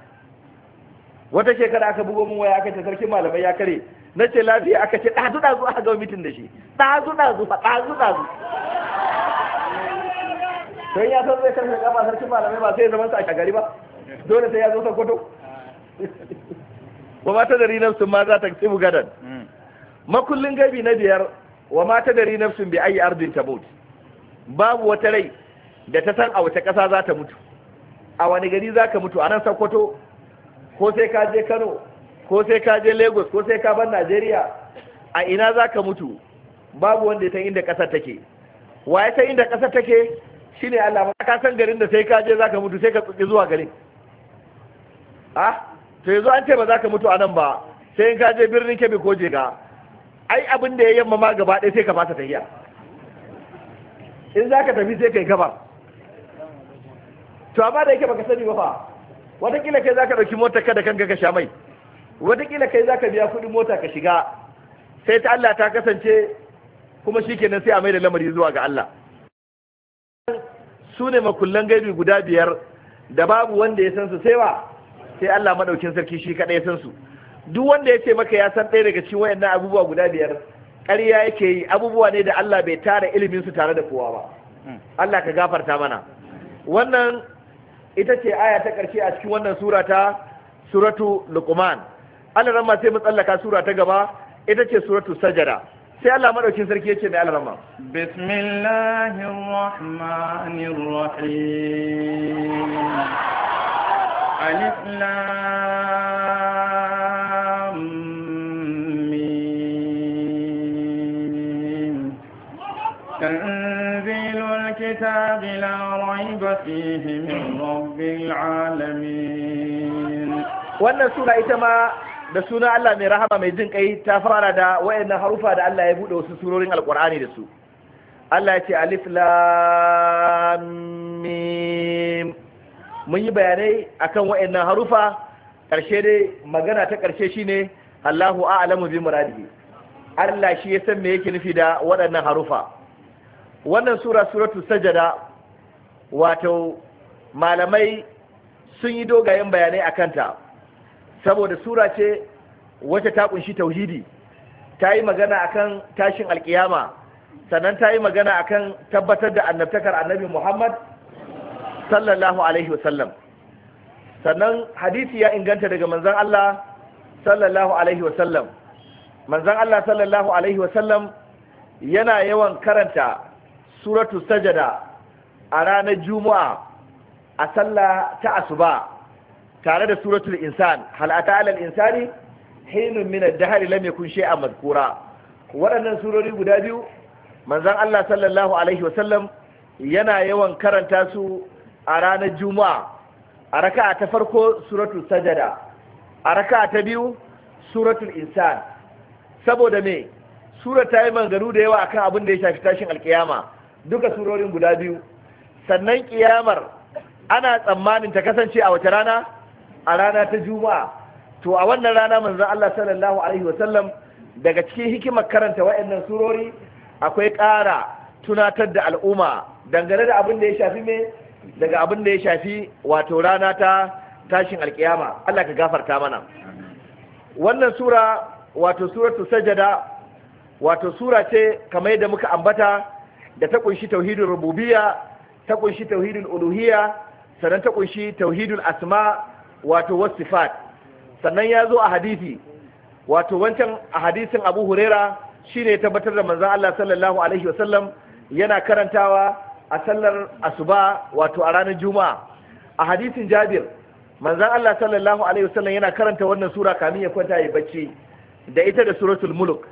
S4: wata shekara aka bugo mun waya aka ce sarkin malamai ya kare na ce lafiya aka ce ɗazu ɗazu aka ga mitin da shi ɗazu ɗazu fa ɗazu ɗazu don ya san zai karfe kafa sarkin malamai ba sai ya zama sa a gari ba dole sai ya zo sokoto wa mata dari nafsin ma za ta tsibu gadan hmm. makullin gabi na biyar wa mata dari nafsin bi ayi ardin tabut babu wata rai da ta san a wace ƙasa za ta mutu a wani gari za ka mutu a nan Sokoto ko sai ka je Kano ko sai ka je Lagos ko sai ka bar Najeriya a ina za ka mutu babu wanda ya san inda ƙasar take wa ya san inda ƙasar take shine Allah ba ka san garin da sai ka je za ka mutu sai ka tsuki zuwa garin ah to yanzu an ce ba za ka mutu a nan ba sai in ka je birnin Kebbi ko Jega ai abin da ya yamma ma gaba ɗaya sai ka fasa tafiya in za ka tafi sai ka yi gaba to amma da yake baka sani ba fa watakila kai zaka dauki motar ka da kanka ka sha mai watakila kai zaka biya kuɗin mota ka shiga sai ta Allah ta kasance kuma shikenan sai a mai da lamari zuwa ga Allah su ne makullan gaibi guda biyar da babu wanda ya san su sai wa sai Allah madaukin sarki shi kadai ya san su duk wanda ya ce maka ya san ɗaya daga cikin wayannan abubuwa guda biyar ƙarya yake yi abubuwa ne da Allah bai tara ilimin su tare da kowa ba hmm. Allah ka gafarta mana wannan ita ce aya ta ƙarshe a cikin wannan sura ta suratu luqman Allah ramma sai mu tsallaka sura ta gaba ita ce suratu sajada sai Allah madaukin sarki yake mai Allah ramma
S3: bismillahirrahmanirrahim الكتاب
S4: لا ريب فيه من رب العالمين wannan sura ita ma da suna Allah mai rahama mai jin kai ta fara da wayannan harufa da Allah ya bude wasu surorin alkur'ani da su Allah ya ce alif lam mim mun yi bayanai akan wayannan harufa karshe dai magana ta karshe shine Allahu a'lamu bi muradihi Allah shi ya san me yake nufi da waɗannan harufa wannan sura suratu sajada wato malamai sun yi dogayen bayanai a kanta saboda sura ce wacce ta kunshi tauhidi ta yi magana akan tashin alkiyama sannan ta yi magana akan tabbatar da annabtakar annabi muhammad sallallahu alaihi wasallam sannan hadisi ya inganta daga manzan allah sallallahu alaihi wasallam manzan allah sallallahu alaihi wasallam yana yawan karanta suratu sajada a ranar juma'a a sallah ta asuba tare da suratul insan hal ata'ala al-insani hinun da hari lamai kun shi a madhkura waɗannan surori guda biyu manzan Allah sallallahu alaihi wasallam yana yawan karanta su a ranar juma'a a raka ta farko suratul sajada a raka'a ta biyu suratul insan saboda me sura ta yi mangaru da yawa akan abin da ya shafi tashin alkiyama duka surorin guda biyu sannan kiyamar ana tsammanin ta kasance a wata rana a rana ta juma'a to a wannan rana manzon Allah sallallahu alaihi wa sallam daga cikin hikimar karanta wa'annan surori akwai ƙara tunatar da al'umma dangane da abin da ya shafi me daga abin da ya shafi wato rana ta tashin alkiyama Allah ka gafarta mana wannan sura wato suratu sajada wato sura ce kamar yadda muka ambata da ta kunshi Tauhidin Rububiya, ta kunshi Tauhidin uluhiya sannan ta kunshi tauhidul asma wato wasifat sannan ya zo a hadisi wato wancan a hadisin Abu Huraira shine tabbatar da manzan Allah sallallahu alaihi wasallam yana karantawa a sallar asuba wato a ranar juma'a a hadisin Jabir manzan Allah sallallahu alaihi wasallam yana karanta wannan sura kamin ya kwanta ya bacci da ita da suratul mulk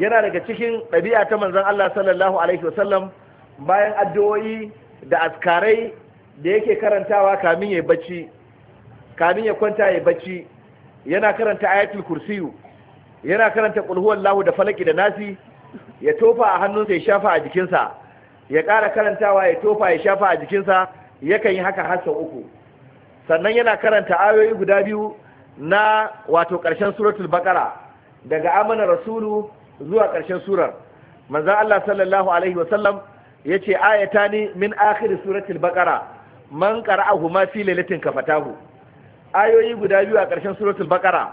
S4: yana daga cikin ɗabi'a ta manzon Allah sallallahu alaihi wasallam bayan addu'o'i da askarai da yake karantawa kamin ya bacci kamin ya kwanta ya bacci yana karanta ayatul kursiyu yana karanta qul da falaki da nasi ya tofa a hannunsa ya shafa a jikinsa ya ƙara karantawa ya tofa ya shafa a jikinsa yakan yi haka har uku sannan yana karanta ayoyi guda biyu na wato ƙarshen suratul baqara daga amana rasulu zuwa ƙarshen surar manzan Allah sallallahu alaihi wasallam ya ce ayata ne min akhiri suratul baqara man qara'ahu ma fi lailatin kafatahu ayoyi guda biyu a ƙarshen suratul baqara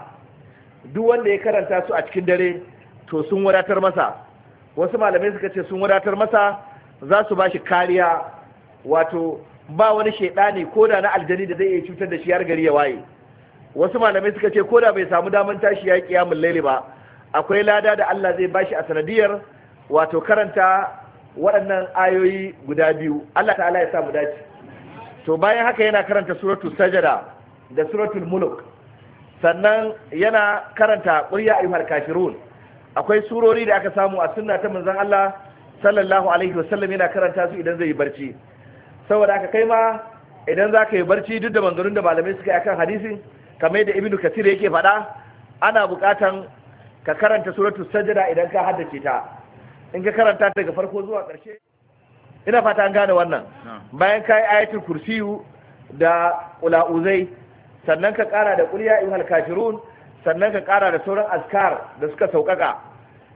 S4: duk wanda ya karanta su a cikin dare to sun wadatar masa wasu malamai suka ce sun wadatar masa za su ba shi kariya wato ba wani shaidani ko da na aljani da zai iya cutar da shi har gari ya waye wasu malamai suka ce ko da bai samu damar tashi ya kiyamul laili ba akwai lada da Allah zai bashi a sanadiyar wato karanta waɗannan ayoyi guda biyu Allah ta'ala ya samu dace to bayan haka yana karanta suratul sajada da suratul muluk sannan yana karanta ƙurya ayyuhal kafirun akwai surori da aka samu a sunna ta manzon Allah sallallahu alaihi wasallam yana karanta su idan zai yi barci saboda haka kai ma idan za ka yi barci duk da manganun da malamai suka yi akan hadisi kamar yadda ibnu kasir yake faɗa ana buƙatan ka karanta suratu sajada idan ka haddace ta in ka karanta daga farko zuwa ƙarshe ina fata an gane wannan bayan ka yi ayatul kursiyu da ula'uzai sannan ka ƙara da ƙulya ihal kafirun sannan ka ƙara da sauran askar da suka sauƙaƙa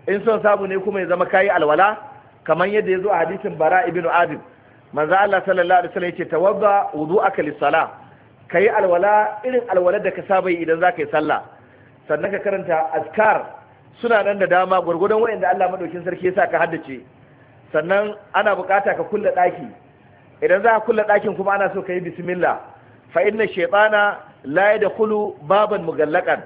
S4: in son samu ne kuma ya zama kayi alwala kamar yadda ya zo a hadisin bara ibn azib manzo Allah sallallahu alaihi wasallam yace tawadda wudu'aka lis-salah kayi alwala irin alwala da ka saba idan zaka yi sallah sannan ka karanta azkar suna nan da dama gwargwadon wayanda Allah madaukin sarki ya sa ka haddace sannan ana bukata ka kulle daki idan za ka kulle dakin kuma ana so ka yi bismillah fa inna shaytana la yadkhulu baban mughallaqan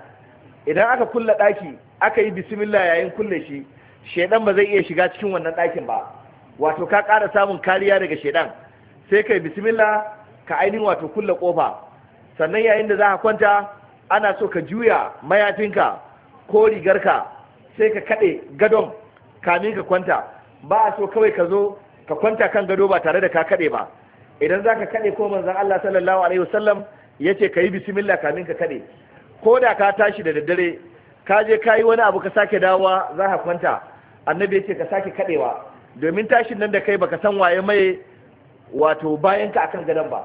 S4: idan aka kulle daki aka yi bismillah yayin kulle shi shaydan ba zai iya shiga cikin wannan dakin ba wato ka kara samun kariya daga shaydan sai kai bismillah ka ainihin wato kulle kofa sannan yayin da za ka kwanta ana so ka juya mayafinka ko rigarka sai ka kaɗe gadon kamin ka kwanta ba a so kawai ka zo ka kwanta kan gado ba tare da ka kaɗe ba idan za ka kaɗe ko manzan Allah sallallahu alaihi wasallam ya ce ka yi bisimilla kamin ka kaɗe ko da ka tashi da daddare ka je ka yi wani abu ka sake dawowa za ka kwanta annabi ya ce ka sake kaɗewa domin tashin nan da kai baka san waye mai wato bayan ka akan gadon ba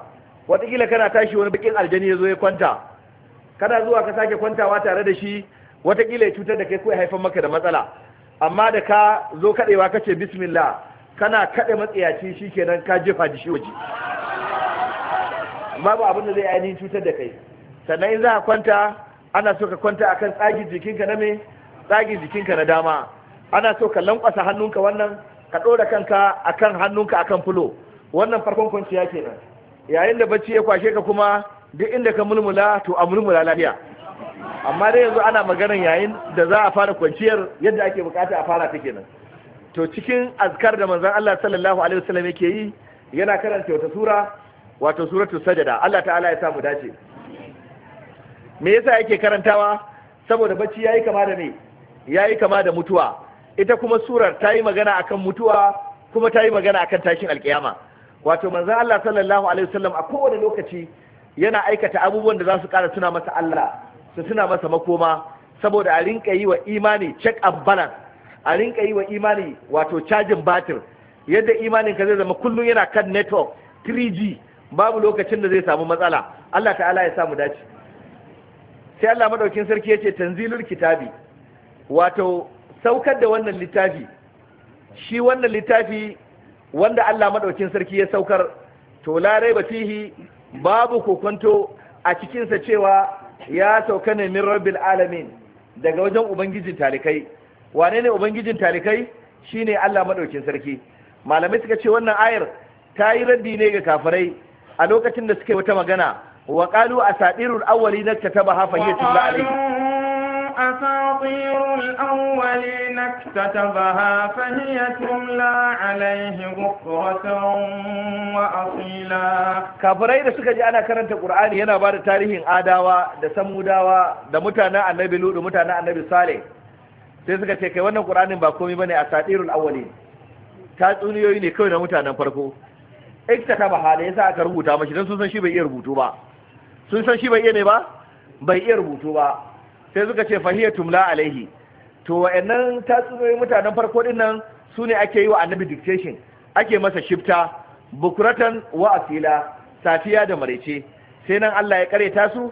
S4: wataƙila kana tashi wani bikin aljani ya zo ya kwanta kana zuwa ka sake kwantawa tare da shi watakila ya cutar da kai ko ya haifar maka da matsala amma da ka zo kadewa ce bismillah kana kade matsiyaci kenan ka jefa da shi waje babu abin da zai ainihin cutar da kai sannan in za a kwanta ana so ka kwanta akan tsagi jikinka na me tsagi jikinka na dama ana so ka lankwasa hannunka wannan ka ɗora kanka akan hannunka akan fulo wannan farkon kwanciya kenan yayin da bacci ya kwashe ka kuma duk inda ka mulmula to a mulmula lafiya amma dai yanzu ana maganar yayin da za a fara kwanciyar yadda ake bukata a fara ta kenan to cikin azkar da manzon Allah sallallahu alaihi wasallam yake yi yana karanta wata sura wato suratul sajada Allah ta'ala ya samu dace me yasa yake karantawa saboda bacci yayi kama da me yayi kama da mutuwa ita kuma surar ta yi magana akan mutuwa kuma ta yi magana akan tashin alkiyama wato manzon Allah sallallahu alaihi wasallam a kowane lokaci yana aikata abubuwan da za su ƙara suna masa Allah su suna masa makoma saboda a rinka yi wa imani check and balance a rinka yi wa imani wato cajin batir yadda imanin ka zai zama kullum yana kan network 3G babu lokacin da zai samu matsala Allah ta'ala ya samu dace sai Allah madaukin sarki yace tanzilul kitabi wato saukar da wannan littafi shi wannan littafi wanda Allah madaukin sarki ya saukar to larai fihi babu kokonto a cikinsa cewa ya sauka ne min rabbil alamin daga wajen ubangijin talikai wane ne ubangijin talikai shine Allah madaukin sarki malamai suka ce wannan ayar ta yi raddi ne ga kafirai a lokacin da suka yi wata magana wa qalu asatirul awwalina katabaha fa hiya tulla
S3: أساطير الأولين اكتتبها فهي تملى عليه بكرة وأصيلا
S4: كافرين da suka je ana karanta Qur'ani yana ba da tarihin Adawa da Samudawa da mutanen Annabi Lut da mutanen Annabi Saleh sai suka ce kai wannan Qur'anin ba komai bane asatirul awwalin tatsuniyoyi ne kawai na mutanen farko ta iktataba hala yasa aka rubuta mashi dan sun san shi bai iya rubutu ba sun san shi bai iya ne ba bai iya rubutu ba sai suka ce fahiyar tumla alaihi to wa'annan tatsuniyoyi mutanen farko din nan su ne ake yi wa annabi dictation ake masa shifta bukuratan wa asila safiya da maraice sai nan Allah ya kareta su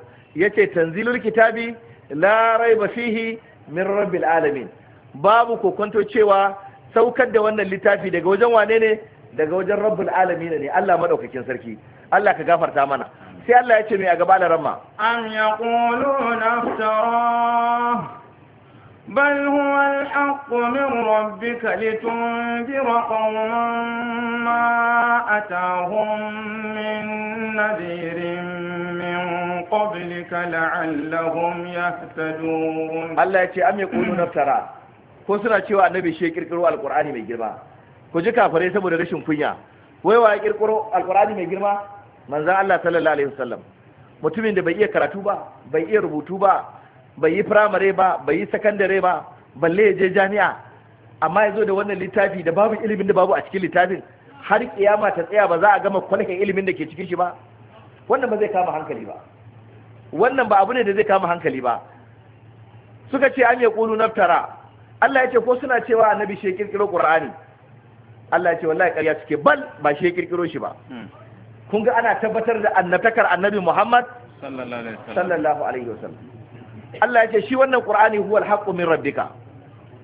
S4: ce tanzilul kitabi la raiba fihi min rabbil alamin babu kokonto cewa saukar da wannan littafi daga wajen wane ne daga wajen rabbul alamin ne Allah madaukakin sarki Allah ka gafarta mana sai Allah ya ce mai a gaba da ramma
S3: am yaquluna iftara bal huwa al-haqq min rabbika litunzira qauman ma atahum min nadhirin min qablika
S4: la'allahum yahtadun Allah ya ce am yaquluna naftara, ko suna cewa annabi shi kirkiro alqur'ani mai girma ku ji kafare saboda rashin kunya wai wa ya kirkiro mai girma manzan Allah sallallahu alaihi wasallam mutumin da bai iya karatu ba bai iya rubutu ba bai yi firamare ba bai yi sakandare ba balle ya je jami'a amma ya zo da wannan littafi da babu ilimin da babu a cikin littafin har kiyama ta tsaya ba za a gama kwalikan ilimin da ke cikin shi ba wannan ba zai kama hankali ba wannan ba abu ne da zai kama hankali ba suka ce an ya kulu naftara Allah ya ce ko suna cewa annabi shi ya kirkiro qur'ani Allah ya ce wallahi ƙarya suke bal ba shi ya kirkiro shi ba hmm. kun ga ana tabbatar da annatakar annabi Muhammad
S3: sallallahu
S4: alaihi wasallam Allah ya ce shi wannan Qur'ani huwal alhaqqu min rabbika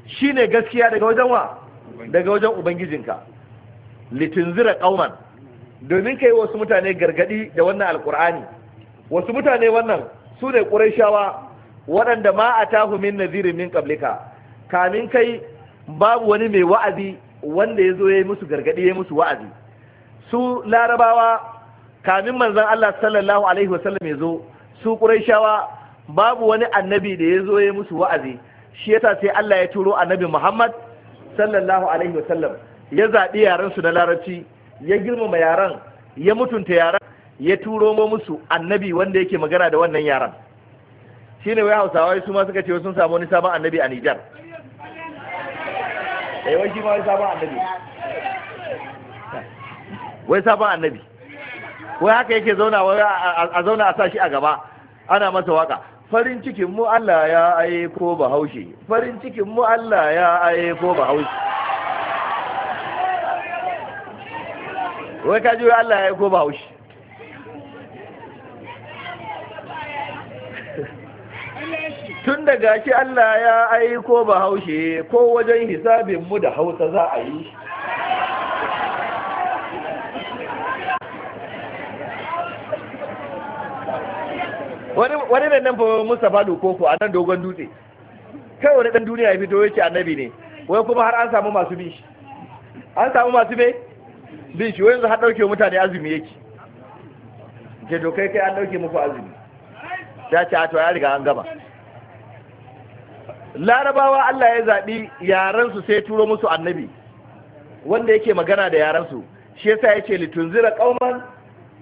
S4: shine gaskiya daga wajen wa daga wajen ubangijinka litunzira qauman domin kai wasu mutane gargadi da wannan alqur'ani wasu mutane wannan su ne qurayshawa waɗanda ma atahu min nadhirin min qablika kamin kai babu wani mai wa'azi wanda ya zo ya yi musu gargadi ya yi musu wa'azi su larabawa kamin manzan Allah sallallahu alaihi wasallam ya zo su shawa, babu wani annabi da ya zo ya musu wa'azi shi yasa sai Allah ya turo annabi Muhammad sallallahu alaihi wasallam ya zaɓi yaran su na larabci ya girmama yaran ya mutunta yaran ya turo musu annabi wanda yake magana da wannan yaran ne wai Hausawa su ma suka ce sun samu wani sabon annabi a Nijar. Eh, wai shi ma wai sabon annabi wai sabon annabi ko haka yake zauna a zauna a sashi a gaba ana masa waka farin cikin mu Allah ya aiko bahaushe farin cikin mu Allah ya aiko bahaushe wai ka ji Allah ya aiko bahaushe tun da gashi Allah ya aiko bahaushe ko wajen hisabin mu da hausa za a yi wani nan nan musa Mustapha koko a nan dogon dutse kai wani ɗan duniya ya fito ya ce annabi ne wai kuma har an samu masu bin shi an samu masu me bin shi wani yanzu har dauke mutane azumi yake ke dokai kai an ɗauke muku azumi ya ce a to ya riga an gaba larabawa Allah ya zaɓi yarensu sai turo musu annabi wanda yake magana da yarensu shi yasa ya ce litunzira qauman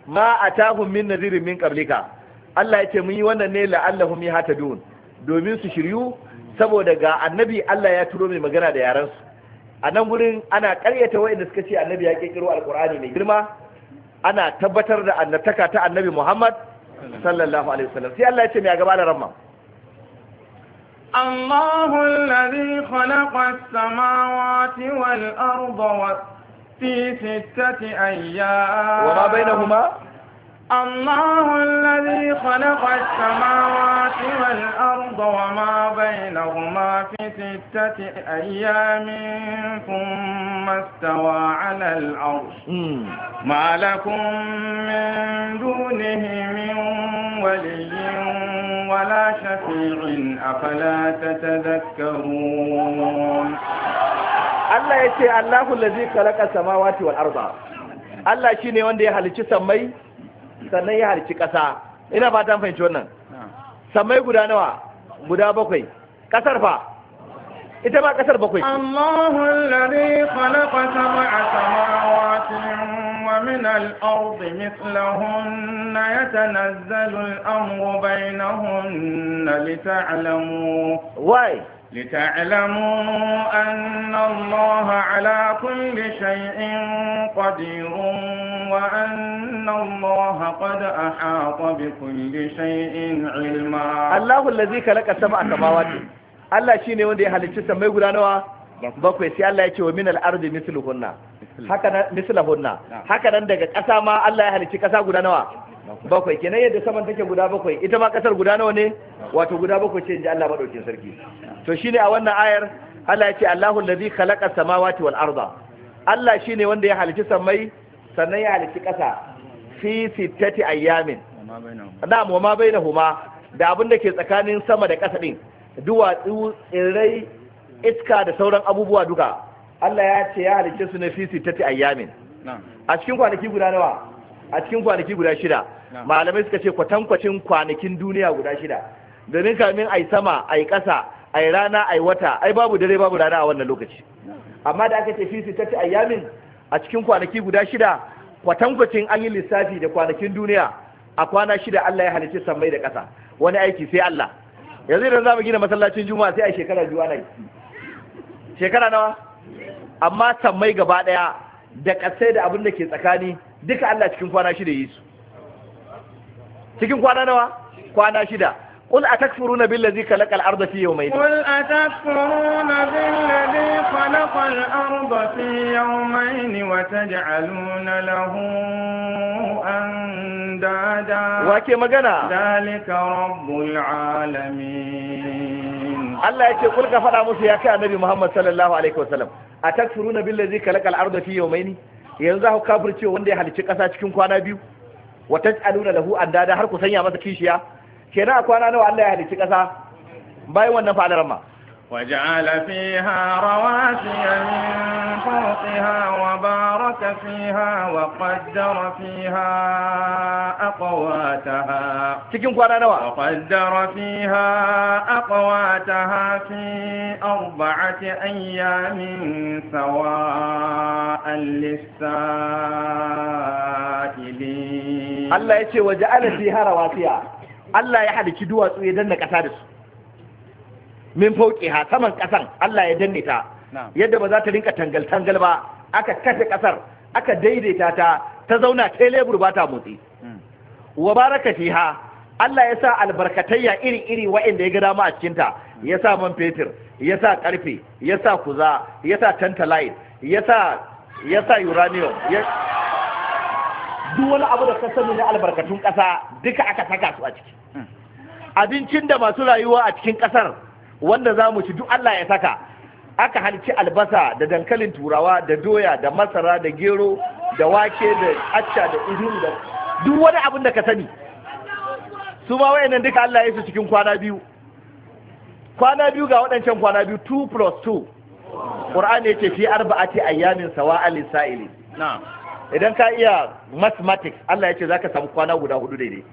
S4: ma atahum min nazirin min qablika Allah ya ce mun yi wannan ne la'allahum yahtadun domin su shiryu saboda ga annabi Allah ya turo mai magana da yaran su a nan gurin ana karyata wa'inda suka ce annabi ya kirkiro alqur'ani mai girma ana tabbatar da annataka ta annabi Muhammad sallallahu alaihi wasallam sai Allah ya ce mai gaba da ramma
S3: الله الذي خلق السماوات والأرض في ستة أيام وما بينهما الله الذي خلق السماوات والأرض وما بينهما في ستة أيام ثم استوى على العرش ما لكم من دونه من ولي
S4: ولا شفيع أفلا تتذكرون الله يتي الله الذي خلق السماوات والأرض الله شيني وندي هل تسمي sannan ya harci ƙasa ina fata fahimci wannan sammai guda nawa guda bakwai ƙasar fa ita ba ƙasar bakwai
S5: Allahu alladhi
S4: khalaqa sab'a samawati ومن
S3: الأرض مثلهن يتنزل الأمر بينهن لتعلموا واي لتعلموا أن الله على كل شيء قدير وأن الله قد أحاط بكل شيء علما
S4: الله الذي خلق السماء كما Allah shi ne wanda ya halicci sammai guda bakwai sai Allah ya ce wa minal ardi misluhunna haka nan haka nan daga ƙasa ma Allah ya halicci ƙasa guda nawa bakwai kenan yadda saman take guda bakwai ita ma kasar guda nawa ne wato guda bakwai ce inji Allah madaukin sarki to shine a wannan ayar Allah ya ce Allahu allazi khalaqa samawati wal arda Allah shine wanda ya halici samai sannan ya halici kasa fi sittati ayyamin na'am wa ma bainahuma da abin da ke tsakanin sama da kasa din duwatsu tsirrai iska da sauran abubuwa duka Allah ya ce ya halice su ne fi sittati ayyamin a cikin kwanaki guda nawa a cikin kwanaki guda shida malamai suka ce kwatankwacin kwanakin duniya guda shida domin kamin ai sama ai kasa ai rana ai wata ai babu dare babu rana a wannan lokaci amma da aka ce fi sitati ayyamin a cikin kwanaki guda shida kwatankwacin an yi lissafi da kwanakin duniya a kwana shida Allah ya halicci sammai da ƙasa wani aiki sai Allah yanzu idan za mu gina masallacin juma'a sai a shekara biyu nai shekara nawa amma sammai gaba daya da kasai da abin da ke tsakani duka Allah cikin kwana shida yi su cikin kwana nawa kwana shida قل أتكفرون بالذي خلق الأرض في يومين قل
S3: أتكفرون بالذي خلق الأرض في يومين وتجعلون له أندادا وكي مجانا
S4: ذلك رب العالمين الله يكي قل كفر موسى يا النبي محمد صلى الله عليه وسلم أتكفرون بالذي خلق الأرض في يومين yanzu za ku kafirce wanda ya halicci ƙasa cikin kwana biyu wa taj'aluna lahu dada har ku sanya masa kishiya kenan a kwana nawa Allah ya halicci ƙasa bayan wannan fa'alar ma
S3: وجعل فيها رواسي من فوقها وبارك فيها وقدر فيها
S4: أقواتها وقدر
S3: فيها أقواتها في أربعة أيام سواء للسائلين
S4: الله يتي وجعل فيها رواسي الله يحدك دوات ويدنك أسادس min ha saman kasan Allah ya danne ta yadda ba za ta rinka tangal tangal ba aka kashe kasar aka daidaita ta ta zauna ta lebur ba ta motsi hmm. wa baraka fiha Allah ya sa albarkatayya iri iri wa'anda ya ga dama a cikin ta hmm. ya sa man fetur ya sa karfe ya sa kuza ya sa tantalite ya sa ya sa uranium duk wani abu da ka sani na albarkatun ƙasa duka aka saka su a ciki hmm. abincin da masu rayuwa a cikin ƙasar wanda za mu ci duk Allah ya saka aka halci albasa da dankalin turawa da doya da masara da gero da wake da acca da irin da duk wani abin da ka sani su ma wayannan duka Allah ya su cikin kwana biyu kwana biyu ga waɗancan kwana biyu 2 plus 2 Qur'ani ya ce fi arba'ati ayyamin sawa'a saili na'am idan ka iya mathematics Allah ya ce zaka samu kwana guda hudu daidai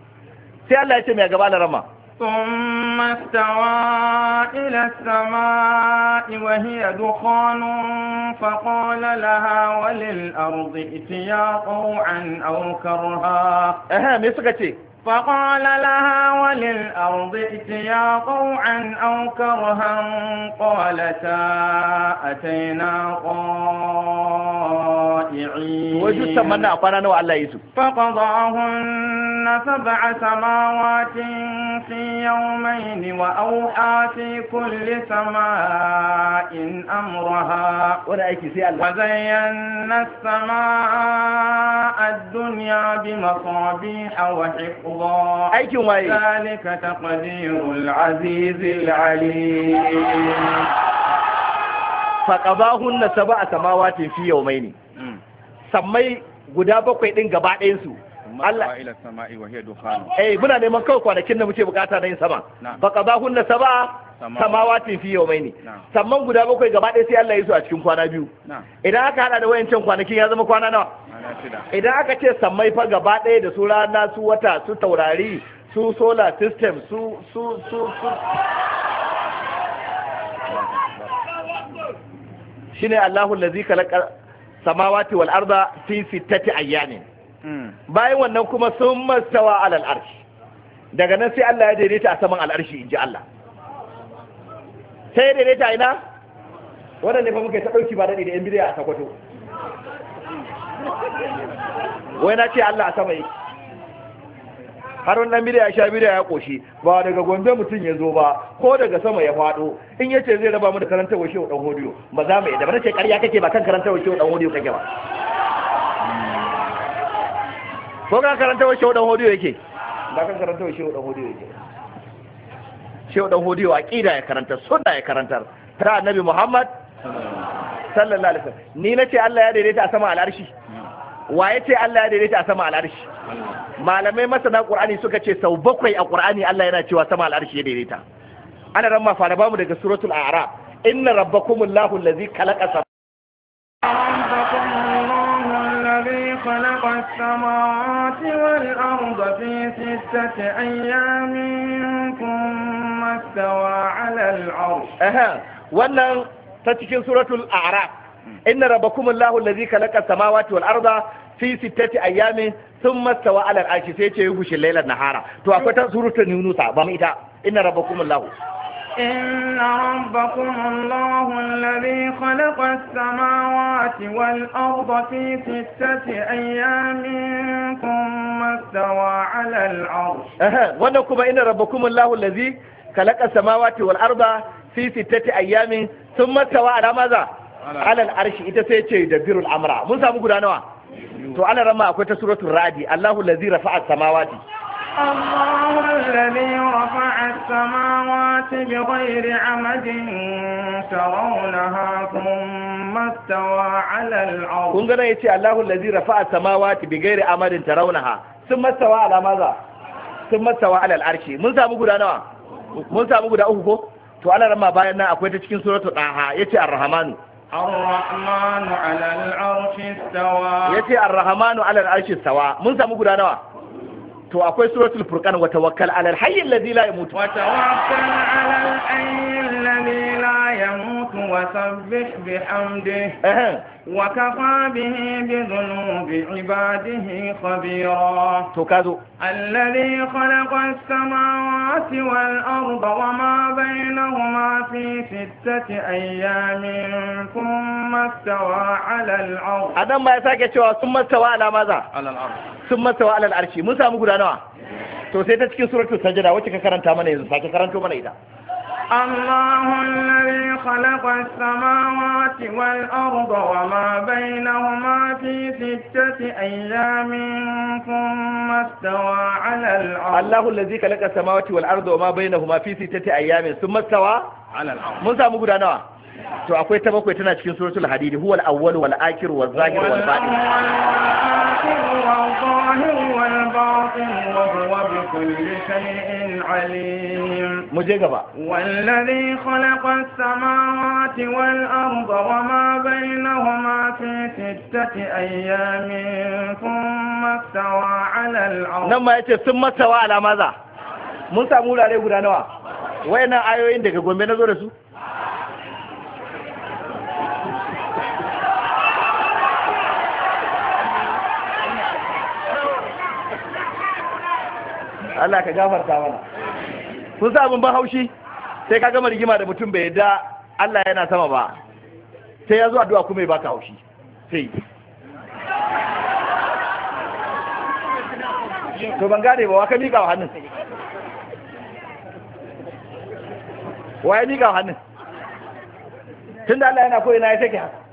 S4: sai Allah ya ce mai gaba da rama
S2: ثم
S3: استوى إلى السماء وهي دخان فقال لها وللأرض اتيا طوعا أو كرها أها مسكتي فقال لها وللأرض ائتيا طوعا أو كرها قالتا أتينا طائعين فقضاهن سبع سماوات في يومين وأوحى في كل سماء أمرها وزينا السماء الدنيا بمصابيح وحفظ Allah aikin waye zalika taqdirul
S4: nasaba alim faqabahunna sab'a samawati fi yawmayn sammai guda bakwai din gaba ɗayan Allah ila sama'i wa hiya dukhan eh muna neman kawai kwanakin da muke bukata na yin sama fa qadahunna sab'a
S2: samawati
S4: fi yawmaini samman guda bakwai gaba ɗaya sai Allah ya su a cikin kwana biyu idan aka hada da wayancin kwanakin ya zama kwana nawa idan aka ce sammai fa gaba ɗaya da su rana su wata su taurari su solar system su su su su shine Allahu allazi khalaqa samawati wal arda fi sittati ayyamin bayan wannan kuma sun mastawa alal arshi daga nan sai Allah ya daidaita a saman al'arshi in ji Allah sai ya daidaita ina wannan ne fa muka ta dauki ba daɗi da yan bidiya a sakwato
S2: wai na ce Allah
S4: a sama yi har wannan ya sha bidiya ya koshi ba daga gombe mutum ya zo ba ko daga sama ya fado in yace zai raba mu da karanta wa shehu dan hodiyo ba za mu yi da ba ce ƙarya kake ba kan karanta wa shehu dan hodiyo kake ba ko ka karanta wa shehu dan hodiyo yake ba ka karanta wa shehu dan hodiyo yake shehu dan hodiyo aqida ya karanta sunna ya karantar ta annabi Muhammad sallallahu alaihi wasallam ni nace Allah ya daidaita a sama al'arshi wa yace Allah ya daidaita a sama
S2: al'arshi
S4: malamai masana Qur'ani suka ce sau bakwai a Qur'ani Allah yana cewa sama al'arshi ya daidaita ana ran ma fara bamu daga suratul a'raf inna rabbakumullahu allazi khalaqa
S3: خلق السماوات والأرض في ستة أيام ثم
S4: استوى على العرش أها ولا تتكين سورة الأعراف إن ربكم الله الذي خلق السماوات والأرض في ستة أيام ثم استوى على العرش سيتي يوش الليلة النهارة تو سورة نيونوسا بميتا إن ربكم الله
S3: إن ربكم الله الذي خلق السماوات والأرض في ستة أيام
S4: ثم استوى على العرش ونكم إن ربكم الله الذي خلق السماوات والأرض في ستة أيام ثم استوى على ماذا على العرش إتسيتي يدبر الأمر من سامو قدانوا تو على رما أكوة سورة الرعد الله الذي رفع السماوات
S3: الله الذي رفع السماوات بغير عمد ترونها ثم استوى على الأرض كن
S4: قنا يتي الله الذي رفع السماوات بغير عمد ترونها ثم استوى على ماذا ثم استوى على العرش mun samu guda nawa mun samu guda uku ko to Allah bayan nan akwai ta cikin suratul daha yace ar-rahmanu
S3: ar-rahmanu ala al-arshi istawa yace
S4: ar-rahmanu ala al-arshi istawa mun samu guda nawa to akwai suratul furqan wa tawakkal ala al hayy alladhi la yamut wa
S3: tawakkal ala al
S4: hayy alladhi la yamut الملك وسبح
S3: بحمده وكفى به بذنوب عباده خبيرا تكاد الذي خلق السماوات والأرض وما بينهما في ستة أيام ثم استوى على العرش
S4: أدم ما يساك ثم استوى على ماذا؟ على العرش ثم استوى على العرش موسى مقول نوع to sai ta cikin suratul sajada wacce ka karanta mana yanzu sake karanto mana ita
S3: Allahu خلق السماوات والأرض وما بينهما في ستة أيام ثم استوى على
S4: العرش الله الذي خلق السماوات والأرض وما بينهما في ستة أيام ثم استوى
S2: على العرش من
S4: سامو قدانا to akwai ta bakwai tana cikin suratul hadid huwal awwal wal akhir wal zahir wal
S3: batin mu je gaba wallazi khalaqa as-samawati wal arda wa ma bainahuma fi sittati ayamin thumma istawa 'ala al-'arsh nan
S4: ma yace thumma istawa ala maza mun samu wurare guda nawa wayannan ayoyin daga gombe na zo da su Allah ka gafarta mana sun sa abin ba haushi sai ka gama rigima da mutum bai yadda Allah yana sama ba sai ya zo addu'a kuma ya baka haushi sai
S2: to ban gane ba wa ka miƙa wa hannun
S4: wa ya miƙa wa hannun tun da Allah yana koyi na ya take haka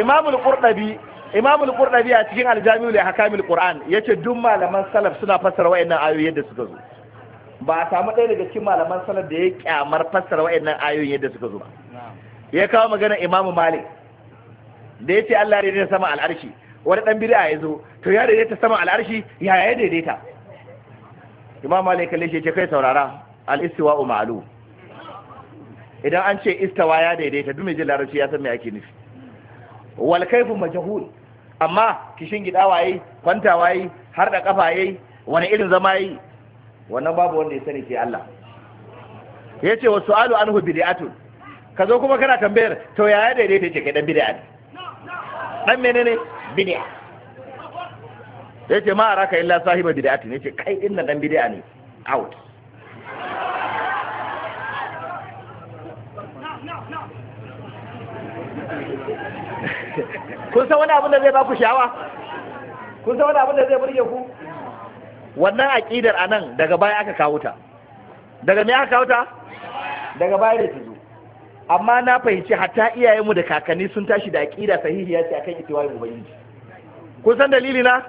S4: imamul qurdabi imamul qurdabi a cikin aljami'u li hakamil qur'an yace duk malaman salaf suna fassara wayannan ayoyi yadda suka zo ba a samu ɗaya daga cikin malaman salaf da ya kyamar fassara wayannan ayoyin yadda suka zo ba ya kawo magana imamu malik da yace Allah ya daidaita sama al'arshi wani dan bid'a ya zo to ya daidaita sama al'arshi ya ya daidaita imam malik kalle shi ya ce kai saurara al-istiwa'u ma'lum idan an ce istawa ya daidaita duk mai jin larabci ya san me ake nufi Walkaifin majahul amma kishin gida waye kwanta waye har da kafa yayi wani irin zama yayi wannan babu wanda ya sani sai Allah yace wa su'alu anhu bid'atun ka zo kuma kana tambayar to yaya daidaita ce kai dan bid'a ne dan menene bid'a yace ma araka illa sahiba bid'atin yace kai inna dan bid'a ne out
S2: kun san wani abin da zai ba ku sha'awa
S4: kun san wani abin da zai burge ku wannan aqidar anan daga baya aka kawo ta daga me aka kawo ta daga baya da tuzo amma na fahimci hatta iyayenmu da kakanni sun tashi da aqida sahihiya ce akan itiwayin ubangiji kun san dalili na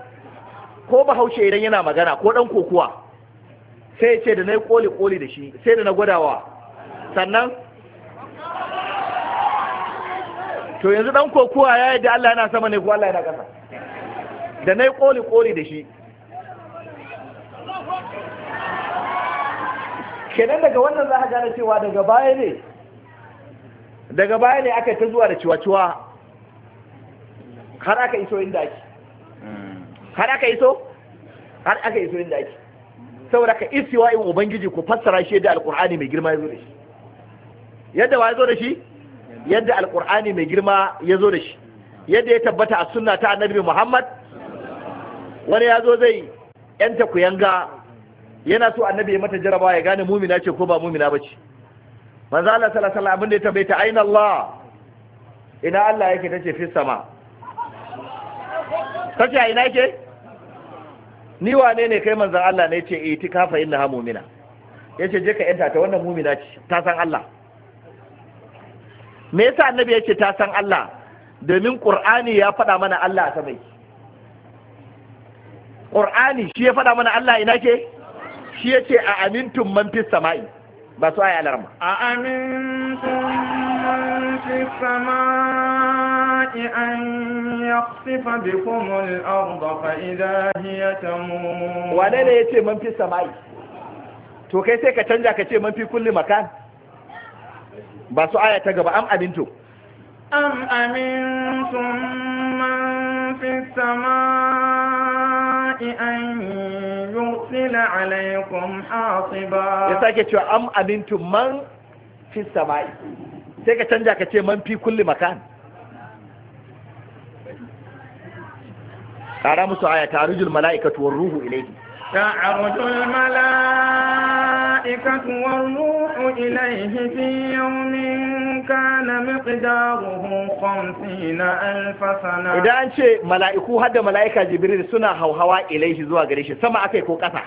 S4: ko bahaushe idan yana magana ko dan kokuwa sai ya ce da nayi koli koli da shi sai da na gwadawa sannan to yanzu dan kokowa ya yi da Allah yana sama ne ko Allah yana ƙasa da na yi ƙoli ƙoli da shi kenan daga wannan za a gane cewa daga baya ne daga baya ne aka ta zuwa da ciwa-ciwa har aka iso inda ake har aka iso har aka iso inda ake saboda ka isiwa in ubangiji ku fassara shi da alkur'ani mai girma ya zo da shi yadda wa ya zo da shi yadda alkur'ani mai girma ya zo da shi yadda ya tabbata a sunna ta annabi muhammad wani ya zo zai yanta ku yanga. yana so annabi ya mata jarabawa ya gane mumina ce ko ba mumina ba ce manzo Allah sallallahu alaihi wasallam da ya tabbata ta aina Allah ina Allah yake tace fi sama kace ina yake ni wane ne kai manzon Allah ne ce itikafa eh, innaha mu'mina yace je ka yanta ta wannan mu'mina ce ta san Allah me yasa annabi yake ta san Allah domin qur'ani ya faɗa mana Allah a mai qur'ani shi ya faɗa mana Allah ina ke shi yace a amintum man fi sama'i ba su ayi alarma
S3: a amintum man sama'i an yakhsifa
S4: bikum al-ard fa idha hiya tamur wane ne yace man fi sama'i to kai sai ka canja ka ce man fi kulli makan ba su aya ta gaba am amintu
S3: am amintum man fi samai an yursila alaikum hasiba ya sake
S4: cewa am amintum man fi samai sai ka canja ka ce man fi kulli makan kara musu aya ta rujul mala'ikatu war ruhu ilaihi تعرج
S3: الملائكة
S2: والروح
S3: إليه في يوم كان مقداره خمسين ألف سنة إذا
S4: أنت ملائكو هذا ملائكة جبريل سنة هو هوهوا إليه زوا قريش سمع أكي كوكتا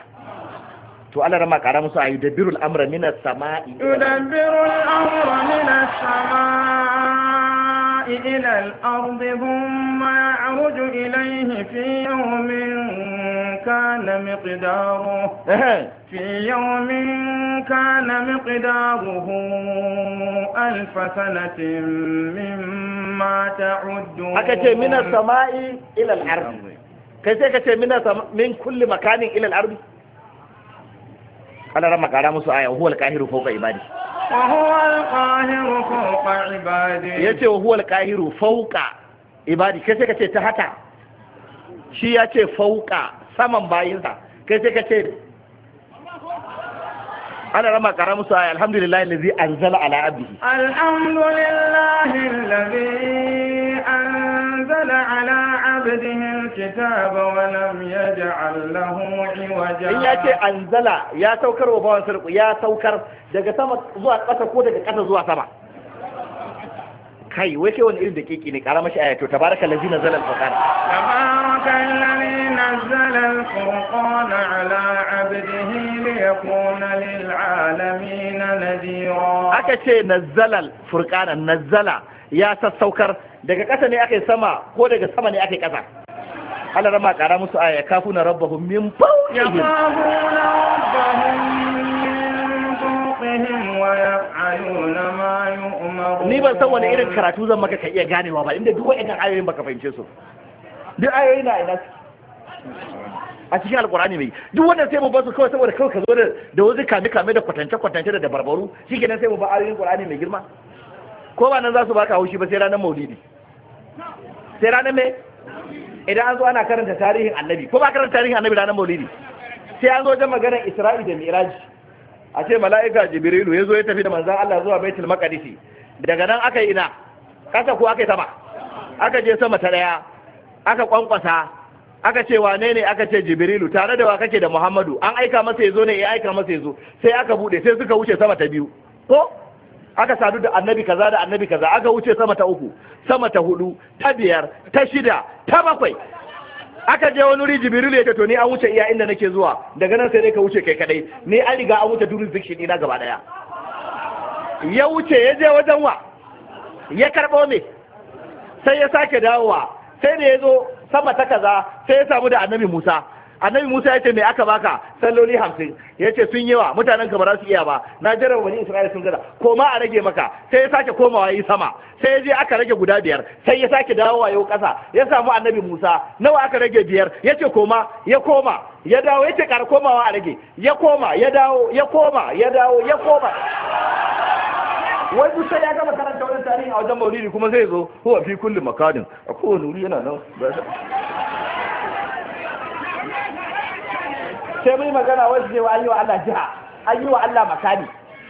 S4: to Allah rama kara musu ayu dabbirul amra minas sama'i yudabbiru
S1: al-amra minas
S3: sama'i السماء إلى الأرض ثم يعرج إليه في يوم كان مقداره في يوم كان مقداره ألف
S4: سنة مما تعدون أكتب من السماء إلى الأرض كيف كتب من من كل مكان إلى الأرض قال رمك على موسى آية وهو الكاهر فوق عباده ya ce wa huwal ƙahiru fauka ibadi kai sai ka ce ta haka shi ya ce fauka saman bayinsa kai sai ka ce ana rama ƙara musu ayi alhamdulillah allazi an ala abdihi
S3: alhamdulillah an أنزل على عبده الكتاب ولم يجعل له عوجا إن يأتي
S4: أنزل يا سوكر وبوان سرق يا سوكر دقا سما زوا قتا كو دقا قتا زوا سما kai wai kai wani irin da kiki ne kara mashi ayato tabaraka allazi nazzala al-furqan
S3: tabaraka allazi nazzala al-furqan ala abdihi
S4: liyakuna lil alamin nadira aka ce nazzala al-furqan ya sassaukar daga ƙasa ne aka sama ko daga sama ne aka yi ƙasa Allah rama ƙara musu aya kafuna rabbahum min fawqihim yakafuna rabbahum
S3: ni ban san wani irin karatu
S4: zan maka ka iya ganewa ba inda duk wa'annan ayoyin baka fahimce su duk ayoyi na ina a cikin alkurani mai duk wanda sai mu basu kawai saboda kawai ka zo da wuzi kame kame da kwatance kwatance da dabarbaru shikenan sai mu ba ayoyin alkurani mai girma ko ba nan za su baka haushi ba sai ranar maulidi sai ranar me idan an zo ana karanta tarihin annabi ko ba karanta tarihin annabi ranar maulidi sai an zo wajen maganar isra'i da miraji a ce mala'ika jibrilu ya zo ya tafi da manzan allah zuwa baitul maqdisi daga nan aka yi ina kasa ko aka yi sama aka je sama ta daya aka kwankwasa aka ce wane ne aka ce jibrilu tare da wa kake da muhammadu an aika masa ya zo ne ya eh, aika masa ya zo sai aka bude sai suka wuce sama ta biyu ko aka sadu da annabi kaza da annabi kaza aka wuce sama ta uku sama ta hudu ta biyar ta shida ta bakwai aka je wani wuri jibril ya to ni an wuce iya inda nake zuwa daga nan sai dai ka wuce kai kadai ni an riga an wuce zikshi ina gaba daya ya wuce ya je wajen wa ya karbo me? sai ya sake dawowa sai da ya zo sama ta kaza sai ya samu da annabi musa annabi Musa ya ce me aka baka salloli hamsin ya ce sun yawa mutanen ba za su iya ba na jarraba wani Isra'ila sun gada koma a rage maka sai ya sake komawa yi sama sai ya je aka rage guda biyar sai ya sake dawowa yau kasa ya samu annabi Musa nawa aka rage biyar ya ce koma ya koma ya dawo ya ce kar komawa a rage ya koma ya dawo ya koma ya dawo ya koma wai musa sai ya gama karanta wani tarihi a wajen maulidi kuma zai zo huwa fi kulli makadin. a kowane wuri yana nan sai mai magana wajen su ce wa ayyuwa Allah jiha ayyuwa Allah makani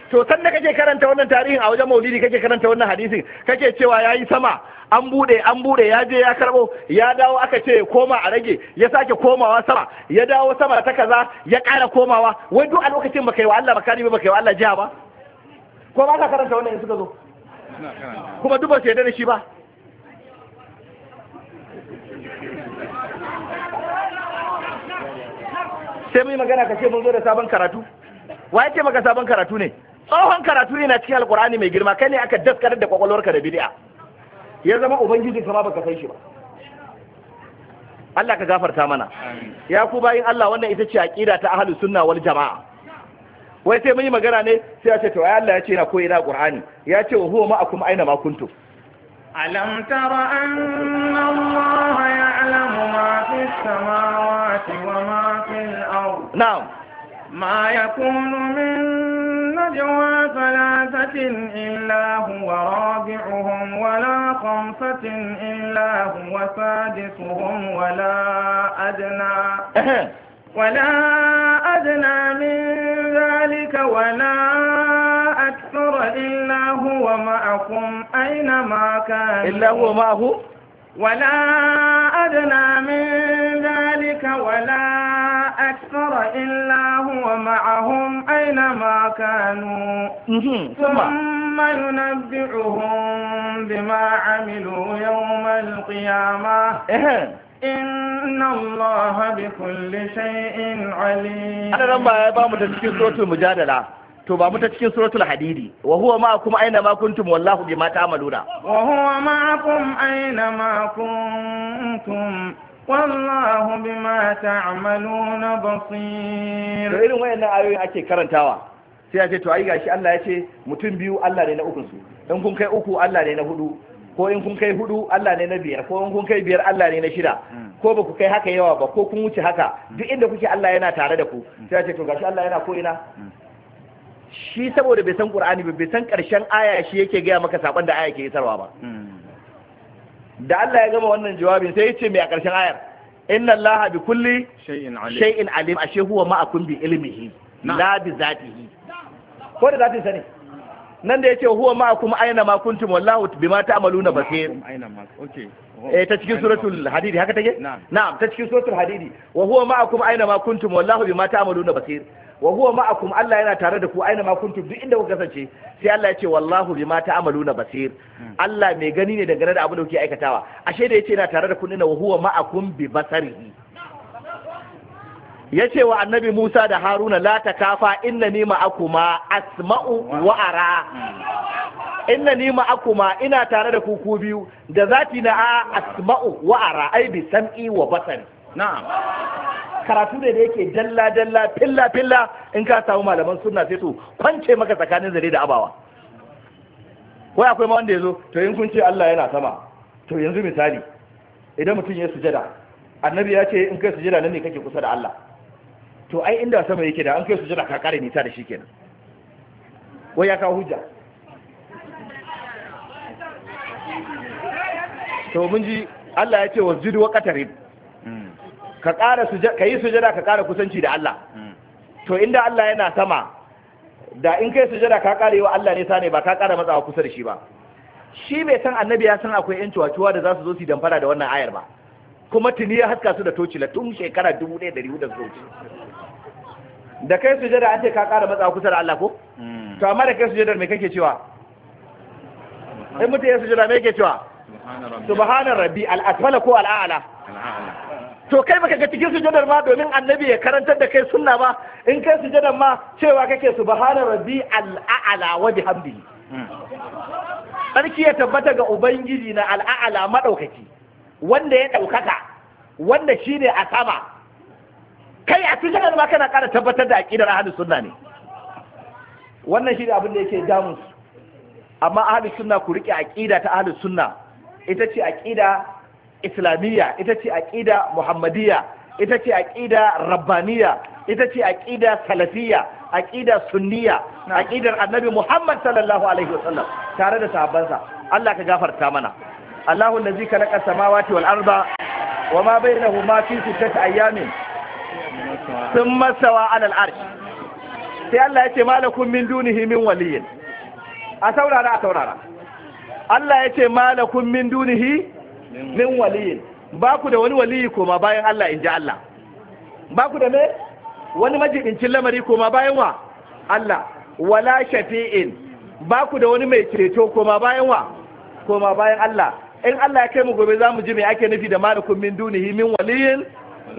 S4: to san da kake karanta wannan tarihin a wajen maulidi kake karanta wannan hadisin kake cewa yayi sama an bude an bude ya je ya karbo ya dawo aka ce koma a rage ya sake komawa sama ya dawo sama ta kaza ya ƙara komawa wai duk a lokacin baka yi wa Allah makani ba baka yi wa Allah jiha ba ko ba ka karanta wannan in suka zo kuma duk ba su yarda da shi ba sai mai magana ka ce mun zo da sabon karatu wa ya maka sabon karatu ne tsohon karatu ne na cikin alkur'ani mai girma kai ne aka daskar da kwakwalwarka da bid'a ya zama ubangiji kuma baka san shi ba Allah ka gafarta mana ya ku bayin Allah wannan ita ce aqida ta ahlus sunna wal jamaa wai sai mun yi magana ne sai ya ce to ai Allah ya ce na koyi da qur'ani ya ce huwa ma'akum aina ma kuntum
S3: alam tara anna Allah في السماوات وما في الأرض نعم ما يكون من نجوى ثلاثة إلا هو رابعهم ولا خمسة إلا هو سادسهم ولا أدنى ولا أدنى من ذلك ولا أكثر إلا هو معكم أينما كانوا إلا هو معه ولا أدنى من ذلك ولا أكثر إلا هو معهم أينما كانوا
S2: ثم
S3: ينبعهم بما عملوا يوم القيامة إن الله بكل شيء عليم
S4: أنا لما يبقى متسكين صوت المجادلة to ba mu ta cikin suratul hadidi wa huwa ma'akum aina ma kuntum wallahu bima ta'maluna
S3: wa huwa ma'akum aina ma kuntum wallahu bima ta'maluna
S4: basir to irin wayannan ayoyi ake karantawa sai ya ce to ai gashi Allah ya ce mutum biyu Allah ne na uku su in kun kai uku Allah ne na hudu ko in kun kai hudu Allah ne na biyar ko in kun kai biyar Allah ne na shida hmm. ko ba ku kai haka yawa ba ko kun wuce haka duk inda kuke Allah yana tare da ku sai ya ce to gashi Allah yana ko ina hmm. shi saboda bai san qur'ani ba bai san karshen aya shi yake gaya maka saban da aya ke isarwa ba hmm. da Allah ya gama wannan jawabin sai ya ce mai a karshen ayar inna allaha bi kulli
S3: shay'in alim ashe
S4: huwa ma'akum bi ilmihi la bi zatihi ko da zatin sa ne nan da yace huwa ma'akum aina ma kuntum wallahu bima ta'maluna basir
S2: aina ma okay eh ta cikin suratul
S4: hadidi haka take na'am ta cikin suratul hadidi wa huwa ma'akum aina ma kuntum wallahu bima ta'maluna basir wa huwa ma'akum Allah yana tare da ku aina ma kuntum duk inda kuka kasance sai Allah ya ce wallahu bima ta'maluna basir hmm. Allah mai gani ne dangane da abin da kuke aikatawa ashe da yace yana tare da ku ne wa huwa ma'akum bi basarihi yace wa annabi Musa da Haruna la takafa innani ma'akuma asma'u wa ara
S2: hmm.
S4: innani ma'akuma ina tare da ku ku biyu da zati na asma'u wa ara ai bi sam'i wa basari na'am karatu ne da yake dalla dalla filla filla in ka samu malaman sunna sai to kwance maka tsakanin zare da abawa wai akwai ma wanda ya zo to in kun ce Allah yana sama to yanzu misali idan mutum ya sujada annabi ya ce in kai sujada nan ne kake kusa da Allah to ai inda sama yake da an kai sujada ka kare nisa da shi kenan wai ya kawo hujja to mun ji Allah ya ce wasjudu wa qatarib ka ƙara ka yi sujada ka ƙara kusanci da Allah hmm. to inda Allah yana sama da in kai sujada ka ƙara yi wa Allah nisa ne ba ka ƙara matsawa kusa da shi ba shi bai san annabi ya san akwai yan cuwa da za su zo su damfara da wannan ayar ba kuma tuni ya haska su da tocila tun shekara dubu ɗaya da riwu da da kai sujada an ce ka ƙara matsawa kusa da Allah ko hmm. to amma da kai sujada me kake cewa in mutum ya sujada me yake cewa subhanar rabbi al-asfala ko al-a'la to kai baka ga cikin sujadar ma domin annabi ya karantar da kai sunna ba in kai sujadar ma cewa kake subhana rabbi al'aala wa hambi. sarki ya tabbata ga ubangiji na al'aala madaukaki wanda ya daukaka wanda shine a sama kai a sujadar ma kana kara tabbatar da aqidar ahlus sunna ne wannan shine abin da yake damu amma ahlus sunna ku rike aqida ta ahlus sunna ita ce aqida islamiyya ita ce aqida muhammadiyya ita ce aqida rabbaniyya ita ce aqida salafiyya aqida sunniyya aqidar annabi muhammad sallallahu alaihi wasallam tare da sahabbansa Allah ka gafarta mana Allahu allazi khalaqa samawati wal arda wama bainahuma fi sittati ayamin thumma sawa ala al arsh sai Allah ya ce malakum min dunihi min waliyin a saurara a saurara Allah ya ce malakum min dunihi min waliyin ba ku da wani waliyi koma bayan Allah in ji Allah ba ku da me wani majibincin lamari koma bayan wa Allah wala shafi'in ba ku da wani mai ceto koma bayan wa koma bayan Allah in Allah ya kai mu gobe za mu ji me ake nufi da malikun min dunihi min waliyin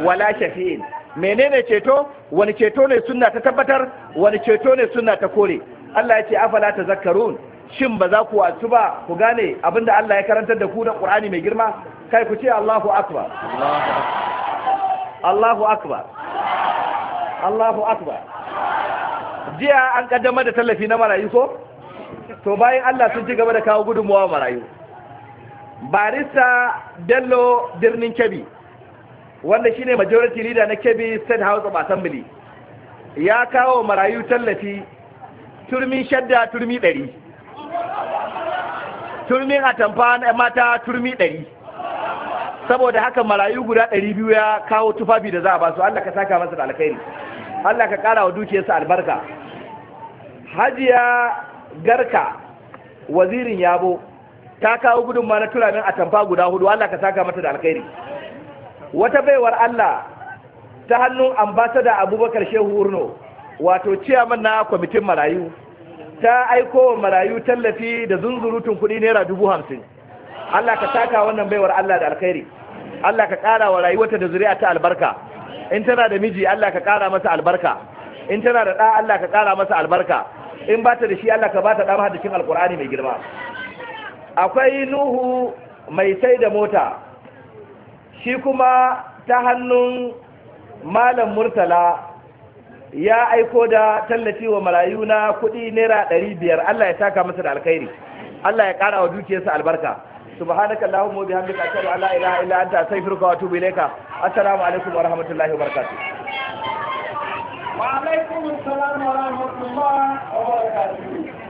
S4: wala shafi'in menene ceto wani ceto ne sunna ta tabbatar wani ceto ne sunna ta kore Allah ya ce afala tazakkarun shin ba za ku wasu ba ku gane abinda Allah ya karantar da ku da Ƙur'ani mai girma kai ku ce Allahu akbar Allahu akbar Allahu akbar jiya an ƙaddamar da tallafi na marayu ko to bayan Allah sun ci gaba da kawo gudunmuwa marayu barista Bello Birnin Kebbi wanda shine majority leader na Kebbi State House of Assembly ya kawo marayu tallafi turmi shadda turmi ɗari turmin atamfa na mata turmi ɗari saboda haka marayu guda ɗari biyu ya kawo tufafi da za a basu Allah ka saka masa da alkhairi Allah ka ƙara wa dukiyarsa albarka hajiya garka wazirin yabo ta kawo gudunma na turamin atamfa guda hudu Allah ka saka masa da alkhairi wata baiwar Allah ta hannun ambasada abubakar shehu urno wato ciyaman na kwamitin marayu ta aiko wa marayu tallafi da zunzurutun kuɗi naira dubu hamsin Allah ka taka wannan baiwar Allah da alkhairi Allah ka ƙara wa rayuwarta da zuri'a ta albarka in tana da miji Allah ka ƙara masa albarka in tana da ɗa Allah ka ƙara masa albarka in ba ta da shi Allah ka ba ta ɗa mahadashin alƙur'ani mai girma akwai nuhu mai sai da mota shi kuma ta hannun malam murtala ya aiko da tallafi wa marayu na kuɗi naira ɗari biyar Allah ya taka masa da alkhairi Allah ya ƙara wa dukiyarsa albarka subhanaka allahumma bihamdika ashhadu an la ilaha illa anta astaghfiruka wa atubu ilayka assalamu alaikum wa rahmatullahi wa barakatuh
S5: wa alaikum assalam
S2: wa rahmatullahi wa barakatuh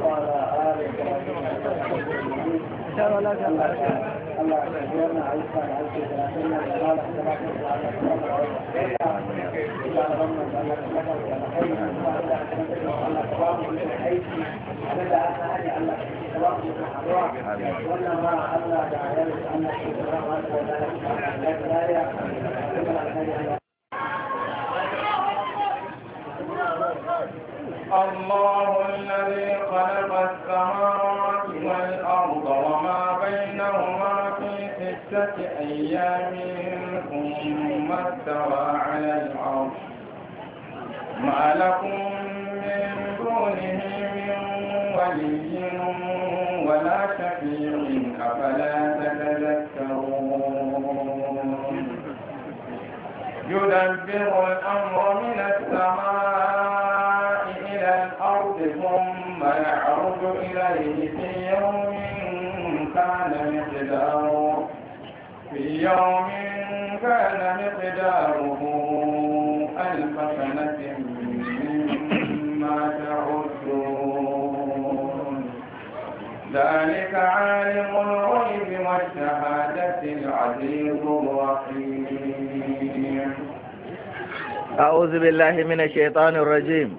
S2: Allah ya
S3: الله الذي خلق السماوات والأرض وما بينهما في ستة أيام ثم استوى على العرش ما لكم
S2: من دونه من ولي ولا شفيع أفلا تتذكرون
S3: يدبر الأمر من السماء ثم يعرض إليه في يوم كان مقداره في يوم كان مقداره ألف سنة مما تعدون ذلك عالم الغيب والشهادة العزيز الرحيم
S4: أعوذ بالله من الشيطان الرجيم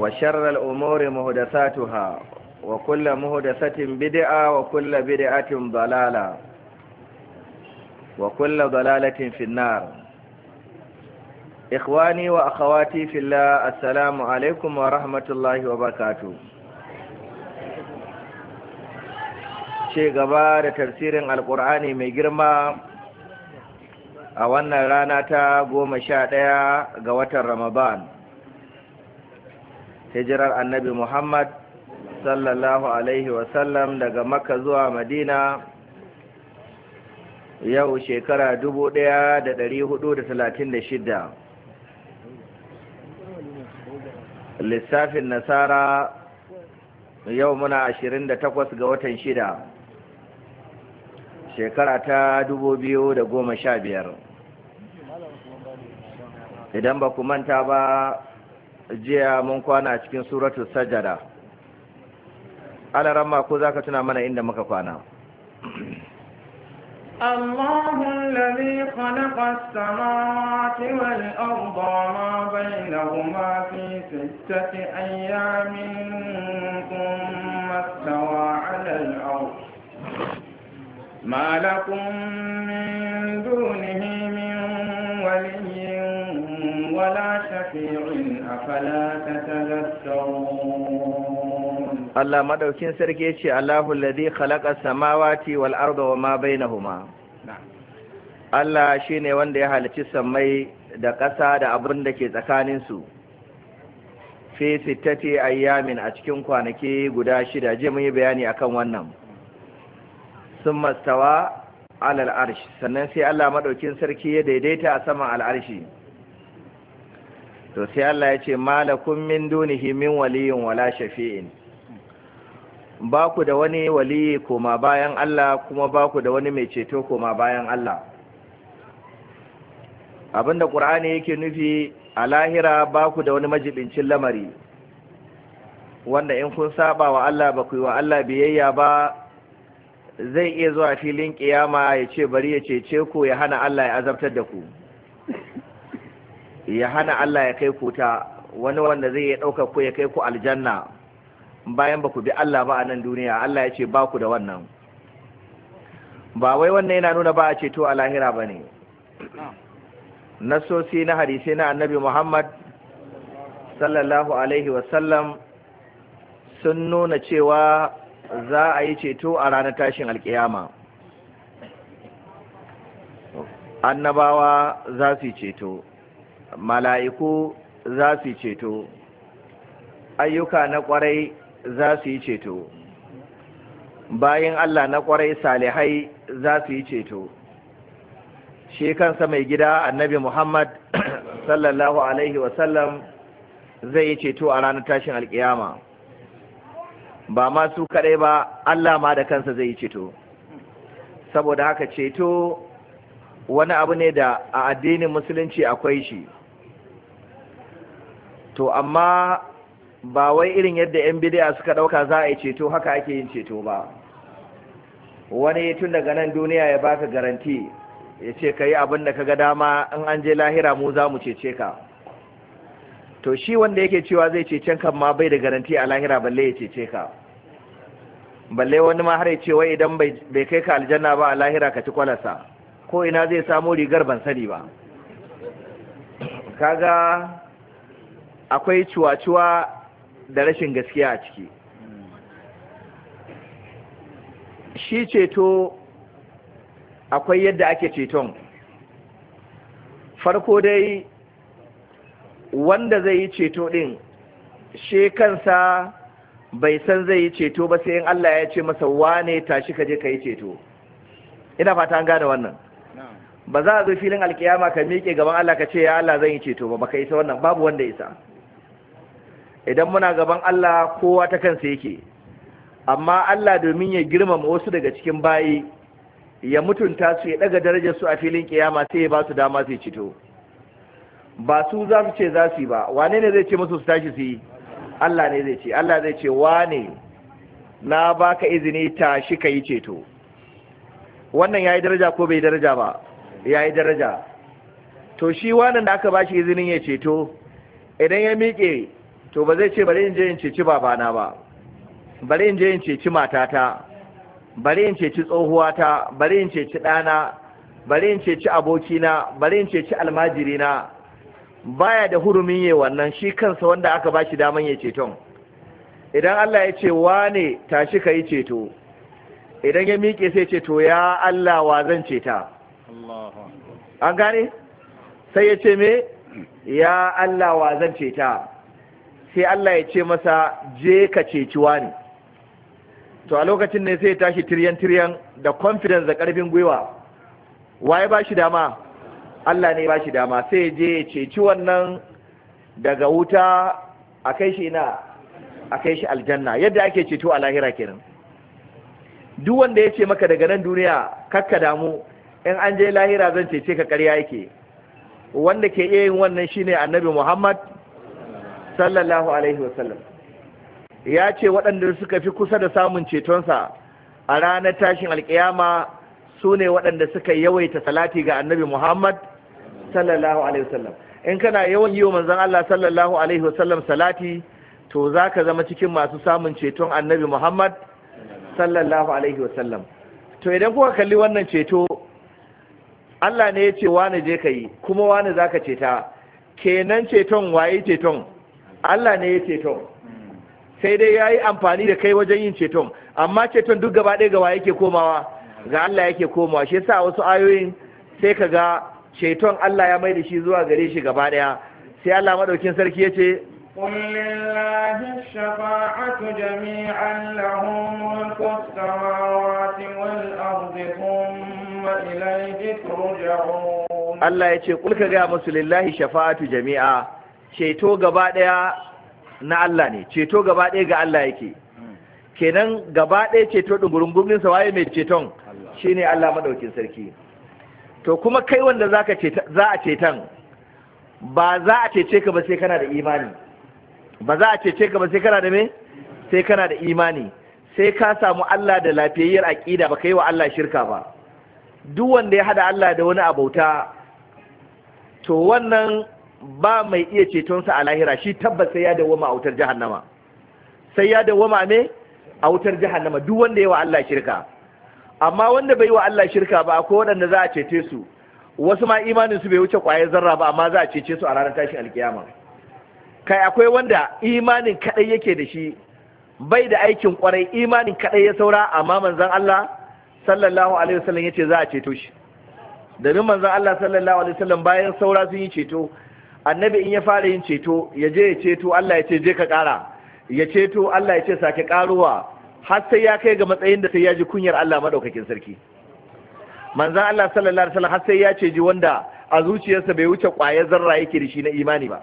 S4: wa sharrar umori muhdasatuha wa kulla muhdasatin bid'a wa kulla bid'atin dalala wa kulla dalalatin finnar ikhwani wa akhawati fillah assalamu alaikum wa rahmatullahi wa barakatuh gaba da tafsirin alqur'ani mai girma a wannan rana ta goma sha ɗaya ga watan ramadan hijirar annabi muhammad sallallahu alaihi wasallam daga maka zuwa madina yau shekara dubu ɗaya da hudu da talatin da shida. lissafin nasara yau muna ashirin da takwas ga watan shida shekara ta dubu biyu da goma sha biyar. idan ba ku manta ba jiya mun kwana a cikin suratul sajada ana ramma ko za ka tuna mana inda muka kwana
S1: Allahun lalai
S3: kwanakwas sama kewali ọgbọ ma bai da kuma fi sittafi ayyamin kuma tawa alal au malakun min dunihimin waliyin wala shafi'in
S4: Allah madaukin sarki الله مدوكين ladhi khalaqa samawati wal arda wa ma bainahuma Allah shine wanda ya halarci sammai da ƙasa da abin da ke tsakaninsu, fi sittati ayyamin a cikin kwanaki guda shida, je mun yi bayani akan wannan. Sun mastawa alal arshi, sannan sai Allah maɗaukin sarki ya daidaita a saman al'arshi. to sai Allah ya ce malakum min dunihi min waliyin wala shafi'in ba ku da wani waliyi koma bayan Allah kuma ba ku da wani mai ceto koma bayan Allah abinda ƙur'ani yake nufi a lahira ba ku da wani majibincin lamari wanda in kun saba wa Allah ba ku yi wa Allah biyayya ba zai iya zuwa filin ƙiyama ya ce bari ya cece ku ya hana Allah ya azabtar da ku ya hana Allah ya kai ku ta wani wanda zai ya ɗauka ku ya kai ku aljanna bayan ba ku bi Allah ba a nan duniya Allah ya ce ba ku da wannan ba wai wannan yana nuna ba a ceto a lahira ba ne nasosi na hadisai na annabi Muhammad sallallahu alaihi wasallam sun nuna cewa za a yi ceto a ranar tashin alkiyama annabawa za su yi ceto mala'iku za su yi ceto ayyuka na ƙwarai za su yi ceto bayan Allah na ƙwarai salihai za su yi ceto shi kansa mai gida annabi Muhammad [clears throat] sallallahu alaihi wasallam zai yi ceto a ranar tashin alkiyama ba masu kaɗai ba Allah ma da kansa zai yi ceto saboda haka ceto wani abu ne da a addinin musulunci akwai shi to amma ba wai irin yadda 'yan bidiya suka ɗauka za a yi ceto haka ake yin ceto ba wani tun daga nan duniya ya baka garanti ya ce ka yi abin da ka ga dama in an je lahira mu za mu cece ka to shi wanda yake cewa zai cece kan ma bai da garanti a lahira balle ya cece ka balle wani ma har ya ce wai idan bai kai ka aljanna ba a lahira ka ci kwalasa ko ina zai samu rigar ban sani ba kaga akwai cuwa-cuwa da rashin gaskiya a ciki shi ceto akwai yadda ake ceton farko dai wanda zai yi ceto din shi kansa bai san zai yi ceto ba sai in Allah ya ce masa ne tashi ka je ka yi ceto ina fata an gane wannan ba za a zo filin alkiyama ka miƙe gaban Allah ka ce ya Allah zan yi ceto ba ba ka isa wannan babu wanda isa idan muna gaban Allah kowa ta kansa yake amma Allah domin ya girmama wasu daga cikin bayi ya mutunta su ya daga darajar su a filin kiyama sai ya ba su dama su cito ba su za su ce za su yi ba wane ne zai ce musu su tashi su yi Allah ne zai ce Allah zai ce wane na baka izini tashi ka yi ceto wannan yayi daraja ko bai daraja ba yayi daraja to shi wannan da aka bashi izinin ya ceto idan ya miƙe to ba zai ce bari in je in ceci babana ba bari in je in ceci matata bari in ceci tsohuwata bari in ceci ɗana bari in ceci abokina bari in ceci almajirina baya da hurumin yi wannan shi kansa wanda aka ba shi daman ya ceton idan Allah ya ce wane tashi ka yi ceto idan ya miƙe sai ce ya Allah wa zan ceta an gane sai ya ce me [clears throat] ya Allah wa zan ceta sai Allah ya ce masa je ka ceci wani to a lokacin ne sai ya tashi tiryan tiryan da confidence da karfin gwiwa waye ba shi dama Allah ne ba shi dama sai je ya ceci wannan daga wuta a kai shi ina a kai shi aljanna yadda ake ceto a lahira kenan duk wanda ya ce maka daga nan duniya kakka damu in an je lahira zan cece ka ƙarya yake wanda ke iya yin wannan shine annabi Muhammad sallallahu alaihi wasallam ya ce waɗanda suka fi kusa da samun cetonsa a ranar tashin alkiyama su ne waɗanda suka yawaita salati ga annabi muhammad sallallahu alaihi wasallam in kana yawan yi wa manzon Allah sallallahu alaihi wasallam salati to za ka zama cikin masu samun ceton annabi muhammad sallallahu alaihi wasallam to idan kuka kalli wannan ceto Allah ne ya ce wani je ka yi kuma wani za ka ceta kenan ceton waye ceton Allah ne ya ceton sai dai ya yi amfani da kai wajen yin ceton amma ceton duk gaba ɗaya gawa yake komawa ga Allah yake komawa shi sa wasu ayoyin sai ka ga ceton Allah ya mai da shi zuwa gare shi gaba ɗaya sai Allah maɗaukin sarki ya ce Allah ya ce kulka له ملك lillahi shafa'atu jami'a ceto gaba ɗaya na Allah ne ceto gaba ɗaya ga Allah yake kenan gaba ɗaya ceto ɗungurungumin sa waye mai ceton shine Allah madaukin sarki to kuma kai wanda zaka ceta za a cetan ba za a cece ka ba sai kana da imani ba za a cece ka ba sai kana da me sai kana da imani sai ka samu Allah da lafiyayyar ƙida ba kai wa Allah shirka ba duk wanda ya hada Allah da wani abauta to wannan ba mai iya cetonsa a lahira shi tabbas sai ya dawoma a wutar jahannama sai ya dawoma me a wutar jahannama duk wanda yawa Allah shirka amma wanda bai wa Allah shirka ba akwai waɗanda za a cece su wasu ma imanin su bai wuce ƙwayar zarra ba amma za a cece su a ranar tashin alkiyama kai akwai wanda imanin kadai yake da shi bai da aikin kwarai imanin kadai ya saura amma manzon Allah sallallahu alaihi wasallam yace za a ceto shi domin manzon Allah sallallahu alaihi wasallam bayan saura sun yi ceto annabi in ya fara yin ceto ya je ya ceto Allah ya ce je ka ƙara ya ceto Allah ya ce sake ƙaruwa har sai ya kai ga matsayin da sai ya ji kunyar Allah madaukakin sarki manzan Allah sallallahu alaihi wasallam har sai ya ce ji wanda a zuciyarsa bai wuce ƙwayar zarra yake da shi na imani ba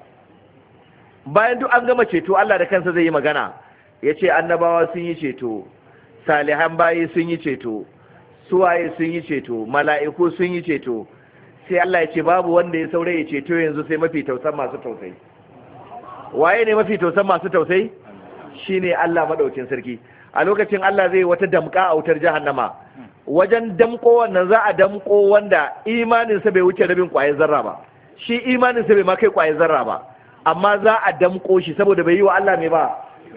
S4: bayan duk an gama ceto Allah da kansa zai yi magana ya ce annabawa sun yi ceto salihan bayi sun yi ceto suwaye sun yi ceto mala'iku sun yi ceto sai Allah ya ce babu wanda ya saurayi ya ceto yanzu sai mafi tausan masu tausayi waye ne mafi tausan masu tausayi shine Allah madaukin sarki a lokacin Allah zai wata damka a wutar jahannama wajen damko wannan za a damko wanda imaninsa bai wuce rabin kwayar zarra ba shi imaninsa bai ma kai kwayar zarra ba amma za a damko shi saboda bai yi wa Allah mai ba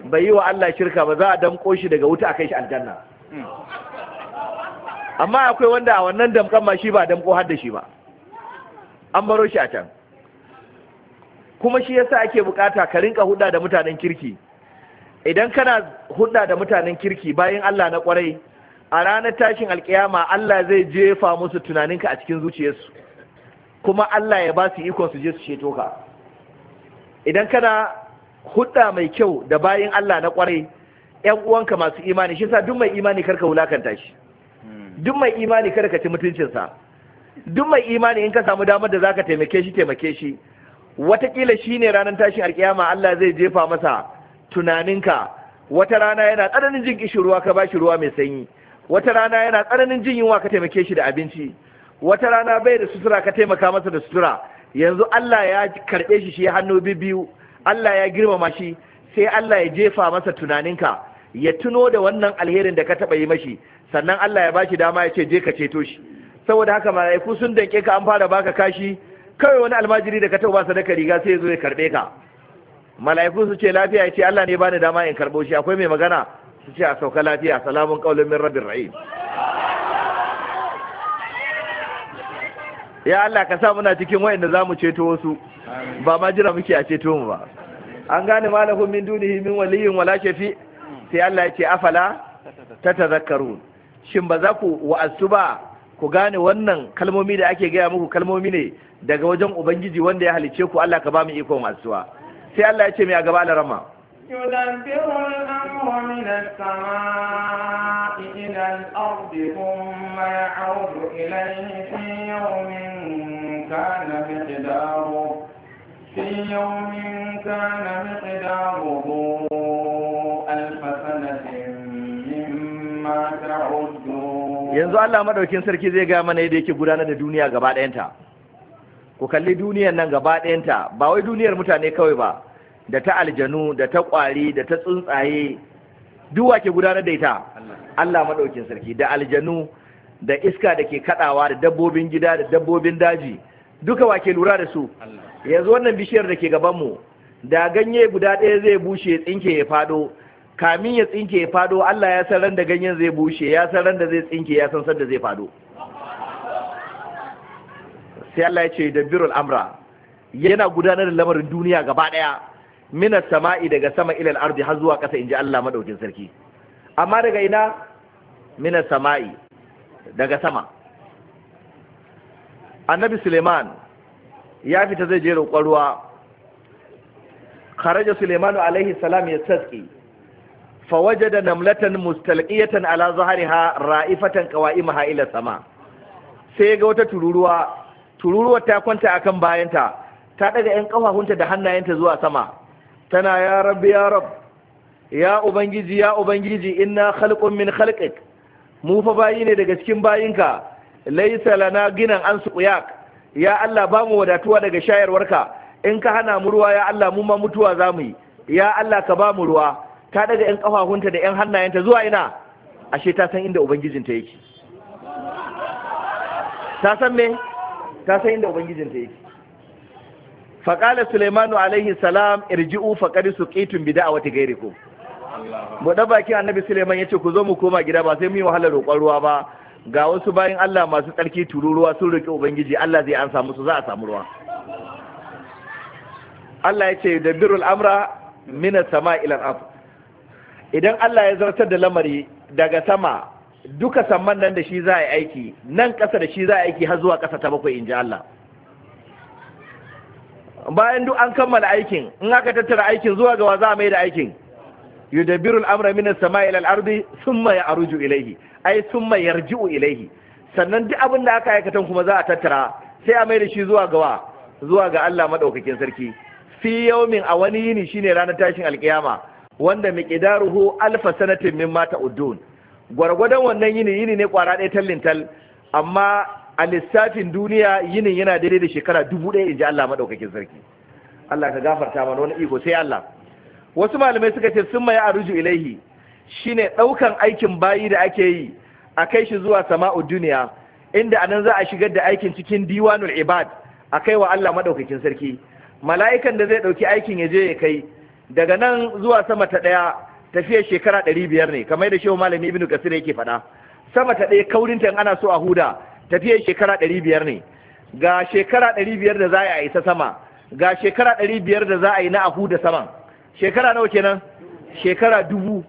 S4: bai yi wa Allah shirka ba za a damko shi daga wuta a kai shi aljanna hmm. amma akwai wanda a wannan damkan ma shi ba damko har da shi ba an baro shi a can kuma shi yasa ake bukata ka rinka hudda da mutanen kirki idan kana hudda da mutanen kirki bayan Allah na kwarai a ranar tashin alkiyama Allah zai jefa musu tunaninka a cikin zuciyarsu kuma Allah ya ba su ikon su je su ceto ka idan kana hudda mai kyau da bayan Allah na kwarai ƴan uwanka masu imani shi sa duk mai imani karka wulakanta shi hmm. duk mai imani karka ci mutuncinsa duk mai imani in ka samu damar da zaka taimake shi taimake shi watakila shine ranar tashi alkiyama Allah zai jefa masa tunaninka wata rana yana tsananin jin ruwa ka bashi ruwa mai sanyi wata rana yana tsananin jin yunwa ka taimake shi da abinci wata rana bai da sutura ka taimaka masa da sutura yanzu Allah ya karɓe shi shi hannu biyu Allah ya girmama shi sai Allah ya jefa masa tunaninka ya tuno da wannan alherin da ka taɓa yi mashi sannan Allah ya bashi dama ya ce je ka ceto shi saboda haka mala'iku sun danke ka an fara baka kashi kawai wani almajiri da ka taɓa sadaka riga sai zo ya karbe ka mala'iku su ce lafiya ya ce Allah ne bani dama in karɓo shi akwai mai magana su ce a sauka lafiya salamun qaulun min rabbir rahim ya Allah ka sa muna cikin wayanda za mu ceto wasu ba ma jira muke a ceto mu ba an gane malahun min dunihi min waliyin wala shafi sai Allah ya ce afala ta shin ba za ku wa'azu ba ku gane wannan kalmomi da ake gaya muku kalmomi ne daga wajen ubangiji wanda ya halice ku Allah ka ba mu ikon asuwa sai Allah ya ce mai a gaba da rama
S3: يدبر يوم كان مقداره ألف سنة مما تعود yanzu
S4: Allah madaukin sarki zai ga mana yadda yake gudanar da duniya gaba ɗayanta ku kalli duniyar nan gaba ɗayanta ba wai duniyar mutane kawai ba da ta aljanu da ta ƙwari da ta tsuntsaye duk wa ke gudanar da ita Allah madaukin sarki da aljanu da iska da ke kaɗawa da dabbobin gida da dabbobin daji duka wa ke lura da su yanzu wannan bishiyar da ke gaban mu da ganye guda ɗaya zai bushe tsinke ya fado kamin ya tsinke ya fado Allah ya san ran da ganyen zai bushe ya san ran da zai tsinke ya san san da zai fado sai Allah ya ce da birul amra yana gudanar da lamarin duniya gaba daya mina sama'i daga sama ilal ardi har zuwa ƙasa inji Allah madaukin sarki amma daga ina mina sama'i daga sama annabi suleiman ya fita zai je roƙon ruwa kharaja suleimanu alaihi salam ya tsaski fawajada namlatan mustalqiyatan ala zahriha ra'ifatan qawa'imaha ila sama sai ga wata tururuwa tururuwar ta kwanta akan bayanta ta ɗaga yan kafafunta da hannayenta zuwa sama tana ya rabbi ya rab ya ubangiji ya ubangiji inna khalqun min khalqik mu fa bayi ne daga cikin bayinka laysa lana ginan an suqyak ya Allah ba mu wadatuwa daga shayarwarka in ka hana mu ruwa ya Allah mu ma mutuwa zamu yi ya Allah ka ba mu ruwa ta daga yan kafafunta da yan hannayenta zuwa ina ashe ta san inda ubangijinta yake ta san me ta san inda ubangijinta yake faƙalar sulaimanu alaihi salam irji'u faƙari su ƙitun bida a wata gairi ko buɗa bakin annabi suleiman ya ce ku zo mu koma gida ba sai mu yi wahalar roƙon ruwa ba ga wasu bayan allah masu tsarki tururuwa sun roƙi ubangiji allah zai an samu su za a samu ruwa allah ya ce amra mina sama ilan abu idan Allah ya zartar da lamari daga sama duka samman nan da shi za a yi aiki nan ƙasa da shi za a aiki har zuwa ƙasa ta bakwai in ji Allah bayan duk an kammala aikin in aka tattara aikin zuwa gawa za a mai da aikin yudabirul al'amra min as-sama'i ila al-ardi thumma ilaihi. ilayhi ay thumma yarji'u ilayhi sannan duk abin da aka aikatan kuma za a tattara sai a mai da shi zuwa gawa, zuwa ga Allah maɗaukakin sarki fi yawmin a wani yini shine ranar tashin alkiyama wanda miƙidaruhu alfa sanatin ta udun gwargwadon wannan yini yini ne kwara ɗaya tallintal amma a lissafin duniya yinin yana daidai da shekara dubu ɗaya in ji Allah maɗaukakin sarki Allah ka gafarta mana wani iko sai Allah wasu malamai suka ce sun maya aruju ilaihi shine ɗaukan aikin bayi da ake yi a kai shi zuwa sama'u duniya inda anan za a shigar da aikin cikin diwanul ibad a kai wa Allah maɗaukakin sarki mala'ikan da zai ɗauki aikin ya je ya kai daga nan zuwa sama ta ɗaya tafiyar shekara ɗari biyar ne kamar da shehu malami ibnu kasir yake faɗa sama ta ɗaya kaurinta in ana so a huda tafiyar shekara ɗari biyar ne ga shekara ɗari biyar da za a isa sama ga shekara ɗari biyar da za a yi na a huda sama. shekara nawa kenan shekara dubu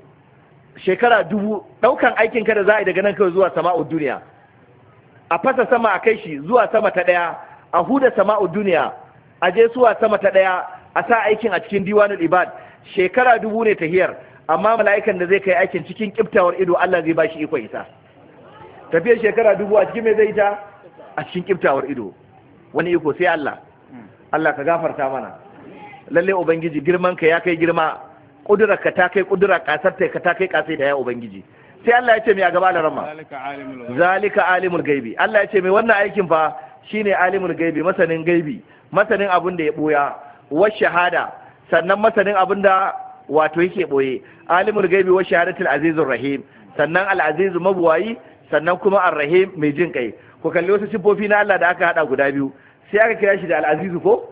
S4: shekara dubu ɗaukan aikin ka da za a yi daga nan kawai zuwa sama'ud duniya a fasa sama a kai shi zuwa sama ta ɗaya a huda sama'ud duniya a je zuwa sama ta ɗaya a sa aikin a cikin diwanul ibad shekara dubu ne ta hiyar, amma mala'ikan da zai kai aikin cikin kiftawar ido Allah zai bashi iko isa tafiyar shekara dubu a cikin me zai ta a cikin kiftawar ido wani iko sai Allah Allah ka gafarta mana lalle ubangiji girman ka ya kai girma kudurar ka ta kai kudura kasar ta ka ta kai kasai da ya ubangiji sai Allah ya ce mai a gaba larama zalika alimul gaibi Allah ya ce mai wannan aikin fa shine alimul gaibi masanin gaibi masanin abun da ya boya Was shahada sannan masanin abin da wato yake boye alimul gaibi wa shahadatul azizur rahim sannan al azizu mabuwayi sannan kuma ar rahim mai jin kai ku kalli wasu sifofi na Allah da aka hada guda biyu sai aka kira shi da al ko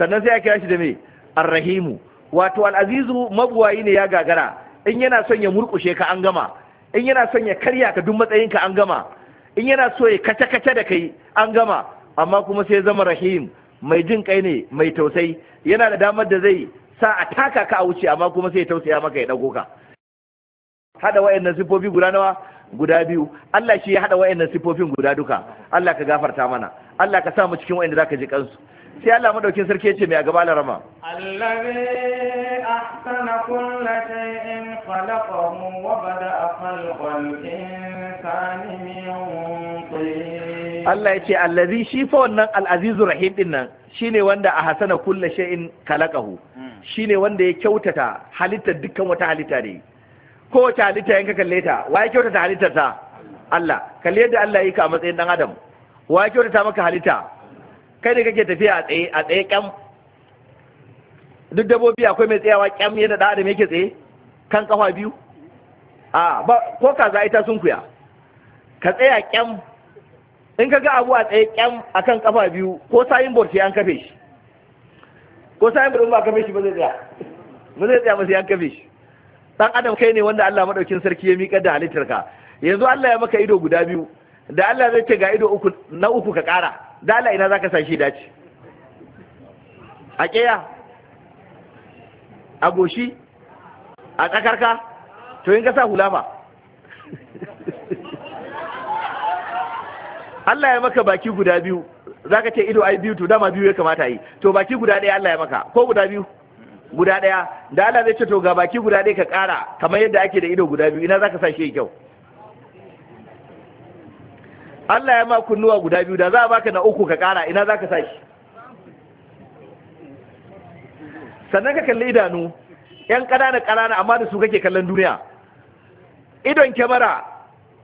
S4: sannan sai aka kira shi da mai, ar rahimu wato al'azizu mabuwayi ne ya gagara in yana son ya murkushe ka an gama in yana son ya karya ka duk matsayin ka an gama in yana so ya kace kace da kai an gama amma kuma sai zama rahim mai jin kai ne mai tausayi yana da damar da zai sa a taka ka a wuce amma kuma sai tausaya maka ya dago ka hada wayannan sifofi guda nawa guda biyu Allah shi ya hada wayannan sifofin guda duka Allah ka gafarta mana Allah ka sa mu cikin wayanda zaka ji kansu sai Allah madaukin sarki ya ce mai a gaba larama
S3: allazi ahsana kulli shay'in khalaqahu wa bada'a khalqal insani min tin Allah
S4: ya ce allazi shi fa wannan al'azizu rahim din nan shine wanda a hasana kulla shay'in kalaqahu hmm. shine wanda ya kyautata halitta dukkan wata halitta ne wata halitta yanka kalle ta wa ya kyautata halittar ta Allah kalle yadda Allah yi ka a matsayin dan adam wa ya kyautata maka halitta kai ne kake tafiya a tsaye a tsaye kam duk dabbobi akwai mai tsayawa kyam yadda da adam yake tsaye kan kafa biyu a ba ko kaza ita sun kuya ka tsaya kyam in ka ga abu a tsaye a kan kafa biyu ko sayin board sai an kafe shi ko sayin board ba kafe shi ba zai tsaya ba zai tsaya ba sai an kafe shi dan adam kai ne wanda Allah madaukin sarki ya miƙa da halittarka yanzu Allah ya maka ido guda biyu da Allah zai ce ga ido uku na uku ka ƙara da Allah ina zaka sa shi dace a ƙeya a goshi a tsakarka to in ka sa hula ba [laughs] Allah ya maka baki guda biyu za ka ce ido ai biyu to dama biyu ya kamata yi to baki guda ɗaya Allah ya maka ko guda biyu guda ɗaya da Allah zai ce to ga baki guda ɗaya ka ƙara kamar yadda ake da ido guda biyu ina za ka sa shi kyau Allah ya ma kunnuwa guda biyu da za a baka na uku ka ƙara ina ka sa shi sannan ka kalli idanu yan ƙanana ƙanana amma da su kake kallon duniya idon kyamara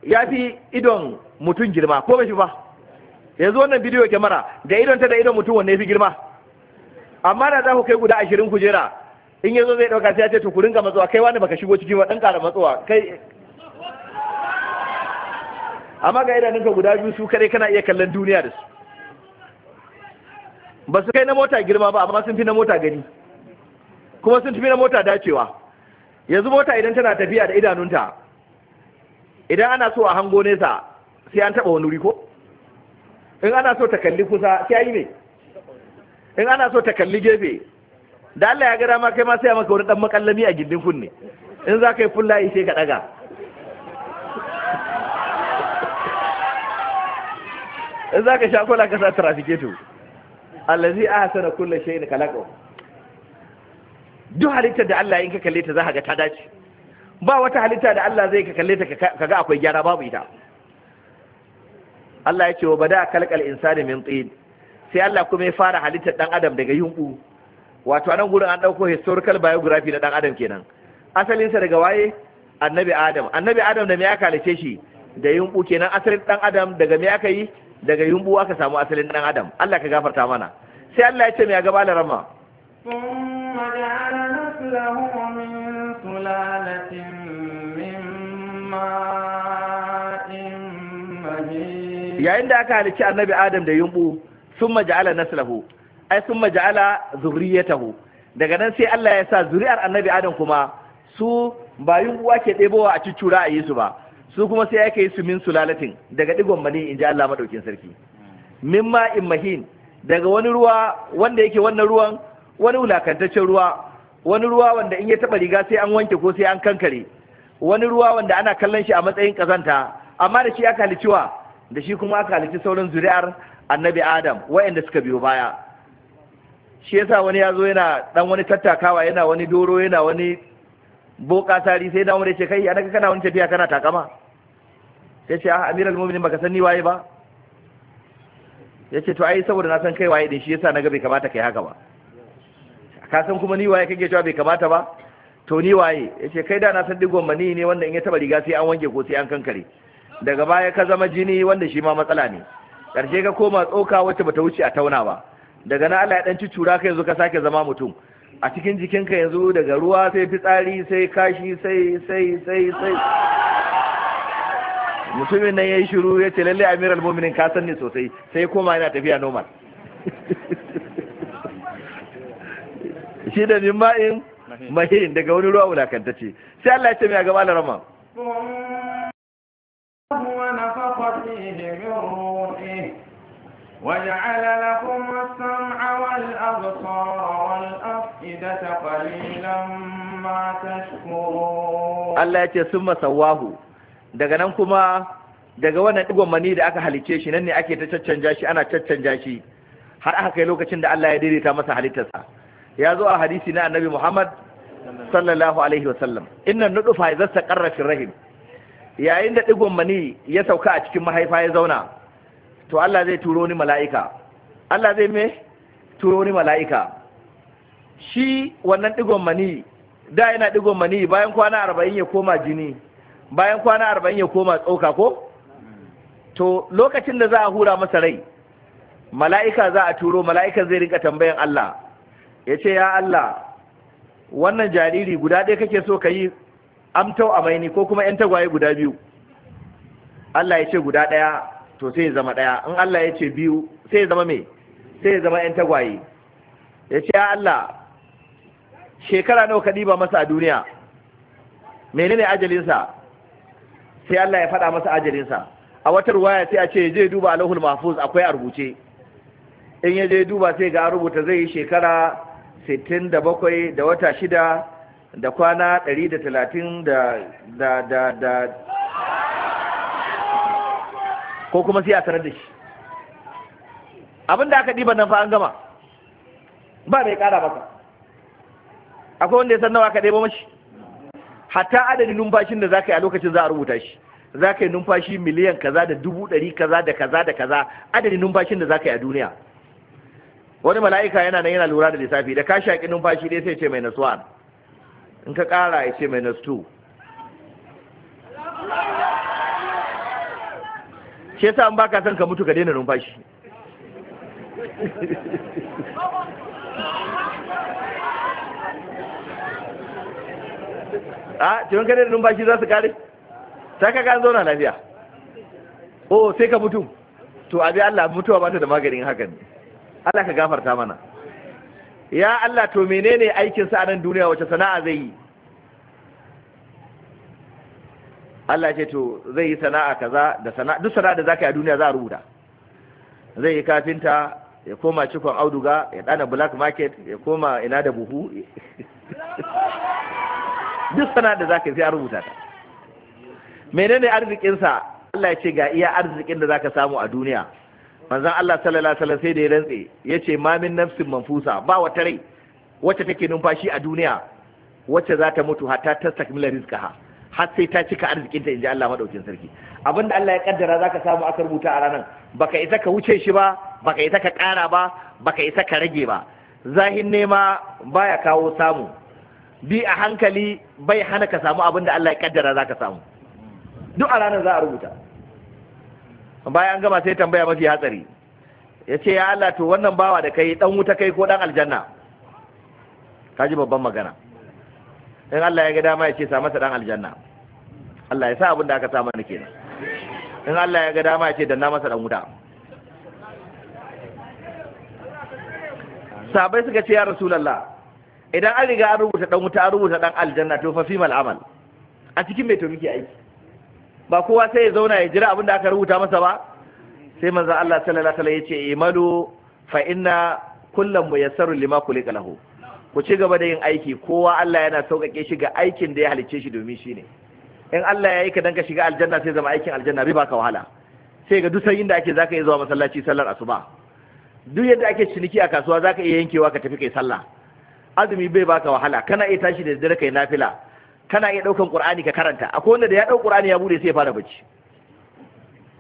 S4: ya fi idon mutum girma ko bai fi ba yanzu wannan bidiyo kyamara da idon ta da idon mutum wanne fi girma amma da za ku kai guda ashirin kujera in yanzu zai ɗauka sai ya ce tukurin ku matsuwa kai wani baka shigo cikin ɗan ƙara matsuwa kai amma ga ninka guda biyu su kare kana iya kallon duniya da su ba su kai na mota girma ba amma sun fi na mota gani kuma sun fi na mota dacewa yanzu mota idan tana tafiya da idanunta idan ana so a hango nesa sai an taba wani wuri ko in ana so ta kalli kusa sai yi ne in ana so ta kalli gefe da Allah ya ga dama kai ma sai maka wani dan makallami a gindin kunne in za ka yi fullayi sai ka daga in za ka sha kola ka sa trafiketo allazi ahsana kullu shay'in khalaqa duk halittar da Allah in ka kalle ta za ka ga ta dace ba wata halitta da Allah zai ka kalle ta kaga akwai gyara babu ita Allah ya ce wa bada kalkal insani min tin sai Allah kuma ya fara halittar dan adam daga yunku wato anan gurin an dauko historical biography na dan adam kenan asalin sa daga waye annabi adam annabi adam da me aka halice shi da yunku kenan asalin dan adam daga me aka yi daga yunku aka samu asalin dan adam Allah ka gafarta mana sai Allah ya ce me ya gaba larama
S3: ثم جعل نسله من سلالة من ماء
S4: yayin da aka halicci annabi adam da yumbu sun maja'ala naslahu ai sun maja'ala zurriyatahu daga nan sai Allah ya sa zuri'ar annabi adam kuma su ba yumbuwa ke ɗebowa a cicura a yi ba su kuma sai ake yi su min sulalatin daga digon mani in ji Allah madaukin sarki mimma in mahin daga wani ruwa wanda yake wannan ruwan wani wulakantaccen ruwa wani ruwa wanda in ya taɓa riga sai an wanke ko sai an kankare wani ruwa wanda ana kallon shi a matsayin kazanta amma da shi aka halicciwa da shi kuma aka halitta sauran zuri'ar annabi adam wa'anda suka biyo baya shi yasa wani ya zo yana dan wani tattakawa yana wani doro yana wani boka tari. sai dawo ya ce kai anaka kana wani tafiya kana takama sai ce ah amiral mu'minin baka san ni waye ba yace to ai saboda na san kai waye din shi yasa naga bai kamata kai haka ba ka san kuma ni waye kake cewa bai kamata ba to ni waye yace kai da na san digon mani ne wanda in ya taba riga sai an wanke ko sai an kankare daga baya ka zama jini wanda shi ma matsala ne ƙarshe ka koma tsoka wacce bata wuce a tauna ba daga na Allah ya dan cura ka yanzu ka sake zama mutum a cikin jikinka yanzu daga ruwa sai fitsari sai kashi sai sai sai sai mutumin nan ya yi shiru ya ce lalle amir al-muminin ka san ni sosai sai koma yana tafiya normal [laughs] shi da min ma'in mahin daga wani ruwa wulakantacce sai Allah ya ce mai a gaba da
S2: rama
S3: ونفخ فيه من روحه وجعل لكم السمع والأبصار والأفئدة قليلا ما تشكرون الله
S4: يتي ثم سواه daga nan kuma daga wannan digon mani da aka halice shi nan ne ake ta caccanja shi ana caccanja shi har aka kai lokacin da Allah ya daidaita masa halittarsa ya zo a hadisi na annabi Muhammad sallallahu alaihi wasallam inna nudufa idza taqarra fi rahim yayin da digon mani ya sauka a cikin mahaifa ya zauna to Allah zai turo ni mala'ika Allah zai me turo ni mala'ika shi wannan digon mani da yana digon mani bayan kwana arba'in ya koma jini bayan kwana arba'in ya koma tsoka ko to lokacin da za a hura masa rai mala'ika za a turo mala'ika zai rinka tambayan Allah ya ce ya Allah wannan jariri guda ɗaya kake so ka yi amtau a maini ko kuma yan tagwaye guda biyu Allah ya ce guda ɗaya to sai ya zama ɗaya in Allah ya ce biyu sai ya zama me sai ya zama yan tagwaye ya ce ya Allah shekara nawa ka ɗiba masa a duniya menene ajalinsa sai Allah ya faɗa masa ajalinsa a wata ruwaya sai a ce ya je duba alahul mahfuz akwai a rubuce in ya je duba sai ga rubuta zai yi shekara 67 da wata shida da kwana ɗari da talatin da da da da ko kuma sai a sanar da shi abin da aka ɗiba nan fa an gama ba mai ƙara maka akwai wanda ya san nawa aka ɗeba mashi hatta adadin numfashin da za ka yi a lokacin za a rubuta shi za ka yi numfashi miliyan kaza da dubu ɗari kaza da kaza da kaza adadin numfashin da za ka yi a duniya wani mala'ika yana nan yana lura da lissafi da ka shaƙi numfashi ɗaya sai ce mai nasuwa in ka ƙara ya ce minus 2 shi yasa ba baka son ka mutu ka daina numfashi a [laughs] cikin ah, ka daina numfashi za su kare ta ka kan zauna lafiya oh sai ka mutu to abi Allah mutuwa ba ta da maganin hakan Allah ka gafarta mana ya Allah to menene aikinsa a nan duniya wace sana'a zai yi Allah ce to zai yi sana'a kaza da sana'a duk sana'a da zaka yi a duniya za a rubuta zai yi kafinta ya koma cikon auduga ya dana black market ya koma ina da buhu [laughs] duk sana'a da zaka yi sai a rubuta ta menene arzikinsa Allah ya ce ga iya arzikin da zaka samu a duniya manzon Allah sallallahu alaihi sai da ya rantse ya ma min nafsin manfusa ba wata rai wacce take numfashi a duniya wacce za ta mutu hatta ta takmila rizqaha har sai ta cika arzikinta inji Allah madaukin sarki abinda Allah ya kaddara zaka samu aka rubuta a ranar baka isa ka wuce shi ba baka isa ka kara ba baka isa ka rage ba zahin nema baya kawo samu bi a hankali bai hana ka samu abinda Allah ya kaddara zaka samu duk a ranar za a rubuta bayan gama sai tambaya mafi hatsari ya ce ya Allah to wannan bawa da kai dan wuta kai ko dan aljanna kaji babban magana in Allah ya ga dama ya ce sa masa dan aljanna Allah ya sa abin da aka sa mana kenan in Allah ya ga dama ya ce danna masa dan wuta sabai suka ce ya rasulullah idan an riga an rubuta dan wuta an rubuta dan aljanna to fa fi mal amal a cikin mai to muke aiki ba kowa sai ya zauna ya jira abin da aka rubuta masa ba sai manzo Allah sallallahu alaihi wasallam yace imalu fa inna kullam muyassarun lima kulika lahu ku ci gaba da yin aiki kowa Allah yana sauƙaƙe shi ga aikin da ya halicce shi domin shi ne in Allah ya yi ka danka shiga aljanna sai zama aikin aljanna riba baka wahala sai ga duk inda ake zaka iya zuwa masallaci sallar asuba duk yadda ake ciniki a kasuwa zaka iya yankewa ka tafi kai sallah azumi bai baka wahala kana iya tashi da dare kai nafila kana iya ɗaukan ƙur'ani ka karanta a wanda da ya ɗau ƙur'ani ya bude sai ya fara bacci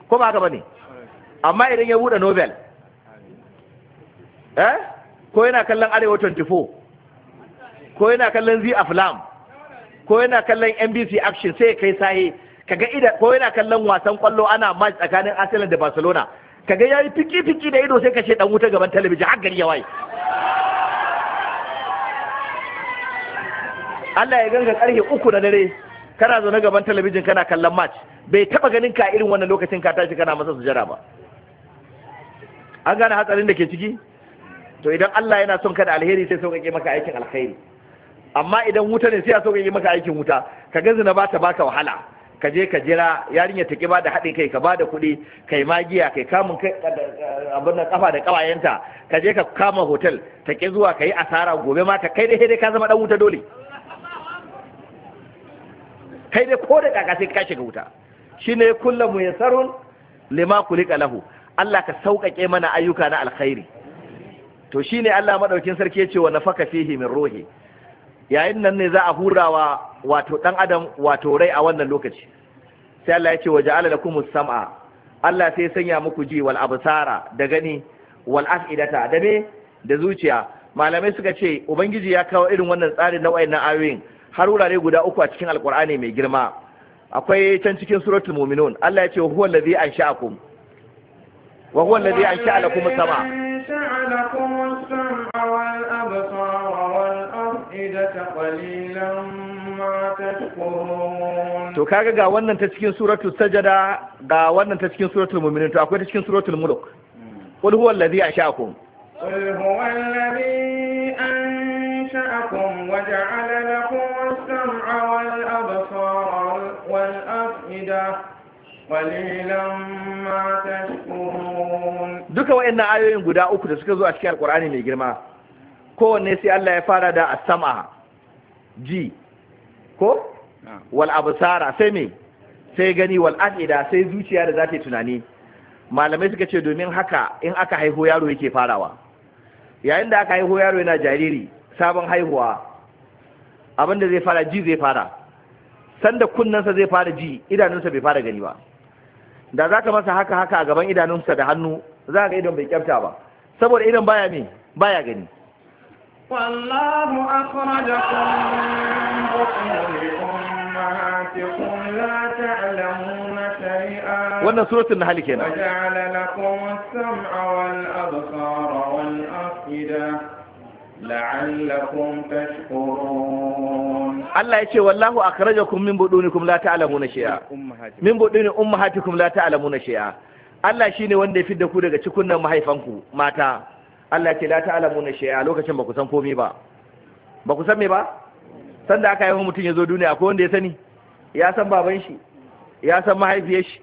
S4: ko ba haka bane amma idan ya bude Nobel eh ko yana kallon Arewa 24 ko yana kallon Zee Aflam ko yana kallon NBC Action sai kai sahi kaga ida ko yana kallon wasan kwallo ana match tsakanin Arsenal da Barcelona kaga yayi fiki fiki da ido sai ka ce dan wuta gaban talabijin har gari ya waye Allah ya ganga karfe uku na dare kana zaune gaban talabijin kana kallon match bai taba ganin ka irin wannan lokacin ka tashi kana masa sujada ba an gane hatsarin da ke ciki to idan Allah yana son kada alheri sai sauƙaƙe maka aikin alheri. amma idan wuta ne sai a sauƙaƙe maka aikin wuta ka ga zina bata baka wahala ka je ka jira yarinya ta ba da haɗin kai ka ba da kuɗi kai magiya kai kamun kai abin da kafa da kawayenta ka je ka kama hotel ta ki zuwa ka yi asara gobe ma ka kai da dai ka zama ɗan wuta dole kai dai ko da kaka sai ka shiga wuta shine mu yasarun lima kulika lahu Allah ka sauƙaƙe mana ayyuka na alkhairi to shi ne Allah madaukin sarki ya ce wa nafaka fihi min ruhi yayin nan ne za a hurawa wato dan adam wato rai a wannan lokaci sai Allah ya ce wa ja'ala lakumus sam'a Allah sai sanya muku ji wal absara da gani wal af'idata da me da zuciya malamai suka ce ubangiji ya kawo irin wannan tsarin na wayannan ayoyin har wurare guda uku a cikin alkur'ani mai girma akwai can cikin suratul mu'minun Allah ya ce huwa allazi ansha'akum wa huwa allazi ansha'a lakum as-sama to kaga ga wannan ta cikin suratul sajada ga wannan ta cikin suratul mu'minun to akwai ta cikin suratul mulk hmm. qul huwa allazi ansha'akum
S3: qul huwa allazi أنشأكم وجعل لكم السمع والأبصار والأفئدة
S4: Duka ما ayoyin guda uku da suka zo a cikin Alƙur'ani mai girma, kowane sai Allah ya fara da sama, ji, ko? Wal sai me, sai gani wal aƙida sai zuciya da za ta yi tunani. Malamai suka ce domin haka in aka haihu yaro yake farawa. Yayin da aka haihu yaro yana jariri, sabon haihuwa abinda zai fara ji zai fara sanda kunnensa zai fara ji idanunsa bai fara gani ba da za ka masa haka haka a gaban idanunsa da hannu za ga idon bai kyafta ba saboda idon baya me baya gani
S3: wallahu akhrajakum wannan suratul nahl kenan waja'ala lakum as-sam'a wal absara wal afida la'allakum tashkurun
S4: Allah yace wallahu akhrajakum min budunikum la ta'lamuna shay'a min buduni ummahatikum la ta'lamuna shay'a Allah shine wanda ya fidda ku daga nan mahaifanku mata Allah yace la ta'lamuna shay'a lokacin ba ku san komai ba ba ku san me ba sanda aka yi mutum ya zo duniya akwai wanda ya sani ya san baban shi ya san mahaifiyar shi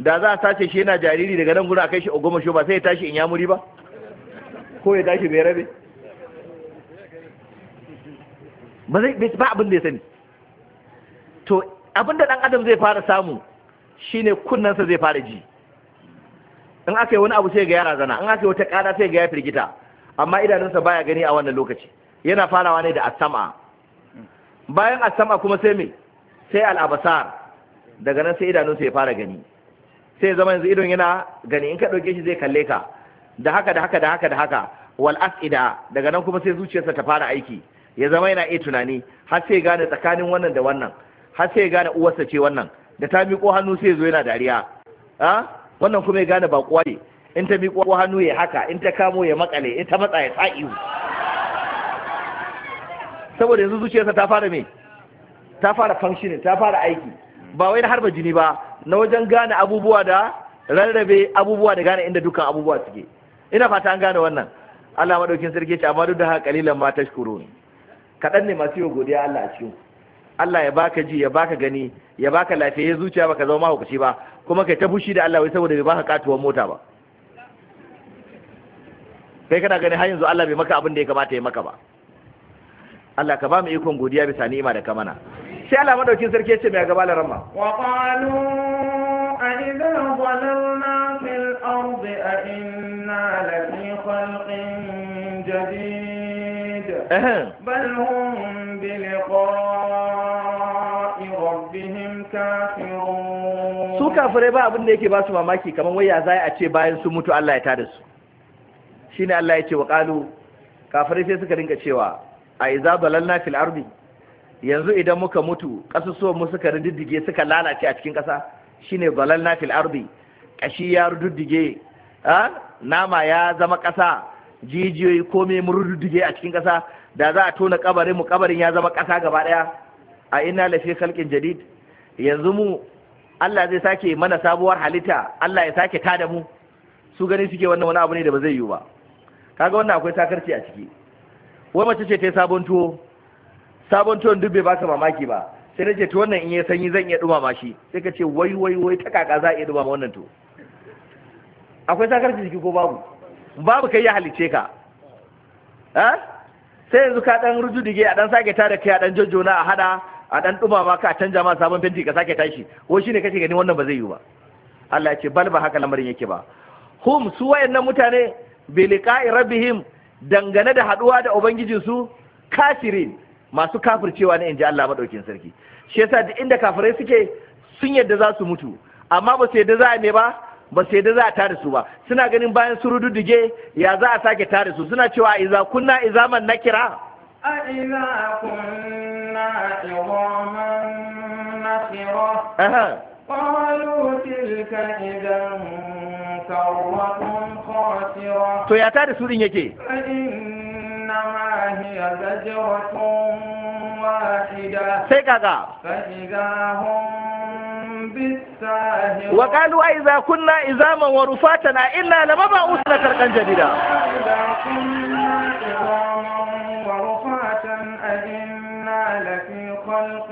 S4: da za a sace shi yana jariri daga nan gudu a kai shi ogomasho ba sai ya tashi in yamuri ba ko ya tashi bai rabe ba abin da ya sani to abin da ɗan adam zai fara samu shine sa zai fara ji in aka yi wani abu sai ga yara zana in aka yi wata ƙara sai ga ya firgita amma idanunsa baya gani a wannan lokaci yana farawa ne da asama bayan asama kuma sai me sai al'abasar daga nan sai idanunsa ya fara gani sai zama yanzu idon yana gani in ka ɗauke shi zai kalle ka da haka da haka da haka da haka wal as'ida daga nan kuma sai zuciyarsa ta fara aiki ya zama yana iya tunani har sai gane tsakanin wannan da wannan har sai gane uwarsa ce wannan da ta miƙo hannu sai zo yana dariya a ah, wannan kuma ya gane baƙuwa ne in ta miƙo hannu ya haka in ta kamo ya makale in ta matsa ya sa'iwu saboda yanzu zuciyarsa ta fara me ta fara functioning ta fara aiki ba wai na harba jini ba na wajen gane abubuwa da rarrabe abubuwa da gane inda dukkan abubuwa suke ina fata an gane wannan Allah madaukin sarki ce amma duk da haka kalilan ma tashkurun kaɗan ne masu yi godiya Allah a cikin Allah ya baka ji ya baka gani ya baka lafiya zuciya baka zama mahaukaci ba kuma kai ta fushi da Allah wai saboda bai baka katuwar mota ba kai kana gani har yanzu Allah bai maka abin da ya kamata ya maka ba Allah ka ba mu ikon godiya bisa ni'ima da kamana sai Allah madaukin sarki ya ce mai gaba larama
S3: wa qalu a idza dhalalna fil ardi a inna lafi khalqin jadid بل هم بلقاء ربهم كافرون su kafirai ba
S4: abin da yake ba su mamaki kamar ya zai a ce bayan sun mutu Allah ya tada su shine Allah ya ce wa qalu kafirai sai suka rinka cewa a iza balalna fil ardi yanzu idan muka mutu kasusuwan mu suka riddige suka lalace a cikin kasa shine balalna fil ardi kashi ya rududdige nama ya zama ƙasa jijiyoyi komai mu rududdige a cikin ƙasa da za a tona kabarin mu kabarin ya zama ƙasa gaba daya a inna lafi khalqin jadid yanzu mu Allah zai sake mana sabuwar halitta Allah ya sake tada mu su gani suke wannan wani abu ne da ba zai yiwu ba kaga wannan akwai sakarci a ciki wai mace ce ta sabon tuwo sabon tuwon duk ba baka mamaki ba sai nace to wannan in ya sanyi zan iya dumama shi sai ka ce wai wai wai ta kaka za a iya dumama wannan tuwo akwai sakarci ciki ko babu babu kai ya halice ka eh sai yanzu ka dan rujudige a dan sake tada kai a dan jojjona a hada a dan dumama ka canja ma sabon fenti ka sake tashi Wai shine kace gani wannan ba zai yi ba Allah ya ce bal ba haka lamarin yake ba hum su wayannan mutane bi liqa'i rabbihim dangane da haduwa da ubangijin su kafirin masu kafircewa ne inji Allah madaukin sarki shi yasa duk inda kafirai suke sun yadda za su mutu amma ba su yadda za a ne ba ba sai da za a tare su ba suna ganin bayan su rududuge ya za a sake tare su suna cewa iza kunna izaman nakira
S3: a iza kunna izaman nakira qalu tilka idan karwatun khasira to ya
S4: tare su din yake
S3: فإنما هي زجرة واحدة فإذا هم بالساهرة وقالوا
S4: أئذا كنا إزاما ورفاتنا إنا لمبعوثنا خلقا جديدا
S3: إذا كنا عظاما ورفاتا أئنا لفي خلق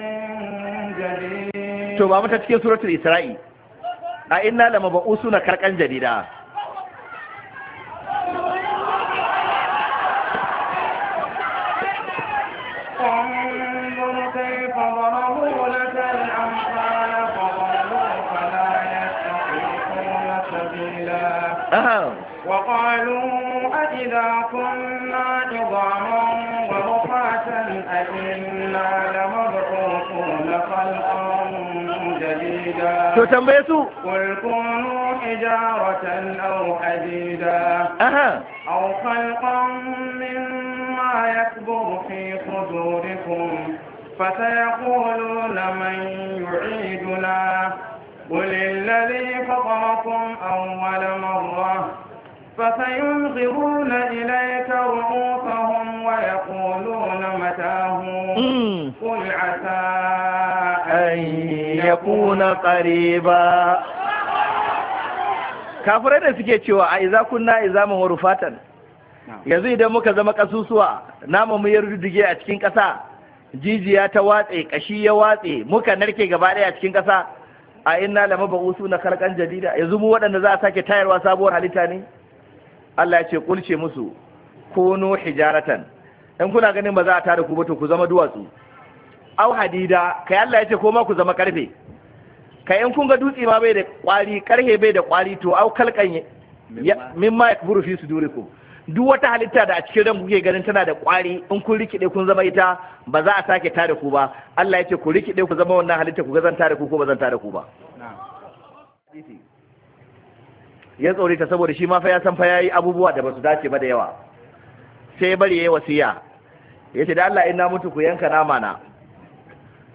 S3: جديد تو ba mata
S4: cikin suratul Isra'i a inna lamaba'usuna karkan jadida
S3: قالوا أإذا كنا عظاما ورفاتا أئنا لمبعوثون خلقا جديدا قل كونوا حجارة أو حديدا أو خلقا مما يكبر في صدوركم فسيقولون من يعيدنا قل الذي فطركم أول مرة فسينظرون إليك رؤوسهم ويقولون متاه قل عسى
S4: أن يكون قريبا kafirai da suke cewa a iza kunna iza mu rufatan yanzu idan muka zama kasusuwa namu mu yardudige a cikin kasa jijiya ta watse kashi ya watse muka narke gaba ɗaya a cikin ƙasa a inna lama ba'usu na kalkan jadida yanzu mu waɗanda za a sake tayarwa sabuwar halitta ne Allah ya ce kulce musu kunu hijaratan in kuna ganin ba za a tare ku ba to ku zama duwatsu au hadida kai Allah ya ce ko ma ku zama karfe kai in kun ga dutse ma bai da kwari karhe bai da kwari to au kalkan mimma yakburu fi sudurikum duk wata halitta da a cikin ran kuke ganin tana da kwari in kun rikide kun zama ita ba za a sake tare ku ba Allah ya ce ku rikide ku zama wannan halitta ku ga zan tada ku ko ba zan tare ku ba ya tsore ta saboda shi ma fa ya san fa yayi abubuwa da basu dace ba da yawa sai ya bari yayi wasiya yace da Allah ina na mutu ku yanka nama na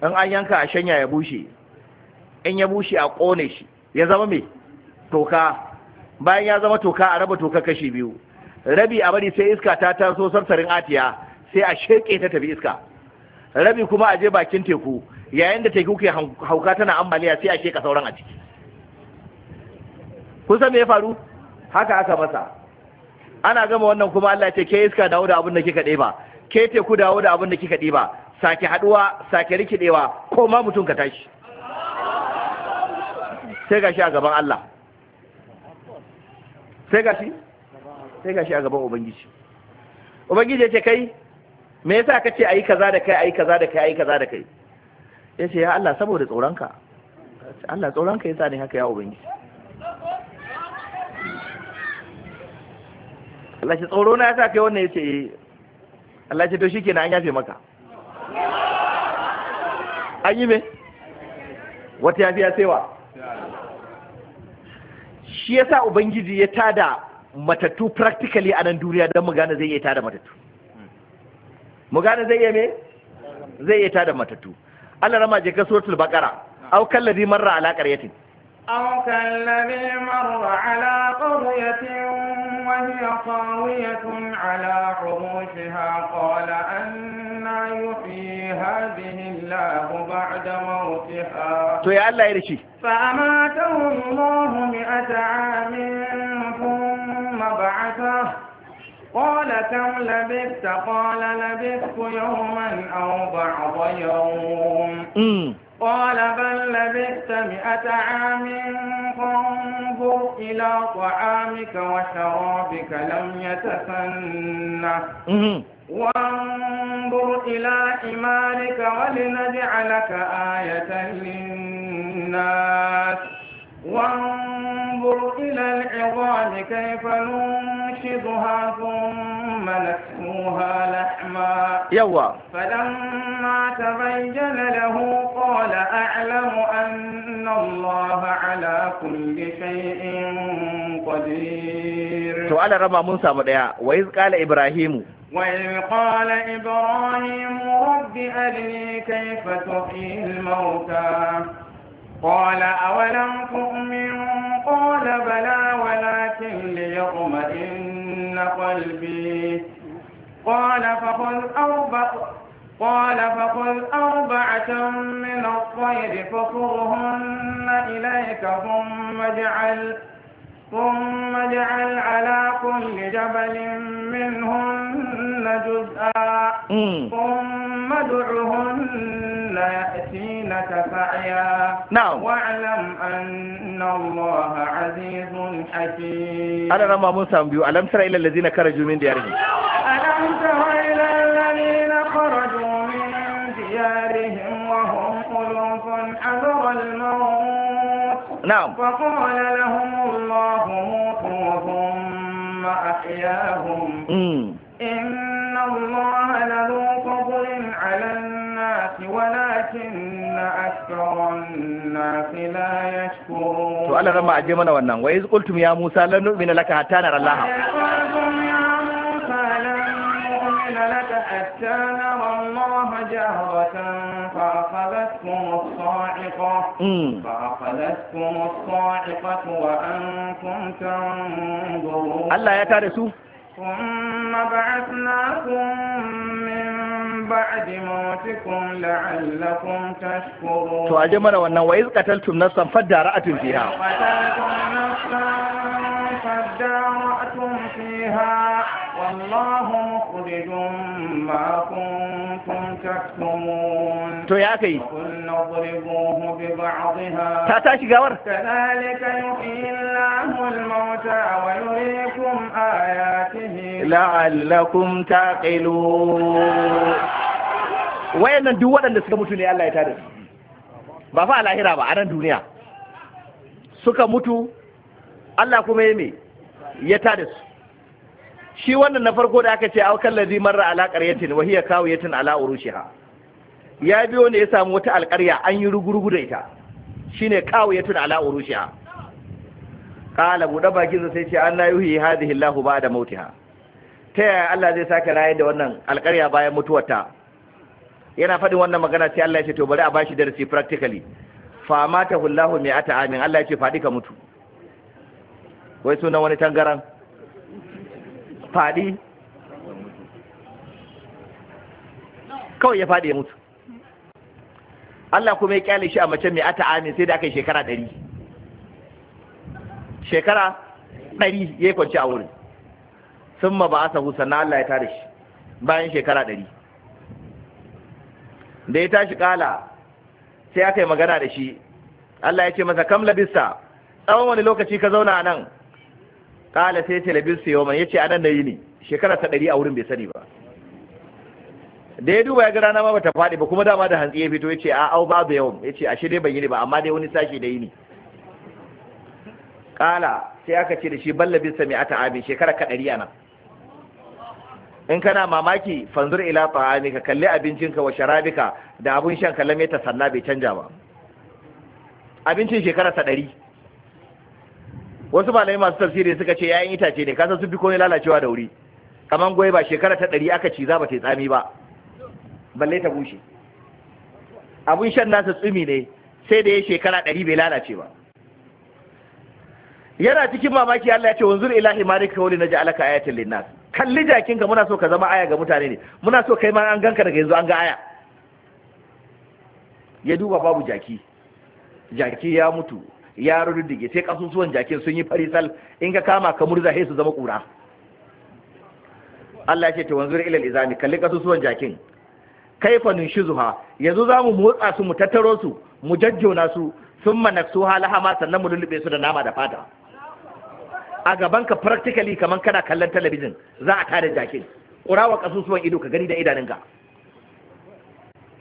S4: in an yanka a shanya ya bushe in ya bushe a kone shi ya zama me toka bayan ya zama toka a raba toka kashi biyu rabi a bari sai iska ta taso sarsarin atiya sai a sheke ta tafi iska rabi kuma a je bakin teku yayin da teku ke hauka tana ambaliya sai a sheka sauran a ciki kun san me ya faru haka aka masa ana gama wannan kuma Allah ce ke iska dawo da abin da kika ɗeba ke teku dawo da abin da kika ɗeba sake haduwa sake rikidewa ko ma mutum ka tashi sai ga shi a gaban Allah sai shi sai gashi a gaban ubangiji ubangiji ya ce kai me yasa ka ce ayi kaza da kai ayi kaza da kai ayi kaza da kai ya ce ya Allah saboda tsoronka Allah tsoronka yasa ne haka ya ubangiji Allah shi tsoro na yasa kai wannan yace eh Allah shi to shikenan an yafe maka an yi me wata yafiya ya wa shi yasa ubangiji ya tada matattu practically a nan duniya don mu gane zai iya tada matattu mu gane zai iya me zai iya tada matattu Allah rama je ka suratul baqara aw kallazi marra ala qaryatin
S3: أو كالذي مر على قرية وهي خاوية على عروشها قال أنا يحيي هذه الله بعد موتها يا الله يرشي فأماته الله مئة عام ثم بعثه قال كم لبثت قال لبثت يوما أو بعض يوم قال بل لبئت مئة عام فانظر إلى طعامك وشرابك لم يتسنه وانظر إلى حمارك ولنجعلك آية للناس وانظر إلى العظام كيف ننشدها ثم نكسوها لحما يوا فلما تبين له قال أعلم أن الله على كل شيء قدير سؤال
S4: ربا منسى مدعا وإذ قال إبراهيم
S3: وإذ قال إبراهيم رب أرني كيف تحيي الموتى قال أولم تؤمن قال بلى ولكن ليطمئن قلبي قال فخذ أربع قال فقل أربعة من الطير فصرهن إليك ثم اجعل ثم اجعل على كل جبل منهن جزءا ثم ادعهن السيرة سعيا نعم واعلم أن الله عزيز حكيم أنا لما
S4: موسى أمبيو ألم ترى إلى الذين خرجوا من ديارهم
S3: ألم ترى إلى الذين خرجوا من ديارهم وهم ألوف حذر الموت نعم فقال لهم الله موتوا ثم أحياهم إن الله لذو فضل على الناس ولكن أكثر الناس لا يشكرون سؤال
S4: وإذ قلتم يا موسى لن نؤمن لك حتى نرى الله
S3: قلتم يا موسى لن نؤمن لك حتى نرى الله فأخذتكم الصاعقة فأخذتكم الصاعقة وأنتم تنظرون الله يا ثم بعثناكم ba'di mawtikum la'allakum tashkurun to aje
S4: mana wannan wa iza na nafsan fadara'atun fiha
S3: fadara'atun fiha الله مخرج ما كنتم تكتمون تو يا أخي قلنا اضربوه ببعضها تاتاش قور كذلك يحيي الله الموتى ويريكم آياته
S4: لعلكم تعقلون wayannan duk waɗanda suka mutu ne Allah ya tada su ba fa a lahira ba a nan duniya suka mutu Allah kuma ya me ya tada su shi wannan na farko da aka ce aukan ladhi marra ala qaryatin wa hiya kawiyatin ala urushiha ya biyo wanda ya samu wata alƙarya an yi rugurugu da ita shine kawiyatun ala urushiha qala buɗe zai sai ce an la yuhi hadhihi allah ba'da mautiha ta yaya Allah zai sake rayar da wannan alƙarya bayan mutuwarta yana faɗin wannan magana sai Allah ya ce to bari a bashi darasi practically fa mata hullahu mi'ata ata amin Allah ya ce fadi ka mutu wai sunan wani tangaran faɗi kawai ya faɗi ya mutu Allah kuma ya kyale shi a mace mai ata amin sai da aka yi shekara ɗari shekara ɗari ya yi kwanci a wurin sun ma ba a sahu sannan Allah ya tare shi bayan shekara ɗari da ya tashi ƙala sai aka yi magana da shi Allah ya ce masa kam labista tsawon wani lokaci ka zauna a nan kala sai ce labin su ce yace anan da yi ne shekara ta ɗari a wurin bai sani ba da ya duba ya ga rana ma bata faɗi ba kuma dama da hantsi ya fito ya ce a au babu yawan ya ce ashe dai ban yi ne ba amma dai wani sashi da yi ne kala sai aka ce da shi ballabin sami ata ta'amin shekara ka ɗari nan. in kana mamaki fanzur ila ka kalli abincinka wa sharabika da abun shan kalame ta sanna bai canja ba abincin shekara ta ɗari wasu malamai masu tafsiri suka ce yayin itace ne kasan sun fi komai lalacewa da wuri kamar ba shekara ta ɗari aka ci za ba ta yi tsami ba balle ta bushe abun shan nasa tsumi ne sai da ya shekara ɗari bai lalace ba yana cikin mamaki Allah ya ce wanzur ilahi malika wali naji alaka ayatul linnas kalli jakinka muna so ka zama aya ga mutane ne muna so kai ma an ganka daga yanzu an ga aya ya duba babu jaki jaki ya mutu ya rurdige sai kasusuwan jakin sun yi fari sal in ka kama ka murza sai su zama kura Allah ya ce tawanzur ilal izami kalli kasusuwan jakin Kai kaifa nunshizuha yanzu zamu motsa su mu tattaro su mu jajjona su sun thumma halaha ma sannan mu lullube su da nama da fata a gaban ka practically kaman kana kallon talabijin za a tare jakin kurawa kasusuwan ido ka gani da idanunka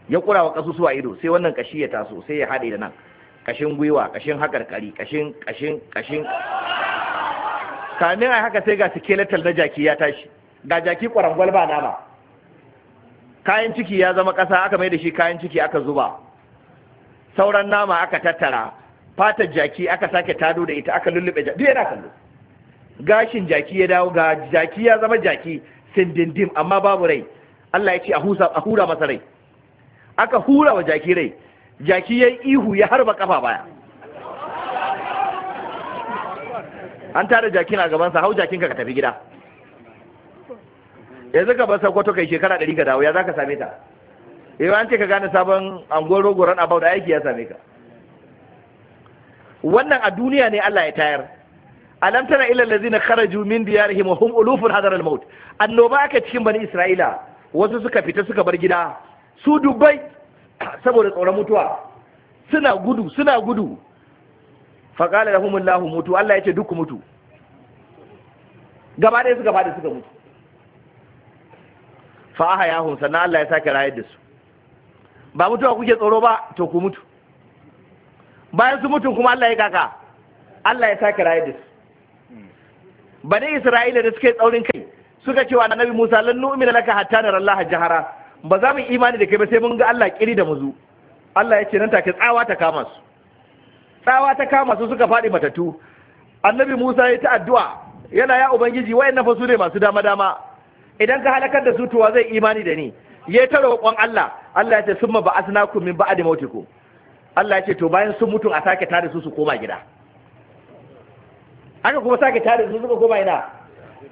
S4: ya kurawa kasusuwa ido sai wannan kashi ya taso sai ya hade da nan kashin gwiwa kashin hakarkari kashin kashin kashin kamin a haka sai ga skeletal na jaki ya tashi ga jaki kwarangwal ba nama kayan ciki ya zama kasa aka mai da shi kayan ciki aka zuba sauran nama aka tattara fatar jaki aka sake tado da ita aka lullube jaki yana kallo gashin jaki ya dawo ga jaki ya zama jaki sindindim amma babu rai Allah ya ce a hura masa rai aka hura wa jaki rai jaki ya ihu ya harba kafa baya an tara jakin a gabansa hau jakinka ka tafi gida yanzu ka bar sakwato kai shekara ɗari ka dawo ya za ka same ta yau eh, an ce ka gane sabon angon rogoron abau da aiki ya same ka wannan a duniya ne Allah ya tayar alam tana ila allazina kharaju min diyarihim wa hum ulufun hadar al-maut annoba aka cikin bani isra'ila wasu suka fita suka bar gida su dubbai saboda tsoron mutuwa suna gudu suna gudu faƙalar rahumullahu mutu Allah ya ce duk mutu gaba ɗaya suka da suka mutu fa'aha ya hun sannan Allah ya sake rayar da su ba mutuwa kuke tsoro ba to ku mutu bayan su mutu kuma Allah ya kaka Allah ya sake rayar da su bani Isra'ila da suka yi tsaurin kai suka cewa annabi Musa lan nu'mina laka hatta nara Allah jahara ba za mu imani da kai ba sai mun ga Allah kiri da muzu Allah ya ce nan take tsawa ta kama su tsawa ta kama su suka faɗi matatu annabi Musa ya ta addu'a yana ya ubangiji wayannan fa su ne masu dama dama idan ka halakar da su to zai imani da ni ya ta roƙon Allah Allah ya ce summa ba'athnakum min ba'di mautikum Allah ya ce to bayan sun mutu a sake tare su su koma gida aka kuma sake tare su suka koma ina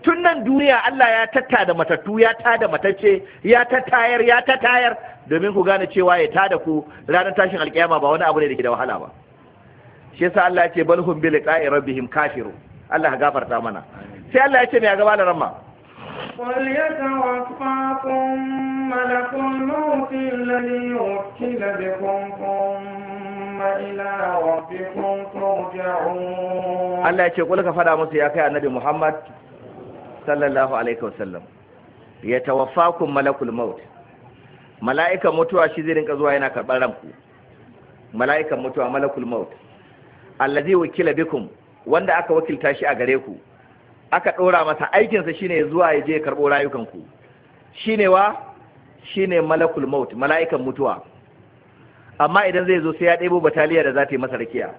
S4: tun nan duniya Allah ya tatta da matattu ya da matacce ya ta tayar, ya ta tayar, domin ku gane cewa ya da ku ranar tashin alkiyama ba wani abu ne da ke da wahala ba shi yasa Allah ya ce bal hum bi liqa'i rabbihim kafiru Allah ya gafarta mana sai Allah ya ce me ya gaba da ramma
S1: قل
S3: يتوفاكم ملك الموت الذي وكل بكم ثم إلى ربكم ce
S4: الله يقول لك فلا مسيا كي النبي محمد sallallahu alaihi wasallam ya tawaffakum malakul maut mala'ikan mutuwa shi zai rinka zuwa yana karɓar ranku mala'ikan mutuwa malakul maut allazi wakila bikum wanda aka wakilta shi a gare ku aka ɗora masa aikinsa shine zuwa ya je rayukan karɓo rayukanku shine wa shine malakul maut mala'ikan mutuwa amma idan zai zo sai ya ɗebo bataliya da zata ta yi masa rakiya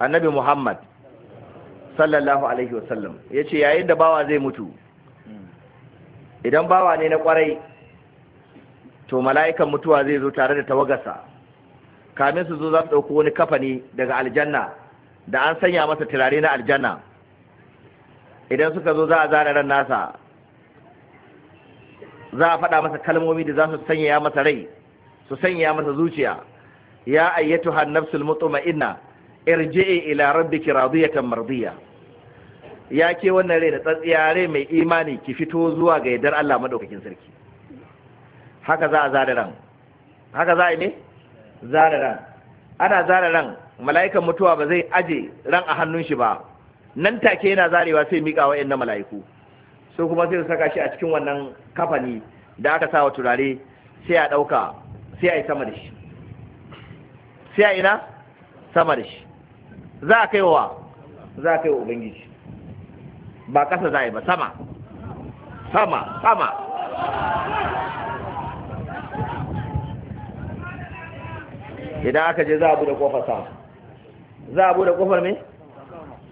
S4: annabi muhammad sallallahu alaihi wasallam ya ce yayin da bawa zai mutu idan bawa ne na kwarai to mala'ikan mutuwa zai zo tare da tawagarsa kamin su zo za su ɗauko wani kafani daga aljanna da an sanya masa turare na aljanna idan suka zo za a zara ran nasa za a faɗa masa kalmomi da za su sanya masa rai su sanya masa zuciya ya ayyatu hannafsul mutuma'inna irji'i ila rabbiki radiyatan mardiya ya ke wannan rai da tsantsiya rai mai imani ki fito zuwa ga yardar Allah maɗaukakin sarki haka za a zara ran haka za a yi ne zara ran ana zara ran mala'ikan mutuwa ba zai aje ran a hannun shi ba nan take yana zarewa sai miƙa wa na mala'iku so kuma sai su saka shi a cikin wannan kafani da aka sa wa turare sai a ɗauka sai a yi sama da shi sai a ina sama da shi za a kai wa za a kai wa ubangiji ba kasa za ba sama sama sama idan aka je za a bude kofar sama za a bude kofar me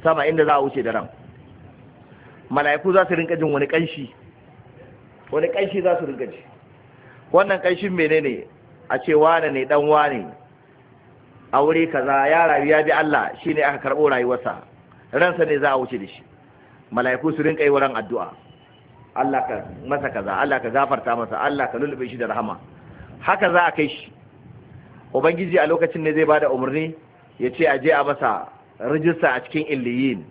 S4: sama inda za a wuce da ran mala'iku za su rinka jin wani kanshi wani kanshi za su rinka ji wannan kanshin menene a ce wane ne dan wane a wuri kaza ya rayu ya bi Allah shine aka karbo rayuwarsa ransa ne za a wuce da shi mala'iku su rinka yi wurin addu'a Allah ka masa kaza Allah ka gafarta masa Allah ka lulube shi da rahama haka za a kai shi ubangiji a lokacin ne zai bada umarni ya ce a je a masa rijista a cikin illiyin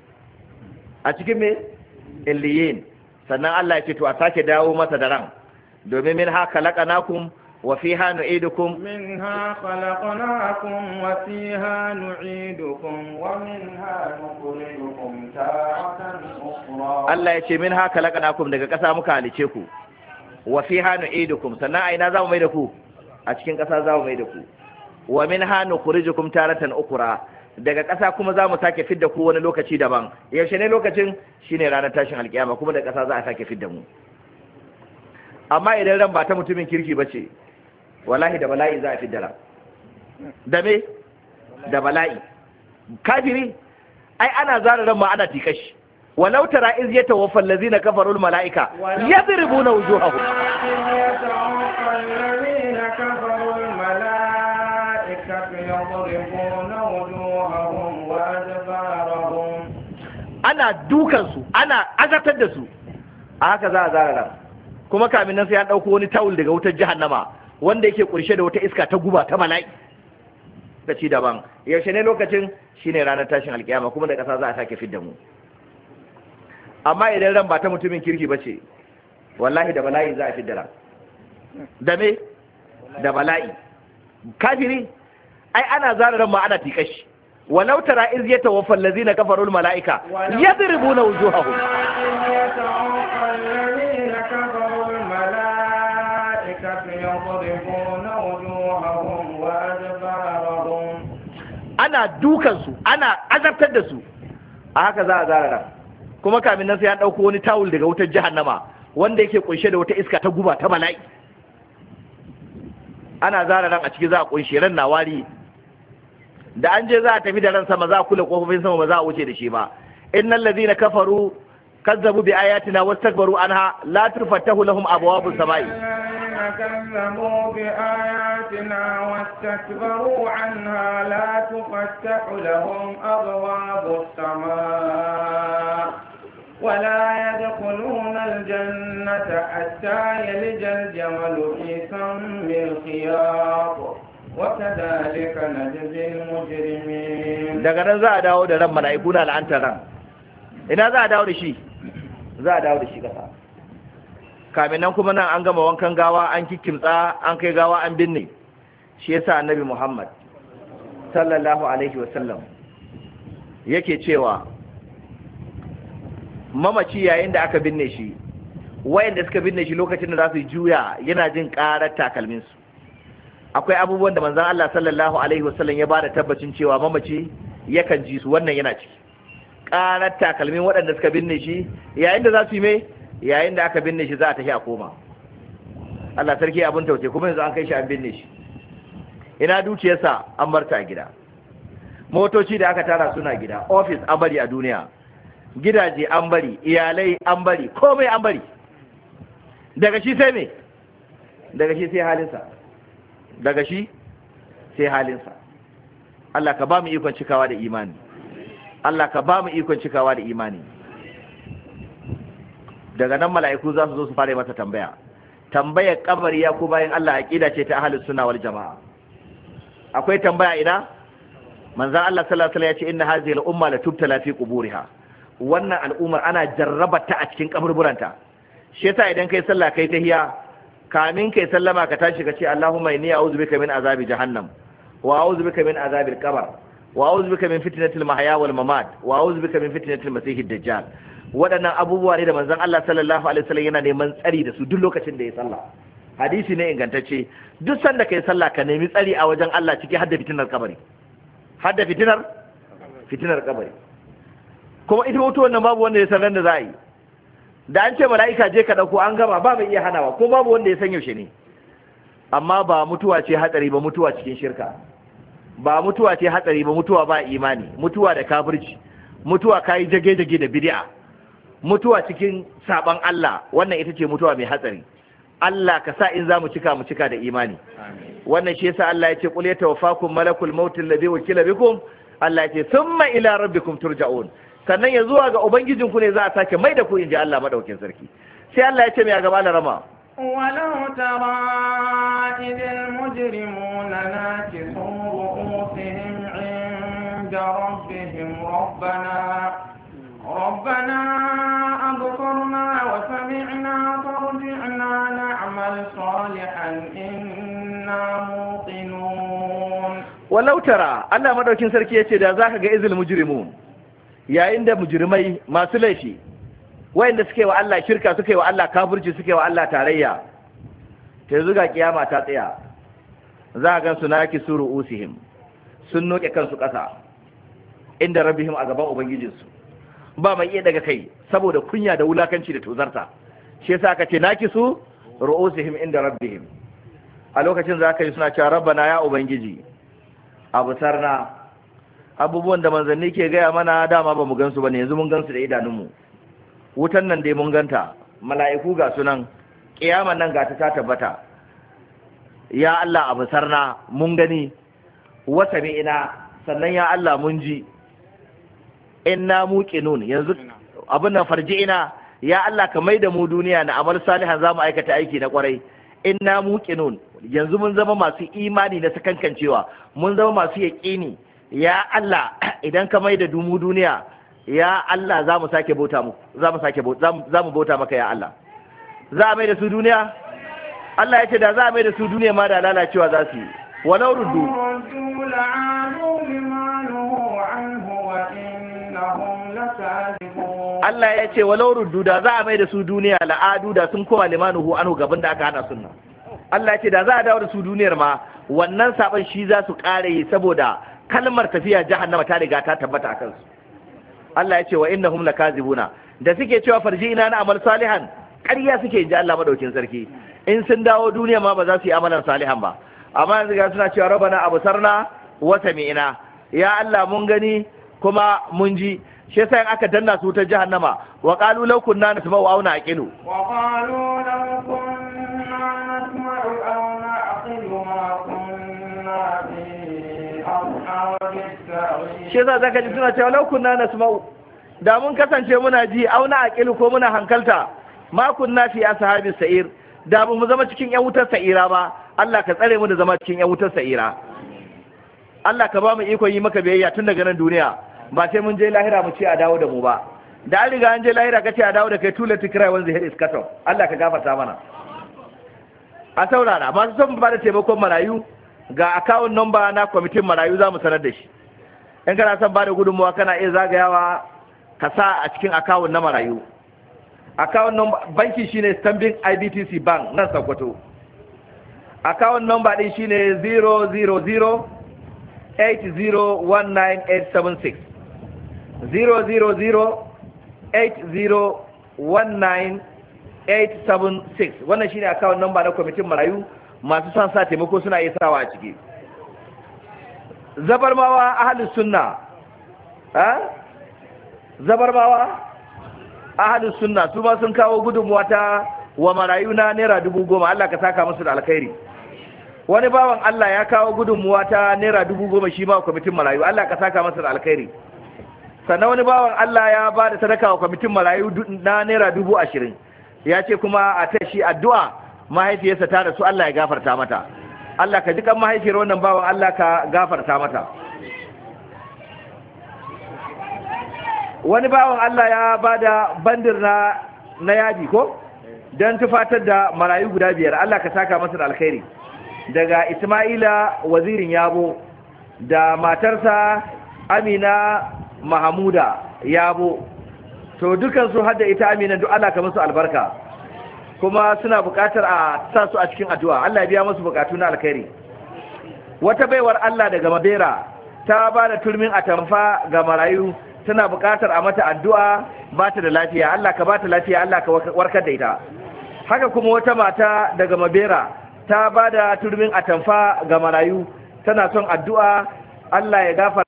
S4: a cikin me illiyin sannan Allah ya ce to a sake dawo masa da ran domin min haka laƙanakum وفيها نعيدكم
S3: منها خلقناكم وفيها نعيدكم ومنها نخرجكم تارة أخرى
S4: الله يشي منها خلقناكم daga ƙasa muka halice ku wa fiha nu'idukum sannan a ina zamu mai da ku a cikin ƙasa zamu mai da ku wa minha nukhrijukum taratan ukra daga ƙasa kuma za mu sake fidda ku wani lokaci daban yaushe ne lokacin shine ranar tashin alkiyama kuma daga ƙasa za a sake fidda mu amma idan ran ba ta mutumin kirki ba ce. wallahi da bala'i za a fi dala da me da bala'i kafiri ai ana zara ran ma ana tikashi ولو ترى إذ يتوفى الذين كفروا الملائكة يضربون وجوههم الذين
S3: كفروا الملائكة يضربون وجوههم وأدبارهم
S4: أنا دوكنسو أنا أزتدسو هكذا زارنا kuma kamin nan sai ya ɗauko wani tawul daga wutar jahannama wanda yake kurshe da wata iska ta guba ta mala'i. da ci daban yaushe ne lokacin shine ranar tashin alkiyama kuma da ƙasa za a sake fidda mu amma idan ran ba ta mutumin kirki ba ce wallahi da bala'i za a fidda ran da me da bala'i kafiri ai ana zara ran ma ana tikashi tara iz إذ يتوفى ladina kafarul mala'ika yadribuna wujuhahum ana dukansu ana azabtar da su a haka za a zara kuma kamin nan sai an ɗauko wani tawul daga wutar jahannama wanda yake kunshe da wata iska ta guba ta bala'i ana zara a ciki za a kunshe ran na da an je za a tafi da ran sama za a kula kofofin sama ba za a wuce da shi ba innal ladina kafaru kazzabu bi ayatina wastakbaru anha la turfatahu lahum abwabus samai
S3: كذبوا بآياتنا واستكبروا عنها لا تفتح لهم أبواب السماء ولا يدخلون الجنة حتى يلج الجمل في سم الخياط وكذلك نجزي المجرمين daga
S4: nan za a dawo da ran mala'iku na la'antar ran ina za a dawo da shi za a dawo da shi kasa kamin nan kuma nan an gama wankan gawa an kikimtsa an kai gawa an binne shi yasa annabi Muhammad sallallahu alaihi wasallam yake cewa mamaci yayin da aka binne shi wayanda suka binne shi lokacin da za su juya yana jin takalmin takalminsu akwai abubuwan da manzan Allah sallallahu alaihi wasallam ya bada tabbacin cewa mamaci yakan ji su wannan yana ciki karar takalmin waɗanda suka binne shi yayin da za su yi mai yayin da aka binne shi za a tafi a koma Allah sarki abin tauce kuma yanzu an kai shi an binne shi ina dukiyarsa an barta a gida motoci da aka tara suna gida ofis an bari a duniya gidaje an bari iyalai an bari komai an bari daga shi sai me daga shi sai halinsa daga shi sai halinsa Allah ka ba mu ikon cikawa da imani Allah ka ba mu ikon cikawa da imani daga nan mala'iku za su zo su fara masa tambaya tambayar kabari ya bayan Allah aqida ce ta ahlus sunna wal jamaa akwai tambaya ina manzon Allah sallallahu alaihi wasallam ya ce inna hadhihi al umma la tubtala fi quburiha wannan al'ummar ana jarraba ta a cikin kaburburanta shi yasa idan kai sallah kai tahiya kamin kai sallama ka tashi ka ce Allahumma inni a'udhu bika min azabi jahannam wa a'udhu bika min azabil qabr wa a'udhu bika min fitnatil mahya wal mamat wa a'udhu bika min fitnatil masiihid dajjal waɗannan abubuwa ne da manzon Allah sallallahu alaihi wasallam yana neman tsari da su duk lokacin da ya sallah hadisi ne ingantacce duk sanda kai sallah ka nemi tsari a wajen Allah ciki hadda fitinar kabari hadda fitinar fitinar kabari kuma ita mutuwar wannan babu wanda ya san da za yi da an ce mala'ika je ka dauko an gama ba mai iya hanawa ko babu wanda ya san yaushe ne amma ba mutuwa ce hatsari ba mutuwa cikin shirka ba mutuwa ce hatsari ba mutuwa ba imani mutuwa da kafirci mutuwa kayi jage-jage da bid'a mutuwa cikin saban Allah wannan ita ce mutuwa mai hatsari Allah ka sa in za mu cika mu cika da imani wannan shi yasa Allah ya ce qul yatawaffakum malakul maut alladhi wakila bikum Allah ya ce thumma ila rabbikum turja'un sannan ya zuwa ga ku ne za a sake mai da ku inji Allah madaukin sarki sai Allah ya ce mai a gaba rama
S3: ولو ترى إذ المجرمون ناكسوا رؤوسهم عند ربهم ربنا ربنا أبصرنا وسمعنا فارجعنا نعمل صالحا إنا موقنون
S4: ولو ترى الله مدوكين سركي يتي da zaka ga izil mujrimun yayin da mujrimai masu laifi wayanda suke wa Allah shirka suke wa Allah kafirci suke wa Allah tarayya ta zuga kiyama ta tsaya za ga su naki suru usihim sun noke kansu ƙasa inda rabbihim a gaban ubangijinsu ba mai iya daga kai saboda kunya da wulakanci da tozarta shi yasa aka ce su ru'usihim inda rabbihim a lokacin za ka yi suna cewa rabbana ya ubangiji abusarna abubuwan da manzanni ke gaya mana dama ba mu gansu ba ne yanzu mun gansu da idanunmu wutan nan dai mun ganta mala'iku ga sunan kiyaman nan ga ta ta tabbata ya Allah abusarna mun gani wa ina sannan ya Allah mun ji In na muke nun, yanzu abin nan ina, ya Allah ka maida mu duniya na amal za mu aikata aiki na kwarai muke nun, yanzu mun zama masu imani na sakankancewa mun zama masu yaƙini ya Allah [clears throat] idan ka maida dumu duniya ya Allah za mu sake bauta mu za mu sake za mu bauta maka ya Allah za a mai da su duniya Allah ya ce da za a mai da su duniya ma da lalacewa za su yi walau ruddu Allah ya ce walau ruddu da za a mai da su duniya la'adu da sun kowa limanuhu anu gaban da aka hana sunna Allah ya ce da za a dawo da su duniyar ma wannan sabon shi za su kare saboda kalmar tafiya jahannama ta riga ta tabbata a kansu Allah ya ce wa innahum lakazibuna da suke cewa farji ina na amal salihan karya suke ji Allah madaukin sarki in sun dawo duniya ma ba za su yi amalan salihan ba amma yanzu ga suna cewa rabana abusarna wa sami'ina ya Allah mun gani kuma mun ji shi yasa in aka danna su ta jahannama wa qalu law kunna nasma'u aw naqilu
S3: wa qalu law kunna nasma'u aw naqilu ma kunna fi shi yasa zaka ji suna cewa
S4: law kunna nasma'u da mun kasance muna ji aw naqilu ko muna hankalta ma kunna fi ashabi sa'ir da ba mu zama cikin yan wutar sa'ira ba Allah ka tsare mu da zama cikin yan wutar sa'ira Allah ka ba mu iko yi maka biyayya tun daga nan duniya ba sai mun je lahira mu ce a dawo da mu ba da an riga an je lahira ka ce a dawo da kai tula tikrai wanzu hir iskato Allah ka gafarta mana a saurara masu son ba da taimakon marayu ga account number na kwamitin marayu za mu sanar da shi in kana son ba da gudunmuwa kana iya zagayawa ka sa a cikin account na marayu account number banki shine stambin IBTC Bank nan Sokoto account number din shine 000 8019876 0008019876 wannan shine akawun number na kwamitin marayu masu son sa taimako suna iya sawa a ciki zabarmawa ahalus sunna ha zabarmawa ahalus sunna su ma sun kawo gudunmuwa ta wa marayu na naira dubu goma Allah ka saka musu da alkhairi wani bawan Allah ya kawo gudunmuwa ta naira dubu goma shi ma kwamitin marayu Allah ka saka masa da alkhairi sannan wani bawan Allah ya ba da sadaka wa kwamitin marayu na naira dubu ashirin ya ce kuma a tashi addu'a mahaifiyarsa ta rasu Allah ya gafarta mata Allah ka ji kan mahaifiyar wannan bawan Allah ka gafarta mata wani bawan Allah ya ba da bandir na na yadi ko don tufatar da marayu guda biyar Allah ka saka masa da alkhairi daga Ismaila wazirin yabo da matarsa Amina mahamuda yabo to dukansu hada ita amina duk ana ka musu albarka kuma suna buƙatar a sa su a cikin addu'a Allah ya biya musu buƙatu na alkhairi wata baiwar Allah daga Mabera ta ba da turmin atamfa ga marayu tana buƙatar a mata addu'a ba ta da lafiya Allah ka ba ta lafiya Allah ka warkar da ita haka kuma wata mata daga Mabera ta ba da turmin atamfa ga marayu tana
S5: son addu'a Allah ya gafa